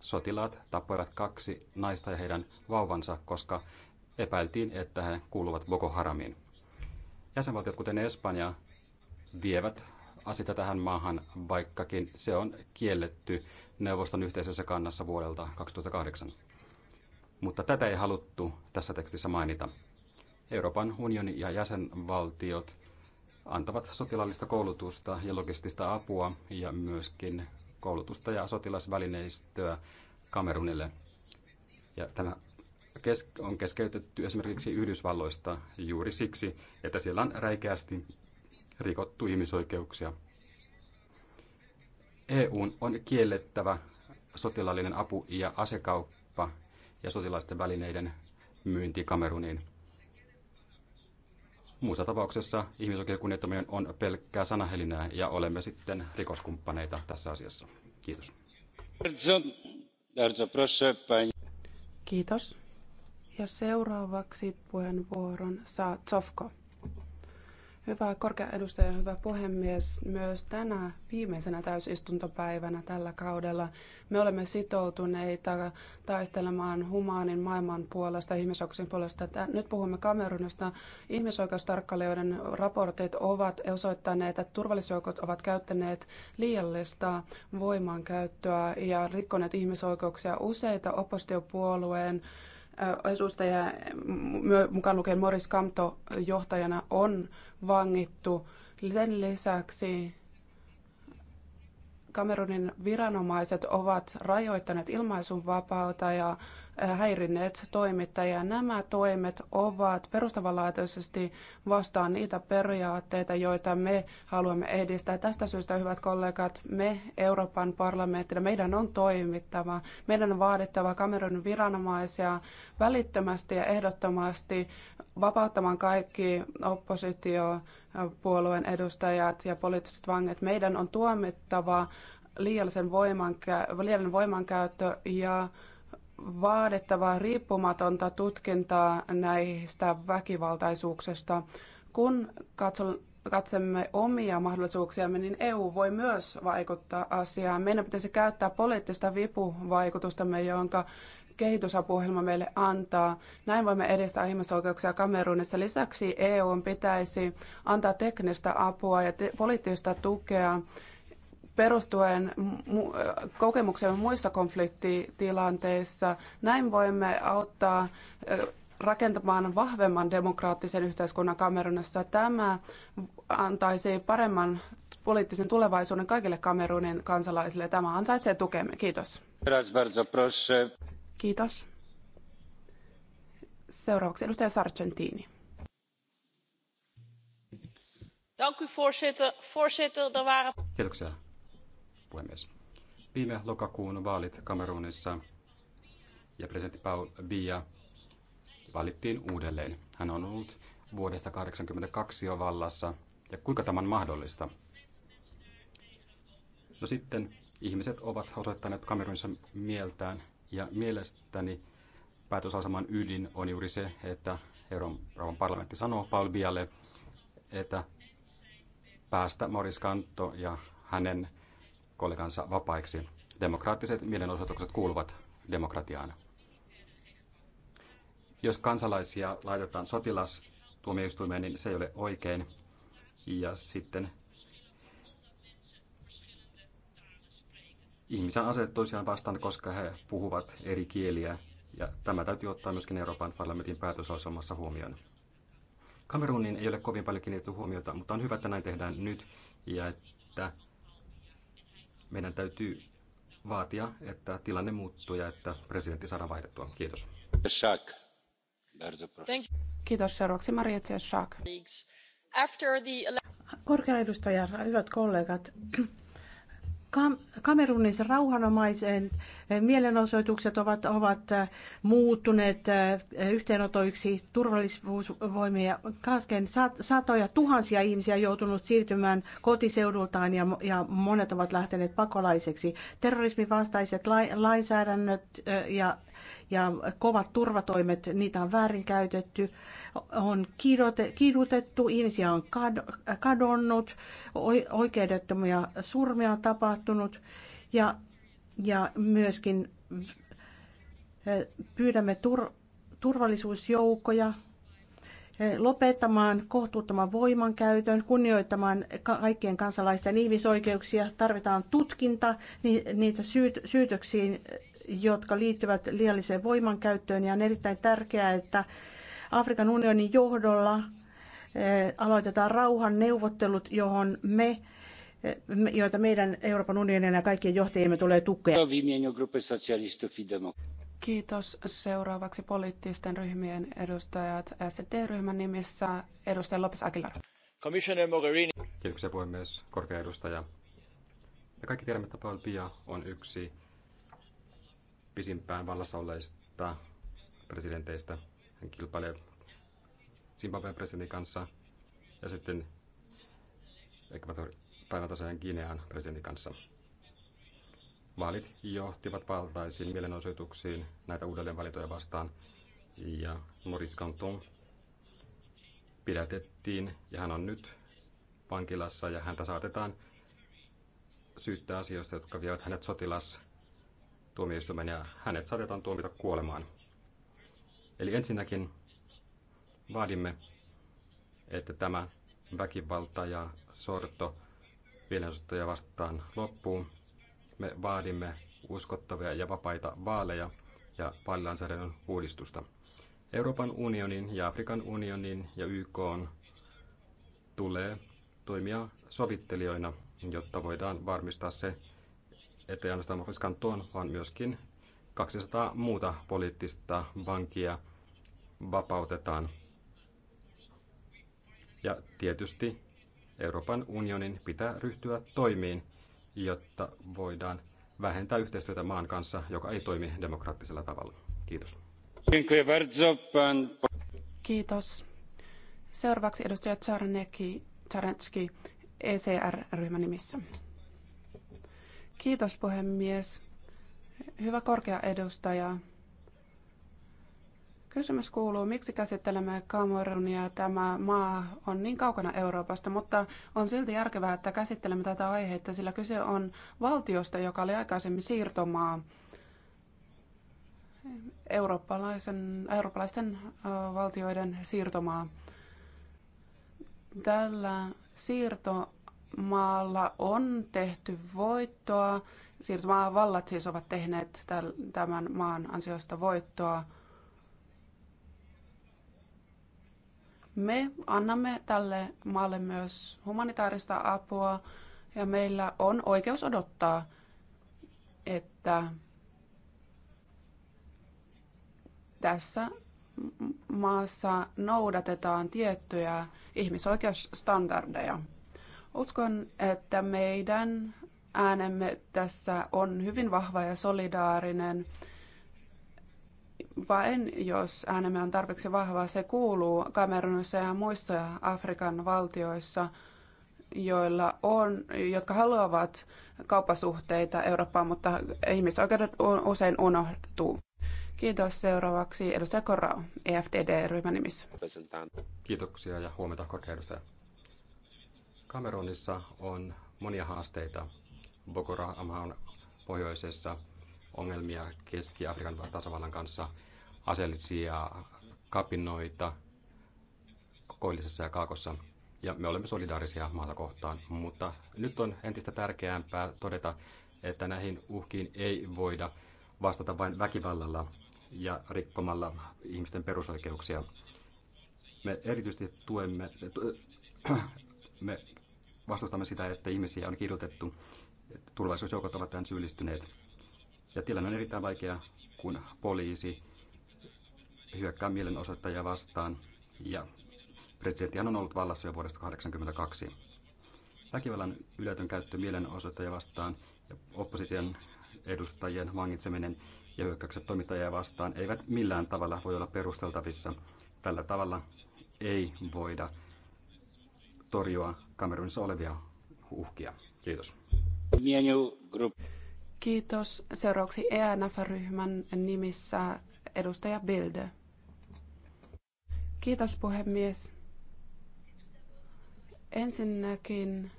sotilaat tappoivat kaksi naista ja heidän vauvansa, koska epäiltiin, että he kuuluvat Boko Haramiin. Jäsenvaltiot, kuten Espanja, vievät asita tähän maahan, vaikkakin se on kielletty neuvoston yhteisessä kannassa vuodelta 2008. Mutta tätä ei haluttu tässä tekstissä mainita. Euroopan unioni ja jäsenvaltiot antavat sotilaallista koulutusta ja logistista apua ja myöskin koulutusta ja sotilasvälineistöä Kamerunille. Ja tämä on keskeytetty esimerkiksi Yhdysvalloista juuri siksi, että siellä on räikeästi rikottu ihmisoikeuksia. EUn on kiellettävä sotilaallinen apu ja asekauppa ja sotilaisten välineiden myynti Kameruniin. Muussa tapauksessa ihmisoikeuden kunnioittaminen on pelkkää sanahelinää ja olemme sitten rikoskumppaneita tässä
asiassa. Kiitos.
Kiitos. Ja seuraavaksi puheenvuoron saa Tsofko. Hyvä korkea edustaja, hyvä puhemies. Myös tänä viimeisenä täysistuntopäivänä tällä kaudella me olemme sitoutuneita taistelemaan humaanin maailman puolesta, ihmisoikeuksien puolesta. Nyt puhumme Kamerunasta. Ihmisoikeustarkkailijoiden raportit ovat osoittaneet, että turvallisuusjoukot ovat käyttäneet liiallista voimankäyttöä ja rikkoneet ihmisoikeuksia useita oppositiopuolueen edustaja, mukaan lukien Morris Kamto johtajana, on vangittu. Sen lisäksi Kamerunin viranomaiset ovat rajoittaneet ilmaisunvapautta ja häirinneet toimittajia. Nämä toimet ovat perustavanlaatuisesti vastaan niitä periaatteita, joita me haluamme edistää. Tästä syystä, hyvät kollegat, me Euroopan parlamenttina, meidän on toimittava. Meidän on vaadittava Kamerun viranomaisia välittömästi ja ehdottomasti vapauttamaan kaikki oppositiopuolueen edustajat ja poliittiset vanget. Meidän on tuomittava liiallisen voimankä- liiallinen voimankäyttö ja vaadittava riippumatonta tutkintaa näistä väkivaltaisuuksista. Kun katsomme omia mahdollisuuksiamme, niin EU voi myös vaikuttaa asiaan. Meidän pitäisi käyttää poliittista vipuvaikutustamme, jonka kehitysapuohjelma meille antaa. Näin voimme edistää ihmisoikeuksia Kamerunissa. Lisäksi EU pitäisi antaa teknistä apua ja poliittista tukea perustuen kokemuksemme muissa konfliktitilanteissa. Näin voimme auttaa rakentamaan vahvemman demokraattisen yhteiskunnan Kamerunassa. Tämä antaisi paremman poliittisen tulevaisuuden kaikille Kamerunin kansalaisille. Tämä ansaitsee tukemme. Kiitos. Kiitos. Seuraavaksi edustaja Sargentini.
Er
Kiitoksia puhemies. Viime lokakuun vaalit Kamerunissa ja presidentti Paul Biya valittiin uudelleen. Hän on ollut vuodesta 1982 jo vallassa. Ja kuinka tämä on mahdollista? No sitten ihmiset ovat osoittaneet Kamerunissa mieltään ja mielestäni päätösaseman ydin on juuri se, että Euroopan parlamentti sanoo Paul Bialle, että päästä Maurice Kanto ja hänen kollegansa vapaiksi. Demokraattiset mielenosoitukset kuuluvat demokratiaan. Jos kansalaisia laitetaan sotilastuomioistuimeen, niin se ei ole oikein. Ja sitten ihmisen asetettu toisiaan vastaan, koska he puhuvat eri kieliä. Ja tämä täytyy ottaa myöskin Euroopan parlamentin päätösosamassa huomioon. Kamerunin ei ole kovin paljon kiinnitetty huomiota, mutta on hyvä, että näin tehdään nyt ja että meidän täytyy vaatia, että tilanne muuttuu ja että presidentti saadaan vaihdettua. Kiitos.
Kiitos. Seuraavaksi Maria Tsesak. Korkea edustaja, hyvät kollegat,
Kamerunissa rauhanomaisen eh, mielenosoitukset ovat, ovat eh, muuttuneet eh, yhteenotoiksi turvallisuusvoimia kasken. Satoja tuhansia ihmisiä joutunut siirtymään kotiseudultaan ja, ja monet ovat lähteneet pakolaiseksi. Terrorismin vastaiset lainsäädännöt ja ja kovat turvatoimet, niitä on väärinkäytetty, on kidutettu, ihmisiä on kadonnut, oikeudettomia surmia on tapahtunut ja, ja myöskin pyydämme tur, turvallisuusjoukkoja lopettamaan kohtuuttoman voimankäytön, kunnioittamaan kaikkien kansalaisten ihmisoikeuksia. Tarvitaan tutkinta niitä syyt, syytöksiin jotka liittyvät liialliseen voimankäyttöön ja on erittäin tärkeää, että Afrikan unionin johdolla eh, aloitetaan rauhan neuvottelut, johon me eh, joita meidän Euroopan unionin ja
kaikkien johtajimme
tulee tukea.
Kiitos. Seuraavaksi poliittisten ryhmien edustajat sd ryhmän nimissä. Edustaja Lopes Aguilar.
Commissioner Mogherini.
Kiitoksia puhemies, korkea edustaja. Ja kaikki tiedämme, että Paul Pia on yksi pisimpään vallassa olleista presidenteistä. Hän kilpailee Zimbabwean presidentin kanssa ja sitten päivätasajan Kiinean presidentin kanssa. Vaalit johtivat valtaisiin mielenosoituksiin näitä uudelleenvalintoja vastaan ja Maurice Canton pidätettiin ja hän on nyt vankilassa ja häntä saatetaan syyttää asioista, jotka vievät hänet sotilas tuomioistuimen ja hänet saatetaan tuomita kuolemaan. Eli ensinnäkin vaadimme, että tämä väkivalta ja sorto mielenosoittajia vastaan loppuu. Me vaadimme uskottavia ja vapaita vaaleja ja vaalilainsäädännön uudistusta. Euroopan unionin ja Afrikan unionin ja YK on tulee toimia sovittelijoina, jotta voidaan varmistaa se, ettei ainoastaan Morris tuon vaan myöskin 200 muuta poliittista vankia vapautetaan. Ja tietysti Euroopan unionin pitää ryhtyä toimiin, jotta voidaan vähentää yhteistyötä maan kanssa, joka ei toimi demokraattisella tavalla. Kiitos.
Kiitos. Seuraavaksi edustaja Czarnecki, Czarnecki ECR-ryhmän nimissä. Kiitos puhemies. Hyvä korkea edustaja. Kysymys kuuluu, miksi käsittelemme Kamerunia? Tämä maa on niin kaukana Euroopasta, mutta on silti järkevää, että käsittelemme tätä aihetta, sillä kyse on valtiosta, joka oli aikaisemmin siirtomaa eurooppalaisen, eurooppalaisten valtioiden siirtomaa. Tällä siirto maalla on tehty voittoa. Siirtomaan vallat siis ovat tehneet tämän maan ansiosta voittoa. Me annamme tälle maalle myös humanitaarista apua ja meillä on oikeus odottaa, että tässä maassa noudatetaan tiettyjä ihmisoikeusstandardeja. Uskon, että meidän äänemme tässä on hyvin vahva ja solidaarinen. Vain jos äänemme on tarpeeksi vahva, se kuuluu Kamerunissa ja muissa Afrikan valtioissa, joilla on, jotka haluavat kauppasuhteita Eurooppaan, mutta ihmisoikeudet usein unohtuu. Kiitos. Seuraavaksi edustaja Korrao, EFDD-ryhmän nimissä.
Kiitoksia ja huomenta korkea edustaja. Kamerunissa on monia haasteita. Boko Haram on pohjoisessa ongelmia Keski-Afrikan tasavallan kanssa, aseellisia kapinoita koillisessa ja kaakossa. Ja me olemme solidaarisia maata kohtaan, mutta nyt on entistä tärkeämpää todeta, että näihin uhkiin ei voida vastata vain väkivallalla ja rikkomalla ihmisten perusoikeuksia. Me erityisesti tuemme, (clears throat) me vastustamme sitä, että ihmisiä on kidutettu. Turvallisuusjoukot ovat tähän syyllistyneet. Ja tilanne on erittäin vaikea, kun poliisi hyökkää mielenosoittajia vastaan. Ja presidentti on ollut vallassa jo vuodesta 1982. Väkivallan yletön käyttö mielenosoittajia vastaan ja opposition edustajien vangitseminen ja hyökkäykset toimittajia vastaan eivät millään tavalla voi olla perusteltavissa. Tällä tavalla ei voida torjua Kamerunissa olevia uhkia. Kiitos.
Kiitos. Seuraavaksi ENF-ryhmän nimissä edustaja Bilde. Kiitos puhemies. Ensinnäkin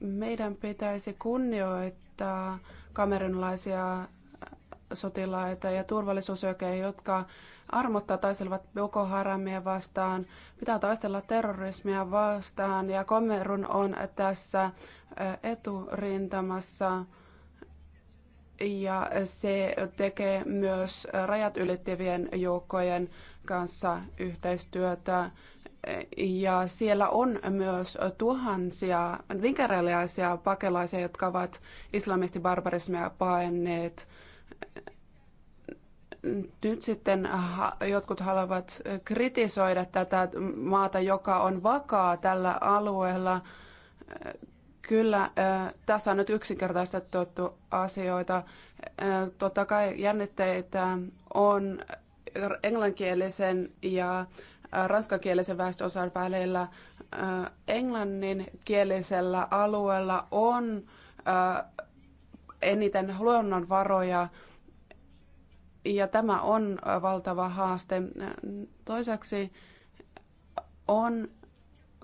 meidän pitäisi kunnioittaa kamerunlaisia sotilaita ja turvallisuusjokeja, jotka armotta taistelevat Boko Haramia vastaan, pitää taistella terrorismia vastaan ja Komerun on tässä eturintamassa ja se tekee myös rajat ylittävien joukkojen kanssa yhteistyötä. Ja siellä on myös tuhansia nigerialaisia pakelaisia, jotka ovat islamistibarbarismia paenneet nyt sitten jotkut haluavat kritisoida tätä maata, joka on vakaa tällä alueella. Kyllä, tässä on nyt yksinkertaistettu asioita. Totta kai jännitteitä on englanninkielisen ja ranskakielisen väestönosan välillä. Englanninkielisellä alueella on eniten luonnonvaroja, ja tämä on äh, valtava haaste. Toiseksi on,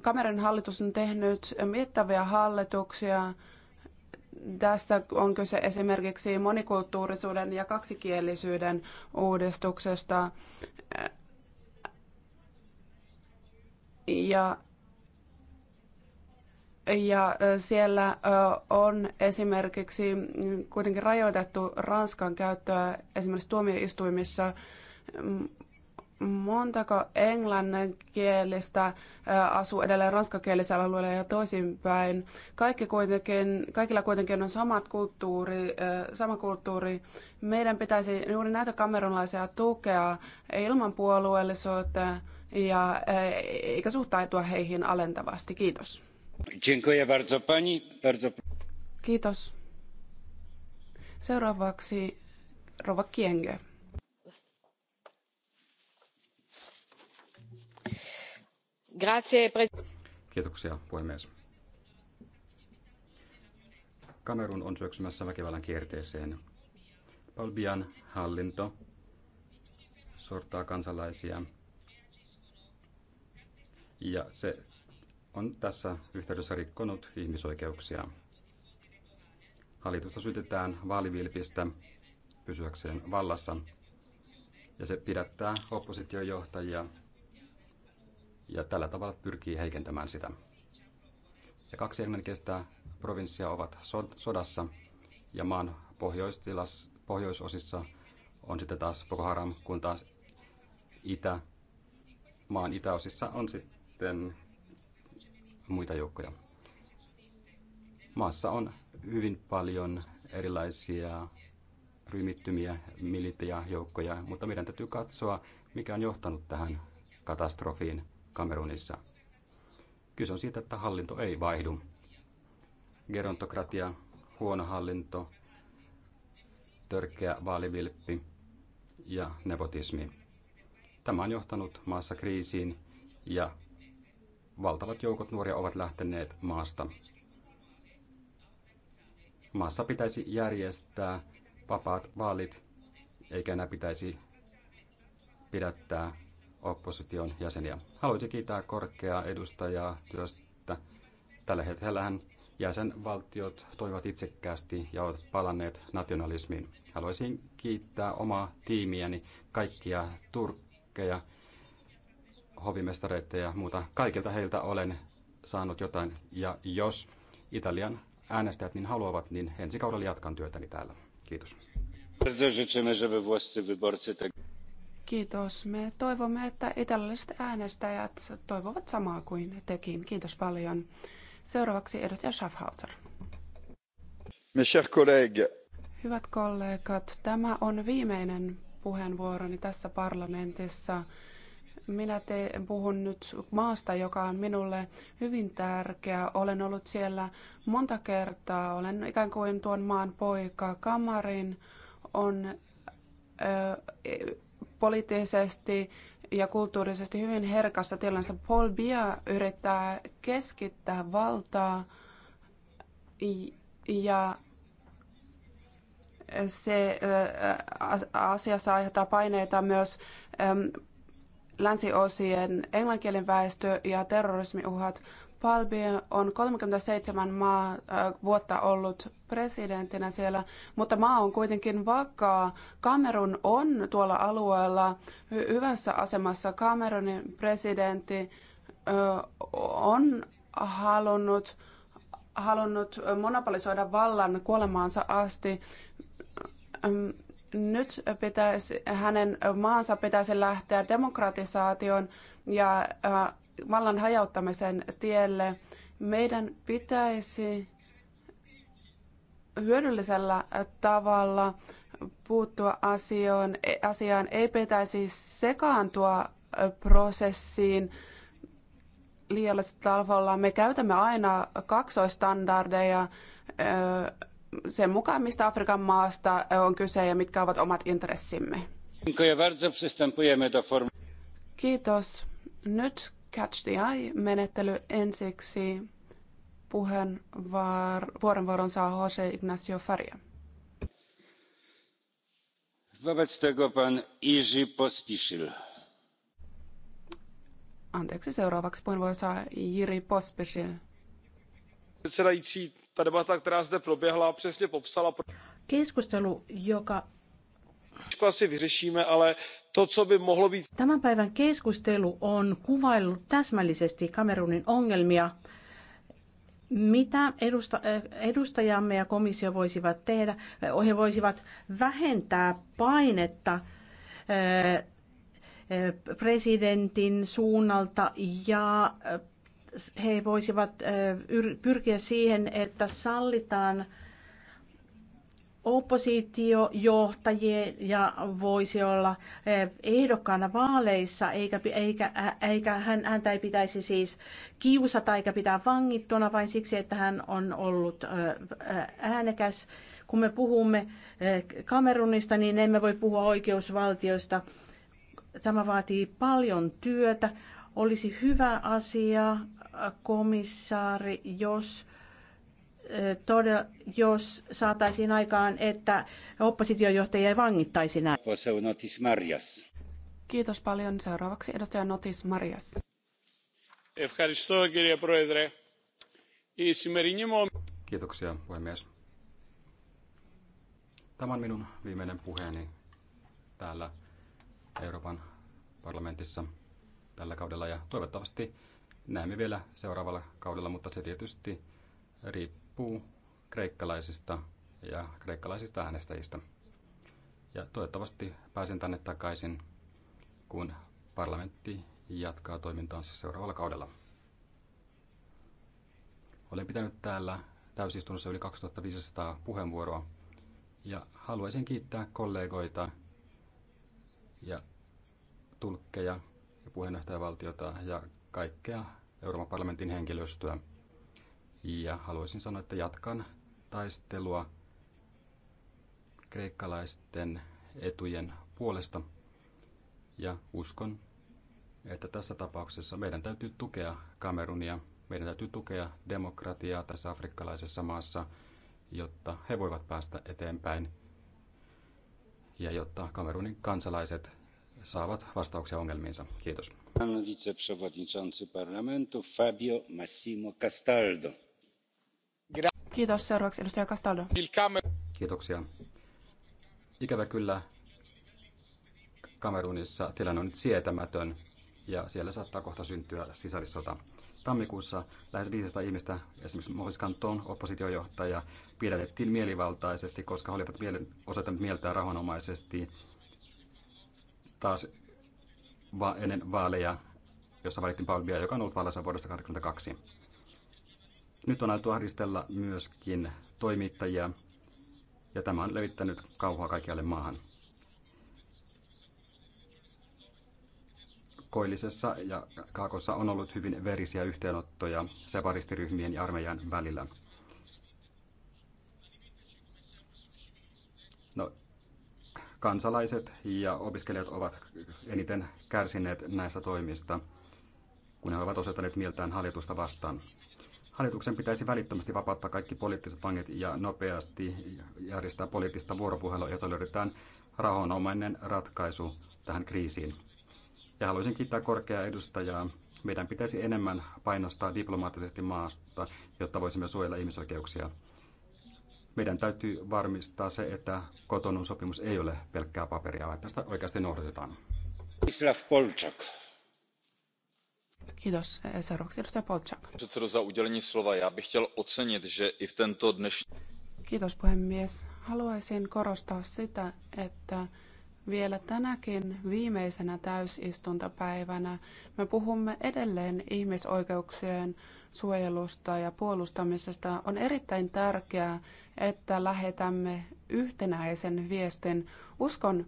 kameran hallitus on tehnyt mittavia hallituksia. Tässä on kyse esimerkiksi monikulttuurisuuden ja kaksikielisyyden uudistuksesta. Ja ja siellä on esimerkiksi kuitenkin rajoitettu Ranskan käyttöä esimerkiksi tuomioistuimissa. Montako englanninkielistä asuu edelleen ranskakielisellä alueella ja toisinpäin. Kaikki kuitenkin, kaikilla kuitenkin on samat kulttuuri, sama kulttuuri. Meidän pitäisi juuri näitä kameronlaisia tukea ilman puolueellisuutta ja eikä suhtautua heihin alentavasti. Kiitos. Kiitos. Seuraavaksi
puhemies. Kamerun on syöksymässä väkivallan kierteeseen. Paul Bian hallinto sortaa kansalaisia ja se on tässä yhteydessä rikkonut ihmisoikeuksia. Hallitusta syytetään vaalivilpistä pysyäkseen vallassa ja se pidättää oppositiojohtajia ja tällä tavalla pyrkii heikentämään sitä. Ja kaksi englanninkielistä provinssia ovat sodassa ja maan pohjoisosissa on sitten taas Boko Haram, kun taas itä, maan itäosissa on sitten muita joukkoja. Maassa on hyvin paljon erilaisia ryhmittymiä, militia joukkoja, mutta meidän täytyy katsoa, mikä on johtanut tähän katastrofiin Kamerunissa. Kyse on siitä, että hallinto ei vaihdu. Gerontokratia, huono hallinto, törkeä vaalivilppi ja nepotismi. Tämä on johtanut maassa kriisiin ja valtavat joukot nuoria ovat lähteneet maasta. Maassa pitäisi järjestää vapaat vaalit, eikä enää pitäisi pidättää opposition jäseniä. Haluaisin kiittää korkeaa edustajaa työstä. Tällä hetkellä jäsenvaltiot toivat itsekkäästi ja ovat palanneet nationalismiin. Haluaisin kiittää omaa tiimiäni, kaikkia turkkeja, hovimestareita ja muuta. Kaikilta heiltä olen saanut jotain. Ja jos Italian äänestäjät niin haluavat, niin ensi kaudella jatkan
työtäni täällä. Kiitos.
Kiitos. Me toivomme, että italialaiset äänestäjät toivovat samaa kuin tekin. Kiitos paljon. Seuraavaksi edustaja Schaffhauser. Hyvät kollegat, tämä on viimeinen puheenvuoroni tässä parlamentissa. Minä te, puhun nyt maasta, joka on minulle hyvin tärkeä. Olen ollut siellä monta kertaa. Olen ikään kuin tuon maan poika. Kamarin on ö, e, poliittisesti ja kulttuurisesti hyvin herkässä tilassa. Paul Bia yrittää keskittää valtaa ja se asiassa aiheuttaa paineita myös länsiosien englanninkielinen väestö ja terrorismiuhat. Palbi on 37 maa, äh, vuotta ollut presidenttinä siellä, mutta maa on kuitenkin vakaa. Kamerun on tuolla alueella hy- hyvässä asemassa. Kamerunin presidentti äh, on halunnut, halunnut monopolisoida vallan kuolemaansa asti nyt pitäisi, hänen maansa pitäisi lähteä demokratisaation ja äh, vallan hajauttamisen tielle. Meidän pitäisi hyödyllisellä tavalla puuttua asioon, e, asiaan, ei pitäisi sekaantua äh, prosessiin liiallisella tavalla. Me käytämme aina kaksoistandardeja äh, sen mukaan, mistä Afrikan maasta on kyse ja mitkä ovat omat intressimme. Kiitos. Nyt Catch the Eye-menettely ensiksi. Puheenvuoron saa Jose Ignacio Faria.
Wobec tego pan Iży Pospisil.
Anteeksi, seuraavaksi puheenvuoro saa Jiri Pospisil
ta debata která zde proběhla přesně popsala.
keskustelu joka
Tusku asi vyřešíme, ale to, co by
mohlo být... Tämän päivän keskustelu on kuvaillut täsmällisesti Kamerunin ongelmia. Mitä edustajamme ja komissio voisivat tehdä? He voisivat vähentää painetta eh, eh, presidentin suunnalta ja eh, he voisivat pyrkiä siihen, että sallitaan oppositiojohtajien ja voisi olla ehdokkaana vaaleissa, eikä, eikä, eikä hän, häntä ei pitäisi siis kiusata eikä pitää vangittuna vain siksi, että hän on ollut äänekäs. Kun me puhumme Kamerunista, niin emme voi puhua oikeusvaltiosta. Tämä vaatii paljon työtä. Olisi hyvä asia, komissaari, jos todella, jos saataisiin
aikaan, että oppositiojohtajia ei vangittaisi näin. Marias. Kiitos paljon. Seuraavaksi edustaja Notis Marias.
Kiitoksia, puhemies. Tämä on minun viimeinen puheeni täällä Euroopan parlamentissa tällä kaudella ja toivottavasti näemme vielä seuraavalla kaudella, mutta se tietysti riippuu kreikkalaisista ja kreikkalaisista äänestäjistä. Ja toivottavasti pääsen tänne takaisin, kun parlamentti jatkaa toimintaansa seuraavalla kaudella. Olen pitänyt täällä täysistunnossa yli 2500 puheenvuoroa ja haluaisin kiittää kollegoita ja tulkkeja ja puheenjohtajavaltiota ja kaikkea Euroopan parlamentin henkilöstöä. Ja haluaisin sanoa, että jatkan taistelua kreikkalaisten etujen puolesta. Ja uskon, että tässä tapauksessa meidän täytyy tukea Kamerunia, meidän täytyy tukea demokratiaa tässä afrikkalaisessa maassa, jotta he voivat päästä eteenpäin ja jotta Kamerunin kansalaiset saavat
vastauksia ongelmiinsa. Kiitos. Fabio Massimo Castaldo.
Kiitos. Seuraavaksi edustaja Castaldo.
Kiitoksia. Ikävä kyllä Kamerunissa tilanne on nyt sietämätön ja siellä saattaa kohta syntyä sisällissota. Tammikuussa lähes 500 ihmistä, esimerkiksi Maurice Canton, oppositiojohtaja, pidätettiin mielivaltaisesti, koska he olivat osoittaneet mieltään rahanomaisesti taas va- ennen vaaleja, jossa valittiin Paul Bia, joka on ollut vallassa vuodesta 1982. Nyt on alettu ahdistella myöskin toimittajia, ja tämä on levittänyt kauhua kaikkialle maahan. Koillisessa ja Kaakossa on ollut hyvin verisiä yhteenottoja separistiryhmien ja armeijan välillä – kansalaiset ja opiskelijat ovat eniten kärsineet näistä toimista, kun he ovat osoittaneet mieltään hallitusta vastaan. Hallituksen pitäisi välittömästi vapauttaa kaikki poliittiset vangit ja nopeasti järjestää poliittista vuoropuhelua, jota löydetään rahonomainen ratkaisu tähän kriisiin. Ja haluaisin kiittää korkeaa edustajaa. Meidän pitäisi enemmän painostaa diplomaattisesti maasta, jotta voisimme suojella ihmisoikeuksia. Meidän täytyy varmistaa se, että kotonun sopimus ei ole pelkkää paperia, vaan tästä oikeasti noudatetaan.
Islav Polčak.
Kiitos. Seuraavaksi edustaja Polčak.
Předsedo za udělení slova. Ja bych chtěl ocenit, že i v tento dnešní...
Kiitos puhemies. Haluaisin korostaa sitä, että vielä tänäkin viimeisenä täysistuntopäivänä me puhumme edelleen ihmisoikeuksien suojelusta ja puolustamisesta. On erittäin tärkeää, että lähetämme yhtenäisen viestin. Uskon,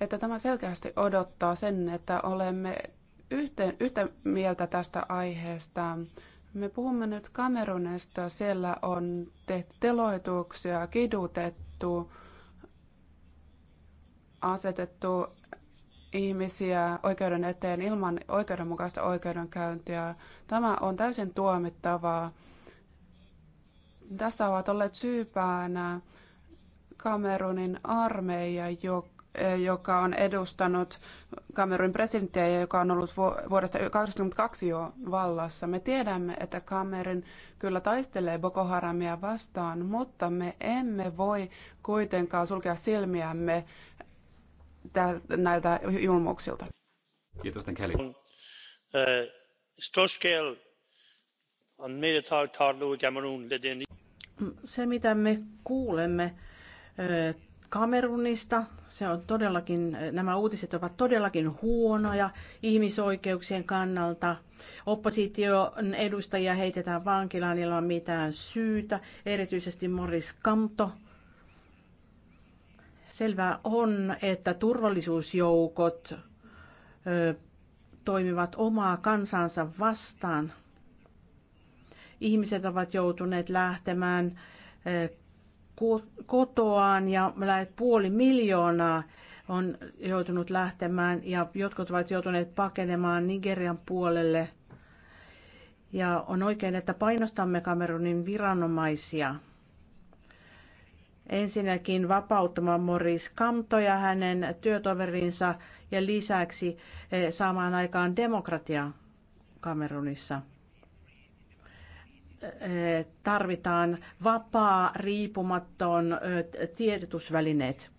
että tämä selkeästi odottaa sen, että olemme yhteen, yhtä mieltä tästä aiheesta. Me puhumme nyt Kamerunesta. Siellä on tehty teloituksia, kidutettu asetettu ihmisiä oikeuden eteen ilman oikeudenmukaista oikeudenkäyntiä. Tämä on täysin tuomittavaa. Tässä ovat olleet syypäänä Kamerunin armeija, eh, joka on edustanut kamerunin presidenttiä, joka on ollut vuodesta 1982 jo vallassa. Me tiedämme, että Kamerun kyllä taistelee Boko Haramia vastaan, mutta me emme voi kuitenkaan sulkea silmiämme näiltä julmuuksilta.
Kiitos, Kelly. Um, uh,
se, mitä me kuulemme uh, Kamerunista, se on todellakin, uh, nämä uutiset ovat todellakin huonoja ihmisoikeuksien kannalta. Opposition edustajia heitetään vankilaan, niillä on mitään syytä, erityisesti Morris Kamto, Selvää on, että turvallisuusjoukot toimivat omaa kansansa vastaan. Ihmiset ovat joutuneet lähtemään kotoaan ja lähes puoli miljoonaa on joutunut lähtemään ja jotkut ovat joutuneet pakenemaan Nigerian puolelle. Ja on oikein, että painostamme Kamerunin viranomaisia – ensinnäkin vapauttamaan Morris Kamto ja hänen työtoverinsa ja lisäksi eh, saamaan aikaan demokratia Kamerunissa. Eh, tarvitaan vapaa, riippumaton tiedotusvälineet.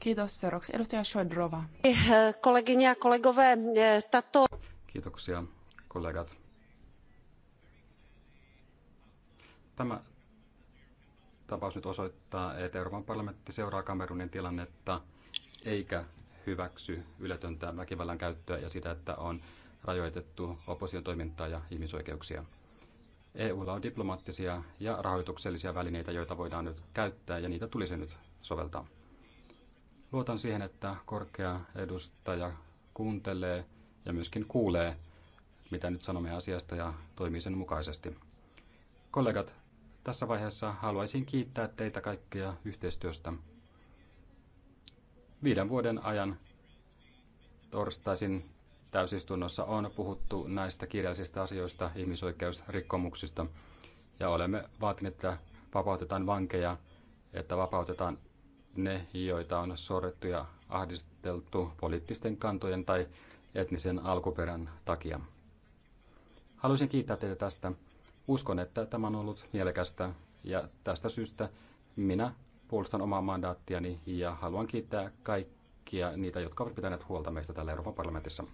Kiitos seuraavaksi. Edustaja Shoidrova. Eh, Kollegin ja kollegove, tato...
Kiitoksia kollegat. Tämä tapaus nyt osoittaa, että Euroopan parlamentti seuraa Kamerunin tilannetta eikä hyväksy yletöntä väkivallan käyttöä ja sitä, että on rajoitettu opposition toimintaa ja ihmisoikeuksia. EUlla on diplomaattisia ja rahoituksellisia välineitä, joita voidaan nyt käyttää ja niitä tulisi nyt soveltaa. Luotan siihen, että korkea edustaja kuuntelee ja myöskin kuulee, mitä nyt sanomme asiasta ja toimii sen mukaisesti. Kollegat, tässä vaiheessa haluaisin kiittää teitä kaikkia yhteistyöstä. Viiden vuoden ajan torstaisin täysistunnossa on puhuttu näistä kirjallisista asioista, ihmisoikeusrikkomuksista, ja olemme vaatineet, että vapautetaan vankeja, että vapautetaan ne, joita on sorrettu ja ahdisteltu poliittisten kantojen tai etnisen alkuperän takia. Haluaisin kiittää teitä tästä Uskon, että tämä on ollut mielekästä ja tästä syystä minä puolustan omaa mandaattiani ja haluan kiittää kaikkia niitä, jotka ovat pitäneet huolta meistä täällä Euroopan parlamentissa.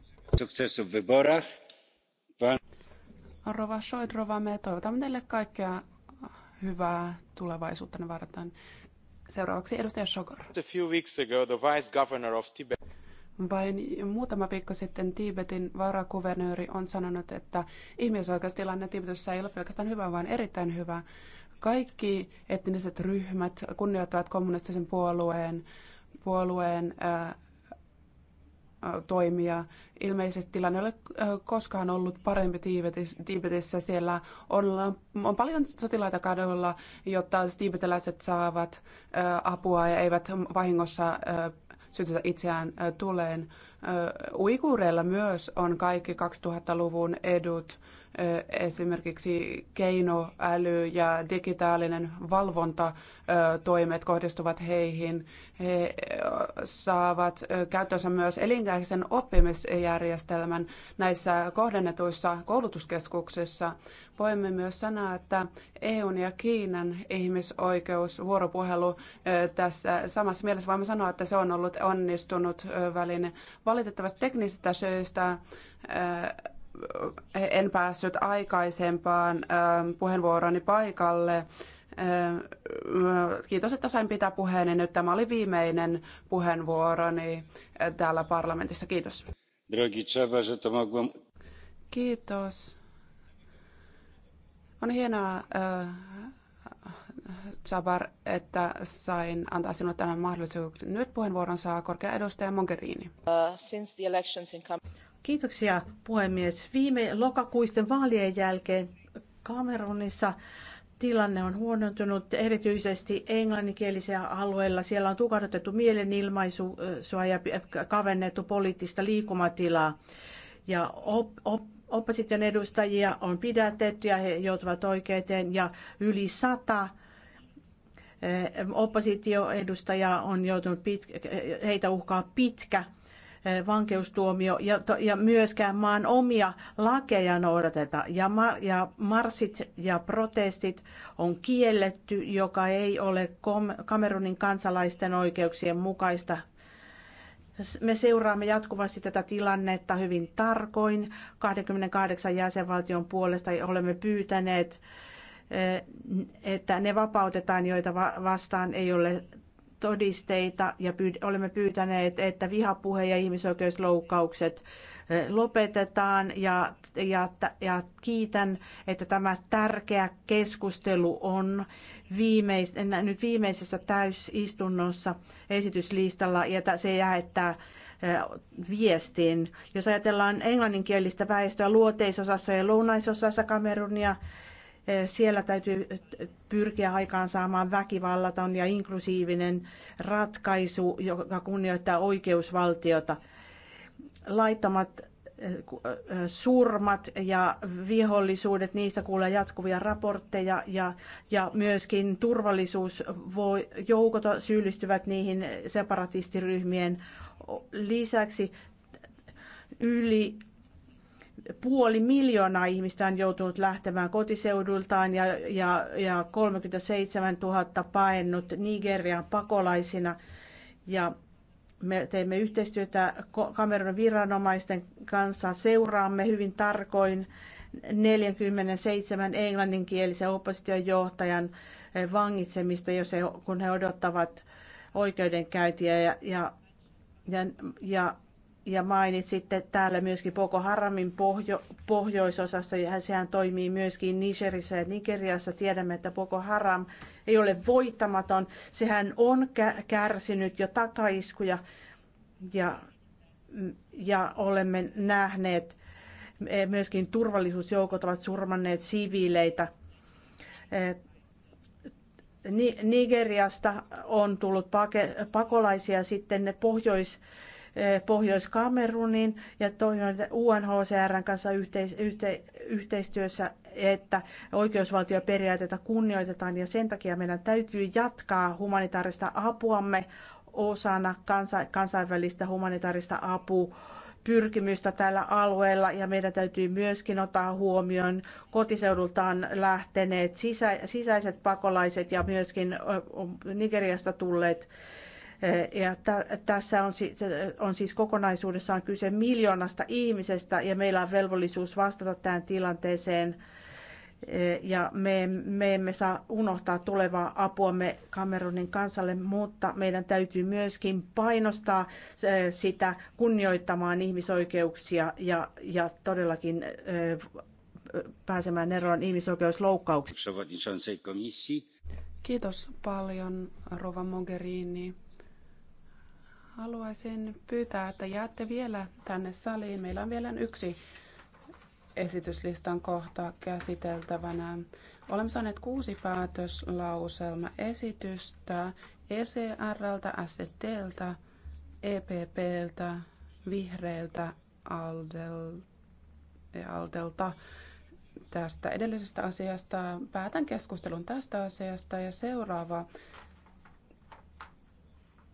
Rova Soidrova, me toivotamme teille kaikkea äh, hyvää tulevaisuutta ne varataan. Seuraavaksi edustaja Sogor. Vain muutama viikko sitten Tiibetin varakuvernööri on sanonut, että ihmisoikeustilanne Tiibetissä ei ole pelkästään hyvä, vaan erittäin hyvä. Kaikki etniset ryhmät kunnioittavat kommunistisen puolueen, puolueen ää, toimia. Ilmeisesti tilanne ei ole koskaan ollut parempi Tiibetissä. Siellä on, on paljon sotilaita kadulla, jotta tiibetiläiset saavat apua ja eivät vahingossa sytytä itseään tuleen. Uiguureilla myös on kaikki 2000-luvun edut, esimerkiksi keinoäly ja digitaalinen valvontatoimet kohdistuvat heihin. He saavat käyttöönsä myös elinkäisen oppimisjärjestelmän näissä kohdennetuissa koulutuskeskuksissa. Voimme myös sanoa, että EUn ja Kiinan ihmisoikeusvuoropuhelu tässä samassa mielessä voimme sanoa, että se on ollut onnistunut väline. Valitettavasti teknisistä syistä äh, en päässyt aikaisempaan ähm, puheenvuoroni paikalle. Äh, kiitos, että sain pitää puheeni nyt. Tämä oli viimeinen puheenvuoroni äh, täällä parlamentissa. Kiitos. Kiitos. On hienoa Sabar, että sain antaa sinulle tämän mahdollisuuden. Nyt puheenvuoron saa korkea edustaja Mogherini.
Uh,
Kiitoksia
puhemies. Viime lokakuisten vaalien jälkeen Kamerunissa tilanne on huonontunut erityisesti englanninkielisellä alueella. Siellä on tukahdutettu mielenilmaisua ja kavennettu poliittista liikumatilaa. Ja op, op, opposition edustajia on pidätetty ja he joutuvat oikeuteen ja yli sata Oppositioedustaja on joutunut pitkä, heitä uhkaa pitkä eh, vankeustuomio ja, ja myöskään maan omia lakeja noudateta. Ja, ma, ja marssit ja protestit on kielletty, joka ei ole kom, Kamerunin kansalaisten oikeuksien mukaista. Me seuraamme jatkuvasti tätä tilannetta hyvin tarkoin. 28 jäsenvaltion puolesta olemme pyytäneet että ne vapautetaan, joita vastaan ei ole todisteita ja olemme pyytäneet, että vihapuhe ja ihmisoikeusloukkaukset lopetetaan ja, ja, ja kiitän, että tämä tärkeä keskustelu on viimeis, nyt viimeisessä täysistunnossa esityslistalla ja se jäättää viestiin, Jos ajatellaan englanninkielistä väestöä luoteisosassa ja lounaisosassa Kamerunia, Eh, siellä täytyy pyrkiä aikaansaamaan väkivallaton ja inklusiivinen ratkaisu, joka kunnioittaa oikeusvaltiota. Laittomat eh, eh, surmat ja vihollisuudet, niistä kuulee jatkuvia raportteja ja, ja myöskin turvallisuusjoukot syyllistyvät niihin separatistiryhmien lisäksi. Yli puoli miljoonaa ihmistä on joutunut lähtemään kotiseudultaan ja, ja, ja 37 000 paennut Nigerian pakolaisina. Ja me teemme yhteistyötä Kamerun viranomaisten kanssa, seuraamme hyvin tarkoin 47 englanninkielisen johtajan eh, vangitsemista, jos he, kun he odottavat oikeudenkäyntiä ja, ja, ja, ja ja mainitsitte täällä myöskin Boko Haramin pohjo- pohjoisosassa, ja sehän toimii myöskin Nigerissä ja Nigeriassa. Tiedämme, että Boko Haram ei ole voittamaton. Sehän on kärsinyt jo takaiskuja, ja, ja olemme nähneet, e, myöskin turvallisuusjoukot ovat surmanneet siviileitä. E, Nigeriasta on tullut pakolaisia sitten pohjois- Eh, Pohjois-Kamerunin ja toivon, UNHCRn kanssa yhteis- yhte- yhteistyössä, että oikeusvaltioperiaatetta kunnioitetaan ja sen takia meidän täytyy jatkaa humanitaarista apuamme osana kansa- kansainvälistä humanitaarista apua pyrkimystä tällä alueella ja meidän täytyy myöskin ottaa huomioon kotiseudultaan lähteneet sisä, sisäiset pakolaiset ja myöskin Nigeriasta tulleet Eh, ja tässä on, on siis kokonaisuudessaan kyse miljoonasta ihmisestä ja meillä on velvollisuus vastata tähän tilanteeseen eh, ja me, me emme saa unohtaa tulevaa apuamme Kamerunin kansalle, mutta meidän täytyy myöskin painostaa eh, sitä kunnioittamaan ihmisoikeuksia ja, ja todellakin pääsemään eroon ihmisoikeusloukkauksista.
Kiitos paljon, Rova Mogherini. Haluaisin pyytää, että jäätte vielä tänne saliin. Meillä on vielä yksi esityslistan kohta käsiteltävänä. Olemme saaneet kuusi esitystä ECRltä, STltä, EPPltä, Vihreiltä, Aldel, Aldelta tästä edellisestä asiasta. Päätän keskustelun tästä asiasta ja seuraava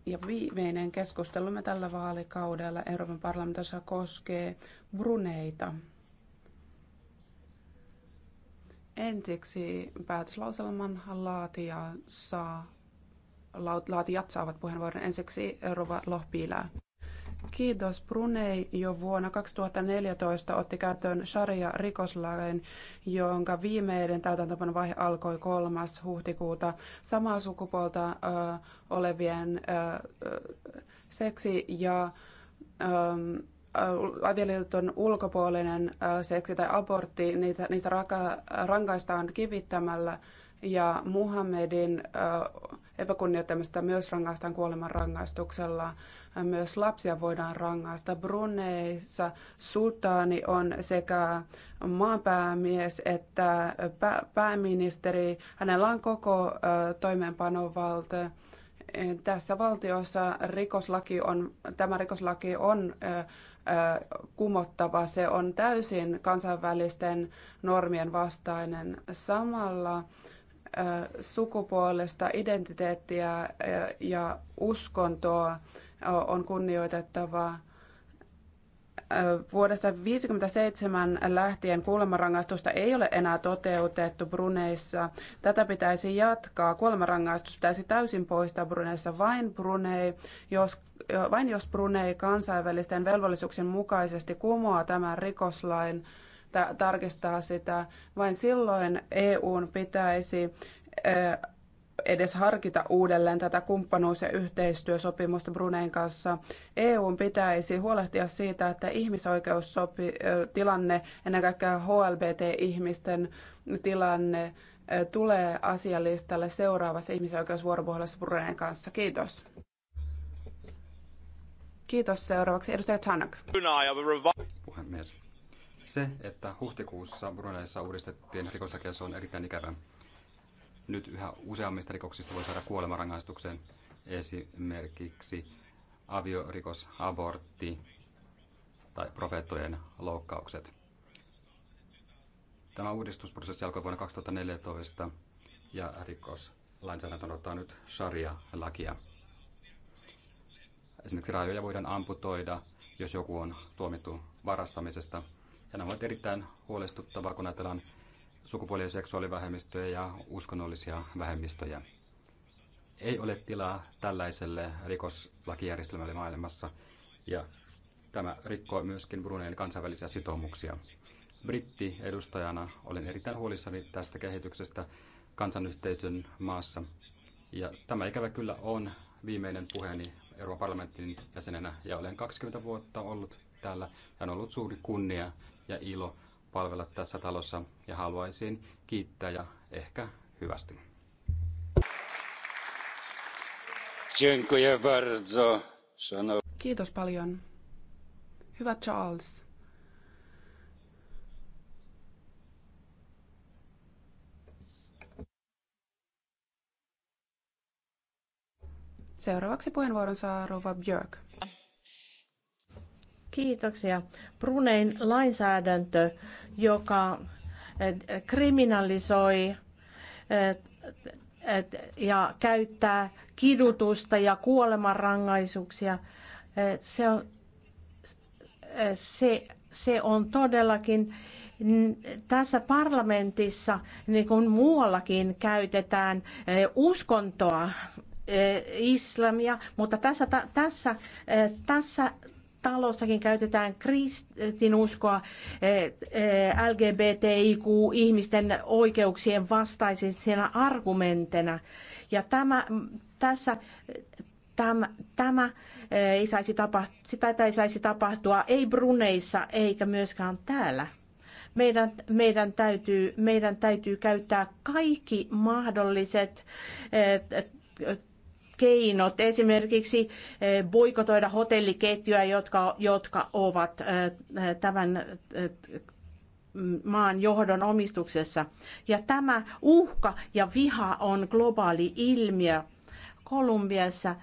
ja viimeinen keskustelumme tällä vaalikaudella Euroopan parlamentissa koskee Bruneita. Ensiksi päätöslauselman laatija saa, laatijat saavat puheenvuoron ensiksi Rova Lohpiilää. Kiitos. Brunei jo vuonna 2014 otti käyttöön sharia-rikoslain, jonka viimeinen täytäntöönpanovaihe alkoi 3. huhtikuuta. Samaa sukupuolta ö, olevien ö, seksi ja avioliiton ulkopuolinen ö, seksi tai abortti, niitä, niistä rangaistaan kivittämällä ja Muhammedin ö, epäkunnioittamista myös rangaistaan kuoleman rangaistuksella. Myös lapsia voidaan rangaista. Bruneissa sultaani on sekä maanpäämies että pääministeri. Hänellä on koko toimeenpanovalta e, tässä valtiossa rikoslaki on, tämä rikoslaki on kumottava. Se on täysin kansainvälisten normien vastainen. Samalla sukupuolesta, identiteettiä ja uskontoa on kunnioitettava. Vuodesta 1957 lähtien kuolemanrangaistusta ei ole enää toteutettu Bruneissa. Tätä pitäisi jatkaa. Kuolemanrangaistus pitäisi täysin poistaa Bruneissa vain Brunei, jos vain jos Brunei kansainvälisten velvollisuuksien mukaisesti kumoaa tämän rikoslain tarkistaa sitä. Vain silloin EUn pitäisi edes harkita uudelleen tätä kumppanuus- ja yhteistyösopimusta Brunein kanssa. EUn pitäisi huolehtia siitä, että ihmisoikeustilanne, ennen kaikkea HLBT-ihmisten tilanne, tulee asialistalle seuraavassa ihmisoikeusvuoropuhelussa Brunein kanssa. Kiitos. Kiitos. Seuraavaksi edustaja Tanak.
Puhemies
se, että huhtikuussa Brunelissa uudistettiin rikoslakia, se on erittäin ikävä. Nyt yhä useammista rikoksista voi saada kuolemanrangaistuksen, esimerkiksi aviorikos, abortti tai profeettojen loukkaukset. Tämä uudistusprosessi alkoi vuonna 2014 ja rikoslainsäädäntö odottaa nyt sharia-lakia. Esimerkiksi rajoja voidaan amputoida, jos joku on tuomittu varastamisesta – ja nämä ovat erittäin huolestuttavaa, kun ajatellaan sukupuoli- ja seksuaalivähemmistöjä ja uskonnollisia vähemmistöjä. Ei ole tilaa tällaiselle rikoslakijärjestelmälle maailmassa, ja tämä rikkoo myöskin Bruneen kansainvälisiä sitoumuksia. Britti-edustajana olen erittäin huolissani tästä kehityksestä kansanyhteisön maassa. Ja tämä ikävä kyllä on viimeinen puheeni Euroopan parlamentin jäsenenä ja olen 20 vuotta ollut täällä ja on ollut suuri kunnia ja ilo palvella tässä talossa ja haluaisin kiittää ja ehkä
hyvästi.
Kiitos paljon. Hyvä Charles. Seuraavaksi puheenvuoron saa Rova Björk. Kiitoksia. Brunein
lainsäädäntö, joka eh, kriminalisoi eh, eh, ja käyttää kidutusta ja kuolemanrangaisuuksia, se on, se, se on todellakin tässä parlamentissa, niin kuin muuallakin käytetään uskontoa islamia, mutta tässä, tässä, tässä talossakin käytetään kristinuskoa eh, eh, LGBTIQ-ihmisten oikeuksien vastaisena argumentena. Ja tämä, tässä tämä, tämä eh, ei saisi tapahtua, sitä ei saisi tapahtua ei Bruneissa eikä myöskään täällä. Meidän, meidän, täytyy, meidän täytyy käyttää kaikki mahdolliset keinot, esimerkiksi eh, boikotoida hotelliketjuja, jotka, jotka ovat eh, tämän eh, maan johdon omistuksessa. Ja tämä uhka ja viha on globaali ilmiö. Kolumbiassa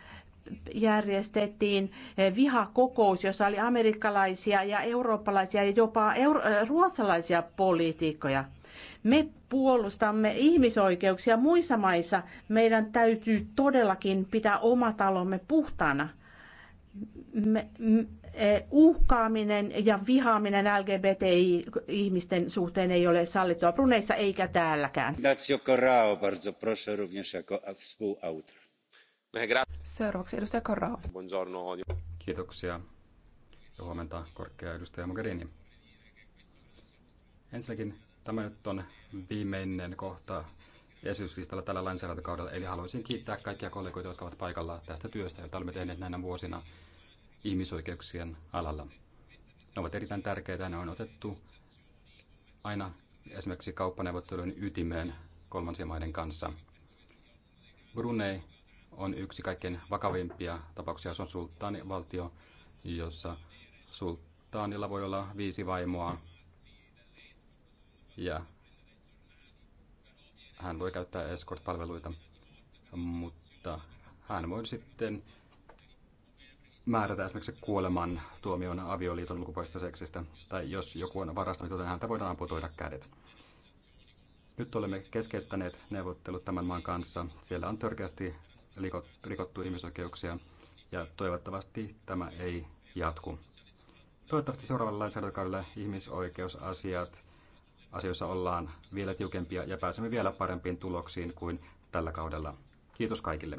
järjestettiin eh, vihakokous, jossa oli amerikkalaisia ja eurooppalaisia ja jopa euro- eh, ruotsalaisia poliitikkoja. Me puolustamme ihmisoikeuksia muissa maissa. Meidän täytyy todellakin pitää oma talomme puhtaana. Me, eh, uhkaaminen ja vihaaminen LGBTI-ihmisten suhteen ei ole sallittua Bruneissa eikä täälläkään.
That's Corrao, bardzo proszę, również jako współautor
Eh, Seuraavaksi edustaja Karao.
Kiitoksia ja huomenta korkea edustaja Mogherini.
Ensinnäkin tämä nyt on viimeinen kohta esityslistalla tällä lainsäädäntökaudella, eli haluaisin kiittää kaikkia kollegoita, jotka ovat paikalla tästä työstä, jota olemme tehneet näinä vuosina ihmisoikeuksien alalla. Ne ovat erittäin tärkeitä, ne on otettu aina esimerkiksi kauppaneuvottelujen ytimeen kolmansien maiden kanssa. Brunei on yksi kaikkein vakavimpia tapauksia. Se on sulttaanivaltio, jossa sulttaanilla voi olla viisi vaimoa ja hän voi käyttää escort-palveluita, mutta hän voi sitten määrätä esimerkiksi kuoleman tuomion avioliiton ulkopuolista seksistä, tai jos joku on varastanut, joten häntä voidaan amputoida kädet. Nyt olemme keskeyttäneet neuvottelut tämän maan kanssa. Siellä on törkeästi rikottu ihmisoikeuksia ja toivottavasti tämä ei jatku. Toivottavasti seuraavalla lainsäädäntökaudella ihmisoikeusasiat asioissa ollaan vielä tiukempia ja pääsemme vielä parempiin tuloksiin
kuin tällä kaudella. Kiitos kaikille.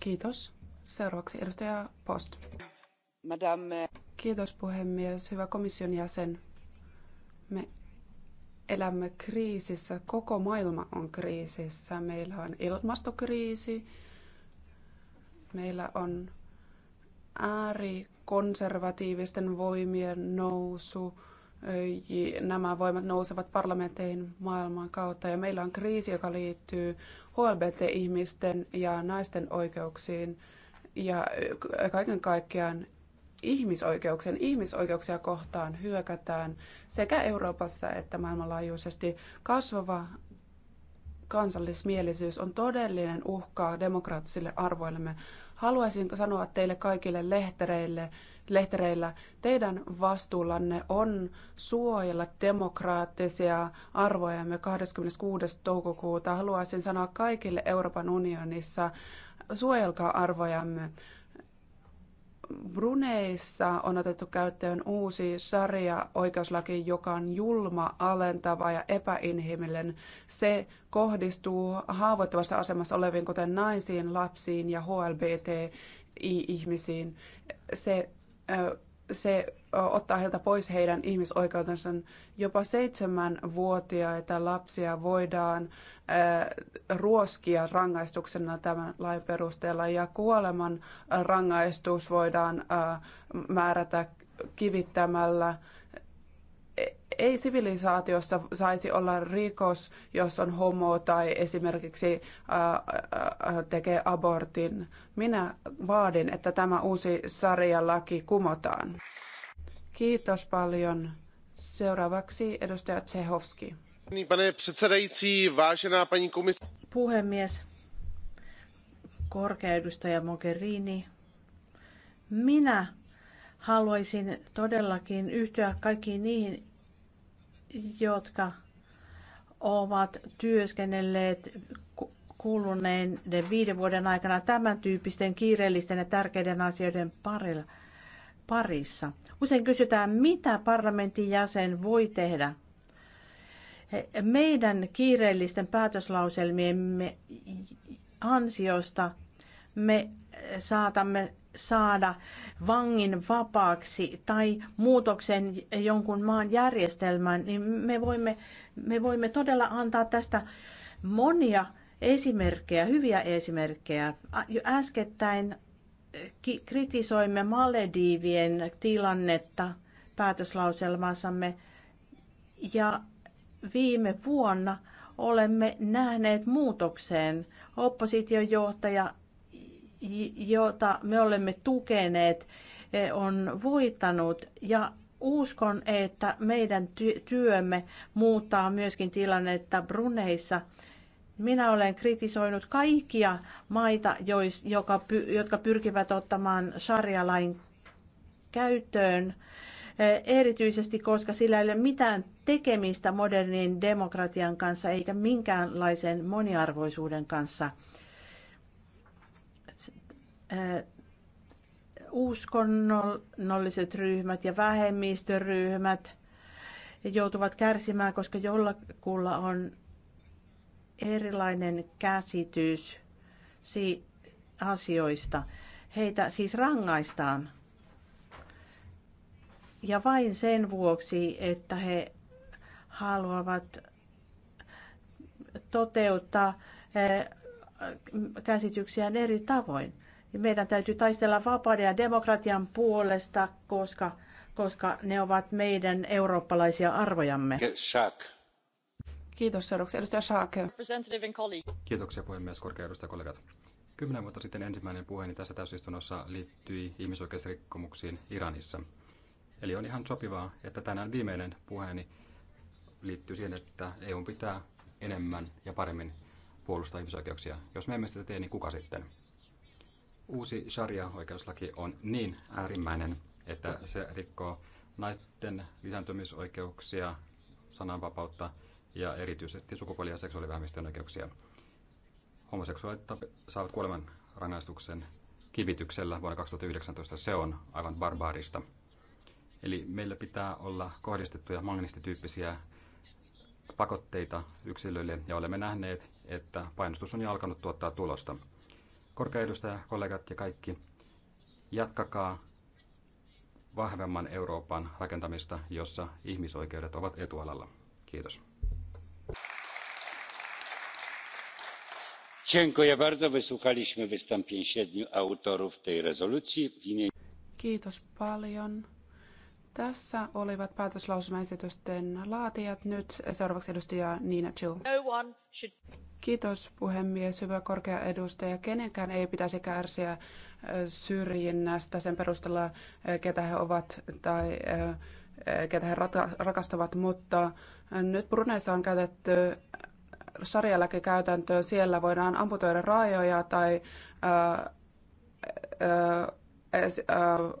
Kiitos. Seuraavaksi edustaja Post. Madame. Kiitos puhemies. Hyvä komission jäsen. Me elämme kriisissä, koko maailma on kriisissä. Meillä on ilmastokriisi, meillä on äärikonservatiivisten voimien nousu, nämä voimat nousevat parlamentteihin maailman kautta ja meillä on kriisi, joka liittyy HLBT-ihmisten ja naisten oikeuksiin ja kaiken kaikkiaan ihmisoikeuksien, ihmisoikeuksia kohtaan hyökätään sekä Euroopassa että maailmanlaajuisesti. Kasvava kansallismielisyys on todellinen uhka demokraattisille arvoillemme. Haluaisin sanoa teille kaikille lehtereille, lehtereillä, teidän vastuullanne on suojella demokraattisia arvojamme 26. toukokuuta. Haluaisin sanoa kaikille Euroopan unionissa, suojelkaa arvojamme. Bruneissa on otettu käyttöön uusi sarja-oikeuslaki, joka on julma, alentava ja epäinhimillinen. Se kohdistuu haavoittuvassa asemassa oleviin, kuten naisiin, lapsiin ja HLBTI-ihmisiin. Se se ottaa heiltä pois heidän ihmisoikeutensa. Jopa seitsemänvuotiaita lapsia voidaan ruoskia rangaistuksena tämän lain perusteella ja kuoleman rangaistus voidaan määrätä kivittämällä ei sivilisaatiossa saisi olla rikos, jos on homo tai esimerkiksi äh, äh, äh, tekee abortin. Minä vaadin, että tämä uusi sarjalaki kumotaan. Kiitos paljon. Seuraavaksi edustaja Tsehovski.
Niin, pane předsedající, vážená paní komis...
Puhemies, korkea edustaja Mogherini, minä Haluaisin todellakin yhtyä kaikkiin niihin, jotka ovat työskennelleet kuluneiden viiden vuoden aikana tämän tyyppisten kiireellisten ja tärkeiden asioiden parilla, parissa. Usein kysytään, mitä parlamentin jäsen voi tehdä. Meidän kiireellisten päätöslauselmiemme ansiosta me saatamme saada vangin vapaaksi tai muutoksen jonkun maan järjestelmään, niin me voimme, me voimme todella antaa tästä monia esimerkkejä, hyviä esimerkkejä. Äskettäin kritisoimme Malediivien tilannetta päätöslauselmassamme ja viime vuonna olemme nähneet muutokseen. Oppositiojohtaja jota me olemme tukeneet, e, on voittanut ja uskon, että meidän työmme muuttaa myöskin tilannetta Bruneissa. Minä olen kritisoinut kaikkia maita, jotka pyrkivät ottamaan sarjalain käyttöön, e, erityisesti koska sillä ei ole mitään tekemistä modernin demokratian kanssa eikä minkäänlaisen moniarvoisuuden kanssa uskonnolliset ryhmät ja vähemmistöryhmät joutuvat kärsimään, koska jollakulla on erilainen käsitys asioista. Heitä siis rangaistaan. Ja vain sen vuoksi, että he haluavat toteuttaa käsityksiään eri tavoin. Meidän täytyy taistella vapauden ja demokratian puolesta, koska, koska ne ovat meidän eurooppalaisia arvojamme. Kiitos seuraavaksi edustaja Saake.
Kiitoksia puhemies, korkea kollegat. Kymmenen vuotta sitten ensimmäinen puheeni tässä täysistunnossa liittyi ihmisoikeusrikkomuksiin Iranissa. Eli on ihan sopivaa, että tänään viimeinen puheeni liittyy siihen, että EU pitää enemmän ja paremmin puolustaa ihmisoikeuksia. Jos me emme sitä tee, niin kuka sitten? Uusi sharia-oikeuslaki on niin äärimmäinen, että se rikkoo naisten lisääntymisoikeuksia, sananvapautta ja erityisesti sukupuoli- ja seksuaalivähemmistöjen oikeuksia. Homoseksuaalit saavat kuoleman rangaistuksen kivityksellä vuonna 2019. Se on aivan barbaarista. Eli meillä pitää olla kohdistettuja magnistityyppisiä pakotteita yksilöille ja olemme nähneet, että painostus on jo alkanut tuottaa tulosta. Korkea kollegat ja kaikki, jatkakaa vahvemman Euroopan rakentamista, jossa ihmisoikeudet
ovat etualalla. Kiitos. Dziękuję bardzo. Wysłuchaliśmy wystąpień siedmiu autorów tej rezolucji.
Kiitos paljon. Tässä olivat päätöslausumaesitysten laatijat. Nyt seuraavaksi edustaja Niina Chill.
No should...
Kiitos puhemies, hyvä korkea edustaja. Kenenkään ei pitäisi kärsiä syrjinnästä sen perusteella, ketä he ovat tai ketä he rakastavat, mutta nyt Bruneissa on käytetty sarjaläkekäytäntöä. Siellä voidaan amputoida rajoja tai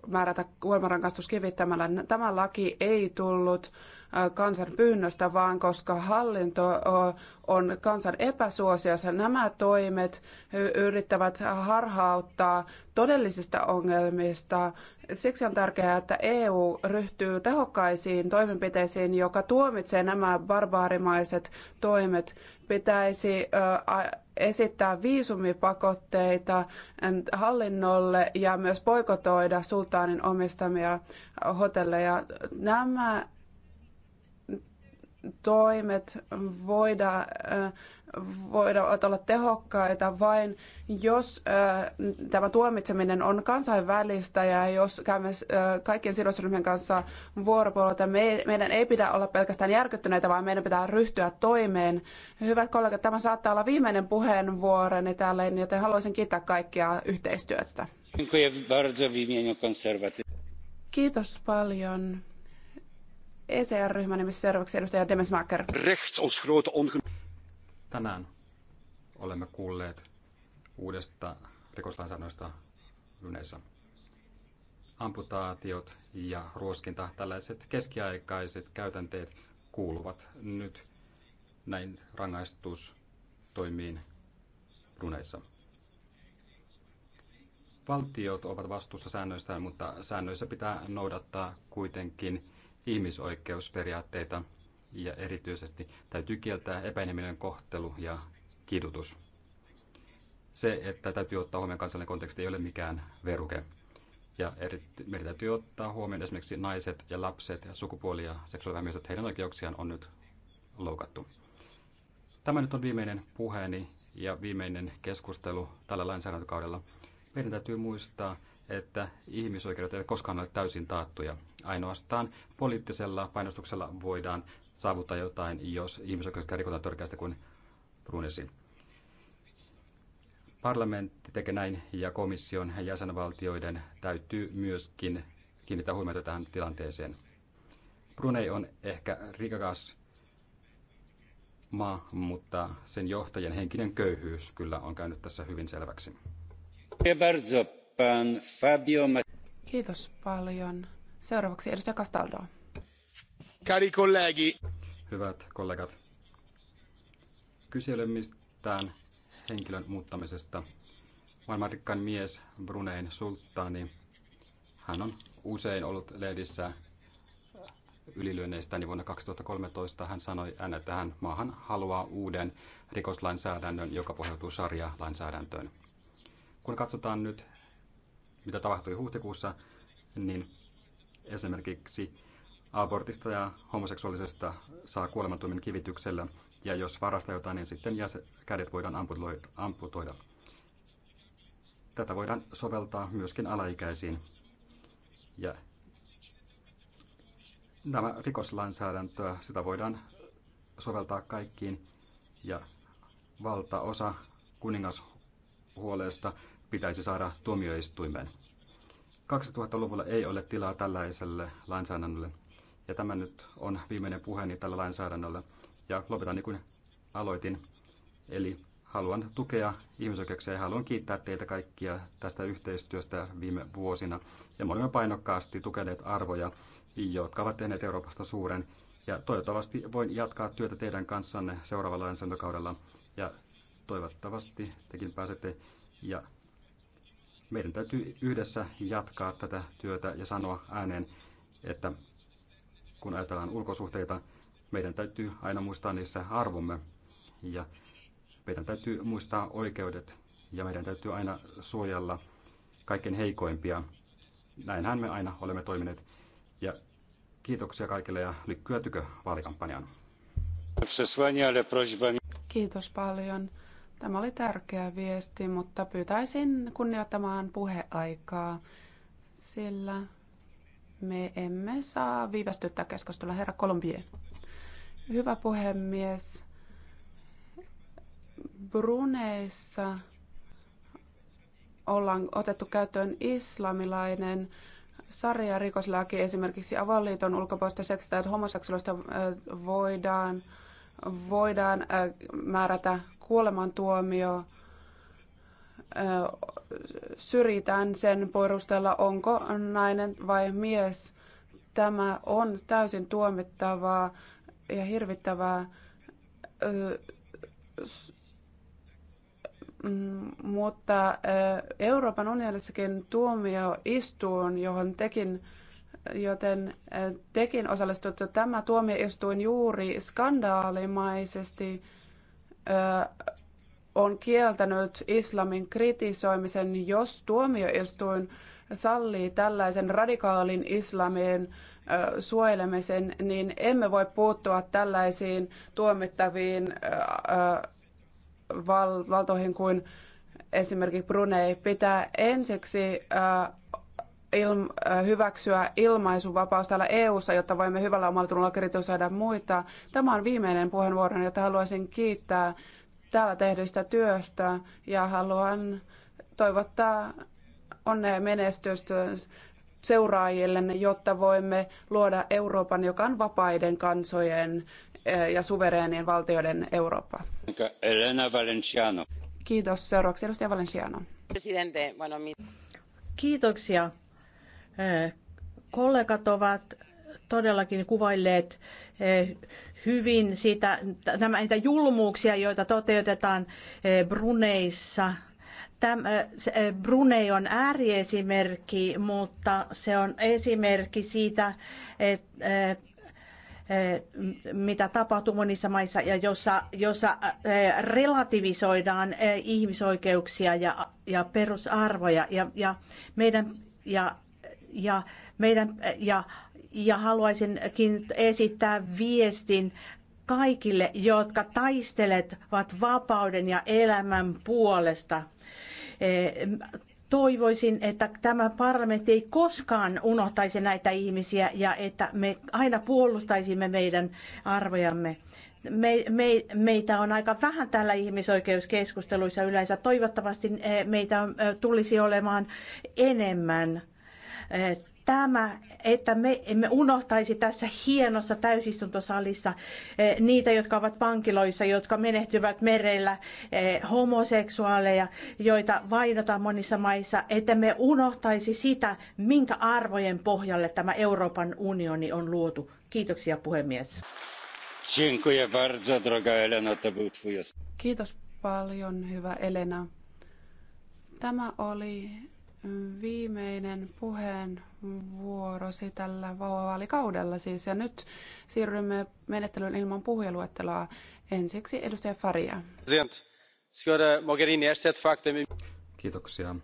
määrätä kuolemanrangaistus kivittämällä. Tämä laki ei tullut kansan pyynnöstä, vaan koska hallinto on kansan epäsuosiossa. Nämä toimet yrittävät harhauttaa todellisista ongelmista. Siksi on tärkeää, että EU ryhtyy tehokkaisiin toimenpiteisiin, joka tuomitsee nämä barbaarimaiset toimet. Pitäisi esittää viisumipakotteita hallinnolle ja myös poikotoida sultaanin omistamia hotelleja. Nämä toimet voidaan voida olla tehokkaita vain, jos tämä tuomitseminen on kansainvälistä ja jos käymme kaikkien sidosryhmien kanssa vuoropuolta. meidän ei pidä olla pelkästään järkyttyneitä, vaan meidän pitää ryhtyä toimeen. Hyvät kollegat, tämä saattaa olla viimeinen puheenvuoroni täällä, joten haluaisin kiittää kaikkia yhteistyöstä. Kiitos paljon. ECR-ryhmän nimissä seuraavaksi edustaja Demesmaker.
Recht ons grote ongemak Tänään
olemme kuulleet uudesta rikoslainsäädännöstä yleensä Amputaatiot ja ruoskinta, tällaiset keskiaikaiset käytänteet kuuluvat nyt näin rangaistustoimiin runeissa. Valtiot ovat vastuussa säännöistä, mutta säännöissä pitää noudattaa kuitenkin ihmisoikeusperiaatteita – ja erityisesti täytyy kieltää epäinhimillinen kohtelu ja kidutus. Se, että täytyy ottaa huomioon kansallinen konteksti, ei ole mikään veruke. Ja eri, meidän täytyy ottaa huomioon esimerkiksi naiset ja lapset ja sukupuoli- ja seksuaalivähemmistöt. Heidän oikeuksiaan on nyt loukattu. Tämä nyt on viimeinen puheeni ja viimeinen keskustelu tällä lainsäädäntökaudella. Meidän täytyy muistaa, että ihmisoikeudet eivät koskaan ole täysin taattuja. Ainoastaan poliittisella painostuksella voidaan saavuttaa jotain, jos ihmisoikeuksia rikotaan törkeästi kuin Brunesi. Parlamentti tekee näin ja komission ja jäsenvaltioiden täytyy myöskin kiinnittää huomiota tähän tilanteeseen. Brunei on ehkä rikas maa, mutta sen johtajien henkinen köyhyys kyllä on käynyt tässä hyvin selväksi.
Kiitos paljon. Seuraavaksi edustaja Castaldo.
Cari colleghi. Hyvät kollegat, kyse ei ole mistään henkilön muuttamisesta. rikkain mies Brunein sulttaani, hän on usein ollut lehdissä ylilyönneistä, niin vuonna 2013 hän sanoi ääneen, että hän maahan haluaa uuden rikoslainsäädännön, joka pohjautuu sarja-lainsäädäntöön. Kun katsotaan nyt, mitä tapahtui huhtikuussa, niin esimerkiksi abortista ja homoseksuaalisesta saa kuolemantuomin kivityksellä, ja jos varastaa jotain, niin sitten jäsen, kädet voidaan amputoida. Tätä voidaan soveltaa myöskin alaikäisiin. Ja nämä rikoslainsäädäntöä, sitä voidaan soveltaa kaikkiin, ja valtaosa kuningashuoleesta pitäisi saada tuomioistuimeen. 2000-luvulla ei ole tilaa tällaiselle lainsäädännölle, ja tämä nyt on viimeinen puheeni tällä lainsäädännöllä. Ja lopetan niin kuin aloitin. Eli haluan tukea ihmisoikeuksia ja haluan kiittää teitä kaikkia tästä yhteistyöstä viime vuosina. Ja me olemme painokkaasti tukeneet arvoja, jotka ovat tehneet Euroopasta suuren. Ja toivottavasti voin jatkaa työtä teidän kanssanne seuraavalla lainsäädäntökaudella. Ja toivottavasti tekin pääsette. Ja meidän täytyy yhdessä jatkaa tätä työtä ja sanoa ääneen, että kun ajatellaan ulkosuhteita, meidän täytyy aina muistaa niissä arvomme ja meidän täytyy muistaa oikeudet ja meidän täytyy aina suojella kaikkein heikoimpia. Näinhän me aina olemme toimineet. Ja kiitoksia kaikille ja lykkyä tykö
vaalikampanjaan.
Kiitos paljon. Tämä oli tärkeä viesti, mutta pyytäisin kunnioittamaan puheaikaa, sillä me emme saa viivästyttää keskustelua. Herra Colombier. Hyvä puhemies. Bruneissa ollaan otettu käyttöön islamilainen sarja sarjarikoslaki esimerkiksi avaliiton ulkopuolista seksistä, että homoseksuaalista voidaan, voidaan määrätä kuolemantuomio syrjitään sen perusteella, onko nainen vai mies. Tämä on täysin tuomittavaa ja hirvittävää, mm, mutta Euroopan unionissakin tuomioistuin, johon tekin joten tekin osallistutte. Tämä tuomioistuin juuri skandaalimaisesti on kieltänyt islamin kritisoimisen, jos tuomioistuin sallii tällaisen radikaalin islamin suojelemisen, niin emme voi puuttua tällaisiin tuomittaviin val- valtoihin kuin esimerkiksi Brunei. Pitää ensiksi hyväksyä ilmaisuvapaus täällä EU:ssa, jotta voimme hyvällä omalla tunnolla kritisoida muita. Tämä on viimeinen puheenvuoro, jota haluaisin kiittää täällä tehdystä työstä ja haluan toivottaa onnea ja menestystä seuraajillenne, jotta voimme luoda Euroopan, joka on vapaiden kansojen eh, ja suvereenien valtioiden Eurooppa.
Elena Valenciano.
Kiitos. Seuraavaksi edustaja Valenciano.
Presidente, bueno, mi...
Kiitoksia.
Eh, kollegat ovat todellakin kuvailleet eh, hyvin sitä, tämä niitä julmuuksia, joita toteutetaan eh, Bruneissa. Eh, eh, Brunei on ääriesimerkki, mutta se on esimerkki siitä, että mitä tapahtuu monissa maissa ja jossa, jossa relativisoidaan ihmisoikeuksia ja, ja perusarvoja ja, ja meidän ja, ja meidän ja ja haluaisinkin esittää viestin kaikille, jotka taistelevat vapauden ja elämän puolesta. E, toivoisin, että tämä parlamentti ei koskaan unohtaisi näitä ihmisiä ja että me aina puolustaisimme meidän arvojamme. Me, me, meitä on aika vähän täällä ihmisoikeuskeskusteluissa yleensä. Toivottavasti e, meitä e, tulisi olemaan enemmän tämä, että me emme unohtaisi tässä hienossa täysistuntosalissa eh, niitä, jotka ovat pankiloissa, jotka menehtyvät merellä, eh, homoseksuaaleja, joita vainotaan monissa maissa, että me unohtaisi sitä, minkä arvojen pohjalle tämä Euroopan unioni on luotu. Kiitoksia puhemies.
Kiitos paljon, hyvä Elena. Tämä oli viimeinen puheenvuorosi tällä vaalikaudella siis. Ja nyt siirrymme menettelyyn ilman puhujaluetteloa. Ensiksi edustaja Faria.
Kiitoksia,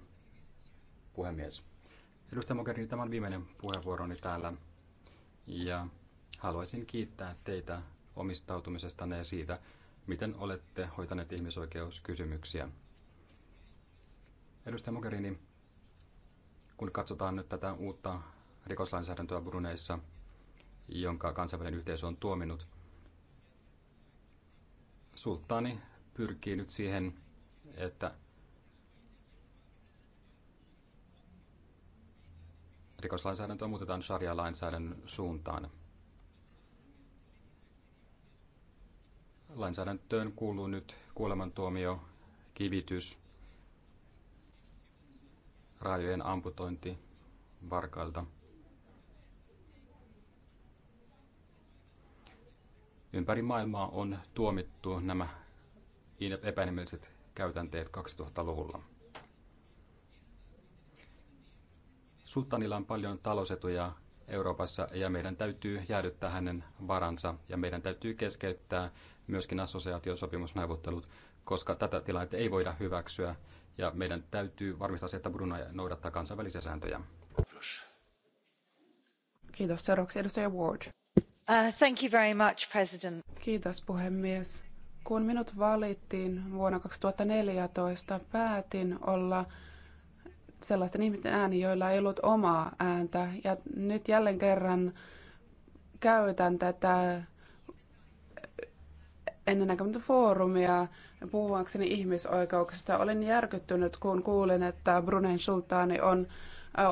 puhemies. Edustaja Mogherini, tämä on viimeinen puheenvuoroni täällä. Ja haluaisin kiittää teitä omistautumisestanne ja siitä, miten olette hoitaneet ihmisoikeuskysymyksiä. Edustaja Mogherini, kun katsotaan nyt tätä uutta rikoslainsäädäntöä Bruneissa, jonka kansainvälinen yhteisö on tuominut, sulttaani pyrkii nyt siihen, että rikoslainsäädäntöä muutetaan sharia-lainsäädännön suuntaan. Lainsäädäntöön kuuluu nyt kuolemantuomio, kivitys – rajojen amputointi varkailta. Ympäri maailmaa on tuomittu nämä epänimelliset käytänteet 2000-luvulla. Sultanilla on paljon talousetuja Euroopassa ja meidän täytyy jäädyttää hänen varansa ja meidän täytyy keskeyttää myöskin assosiaatiosopimusneuvottelut, koska tätä tilannetta ei voida hyväksyä ja meidän täytyy varmistaa se, että Brunei noudattaa kansainvälisiä sääntöjä.
Kiitos. Seuraavaksi edustaja Ward. Uh, thank you very much, President. Kiitos puhemies. Kun minut valittiin vuonna 2014, päätin olla sellaisten ihmisten ääni, joilla ei ollut omaa ääntä. Ja nyt jälleen kerran käytän tätä ennennäkemätöntä foorumia puhuakseni ihmisoikeuksista. Olin järkyttynyt, kun kuulin, että Brunen sultaani on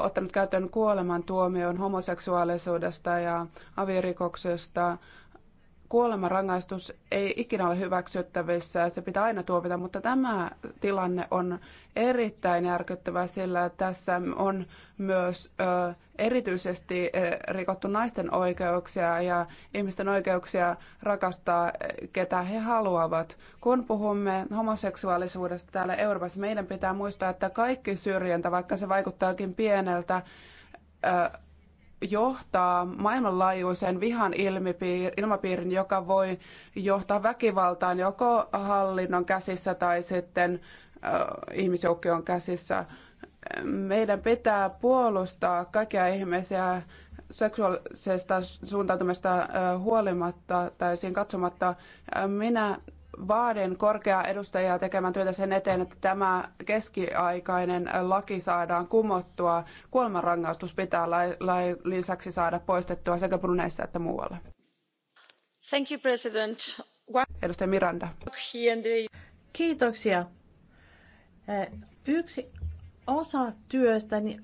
ottanut käyttöön kuolemantuomion homoseksuaalisuudesta ja avirikoksesta kuolemanrangaistus ei ikinä ole hyväksyttävissä ja se pitää aina tuomita, mutta tämä tilanne on erittäin järkyttävä, sillä tässä on myös ö, erityisesti rikottu naisten oikeuksia ja ihmisten oikeuksia rakastaa, ketä he haluavat. Kun puhumme homoseksuaalisuudesta täällä Euroopassa, meidän pitää muistaa, että kaikki syrjintä, vaikka se vaikuttaakin pieneltä, ö, johtaa maailmanlaajuisen vihan ilmapiirin, joka voi johtaa väkivaltaan joko hallinnon käsissä tai sitten ihmisjoukkojen käsissä. Meidän pitää puolustaa kaikkia ihmisiä seksuaalisesta suuntautumista huolimatta tai siihen katsomatta. Minä vaadin korkeaa edustajaa tekemään työtä sen eteen, että tämä keskiaikainen laki saadaan kumottua. Kuolemanrangaistus pitää lain lisäksi saada poistettua sekä Bruneissa että muualla.
Thank you, President.
Edustaja Miranda. Kiitoksia.
Eh, yksi osa työstäni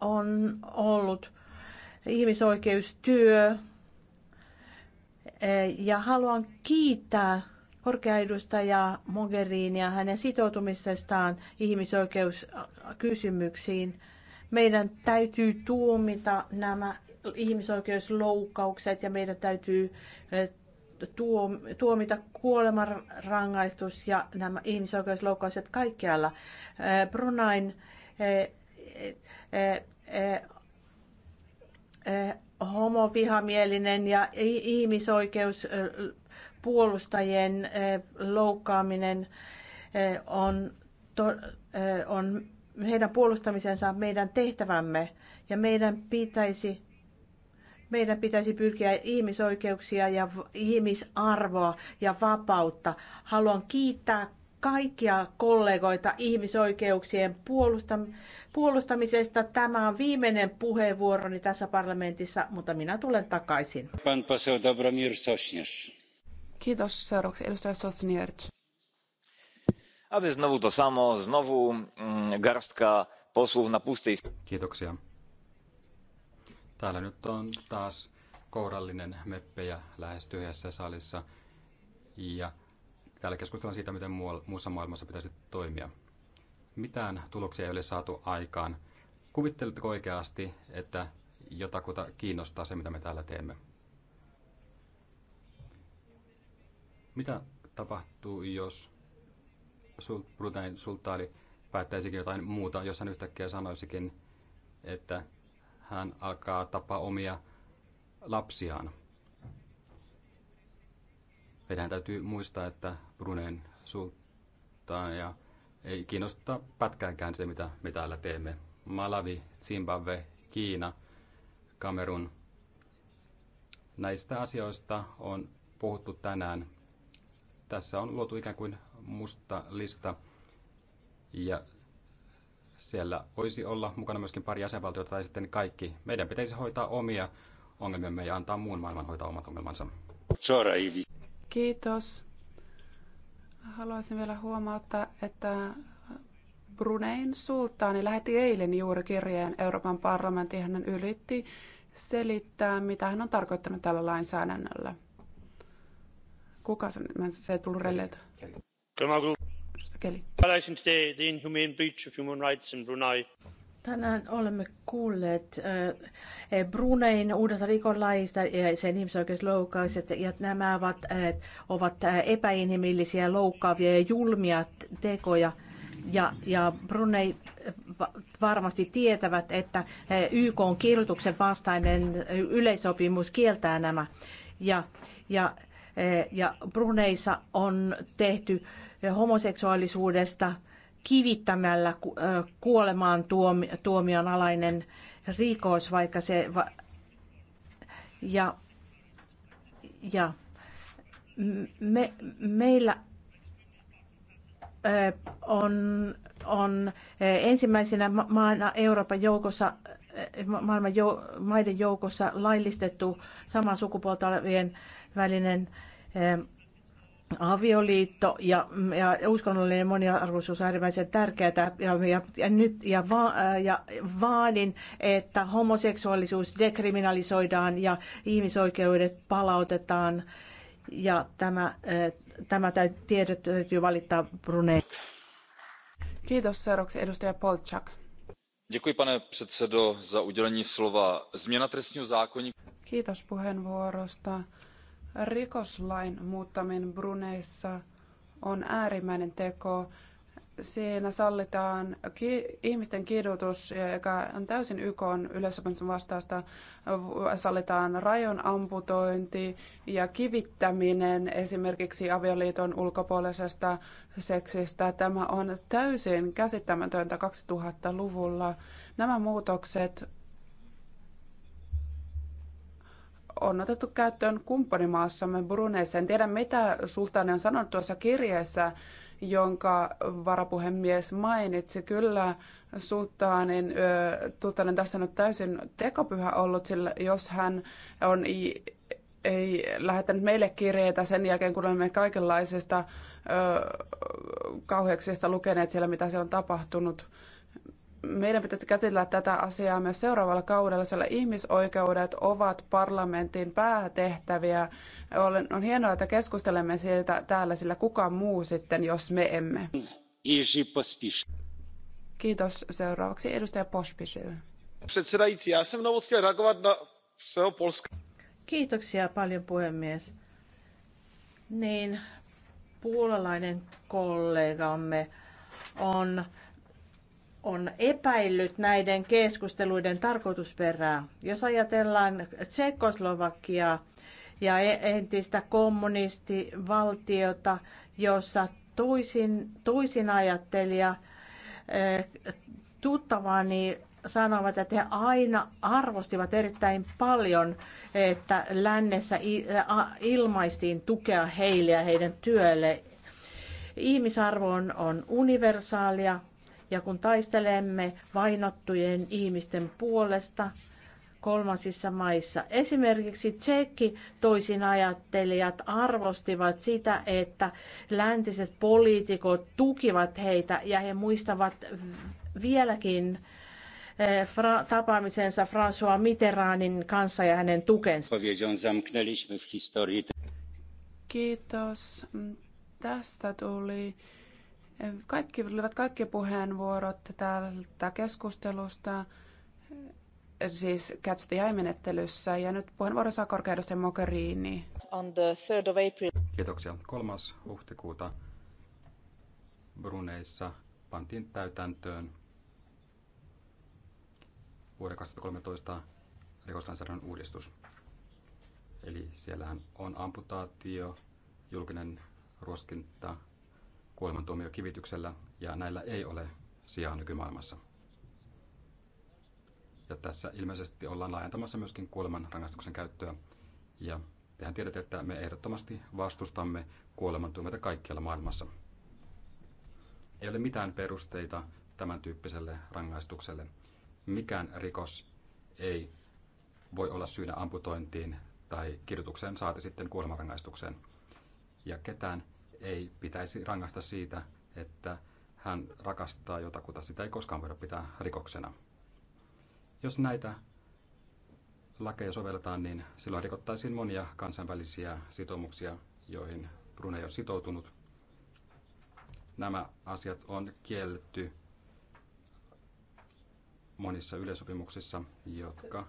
on ollut ihmisoikeustyö eh, ja haluan kiittää korkea edustaja ja hänen sitoutumisestaan ihmisoikeuskysymyksiin. Meidän täytyy tuomita nämä ihmisoikeusloukkaukset ja meidän täytyy eh, tuomita kuolemanrangaistus ja nämä ihmisoikeusloukkaukset kaikkialla. Eh, Brunain eh, homovihamielinen ja ihmisoikeus puolustajien eh, loukkaaminen eh, on, eh, on heidän puolustamisensa meidän tehtävämme ja meidän pitäisi, meidän pitäisi pyrkiä ihmisoikeuksia ja ihmisarvoa ja vapautta. Haluan kiittää kaikkia kollegoita ihmisoikeuksien puolustamisesta. Tämä on viimeinen puheenvuoroni tässä parlamentissa, mutta minä tulen takaisin.
Pan Dobromir
Kiitos. Seuraavaksi edustaja
znowu to
samo, znowu mm, garstka posłów na pustej... Kiitoksia.
Täällä nyt on taas kourallinen meppejä lähes tyhjässä salissa. Ja täällä keskustellaan siitä, miten muussa maailmassa pitäisi toimia. Mitään tuloksia ei ole saatu aikaan. Kuvitteletko oikeasti, että jotakuta kiinnostaa se, mitä me täällä teemme? Mitä tapahtuu, jos Brunei sulttaali päättäisikin jotain muuta, jos hän yhtäkkiä sanoisikin, että hän alkaa tapaa omia lapsiaan? Meidän täytyy muistaa, että Brunen sulttaan ja ei kiinnosta pätkäänkään se, mitä me täällä teemme. Malawi, Zimbabwe, Kiina, Kamerun. Näistä asioista on puhuttu tänään tässä on luotu ikään kuin musta lista ja siellä voisi olla mukana myöskin pari jäsenvaltiota tai sitten kaikki. Meidän pitäisi hoitaa omia ongelmiamme ja antaa muun maailman hoitaa omat ongelmansa.
Kiitos. Haluaisin vielä huomauttaa, että Brunein sultaani lähetti eilen juuri kirjeen Euroopan parlamenttiin. Hän ylitti selittää, mitä hän on tarkoittanut tällä lainsäädännöllä. Kuka sen, mä en, se ei tullut relleiltä. Tänään olemme kuulleet
äh, eh, Brunein uudesta rikonlaista ja sen ihmisoikeusloukkaukset, ja nämä ovat, äh, ovat äh, epäinhimillisiä, loukkaavia ja julmia tekoja. Ja, ja Brunei varmasti tietävät, että YK on kirjoituksen vastainen yleisopimus kieltää nämä. Ja, ja Eh, ja Bruneissa on tehty eh, homoseksuaalisuudesta kivittämällä eh, kuolemaan tuomion alainen rikos, vaikka se... Va- ja, ja me, meillä on, on ensimmäisenä maana Euroopan joukossa maailman jou, maiden joukossa laillistettu samaa sukupuolta olevien välinen avioliitto ja, ja uskonnollinen moniarvoisuus on äärimmäisen tärkeää ja, ja, ja nyt ja, va, ja vaadin, että homoseksuaalisuus dekriminalisoidaan ja ihmisoikeudet palautetaan ja tämä, tämä tiedot täytyy valittaa Brunei.
Kiitos seuraavaksi edustaja Polchak.
Děkuji, pane předsedo, za udělení slova. Změna trestního zákonníku.
Kiitos puheenvuorosta. Rikoslain muuttaminen Bruneissa on äärimmäinen teko. Siinä sallitaan ki- ihmisten kidutus, joka on täysin YK yleissopimuksen vastausta. Sallitaan rajon amputointi ja kivittäminen esimerkiksi avioliiton ulkopuolisesta seksistä. Tämä on täysin käsittämätöntä 2000-luvulla. Nämä muutokset on otettu käyttöön kumppanimaassamme Bruneissa. En tiedä, mitä sultaani on sanonut tuossa kirjeessä, jonka varapuhemies mainitsi. Kyllä sultaanin, sultaanin tässä on nyt täysin tekopyhä ollut, sillä jos hän on ei, ei lähettänyt meille kirjeitä sen jälkeen, kun olemme kaikenlaisista kauheuksista lukeneet siellä, mitä siellä on tapahtunut, meidän pitäisi käsitellä tätä asiaa myös seuraavalla kaudella, sillä ihmisoikeudet ovat parlamentin päätehtäviä. on hienoa, että keskustelemme siitä täällä, sillä kuka muu sitten, jos me emme. Kiitos. Seuraavaksi edustaja Pospisil. Kiitoksia paljon puhemies.
Niin, puolalainen kollegamme on on epäillyt näiden keskusteluiden tarkoitusperää. Jos ajatellaan Tsekoslovakiaa ja e- entistä kommunistivaltiota, jossa toisin, toisin ajattelija e, tuttavani sanovat, että he aina arvostivat erittäin paljon, että lännessä ilmaistiin tukea heille ja heidän työlle. Ihmisarvo on, on universaalia ja kun taistelemme vainottujen ihmisten puolesta kolmansissa maissa, esimerkiksi tsekki ajattelijat arvostivat sitä, että läntiset poliitikot tukivat heitä ja he muistavat vieläkin eh, fra- tapaamisensa François Mitterrandin kanssa ja hänen tukensa.
Kiitos. Mm, tästä tuli kaikki olivat kaikki puheenvuorot tältä keskustelusta, siis Catch the Eye-menettelyssä, ja nyt puheenvuoro saa korkeudusten Mogherini. On the 3rd of
April. Kiitoksia. 3. huhtikuuta Bruneissa pantiin täytäntöön vuoden 2013 rikoslainsäädännön uudistus. Eli siellähän on amputaatio, julkinen ruoskinta, kuolemantuomio kivityksellä, ja näillä ei ole sijaa nykymaailmassa. Ja tässä ilmeisesti ollaan laajentamassa myöskin kuolemanrangaistuksen käyttöä, ja tehän tiedätte, että me ehdottomasti vastustamme kuolemantuomioita kaikkialla maailmassa. Ei ole mitään perusteita tämän tyyppiselle rangaistukselle. Mikään rikos ei voi olla syynä amputointiin tai kirjoitukseen saati sitten kuolemanrangaistukseen. Ja ketään ei pitäisi rangaista siitä, että hän rakastaa jotakuta, sitä ei koskaan voida pitää rikoksena. Jos näitä lakeja sovelletaan, niin silloin rikottaisiin monia kansainvälisiä sitoumuksia, joihin Brunei on sitoutunut. Nämä asiat on kielletty monissa yleisopimuksissa, jotka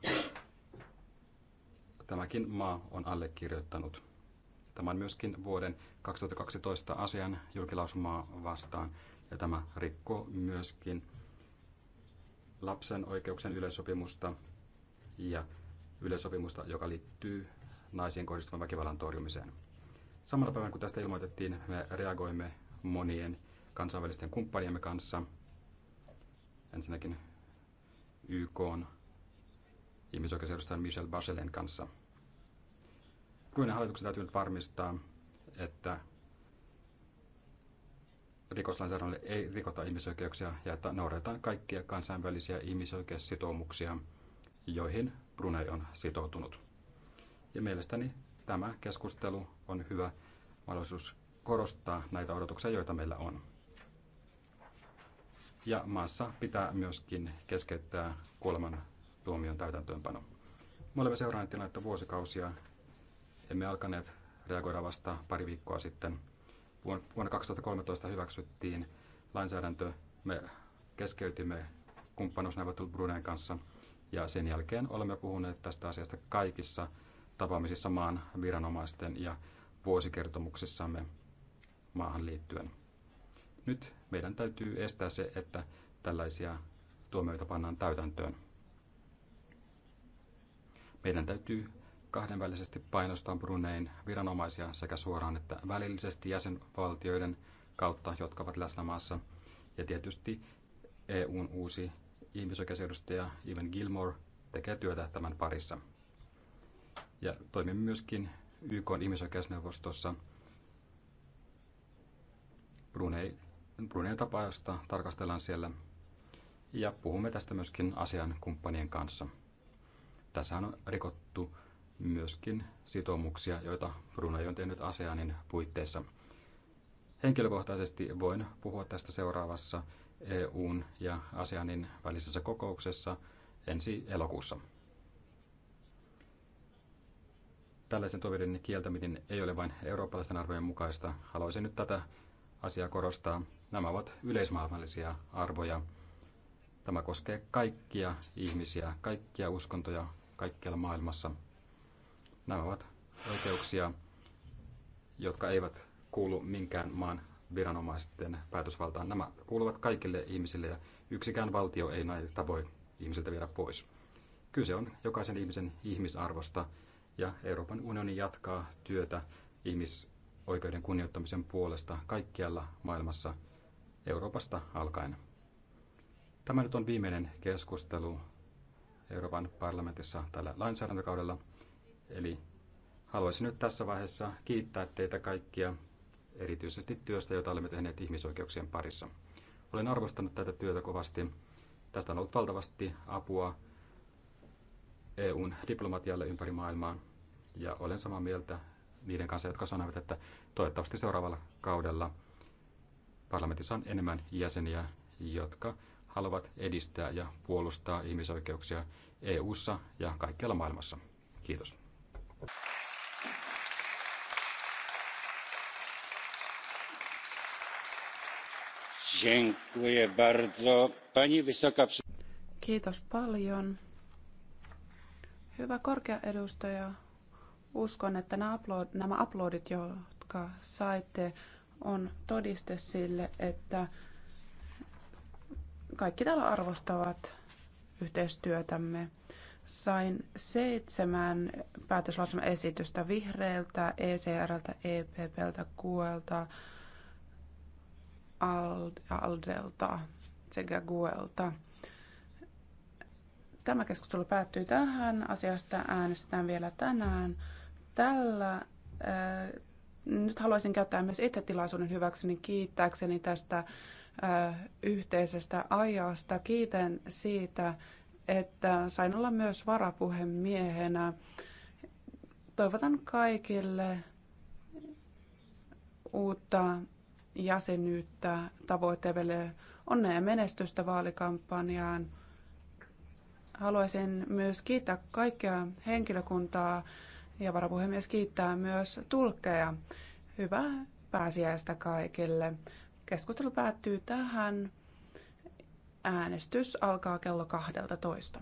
tämäkin maa on allekirjoittanut. Tämä myöskin vuoden 2012 asian julkilausumaa vastaan ja tämä rikkoo myöskin lapsen oikeuksien yleissopimusta ja yleissopimusta, joka liittyy naisiin kohdistuvan väkivallan torjumiseen. Samana päivänä kun tästä ilmoitettiin, me reagoimme monien kansainvälisten kumppaniemme kanssa. Ensinnäkin YK ihmisoikeusedustajan Michel Bachelen kanssa – Nykyinen hallituksen täytyy nyt varmistaa, että rikoslainsäädännölle ei rikota ihmisoikeuksia ja että noudatetaan kaikkia kansainvälisiä ihmisoikeussitoumuksia, joihin Brunei on sitoutunut. Ja mielestäni tämä keskustelu on hyvä mahdollisuus korostaa näitä odotuksia, joita meillä on. Ja maassa pitää myöskin keskeyttää kuoleman tuomion täytäntöönpano. Me olemme seuraaneet tilannetta vuosikausia emme alkaneet reagoida vasta pari viikkoa sitten. Vuonna 2013 hyväksyttiin lainsäädäntö. Me keskeytimme kumppanuusneuvottelut Bruneen kanssa ja sen jälkeen olemme puhuneet tästä asiasta kaikissa tapaamisissa maan viranomaisten ja vuosikertomuksissamme maahan liittyen. Nyt meidän täytyy estää se, että tällaisia tuomioita pannaan täytäntöön. Meidän täytyy kahdenvälisesti painostaa Brunein viranomaisia sekä suoraan että välillisesti jäsenvaltioiden kautta, jotka ovat läsnä maassa. Ja tietysti EUn uusi ihmisoikeusedustaja Ivan Gilmore tekee työtä tämän parissa. Ja toimimme myöskin YK ihmisoikeusneuvostossa. Brunei, Brunein tapausta tarkastellaan siellä ja puhumme tästä myöskin asian kumppanien kanssa. Tässä on rikottu myöskin sitoumuksia, joita Brunei on tehnyt ASEANin puitteissa. Henkilökohtaisesti voin puhua tästä seuraavassa EUn ja ASEANin välisessä kokouksessa ensi elokuussa. Tällaisen toiveiden kieltäminen ei ole vain eurooppalaisten arvojen mukaista. Haluaisin nyt tätä asiaa korostaa. Nämä ovat yleismaailmallisia arvoja. Tämä koskee kaikkia ihmisiä, kaikkia uskontoja kaikkialla maailmassa – Nämä ovat oikeuksia, jotka eivät kuulu minkään maan viranomaisten päätösvaltaan. Nämä kuuluvat kaikille ihmisille ja yksikään valtio ei näitä voi ihmisiltä viedä pois. Kyse on jokaisen ihmisen ihmisarvosta ja Euroopan unioni jatkaa työtä ihmisoikeuden kunnioittamisen puolesta kaikkialla maailmassa Euroopasta alkaen. Tämä nyt on viimeinen keskustelu Euroopan parlamentissa tällä lainsäädäntökaudella. Eli haluaisin nyt tässä vaiheessa kiittää teitä kaikkia erityisesti työstä, jota olemme tehneet ihmisoikeuksien parissa. Olen arvostanut tätä työtä kovasti. Tästä on ollut valtavasti apua EUn diplomatialle ympäri maailmaa. Ja olen samaa mieltä niiden kanssa, jotka sanovat, että toivottavasti seuraavalla kaudella parlamentissa on enemmän jäseniä, jotka haluavat edistää ja puolustaa ihmisoikeuksia EU:ssa ja kaikkialla maailmassa. Kiitos.
Kiitos paljon. Hyvä korkea edustaja, uskon, että nämä, upload, nämä uploadit, jotka saitte, on todiste sille, että kaikki täällä arvostavat yhteistyötämme. Sain seitsemän päätöslauselmaesitystä vihreiltä, ECRltä, EPPltä, QLta, Aldelta sekä GUELta. Tämä keskustelu päättyy tähän. Asiasta äänestetään vielä tänään. Tällä äh, nyt haluaisin käyttää myös itse tilaisuuden hyväkseni kiittääkseni tästä äh, yhteisestä ajasta. Kiitän siitä, että sain olla myös varapuhemiehenä. Toivotan kaikille uutta jäsenyyttä tavoitteelle onnea ja menestystä vaalikampanjaan. Haluaisin myös kiittää kaikkea henkilökuntaa ja varapuhemies kiittää myös tulkkeja. Hyvää pääsiäistä kaikille. Keskustelu päättyy tähän. Äänestys alkaa kello 12.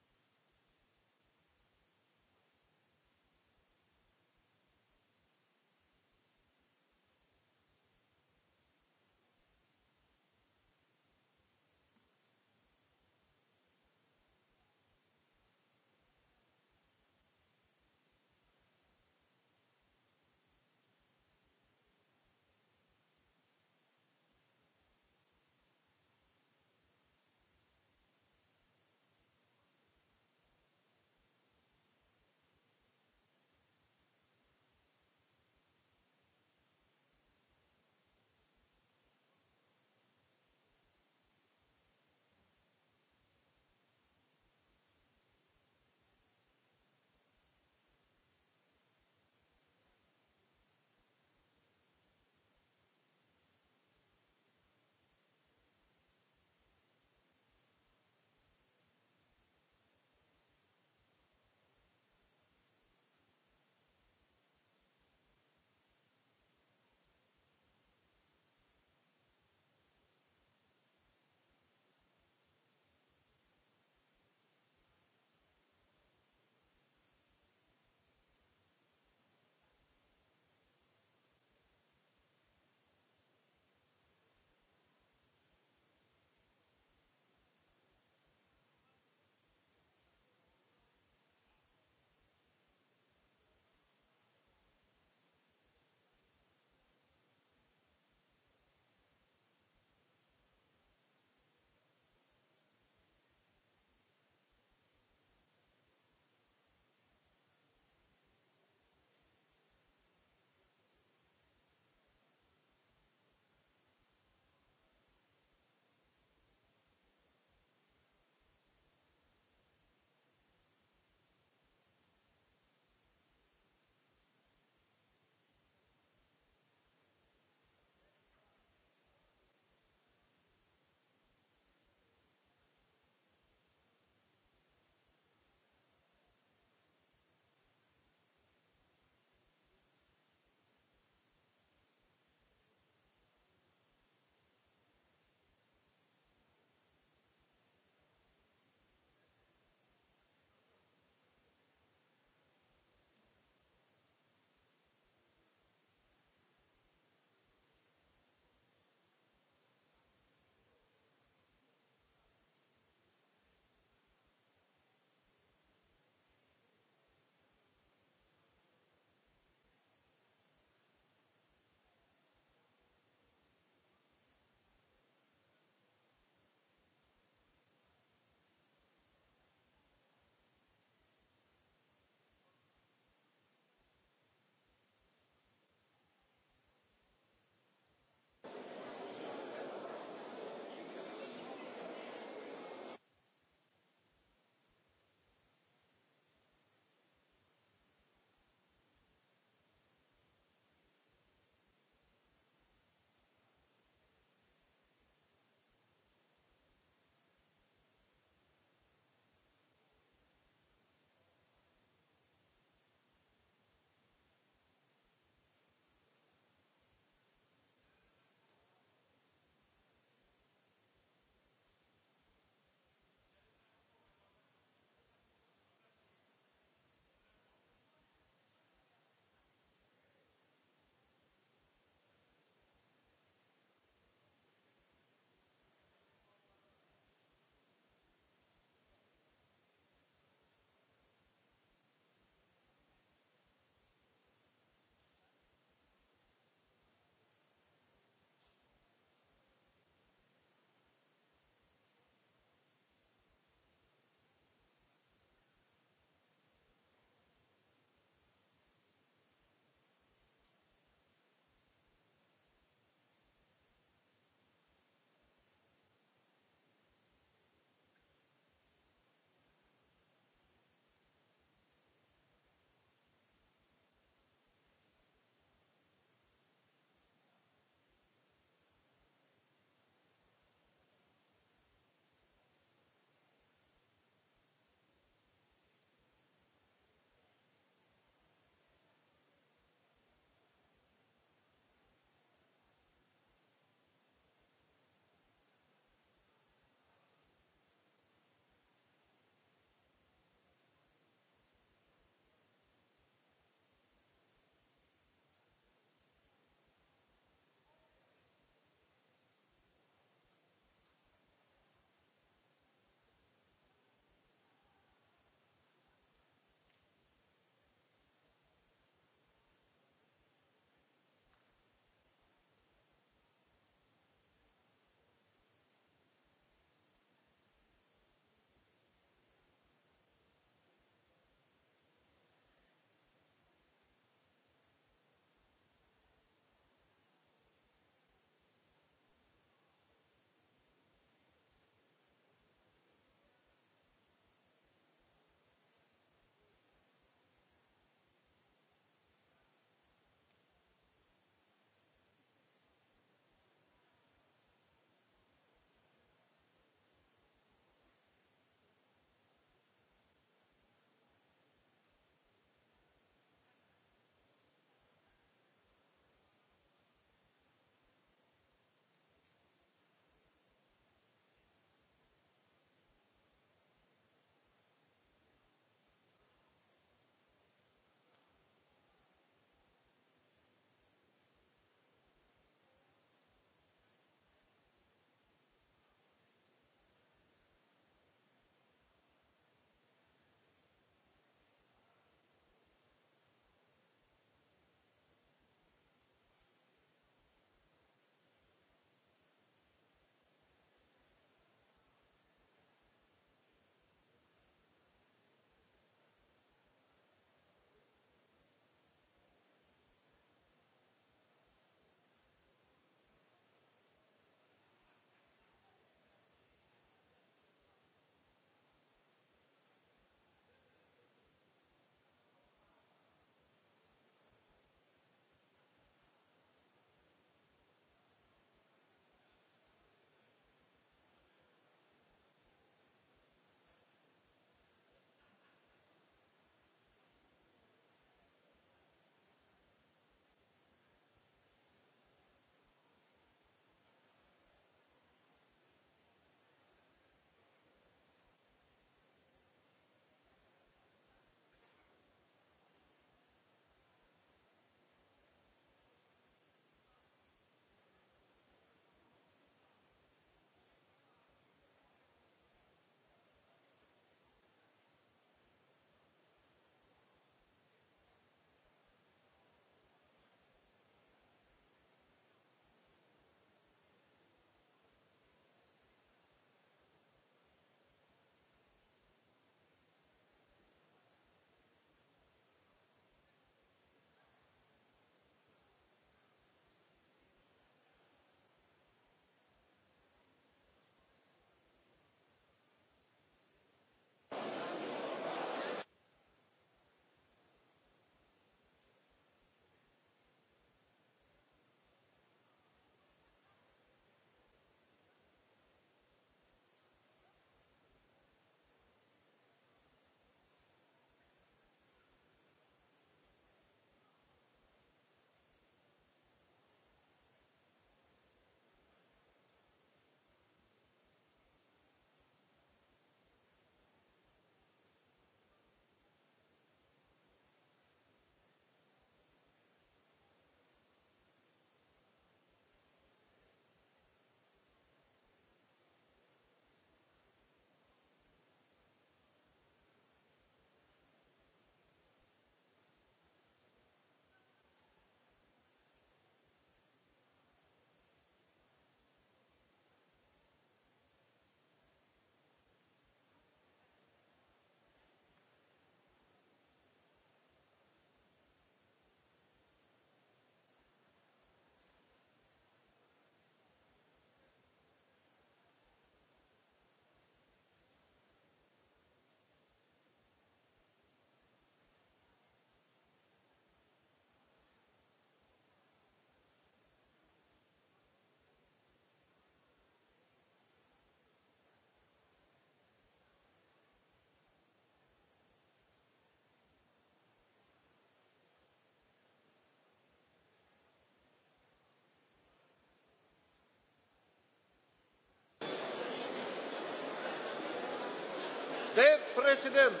president.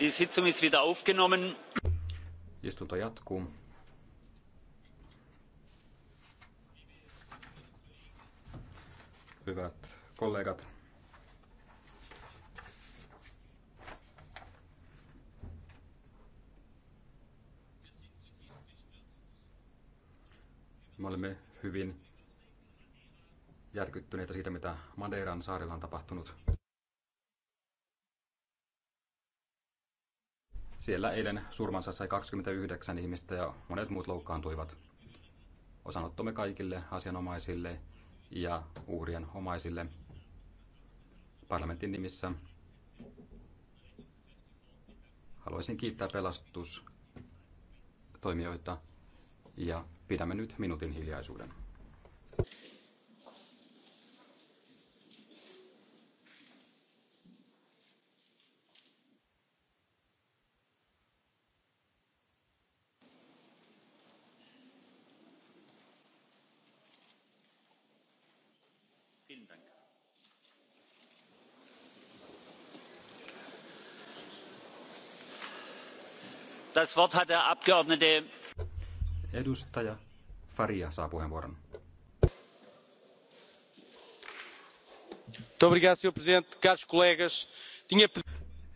Die Sitzung ist wieder aufgenommen.
Istunto jatkuu. Hyvät kollegat, olemme hyvin järkyttyneitä siitä, mitä Madeiran saarella on tapahtunut. Siellä eilen surmansa sai 29 ihmistä ja monet muut loukkaantuivat. Osanottomme kaikille asianomaisille ja uhrien omaisille parlamentin nimissä. Haluaisin kiittää pelastustoimijoita ja Pidämme nyt minuutin hiljaisuuden.
das wort hat der abgeordnete
Edustaja Faria saa puheenvuoron.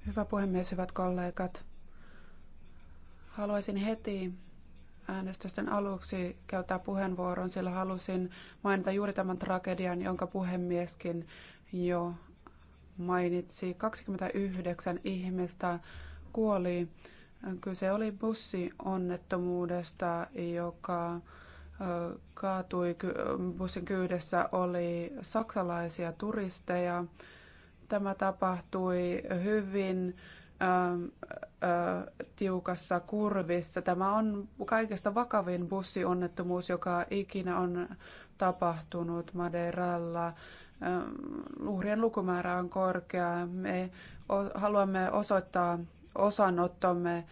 Hyvä puhemies, hyvät kollegat. Haluaisin heti äänestysten aluksi käyttää puheenvuoron, sillä halusin mainita juuri tämän tragedian, jonka puhemieskin jo mainitsi. 29 ihmistä kuoli Kyse oli bussionnettomuudesta, joka kaatui. Bussin kyydessä oli saksalaisia turisteja. Tämä tapahtui hyvin tiukassa kurvissa. Tämä on kaikista vakavin bussionnettomuus, joka ikinä on tapahtunut Madeiralla. Uhrien lukumäärä on korkea. Me haluamme osoittaa osanottomme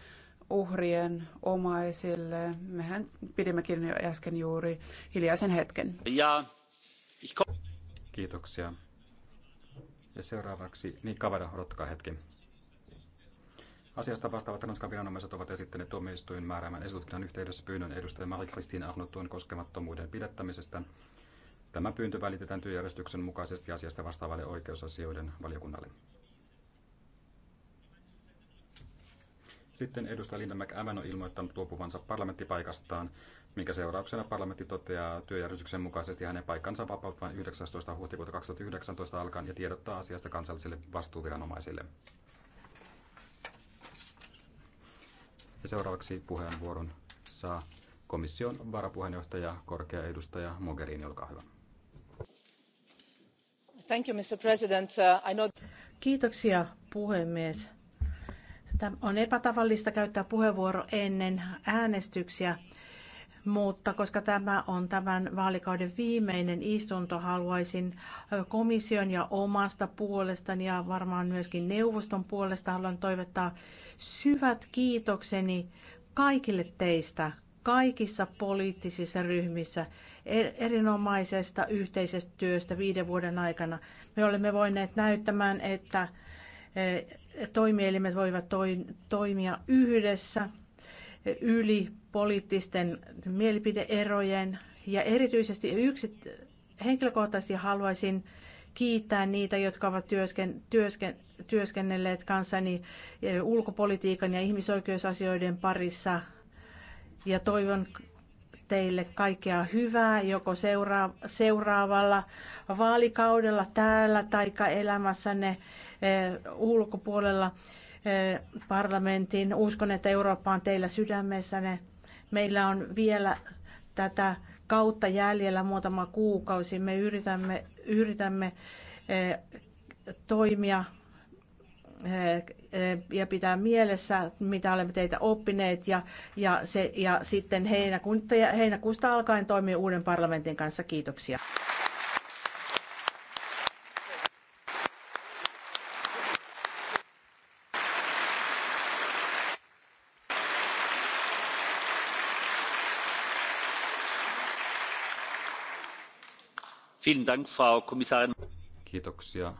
uhrien omaisille. Mehän pidimmekin jo äsken juuri hiljaisen hetken.
Ja... Kiitoksia. Ja seuraavaksi niin Kavada, odottakaa hetki. Asiasta vastaavat Ranskan viranomaiset ovat esittäneet tuomioistuin määräämän esitutkinnan yhteydessä pyynnön edustaja marie kristiina Arnottuun koskemattomuuden pidättämisestä. Tämä pyyntö välitetään työjärjestyksen mukaisesti asiasta vastaavalle oikeusasioiden valiokunnalle. Sitten edustaja Linda McAvan on ilmoittanut luopuvansa parlamenttipaikastaan, minkä seurauksena parlamentti toteaa työjärjestyksen mukaisesti hänen paikkansa vapauttavan 19. huhtikuuta 2019 alkaen ja tiedottaa asiasta kansallisille vastuuviranomaisille. Ja seuraavaksi puheenvuoron saa komission varapuheenjohtaja, korkea edustaja Mogherini, olkaa hyvä.
Thank you, Mr. President. Uh, I know... Kiitoksia puhemies että on epätavallista käyttää puheenvuoro ennen äänestyksiä, mutta koska tämä on tämän vaalikauden viimeinen istunto, haluaisin komission ja omasta puolestani ja varmaan myöskin neuvoston puolesta haluan toivottaa syvät kiitokseni kaikille teistä, kaikissa poliittisissa ryhmissä er-, erinomaisesta yhteisestä työstä viiden vuoden aikana. Me olemme voineet näyttämään, että Eh, toimielimet voivat toimia yhdessä eh, yli poliittisten mielipideerojen ja erityisesti yksit, henkilökohtaisesti haluaisin kiittää niitä, jotka ovat työsken, työsken, työskennelleet kanssani eh, ulkopolitiikan ja ihmisoikeusasioiden parissa ja toivon teille kaikkea hyvää joko seuraavalla vaalikaudella täällä tai elämässänne Eh, ulkopuolella eh, parlamentin. Uskon, että Eurooppa on teillä sydämessäne. Meillä on vielä tätä kautta jäljellä muutama kuukausi. Me yritämme, yritämme eh, toimia ja pitää mielessä, mitä olemme teitä oppineet, ja, ja, se, ja sitten heinäkuusta, heinäkuusta alkaen toimii uuden parlamentin kanssa. Kiitoksia.
Vielen Dank, Frau Kommissarin.
Kiitoksia,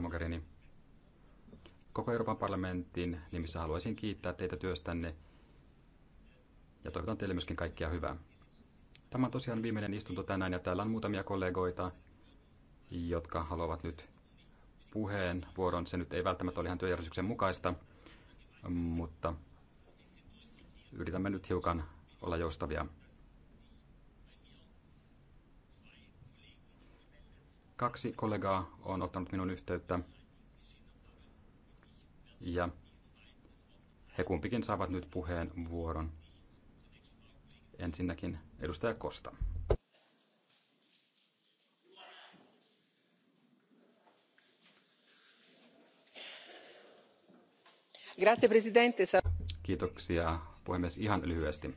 Mogherini. Koko Euroopan parlamentin nimissä haluaisin kiittää teitä työstänne ja toivotan teille myöskin kaikkia hyvää. Tämä on tosiaan viimeinen istunto tänään ja täällä on muutamia kollegoita, jotka haluavat nyt puheenvuoron. Se nyt ei välttämättä ole ihan työjärjestyksen mukaista, mutta yritämme nyt hiukan olla joustavia. Kaksi kollegaa on ottanut minun yhteyttä ja he kumpikin saavat nyt puheen vuoron. Ensinnäkin edustaja Kosta. Kiitoksia puhemies ihan lyhyesti.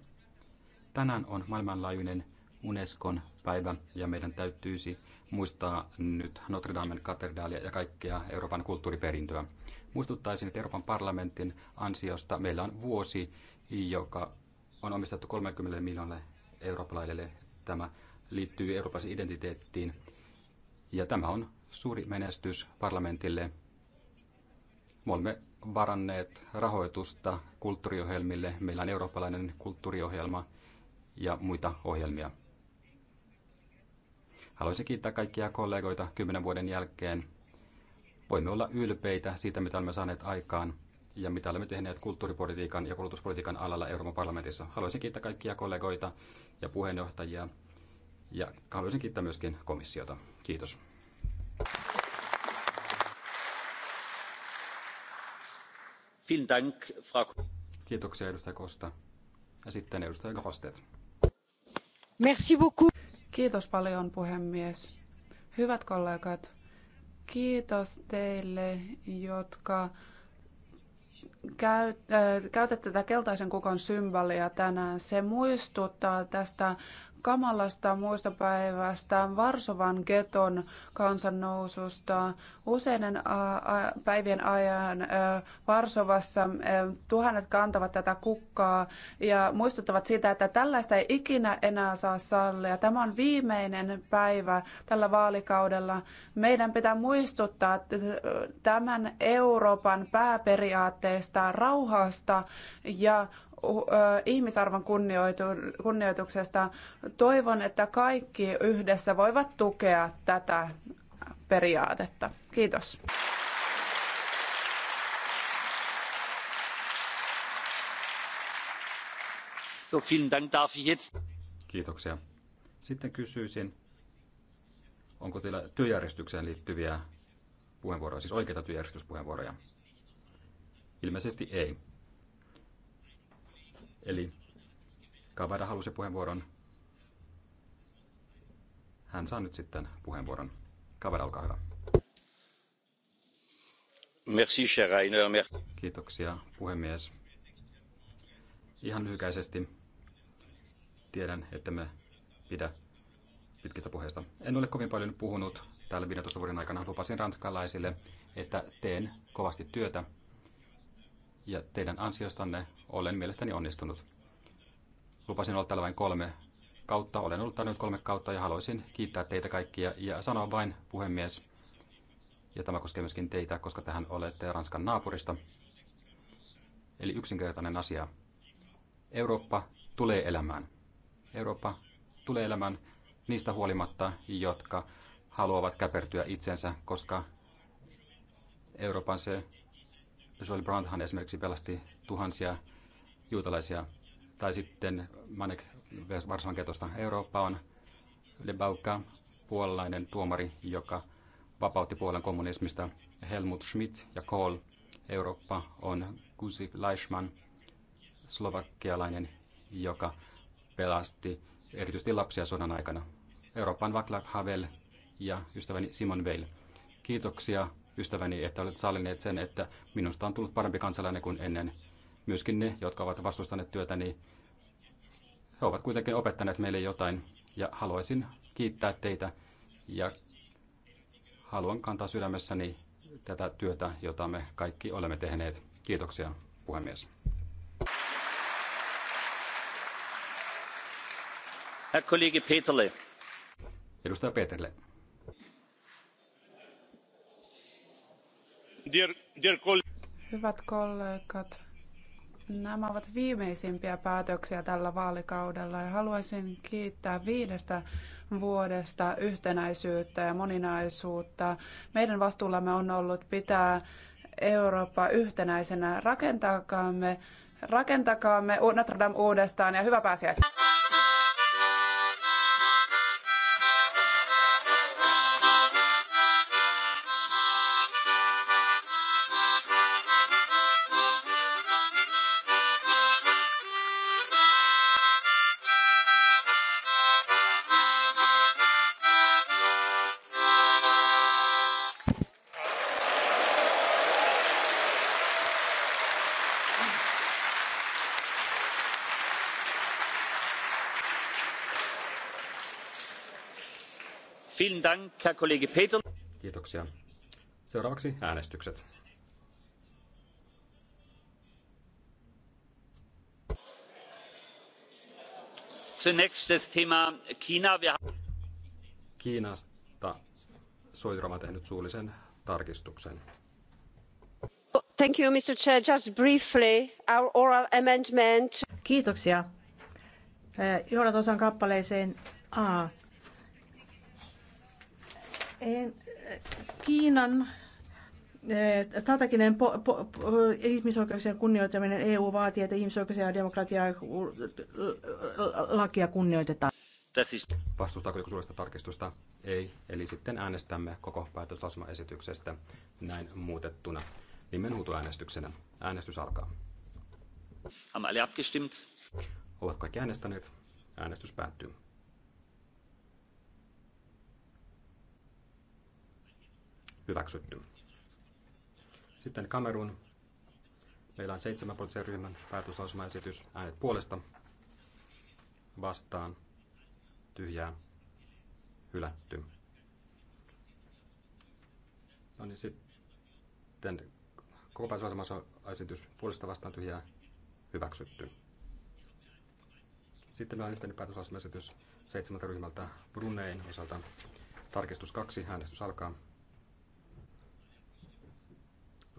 Tänään on maailmanlaajuinen Unescon päivä ja meidän täytyisi muistaa nyt Notre Damen katedraalia ja kaikkea Euroopan kulttuuriperintöä. Muistuttaisin, että Euroopan parlamentin ansiosta meillä on vuosi, joka on omistettu 30 miljoonalle eurooppalaiselle. Tämä liittyy Euroopan identiteettiin ja tämä on suuri menestys parlamentille. Me olemme varanneet rahoitusta kulttuuriohjelmille. Meillä on eurooppalainen kulttuuriohjelma ja muita ohjelmia. Haluaisin kiittää kaikkia kollegoita kymmenen vuoden jälkeen. Voimme olla ylpeitä siitä, mitä olemme saaneet aikaan ja mitä olemme tehneet kulttuuripolitiikan ja koulutuspolitiikan alalla Euroopan parlamentissa. Haluaisin kiittää kaikkia kollegoita ja puheenjohtajia ja haluaisin kiittää myöskin komissiota. Kiitos. Kiitoksia edustaja Kosta. Ja sitten edustaja Grostet.
Merci beaucoup. Kiitos paljon puhemies. Hyvät kollegat, kiitos teille, jotka käyt, äh, käytätte tätä keltaisen kukon symbolia tänään. Se muistuttaa tästä kamalasta muistopäivästä, Varsovan geton kansannoususta. Useiden päivien ajan Varsovassa tuhannet kantavat tätä kukkaa ja muistuttavat siitä, että tällaista ei ikinä enää saa sallia. Tämä on viimeinen päivä tällä vaalikaudella. Meidän pitää muistuttaa tämän Euroopan pääperiaatteesta, rauhasta ja ihmisarvon kunnioituksesta. Toivon, että kaikki yhdessä voivat tukea tätä periaatetta. Kiitos.
So, vielen Dank darf ich jetzt...
Kiitoksia. Sitten kysyisin, onko teillä työjärjestykseen liittyviä puheenvuoroja, siis oikeita työjärjestyspuheenvuoroja? Ilmeisesti ei. Eli Kavada halusi puheenvuoron. Hän saa nyt sitten puheenvuoron. Kavada, olkaa hyvä.
Merci, cher Rainer. Merci.
Kiitoksia, puhemies. Ihan lyhykäisesti tiedän, että me pidä pitkistä puheista. En ole kovin paljon puhunut täällä 15 vuoden aikana. Lupasin ranskalaisille, että teen kovasti työtä ja teidän ansiostanne olen mielestäni onnistunut. Lupasin olla täällä vain kolme kautta, olen ollut täällä nyt kolme kautta ja haluaisin kiittää teitä kaikkia ja sanoa vain puhemies, ja tämä koskee myöskin teitä, koska tähän olette Ranskan naapurista. Eli yksinkertainen asia. Eurooppa tulee elämään. Eurooppa tulee elämään niistä huolimatta, jotka haluavat käpertyä itsensä, koska Euroopan se Joel Brandhan esimerkiksi pelasti tuhansia juutalaisia. Tai sitten Manek Varsanketosta Eurooppa on Lebauka, puolalainen tuomari, joka vapautti Puolan kommunismista Helmut Schmidt ja Kohl. Eurooppa on Kusi Leishman, slovakialainen, joka pelasti erityisesti lapsia sodan aikana. Euroopan Vaclav Havel ja ystäväni Simon Veil. Kiitoksia ystäväni, että olet sallineet sen, että minusta on tullut parempi kansalainen kuin ennen myöskin ne, jotka ovat vastustaneet työtä niin he ovat kuitenkin opettaneet meille jotain. Ja haluaisin kiittää teitä ja haluan kantaa sydämessäni tätä työtä, jota me kaikki olemme tehneet. Kiitoksia, puhemies.
Herr Kollege Peterle. Edustaja Peterle. Dear, dear
Hyvät kollegat, Nämä ovat viimeisimpiä päätöksiä tällä vaalikaudella ja haluaisin kiittää viidestä vuodesta yhtenäisyyttä ja moninaisuutta. Meidän vastuullamme on ollut pitää Eurooppa yhtenäisenä. Rakentakaamme, rakentakaamme Notre Dame uudestaan ja hyvä pääsiäistä!
Kiitoksia. Seuraavaksi äänestykset.
Zunächst das Thema China.
Kiinasta Soidrama tehnyt suullisen tarkistuksen.
Thank you, Mr. Chair. Just
briefly, our oral amendment. Kiitoksia. Johdat osan kappaleeseen A Kiinan eh, strateginen po, po, po, ihmisoikeuksien kunnioittaminen EU vaatii, että ihmisoikeuksia ja demokratiaa eh, lakia kunnioitetaan.
Siis- Vastustaako joku suurista tarkistusta? Ei. Eli sitten äänestämme koko päätöslausumaesityksestä näin muutettuna nimenhuutoäänestyksenä. Äänestys alkaa.
Haben alle abgestimmt?
Ovat kaikki äänestäneet. Äänestys päättyy. hyväksytty. Sitten Kamerun. Meillä on seitsemän poliittisen ryhmän päätöslausumaesitys. Äänet puolesta, vastaan, tyhjää, hylätty. No niin, sitten koko päätöslausumaisen esitys puolesta, vastaan, tyhjää, hyväksytty. Sitten meillä on yhteinen päätöslausumaesitys seitsemältä ryhmältä Brunein osalta. Tarkistus kaksi, äänestys alkaa.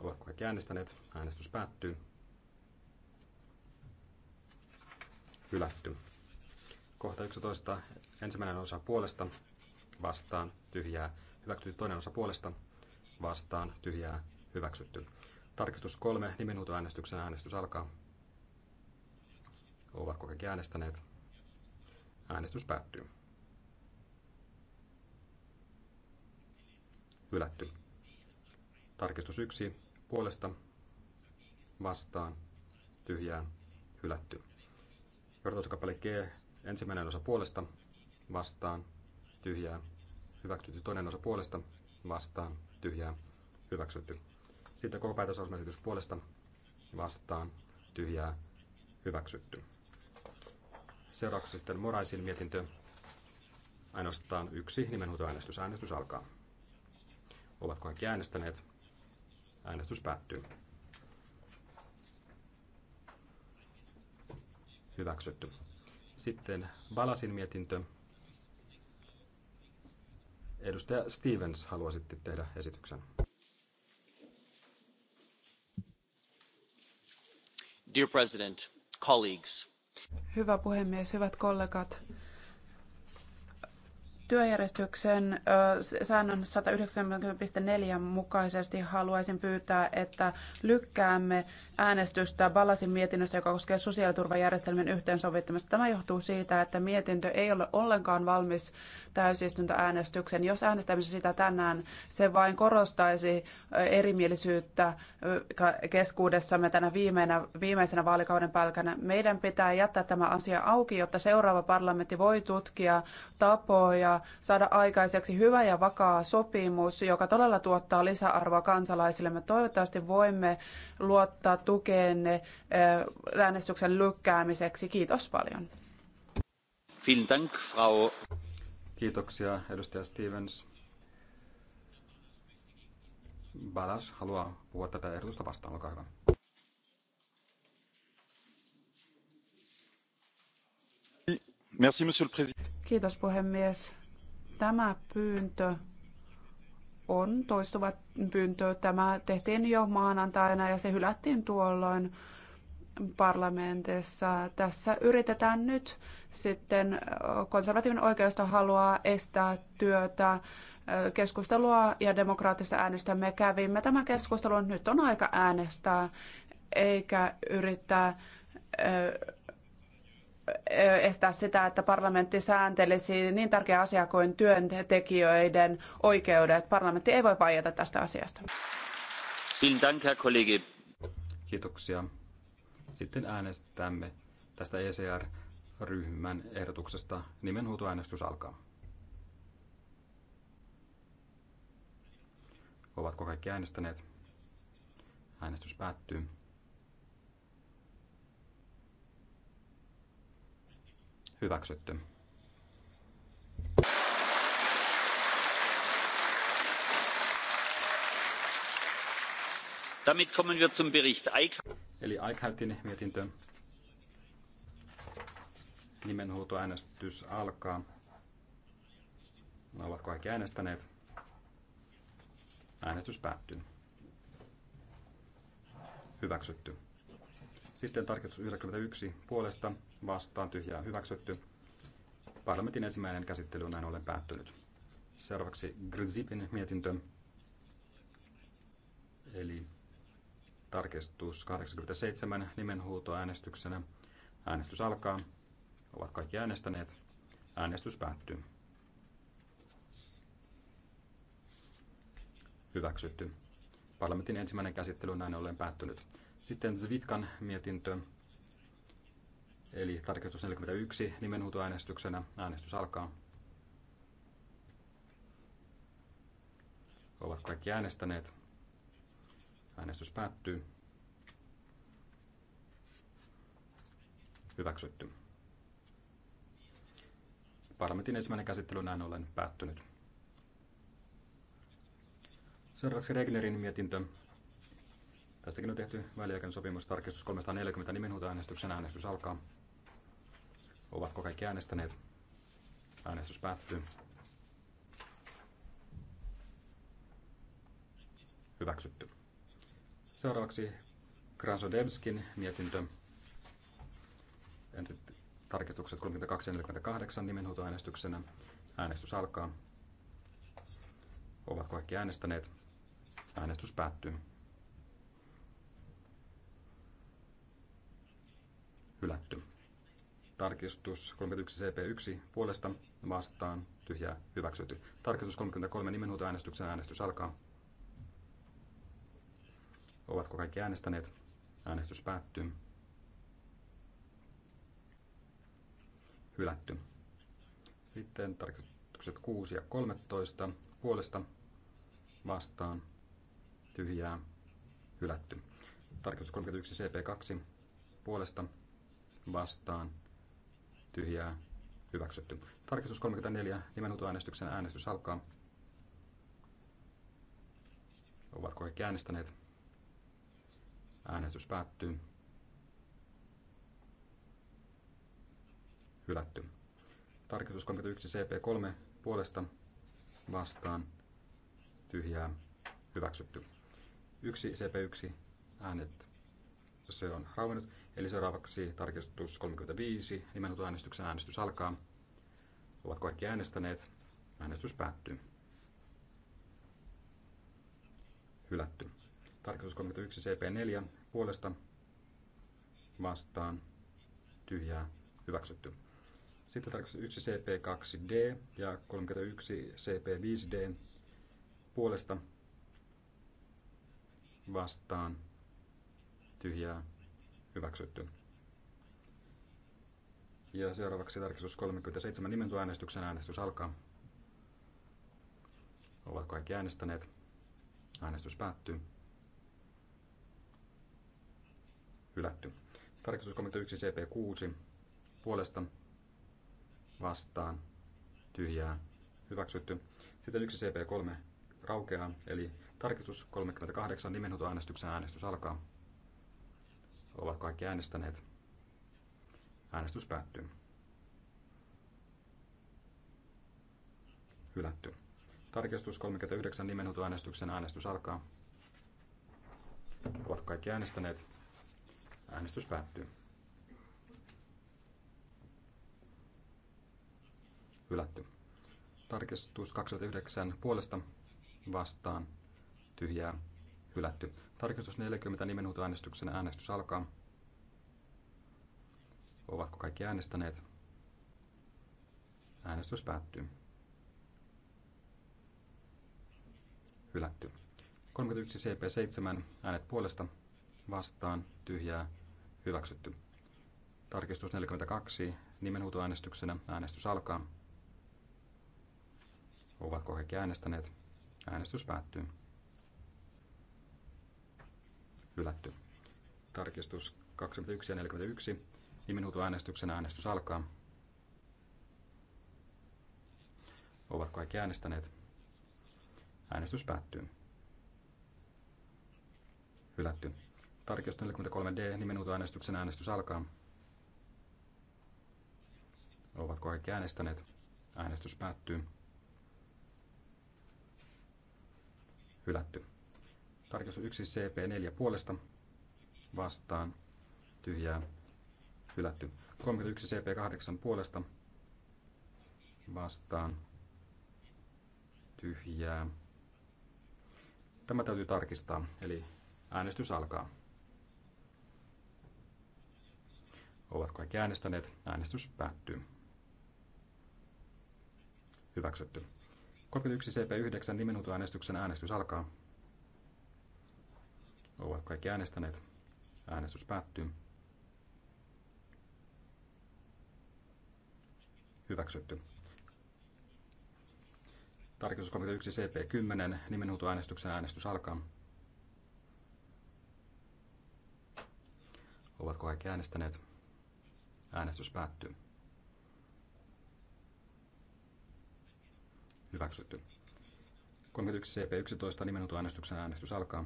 Ovatko kaikki äänestäneet? Äänestys päättyy. Hylätty. Kohta 11. Ensimmäinen osa puolesta. Vastaan. Tyhjää. Hyväksytty. Toinen osa puolesta. Vastaan. Tyhjää. Hyväksytty. Tarkistus kolme Nimenhuutoäänestyksen äänestys alkaa. Ovatko kaikki äänestäneet? Äänestys päättyy. Hylätty. Tarkistus 1 puolesta vastaan tyhjään hylätty. Johdatuskappale G, ensimmäinen osa puolesta vastaan tyhjään hyväksytty. Toinen osa puolesta vastaan tyhjään hyväksytty. Sitten koko päätösasmaesitys puolesta vastaan tyhjää hyväksytty. Seuraavaksi sitten Moraisin mietintö. Ainoastaan yksi nimenhuutoäänestys. Äänestys alkaa. Ovatko kaikki äänestäneet? Äänestys päättyy. Hyväksytty. Sitten Balasin mietintö. Edustaja Stevens haluaa sitten
tehdä esityksen. Dear President, colleagues.
Hyvä puhemies, hyvät kollegat työjärjestyksen säännön 190.4 mukaisesti haluaisin pyytää, että lykkäämme äänestystä Ballasin mietinnöstä, joka koskee sosiaaliturvajärjestelmän yhteensovittamista. Tämä johtuu siitä, että mietintö ei ole ollenkaan valmis täysistuntoäänestyksen. Jos äänestämme sitä tänään, se vain korostaisi erimielisyyttä keskuudessamme tänä viimeinä, viimeisenä vaalikauden pälkänä. Meidän pitää jättää tämä asia auki, jotta seuraava parlamentti voi tutkia tapoja saada aikaiseksi hyvä ja vakaa sopimus, joka todella tuottaa lisäarvoa kansalaisille. Me toivottavasti voimme luottaa tukeenne eh, äänestyksen lykkäämiseksi. Kiitos paljon.
Dank, Frau. Kiitoksia, edustaja Stevens. Balas haluaa puhua tätä ehdotusta vastaan. Olkaa hyvä.
Merci, monsieur le président. Kiitos puhemies. Tämä pyyntö on toistuva pyyntö. Tämä tehtiin jo maanantaina ja se hylättiin tuolloin parlamentissa. Tässä yritetään nyt sitten, konservatiivinen oikeisto haluaa estää työtä, keskustelua ja demokraattista äänestä. Me kävimme tämän keskustelun, nyt on aika äänestää, eikä yrittää estää sitä, että parlamentti sääntelisi niin tärkeä asia kuin työntekijöiden oikeudet. Parlamentti ei voi vaieta tästä asiasta.
Kiitoksia.
Sitten äänestämme tästä ECR-ryhmän ehdotuksesta. Nimenhuutoäänestys alkaa. Ovatko kaikki äänestäneet? Äänestys päättyy. Hyväksytty.
Damit kommen wir zum Bericht Eick. Eli
Eickhaltin mietintö. Nimenhuutoäänestys alkaa. Ovatko kaikki äänestäneet? Äänestys päättyy. Hyväksytty. Sitten tarkistus 91 puolesta vastaan tyhjää hyväksytty. Parlamentin ensimmäinen käsittely on näin ollen päättynyt. Seuraavaksi Grzibin mietintö, eli tarkistus 87 nimenhuutoäänestyksenä. Äänestys alkaa. Ovat kaikki äänestäneet. Äänestys päättyy. Hyväksytty. Parlamentin ensimmäinen käsittely on näin ollen päättynyt. Sitten Zvitkan mietintö, eli tarkistus 41 nimenhuutoäänestyksenä. Äänestys alkaa. Ovat kaikki äänestäneet. Äänestys päättyy. Hyväksytty. Parlamentin ensimmäinen käsittely näin ollen päättynyt. Seuraavaksi Regnerin mietintö Tästäkin on tehty väliaikainen sopimus. Tarkistus 340 nimenhuuta äänestyksen äänestys alkaa. Ovatko kaikki äänestäneet? Äänestys päättyy. Hyväksytty. Seuraavaksi Krasodemskin mietintö. Ensin tarkistukset 32 ja 48 nimenhuutoäänestyksenä. Äänestys alkaa. Ovatko kaikki äänestäneet? Äänestys päättyy. hylätty. Tarkistus 31 CP1 puolesta vastaan tyhjä hyväksytty. Tarkistus 33 nimenhuutoäänestyksen äänestys alkaa. Ovatko kaikki äänestäneet? Äänestys päättyy. Hylätty. Sitten tarkistukset 6 ja 13 puolesta vastaan tyhjää hylätty. Tarkistus 31 CP2 puolesta vastaan tyhjää hyväksytty. Tarkistus 34 nimenhuutoäänestyksen äänestys alkaa. Ovatko kaikki äänestäneet? Äänestys päättyy. Hylätty. Tarkistus 31 CP3 puolesta vastaan tyhjää hyväksytty. 1 CP1 äänet, se on rauennut. Eli seuraavaksi tarkistus 35, äänestyksen äänestys alkaa. Ovat kaikki äänestäneet. Äänestys päättyy. Hylätty. Tarkistus 31 CP4 puolesta vastaan tyhjää hyväksytty. Sitten tarkistus 1 CP2D ja 31 CP5D puolesta vastaan tyhjää hyväksytty. Ja seuraavaksi tarkistus 37 nimentuäänestyksen äänestys alkaa. Ovat kaikki äänestäneet. Äänestys päättyy. Hylätty. Tarkistus 31 CP6 puolesta vastaan tyhjää hyväksytty. Sitten 1 CP3 raukeaa, eli tarkistus 38 nimenhuutoäänestyksen äänestys alkaa. Ovat kaikki äänestäneet. Äänestys päättyy. Hylätty. Tarkistus 39 äänestyksen äänestys alkaa. Ovat kaikki äänestäneet. Äänestys päättyy. Hylätty. Tarkistus 29 puolesta vastaan tyhjää hylätty. Tarkistus 40 nimenhuutoäänestyksen äänestys alkaa. Ovatko kaikki äänestäneet? Äänestys päättyy. Hylätty. 31 CP7 äänet puolesta vastaan tyhjää hyväksytty. Tarkistus 42 nimenhuutoäänestyksenä äänestys alkaa. Ovatko kaikki äänestäneet? Äänestys päättyy hylätty. Tarkistus 21 ja 41. Nimenhuuto äänestyksen äänestys alkaa. Ovat kaikki äänestäneet. Äänestys päättyy. Hylätty. Tarkistus 43D. Nimenhuuto äänestyksen äänestys alkaa. Ovatko kaikki äänestäneet? Äänestys päättyy. Hylätty. Tarkistus 1 CP4 puolesta vastaan tyhjää hylätty. 31 CP8 puolesta vastaan tyhjää. Tämä täytyy tarkistaa, eli äänestys alkaa. Ovat kaikki äänestäneet. Äänestys päättyy. Hyväksytty. 31 CP9 nimenhuutoäänestyksen äänestys alkaa. Ovat kaikki äänestäneet. Äänestys päättyy. Hyväksytty. Tarkistus 31 CP10. äänestyksen äänestys alkaa. Ovatko kaikki äänestäneet? Äänestys päättyy. Hyväksytty. 31 CP11 äänestyksen äänestys alkaa.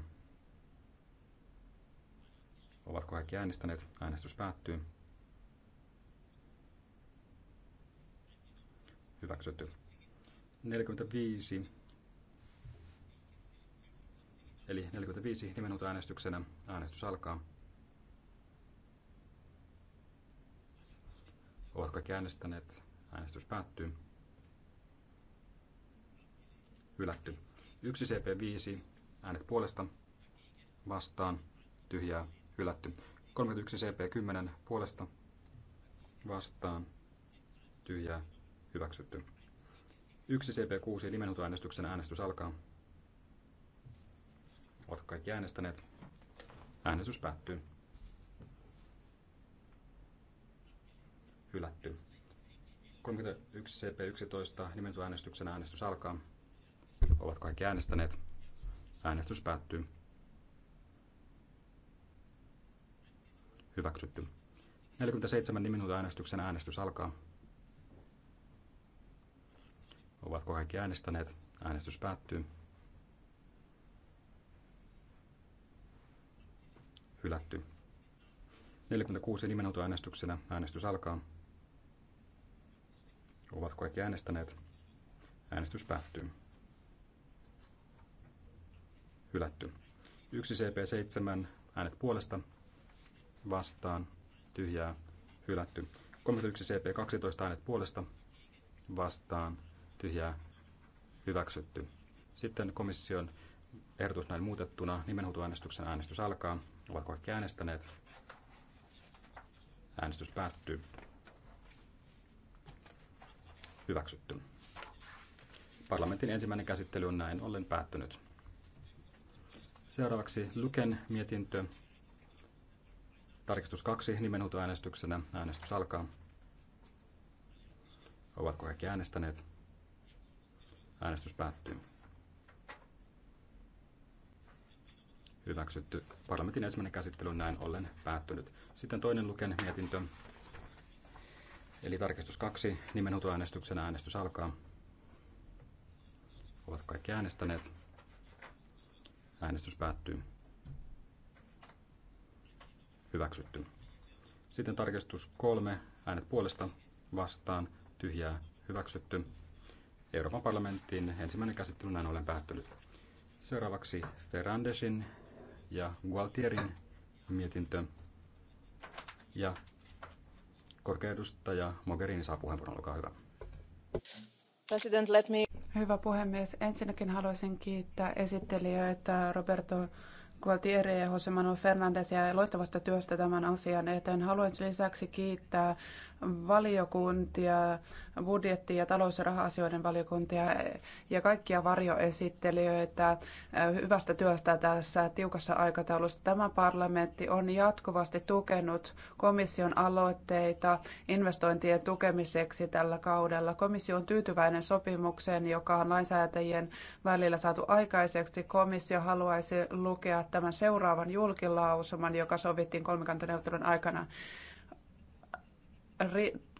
Ovatko kaikki äänestäneet? Äänestys päättyy. Hyväksytty. 45. Eli 45 nimenhuuta äänestyksenä. Äänestys alkaa. Ovat kaikki äänestäneet. Äänestys päättyy. Hylätty. 1 CP5. Äänet puolesta. Vastaan. Tyhjää hylätty. 31 CP10 puolesta vastaan tyhjää hyväksytty. 1 CP6 nimenhuutoäänestyksen äänestys alkaa. Ovat kaikki äänestäneet? Äänestys päättyy. Hylätty. 31 CP11 nimenhuutoäänestyksen äänestys alkaa. Ovat kaikki äänestäneet? Äänestys päättyy. Hyväksytty. 47 minuutin äänestyksen äänestys alkaa. Ovatko kaikki äänestäneet? Äänestys päättyy. Hylätty. 46 nimenhuuto äänestyksenä. Äänestys alkaa. Ovatko kaikki äänestäneet? Äänestys päättyy. Hylätty. 1 CP7 äänet puolesta vastaan, tyhjää, hylätty. 31 CP12 äänet puolesta, vastaan, tyhjää, hyväksytty. Sitten komission ehdotus näin muutettuna, nimenhuutoäänestyksen äänestys alkaa. Ovatko kaikki äänestäneet? Äänestys päättyy. Hyväksytty. Parlamentin ensimmäinen käsittely on näin ollen päättynyt. Seuraavaksi Luken mietintö Tarkistus kaksi nimenhuutoäänestyksenä. Äänestys alkaa. Ovatko kaikki äänestäneet? Äänestys päättyy. Hyväksytty. Parlamentin ensimmäinen käsittely on näin ollen päättynyt. Sitten toinen luken mietintö. Eli tarkistus kaksi nimenhuutoäänestyksenä. Äänestys alkaa. Ovatko kaikki äänestäneet? Äänestys päättyy hyväksytty. Sitten tarkistus kolme, äänet puolesta vastaan, tyhjää, hyväksytty. Euroopan parlamentin ensimmäinen käsittely näin olen päättynyt. Seuraavaksi Ferrandesin ja Gualtierin mietintö. Ja korkea edustaja Mogherini saa puheenvuoron, olkaa hyvä.
President, let me... Hyvä puhemies, ensinnäkin haluaisin kiittää esittelijöitä Roberto Gualtieri ja Jose Manuel Fernandes ja loistavasta työstä tämän asian eteen. Haluaisin lisäksi kiittää valiokuntia, budjetti- ja talous- ja raha-asioiden valiokuntia ja kaikkia varjoesittelijöitä hyvästä työstä tässä tiukassa aikataulussa. Tämä parlamentti on jatkuvasti tukenut komission aloitteita investointien tukemiseksi tällä kaudella. Komissio on tyytyväinen sopimukseen, joka on lainsäätäjien välillä saatu aikaiseksi. Komissio haluaisi lukea tämän seuraavan julkilausuman, joka sovittiin kolmikantaneuvottelun aikana.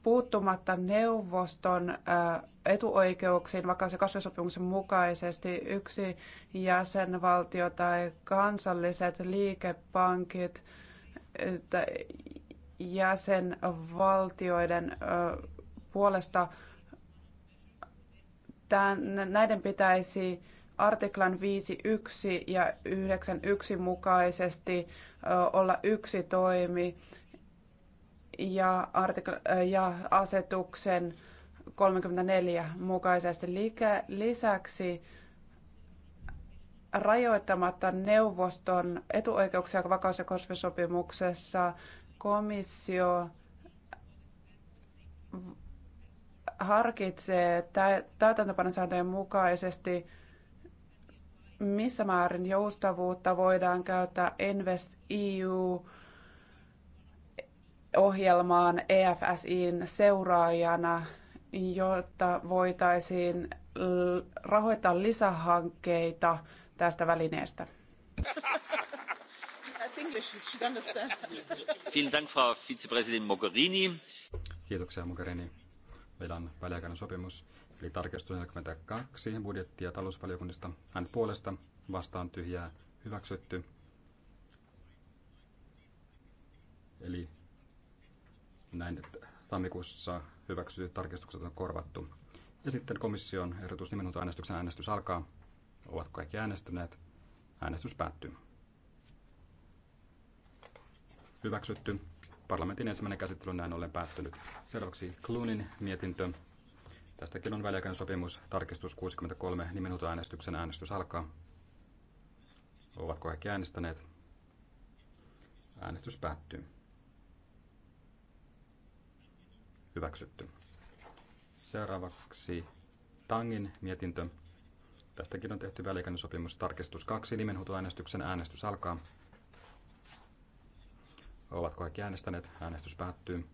puuttumatta neuvoston äh, etuoikeuksiin vakaus- ja kasvusopimuksen mukaisesti yksi jäsenvaltio tai kansalliset liikepankit jäsenvaltioiden äh, puolesta näiden pitäisi artiklan 5.1 ja 9.1 mukaisesti olla yksi toimi ja, artikla- ja asetuksen 34 mukaisesti. Lisäksi rajoittamatta neuvoston etuoikeuksia vakaus- ja kosmisopimuksessa komissio harkitsee täytäntöpanosääntöjen mukaisesti missä määrin joustavuutta voidaan käyttää Invest EU ohjelmaan EFSIin seuraajana, jotta voitaisiin rahoittaa lisähankkeita tästä välineestä. Vielen
Kiitoksia Mogherini. Meillä on väliaikainen
sopimus Eli tarkistus 42 budjetti- ja talousvaliokunnista. Hän puolesta vastaan tyhjää hyväksytty. Eli näin tammikuussa hyväksytyt tarkistukset on korvattu. Ja sitten komission ehdotus nimenhuuto äänestyksen äänestys alkaa. Ovat kaikki äänestyneet. Äänestys päättyy. Hyväksytty. Parlamentin ensimmäinen käsittely on näin ollen päättynyt. Seuraavaksi Clunin mietintö. Tästäkin on väliaikainen sopimus. Tarkistus 63 nimenhuutoäänestyksen äänestys alkaa. Ovatko kaikki äänestäneet? Äänestys päättyy. Hyväksytty. Seuraavaksi Tangin mietintö. Tästäkin on tehty väliaikainen sopimus. Tarkistus 2 nimenhuutoäänestyksen äänestys alkaa. Ovatko kaikki äänestäneet? Äänestys päättyy.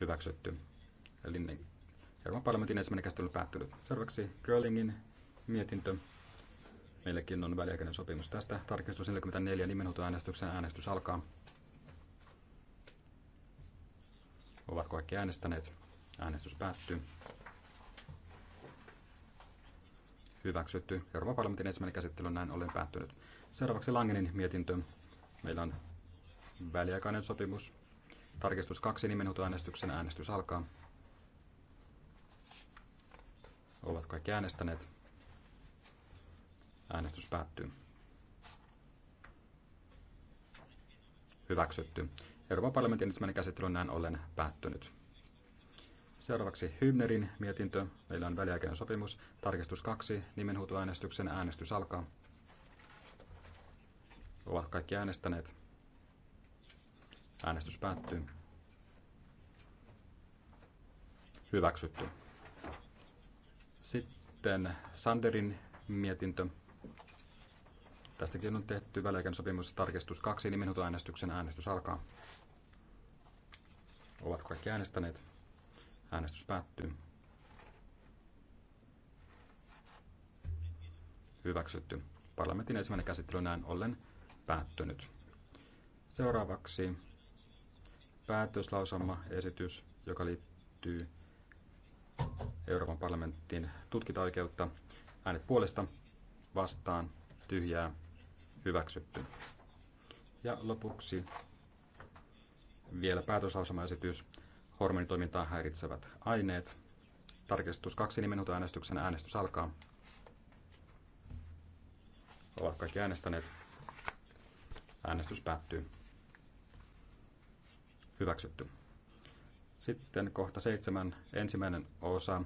hyväksytty. Eli niin. Euroopan parlamentin ensimmäinen käsittely päättynyt. Seuraavaksi Gröllingin mietintö. meillekin on väliaikainen sopimus tästä. Tarkistus 44 äänestyksen äänestys alkaa. Ovatko kaikki äänestäneet? Äänestys päättyy. Hyväksytty. Euroopan parlamentin ensimmäinen käsittely on näin ollen päättynyt. Seuraavaksi Langenin mietintö. Meillä on väliaikainen sopimus Tarkistus 2 nimenhuutoäänestyksen äänestys alkaa. Ovat kaikki äänestäneet. Äänestys päättyy. Hyväksytty. Euroopan parlamentin ensimmäinen käsittely on näin ollen päättynyt. Seuraavaksi Hymnerin mietintö. Meillä on väliaikainen sopimus. Tarkistus 2. Nimenhuutoäänestyksen äänestys alkaa. Ovat kaikki äänestäneet. Äänestys päättyy. Hyväksytty. Sitten Sanderin mietintö. Tästäkin on tehty väliaikainen sopimus tarkistus kaksi, niin minuutin äänestyksen äänestys alkaa. Ovatko kaikki äänestäneet? Äänestys päättyy. Hyväksytty. Parlamentin ensimmäinen käsittely näin ollen päättynyt. Seuraavaksi päätöslauselmaesitys, joka liittyy Euroopan parlamenttiin tutkintaoikeutta. Äänet puolesta, vastaan, tyhjää, hyväksytty. Ja lopuksi vielä päätöslauselmaesitys. Hormonitoimintaa häiritsevät aineet. Tarkistus kaksi nimenhuuto äänestyksen äänestys alkaa. Ovat kaikki äänestäneet. Äänestys päättyy. Hyväksytty. Sitten kohta seitsemän, ensimmäinen osa.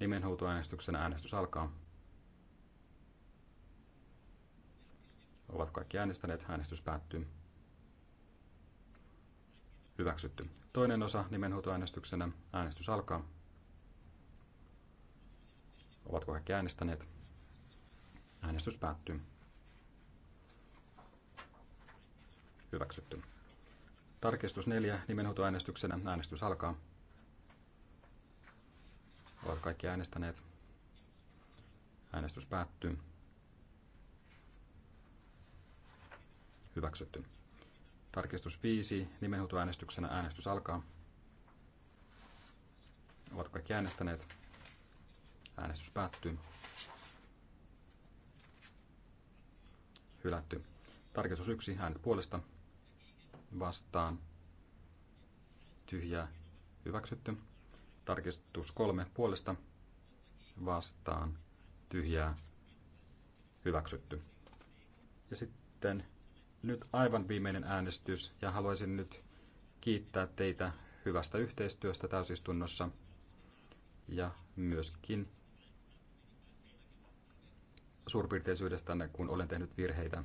Nimenhuutoäänestyksen äänestys alkaa. Ovat kaikki äänestäneet. Äänestys päättyy. Hyväksytty. Toinen osa nimenhuutoäänestyksenä. Äänestys alkaa. Ovatko kaikki äänestäneet? Äänestys päättyy. Hyväksytty. Tarkistus 4 nimenhuutoäänestyksenä. Äänestys alkaa. Ovat kaikki äänestäneet. Äänestys päättyy. Hyväksytty. Tarkistus 5 nimenhuutoäänestyksenä. Äänestys alkaa. Ovat kaikki äänestäneet. Äänestys päättyy. Hylätty. Tarkistus 1. Äänet puolesta vastaan tyhjää hyväksytty. Tarkistus kolme puolesta vastaan tyhjää hyväksytty. Ja sitten nyt aivan viimeinen äänestys ja haluaisin nyt kiittää teitä hyvästä yhteistyöstä täysistunnossa ja myöskin suurpiirteisyydestänne, kun olen tehnyt virheitä.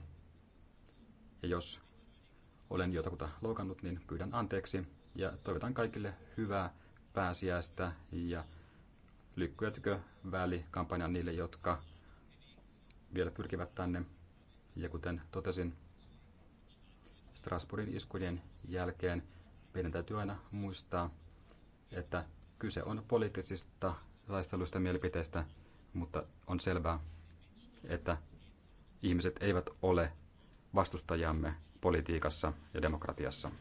Ja jos olen jotakuta loukannut, niin pyydän anteeksi ja toivotan kaikille hyvää pääsiäistä ja lykkyä tykö välikampanjan niille, jotka vielä pyrkivät tänne. Ja kuten totesin, Strasbourgin iskujen jälkeen meidän täytyy aina muistaa, että kyse on poliittisista taisteluista mielipiteistä, mutta on selvää, että ihmiset eivät ole vastustajamme politiikassa ja demokratiassa.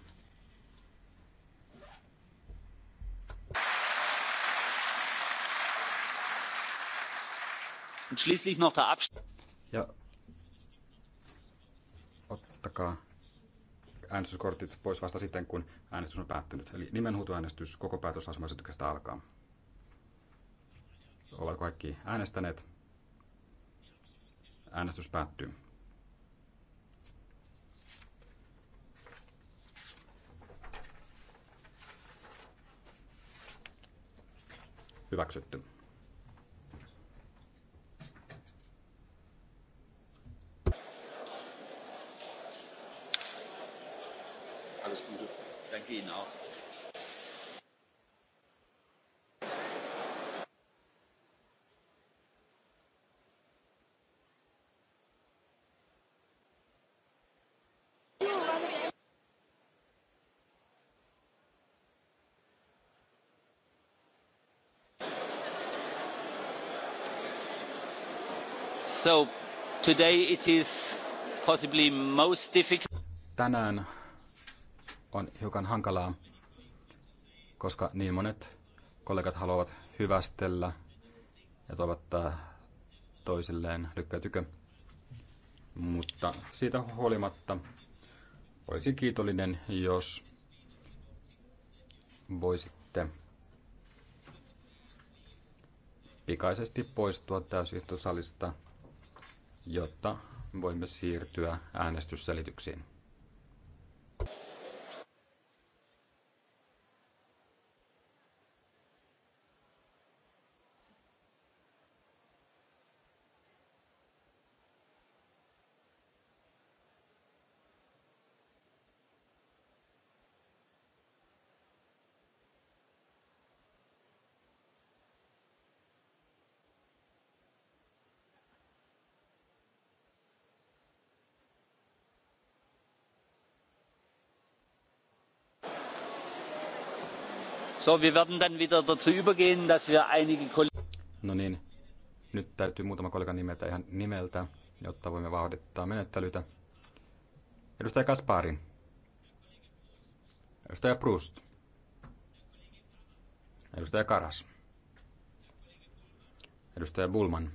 Ja ottakaa äänestyskortit pois vasta sitten, kun äänestys on päättynyt. Eli nimenhuutoäänestys koko päätösasemaisetyksestä alkaa. Ovat kaikki äänestäneet. Äänestys päättyy. Hyväksytty.
Alles Gute. Danke Ihnen auch.
Tänään on hiukan hankalaa, koska niin monet kollegat haluavat hyvästellä ja toivottaa äh, toisilleen tykö. Mutta siitä huolimatta olisi kiitollinen, jos voisitte pikaisesti poistua täysistuntosalista jotta voimme siirtyä äänestysselityksiin.
wir werden dann wieder dazu übergehen, dass wir einige
No niin, nyt täytyy muutama kollega nimetä ihan nimeltä, jotta voimme vauhdittaa menettelytä. Edustaja Kasparin. Edustaja Proust. Edustaja Karas. Edustaja Bulman.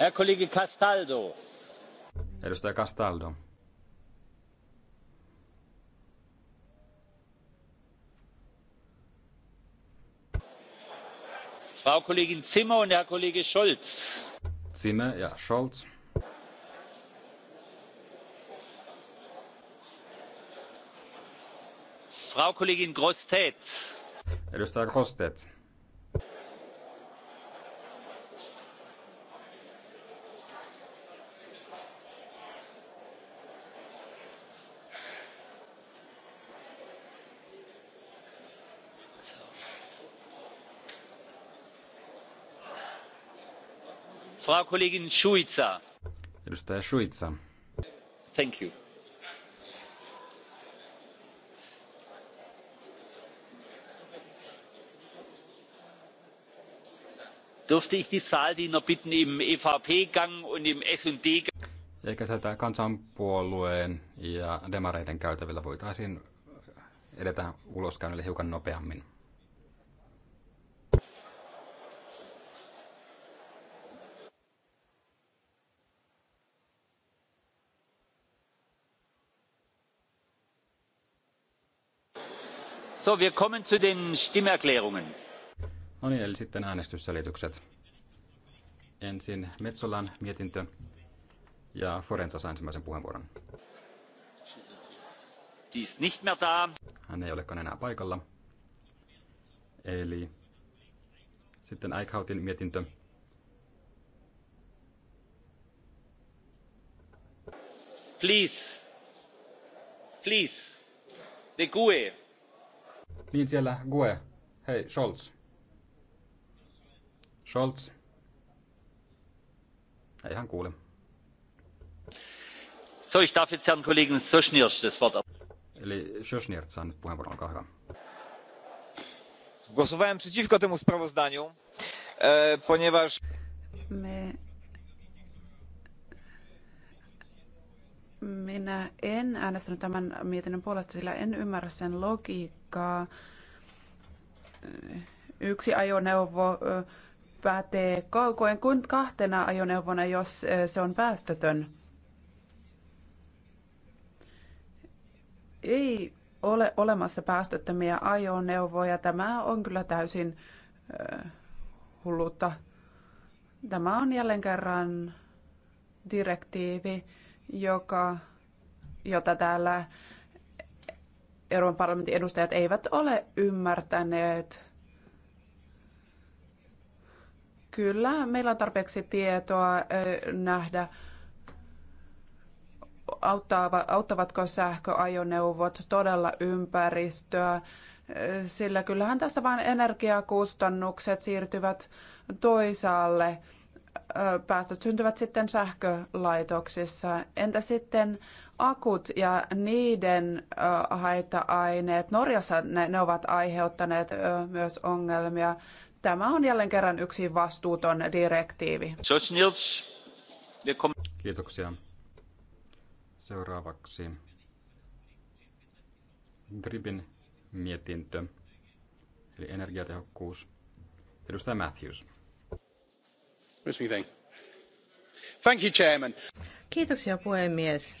Herr Kollege Castaldo. Edustaja Castaldo. frau kollegin zimmer und herr kollege scholz.
zimmer ja scholz.
frau kollegin grossette.
edustaja grossette
Frau Kollegin Schuica. Thank you. dürfte ich die Saaldiener bitten, im EVP-Gang und im S&D-Gang...
Eikä tätä kansanpuolueen ja demareiden käytävillä voitaisiin edetä uloskäynnille hiukan nopeammin.
So, wir kommen zu den Stimmerklärungen.
No niin, eli sitten äänestysselitykset. Ensin Metsolan mietintö ja Forenza saa ensimmäisen puheenvuoron. Hän ei olekaan enää paikalla. Eli sitten Eichhautin mietintö.
Please. Please. De GUE
niin siellä Gue.
Hei, Scholz. Scholz. Ei hän kuule. So, ich
darf jetzt Herrn Kollegen Söschnirsch das Wort. Eli Söschnirsch saa nyt puheenvuoron, olkaa hyvä. Głosowałem przeciwko temu sprawozdaniu, e, ponieważ...
Me Minä en äänestänyt tämän mietinnön puolesta, sillä en ymmärrä sen logiikkaa. Yksi ajoneuvo pätee kaukoen kuin kahtena ajoneuvona, jos se on päästötön. Ei ole olemassa päästöttömiä ajoneuvoja. Tämä on kyllä täysin hullutta. Tämä on jälleen kerran direktiivi, joka, jota täällä Euroopan parlamentin edustajat eivät ole ymmärtäneet. Kyllä, meillä on tarpeeksi tietoa nähdä, auttavatko sähköajoneuvot todella ympäristöä, sillä kyllähän tässä vain energiakustannukset siirtyvät toisaalle päästöt syntyvät sitten sähkölaitoksissa. Entä sitten akut ja niiden haitta-aineet? Norjassa ne, ne ovat aiheuttaneet myös ongelmia. Tämä on jälleen kerran yksi vastuuton direktiivi.
Kiitoksia. Seuraavaksi Dribin mietintö, eli energiatehokkuus. Edustaja Matthews.
Kiitoksia puhemies.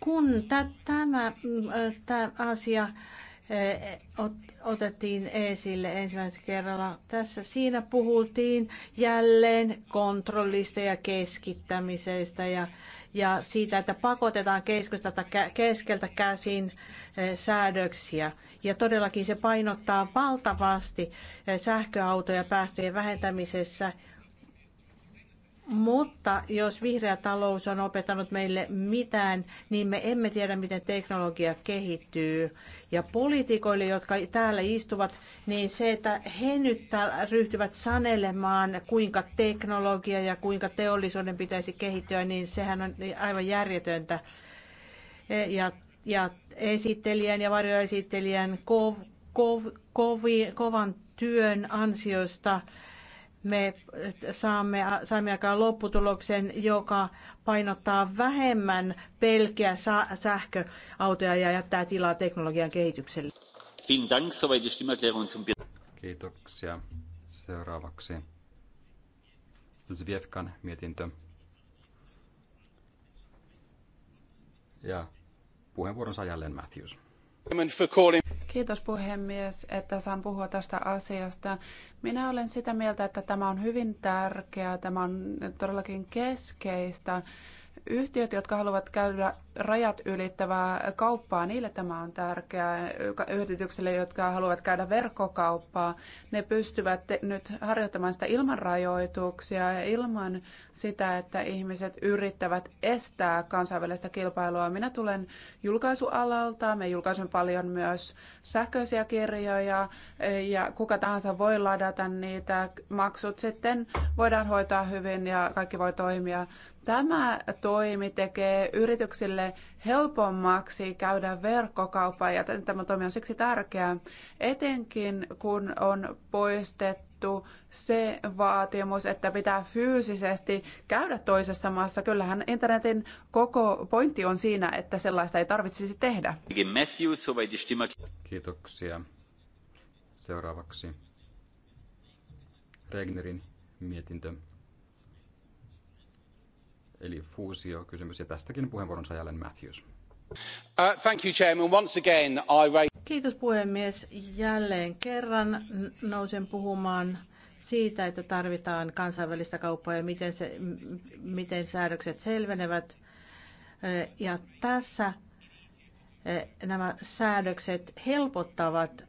Kun tämä, mm, tämä asia otettiin esille ensimmäisellä kerralla. Tässä siinä puhuttiin jälleen kontrollista ja keskittämisestä ja, ja siitä, että pakotetaan keskustelta, keskeltä käsin säädöksiä. Ja todellakin se painottaa valtavasti sähköautoja päästöjen vähentämisessä, mutta jos vihreä talous on opettanut meille mitään, niin me emme tiedä, miten teknologia kehittyy. Ja poliitikoille, jotka täällä istuvat, niin se, että he nyt täällä ryhtyvät sanelemaan, kuinka teknologia ja kuinka teollisuuden pitäisi kehittyä, niin sehän on aivan järjetöntä. E, ja, ja esittelijän ja varjoesittelijän kov, kov, kov, kovan työn ansiosta me saamme, saamme aikaan lopputuloksen, joka painottaa vähemmän pelkiä sähköautoja ja jättää tilaa teknologian kehitykselle.
Kiitoksia. Seuraavaksi
Zviefkan mietintö. Ja puheenvuoron saa jälleen Matthews.
Kiitos puhemies, että saan puhua tästä asiasta. Minä olen sitä mieltä, että tämä on hyvin tärkeää, tämä on todellakin keskeistä Yhtiöt, jotka haluavat käydä rajat ylittävää kauppaa, niille tämä on tärkeää. Yhdistykselle, jotka haluavat käydä verkkokauppaa, ne pystyvät nyt harjoittamaan sitä ilman rajoituksia ja ilman sitä, että ihmiset yrittävät estää kansainvälistä kilpailua. Minä tulen julkaisualalta, me julkaisemme paljon myös sähköisiä kirjoja ja kuka tahansa voi ladata niitä. Maksut sitten voidaan hoitaa hyvin ja kaikki voi toimia Tämä toimi tekee yrityksille helpommaksi käydä verkkokauppaa ja tämä toimi on siksi tärkeää, etenkin kun on poistettu se vaatimus, että pitää fyysisesti käydä toisessa maassa. Kyllähän internetin koko pointti on siinä, että sellaista ei tarvitsisi tehdä.
Kiitoksia.
Seuraavaksi Regnerin mietintö eli fuusiokysymys, ja tästäkin puheenvuoron saa jälleen Matthews. Uh,
thank you, Chairman. Once again, I...
Kiitos puhemies. Jälleen kerran nousen puhumaan siitä, että tarvitaan kansainvälistä kauppaa ja miten, se, miten säädökset selvenevät. Uh, ja tässä uh, nämä säädökset helpottavat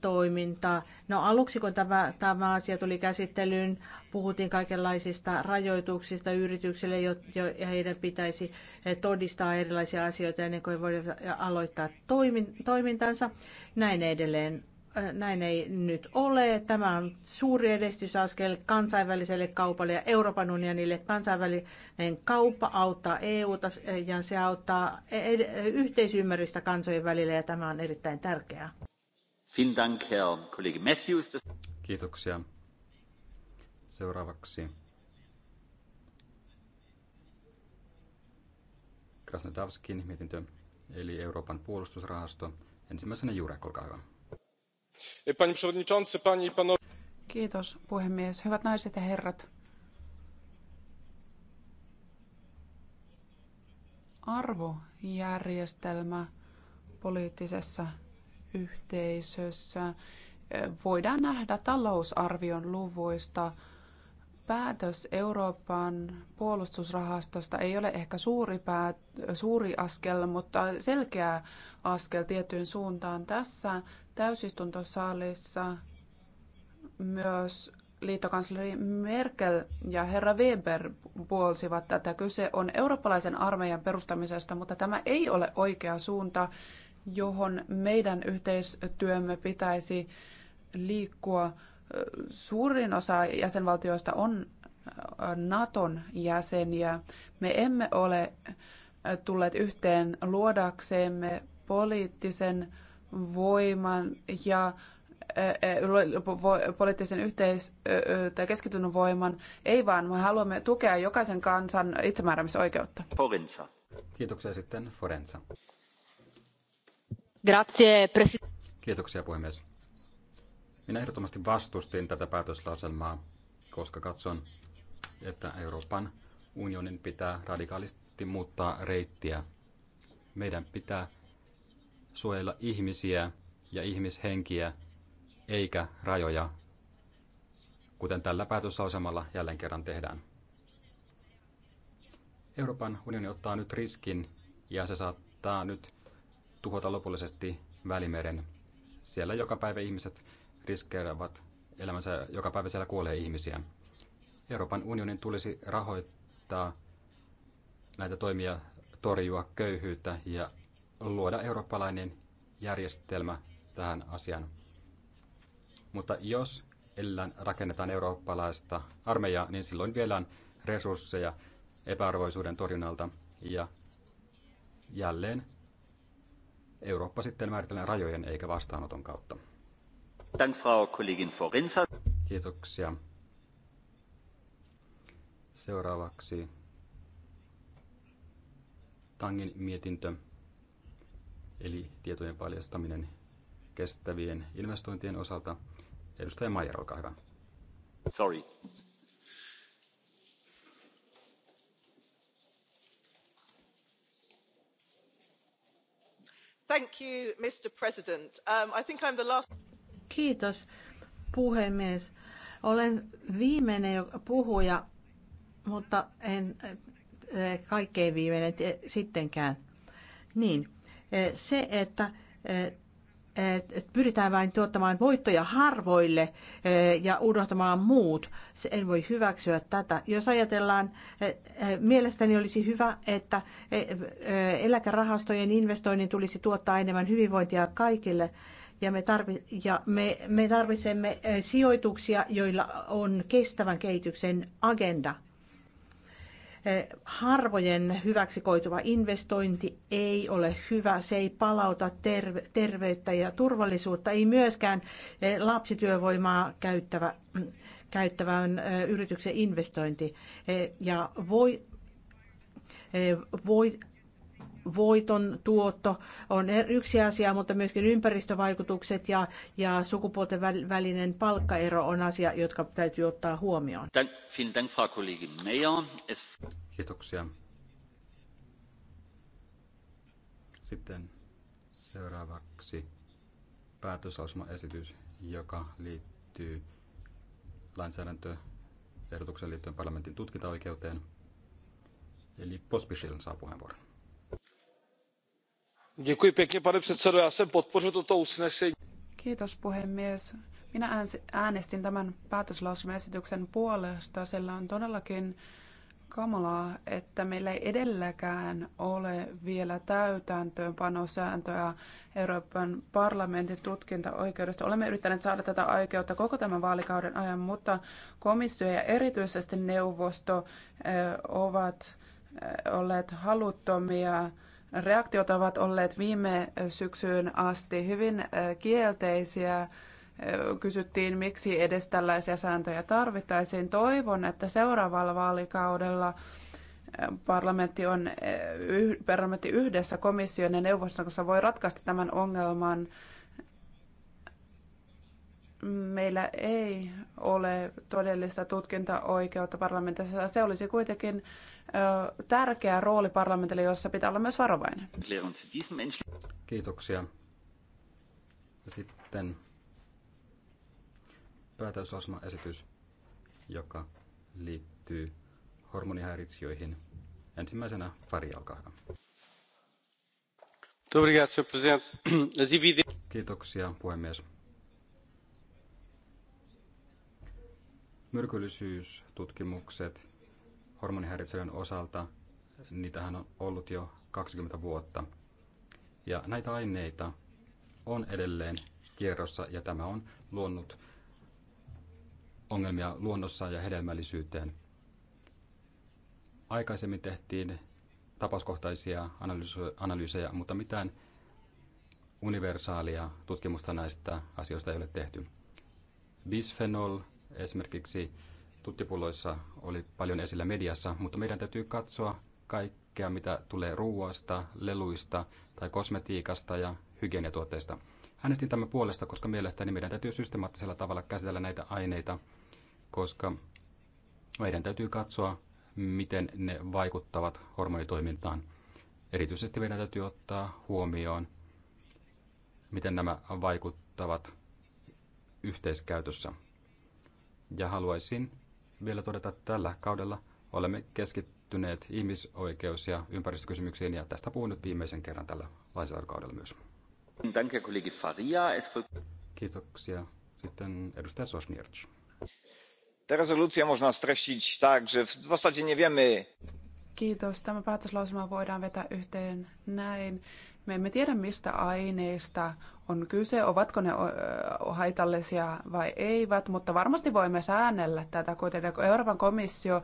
Toiminta. No aluksi, kun tämä, tämä asia tuli käsittelyyn, puhuttiin kaikenlaisista rajoituksista yrityksille, jo, jo, ja heidän pitäisi todistaa erilaisia asioita ennen kuin voivat aloittaa toimin, toimintansa. Näin edelleen. Näin ei nyt ole. Tämä on suuri edistysaskel kansainväliselle kaupalle ja Euroopan unionille. Kansainvälinen kauppa auttaa EUta ja se auttaa e-, e-, yhteisymmärrystä kansojen välillä ja tämä on erittäin tärkeää.
Kiitoksia. Seuraavaksi
krasnodbskin mietintö, eli Euroopan puolustusrahasto. Ensimmäisenä Jurek, olkaa hyvä.
Kiitos puhemies. Hyvät naiset ja herrat. Arvojärjestelmä poliittisessa yhteisössä voidaan nähdä talousarvion luvuista. Päätös Euroopan puolustusrahastosta ei ole ehkä suuri, päät, suuri askel, mutta selkeä askel tiettyyn suuntaan. Tässä täysistuntosalissa myös liittokansleri Merkel ja herra Weber puolsivat tätä. Kyse on eurooppalaisen armeijan perustamisesta, mutta tämä ei ole oikea suunta johon meidän yhteistyömme pitäisi liikkua. Suurin osa jäsenvaltioista on äh, Naton jäseniä. Me emme ole äh, tulleet yhteen luodakseemme poliittisen voiman ja äh, poliittisen yhteis- tai keskityn voiman. Ei vaan, me haluamme tukea jokaisen kansan itsemääräämisoikeutta.
Forensa. Kiitoksia
sitten Forensa. Kiitoksia puhemies. Minä ehdottomasti vastustin tätä päätöslauselmaa, koska katson, että Euroopan unionin pitää radikaalisti muuttaa reittiä. Meidän pitää suojella ihmisiä ja ihmishenkiä, eikä rajoja, kuten tällä päätöslauselmalla jälleen kerran tehdään. Euroopan unioni ottaa nyt riskin ja se saattaa nyt tuhota lopullisesti Välimeren. Siellä joka päivä ihmiset riskeeraavat elämänsä, joka päivä siellä kuolee ihmisiä. Euroopan unionin tulisi rahoittaa näitä toimia torjua köyhyyttä ja luoda eurooppalainen järjestelmä tähän asiaan. Mutta jos ellään rakennetaan eurooppalaista armeijaa, niin silloin vielä on resursseja epäarvoisuuden torjunnalta ja jälleen Eurooppa sitten määritellään rajojen eikä vastaanoton kautta.
Dank, Frau Kollegin
Kiitoksia. Seuraavaksi Tangin mietintö, eli tietojen paljastaminen kestävien investointien osalta. Edustaja Maijer, olkaa hyvä. Sorry,
Um,
kiitos puhemies olen viimeinen puhuja mutta en eh, kaikkein viimeinen eh, sittenkään. Niin, eh, se, että pyritään vain tuottamaan voittoja harvoille eh, ja unohtamaan muut. se En voi hyväksyä tätä. Jos ajatellaan, eh, eh, mielestäni olisi hyvä, että eläkerahastojen investoinnin tulisi tuottaa enemmän hyvinvointia kaikille ja me, tarvi, ja me, me tarvitsemme sijoituksia, joilla on kestävän kehityksen agenda – Eh, harvojen hyväksi koituva investointi ei ole hyvä. Se ei palauta terveyttä ja turvallisuutta, ei myöskään eh, lapsityövoimaa käyttävä, käyttävän eh, yrityksen investointi. Ja voi, voi voiton tuotto on er- yksi asia, mutta myöskin ympäristövaikutukset ja, ja sukupuolten välinen palkkaero on asia, jotka täytyy ottaa huomioon.
Kiitoksia. Sitten seuraavaksi päätösasmaesitys,
joka liittyy lainsäädäntöehdotuksen liittyen parlamentin tutkintaoikeuteen. Eli Pospisil saa puheenvuoron
pane předsedající já jsem podpořil toto usnesení.
Minä äänestin tämän päätöslauselmaesityksen puolesta, sillä on todellakin kamalaa, että meillä ei edelläkään ole vielä täytäntöönpanosääntöä Euroopan parlamentin tutkintaoikeudesta. Olemme yrittäneet saada tätä oikeutta koko tämän vaalikauden ajan, mutta komissio ja erityisesti neuvosto ovat olleet haluttomia Reaktiot ovat olleet viime syksyyn asti hyvin kielteisiä. Kysyttiin, miksi edes tällaisia sääntöjä tarvittaisiin. Toivon, että seuraavalla vaalikaudella parlamentti, on, parlamentti yhdessä komission ja neuvoston kanssa voi ratkaista tämän ongelman meillä ei ole todellista tutkintaoikeutta parlamentissa. Se olisi kuitenkin ö, tärkeä rooli parlamentille, jossa pitää olla myös varovainen.
Kiitoksia. Ja sitten esitys, joka liittyy hormonihäiritsijöihin. Ensimmäisenä Fari, olkaa hyvä. Kiitoksia, puhemies Myrkyllisyystutkimukset hormonihäiriöiden osalta, niitähän on ollut jo 20 vuotta. Ja näitä aineita on edelleen kierrossa ja tämä on luonut ongelmia luonnossa ja hedelmällisyyteen. Aikaisemmin tehtiin tapauskohtaisia analyysejä, mutta mitään universaalia tutkimusta näistä asioista ei ole tehty. Bisphenol Esimerkiksi tuttipulloissa oli paljon esillä mediassa, mutta meidän täytyy katsoa kaikkea, mitä tulee ruoasta, leluista tai kosmetiikasta ja hygieniatuotteista. Äänestin tämän puolesta, koska mielestäni meidän täytyy systemaattisella tavalla käsitellä näitä aineita, koska meidän täytyy katsoa, miten ne vaikuttavat hormonitoimintaan. Erityisesti meidän täytyy ottaa huomioon, miten nämä vaikuttavat yhteiskäytössä. Ja haluaisin vielä todeta, että tällä kaudella olemme keskittyneet ihmisoikeus- ja ympäristökysymyksiin, ja tästä puhun nyt viimeisen kerran tällä lainsäädäntökaudella myös. Kiitoksia. Sitten edustaja Sosniercz. Tę rezolucję można streścić
tak, że w zasadzie nie wiemy.
Kiitos. Tämä päätöslausuma voidaan vetää yhteen näin. Me emme tiedä, mistä aineista on kyse, ovatko ne haitallisia vai eivät, mutta varmasti voimme säännellä tätä kuitenkin. Euroopan komissio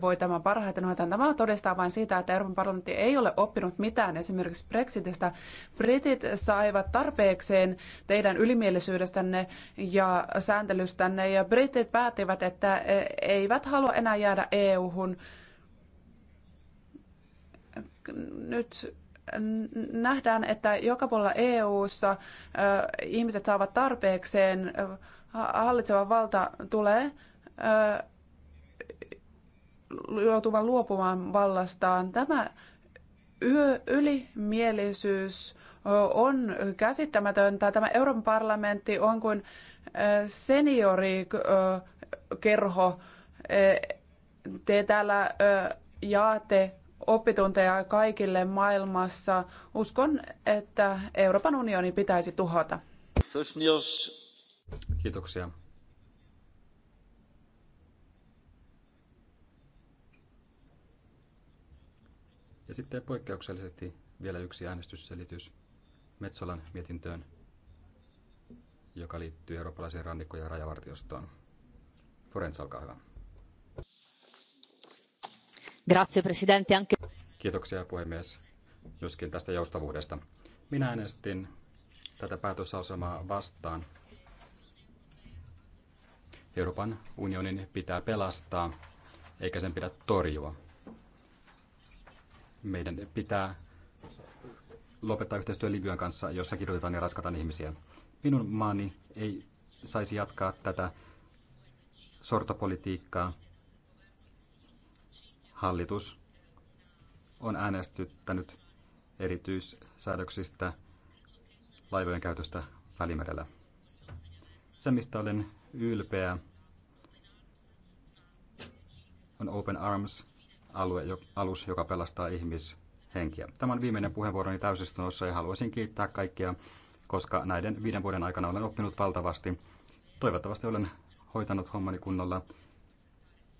voi tämän parhaiten hoitaa. Tämä todistaa vain sitä, että Euroopan parlamentti ei ole oppinut mitään esimerkiksi Brexitistä. Britit saivat tarpeekseen teidän ylimielisyydestänne ja sääntelystänne ja britit päättivät, että eivät halua enää jäädä EU-hun. Nyt nähdään, että joka puolella EU-ssa ihmiset saavat tarpeekseen, hallitseva valta tulee joutuvan luopumaan vallastaan. Tämä ylimielisyys on käsittämätöntä. Tämä Euroopan parlamentti on kuin seniorikerho. Te täällä jaatte oppitunteja kaikille maailmassa. Uskon, että Euroopan unioni pitäisi tuhota.
Kiitoksia.
Ja sitten poikkeuksellisesti vielä yksi äänestysselitys Metsolan mietintöön, joka liittyy eurooppalaiseen rannikko- ja rajavartiostoon. Forens, olkaa hyvä.
Grazie, presidente. Anche...
Kiitoksia puhemies myöskin tästä joustavuudesta. Minä äänestin tätä päätösasemaa vastaan. Euroopan unionin pitää pelastaa, eikä sen pidä torjua. Meidän pitää lopettaa yhteistyö Libyan kanssa, jossa kidutetaan ja raskataan ihmisiä. Minun maani ei saisi jatkaa tätä sortopolitiikkaa, Hallitus on äänestyttänyt erityissäädöksistä laivojen käytöstä Välimerellä. Se, mistä olen ylpeä, on Open Arms alue, alus, joka pelastaa ihmishenkiä. Tämä on viimeinen puheenvuoroni täysistunnossa ja haluaisin kiittää kaikkia, koska näiden viiden vuoden aikana olen oppinut valtavasti. Toivottavasti olen hoitanut hommani kunnolla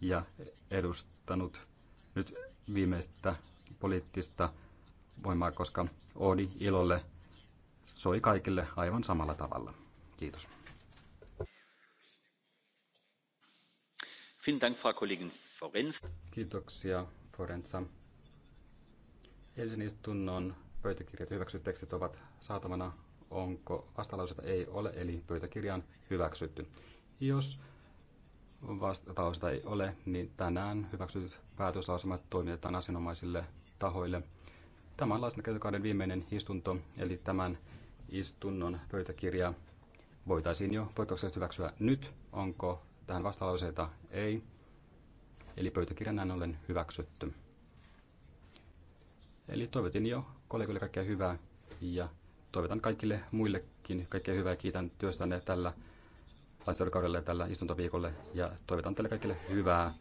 ja edustanut nyt viimeistä poliittista voimaa, koska Oodi ilolle soi kaikille aivan samalla tavalla. Kiitos. Kiitoksia, Forenza. Eilisen istunnon pöytäkirjat ja hyväksyt tekstit ovat saatavana. Onko vastalauseita? Ei ole, eli pöytäkirja on hyväksytty. Jos vastausta ei ole, niin tänään hyväksytyt päätöslausumat toimitetaan asianomaisille tahoille. Tämä on lausuntokäytökauden viimeinen istunto, eli tämän istunnon pöytäkirja voitaisiin jo poikkeuksellisesti hyväksyä nyt. Onko tähän vastalauseita? Ei. Eli pöytäkirjan näin ollen hyväksytty. Eli toivotin jo kollegoille kaikkea hyvää ja toivotan kaikille muillekin kaikkea hyvää. Kiitän työstänne tällä lainsäädäntökaudelle ja tällä istuntoviikolle ja toivotan teille kaikille hyvää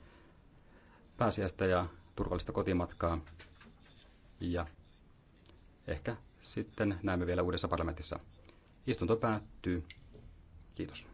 pääsiäistä ja turvallista kotimatkaa. Ja ehkä sitten näemme vielä uudessa parlamentissa. Istunto päättyy.
Kiitos.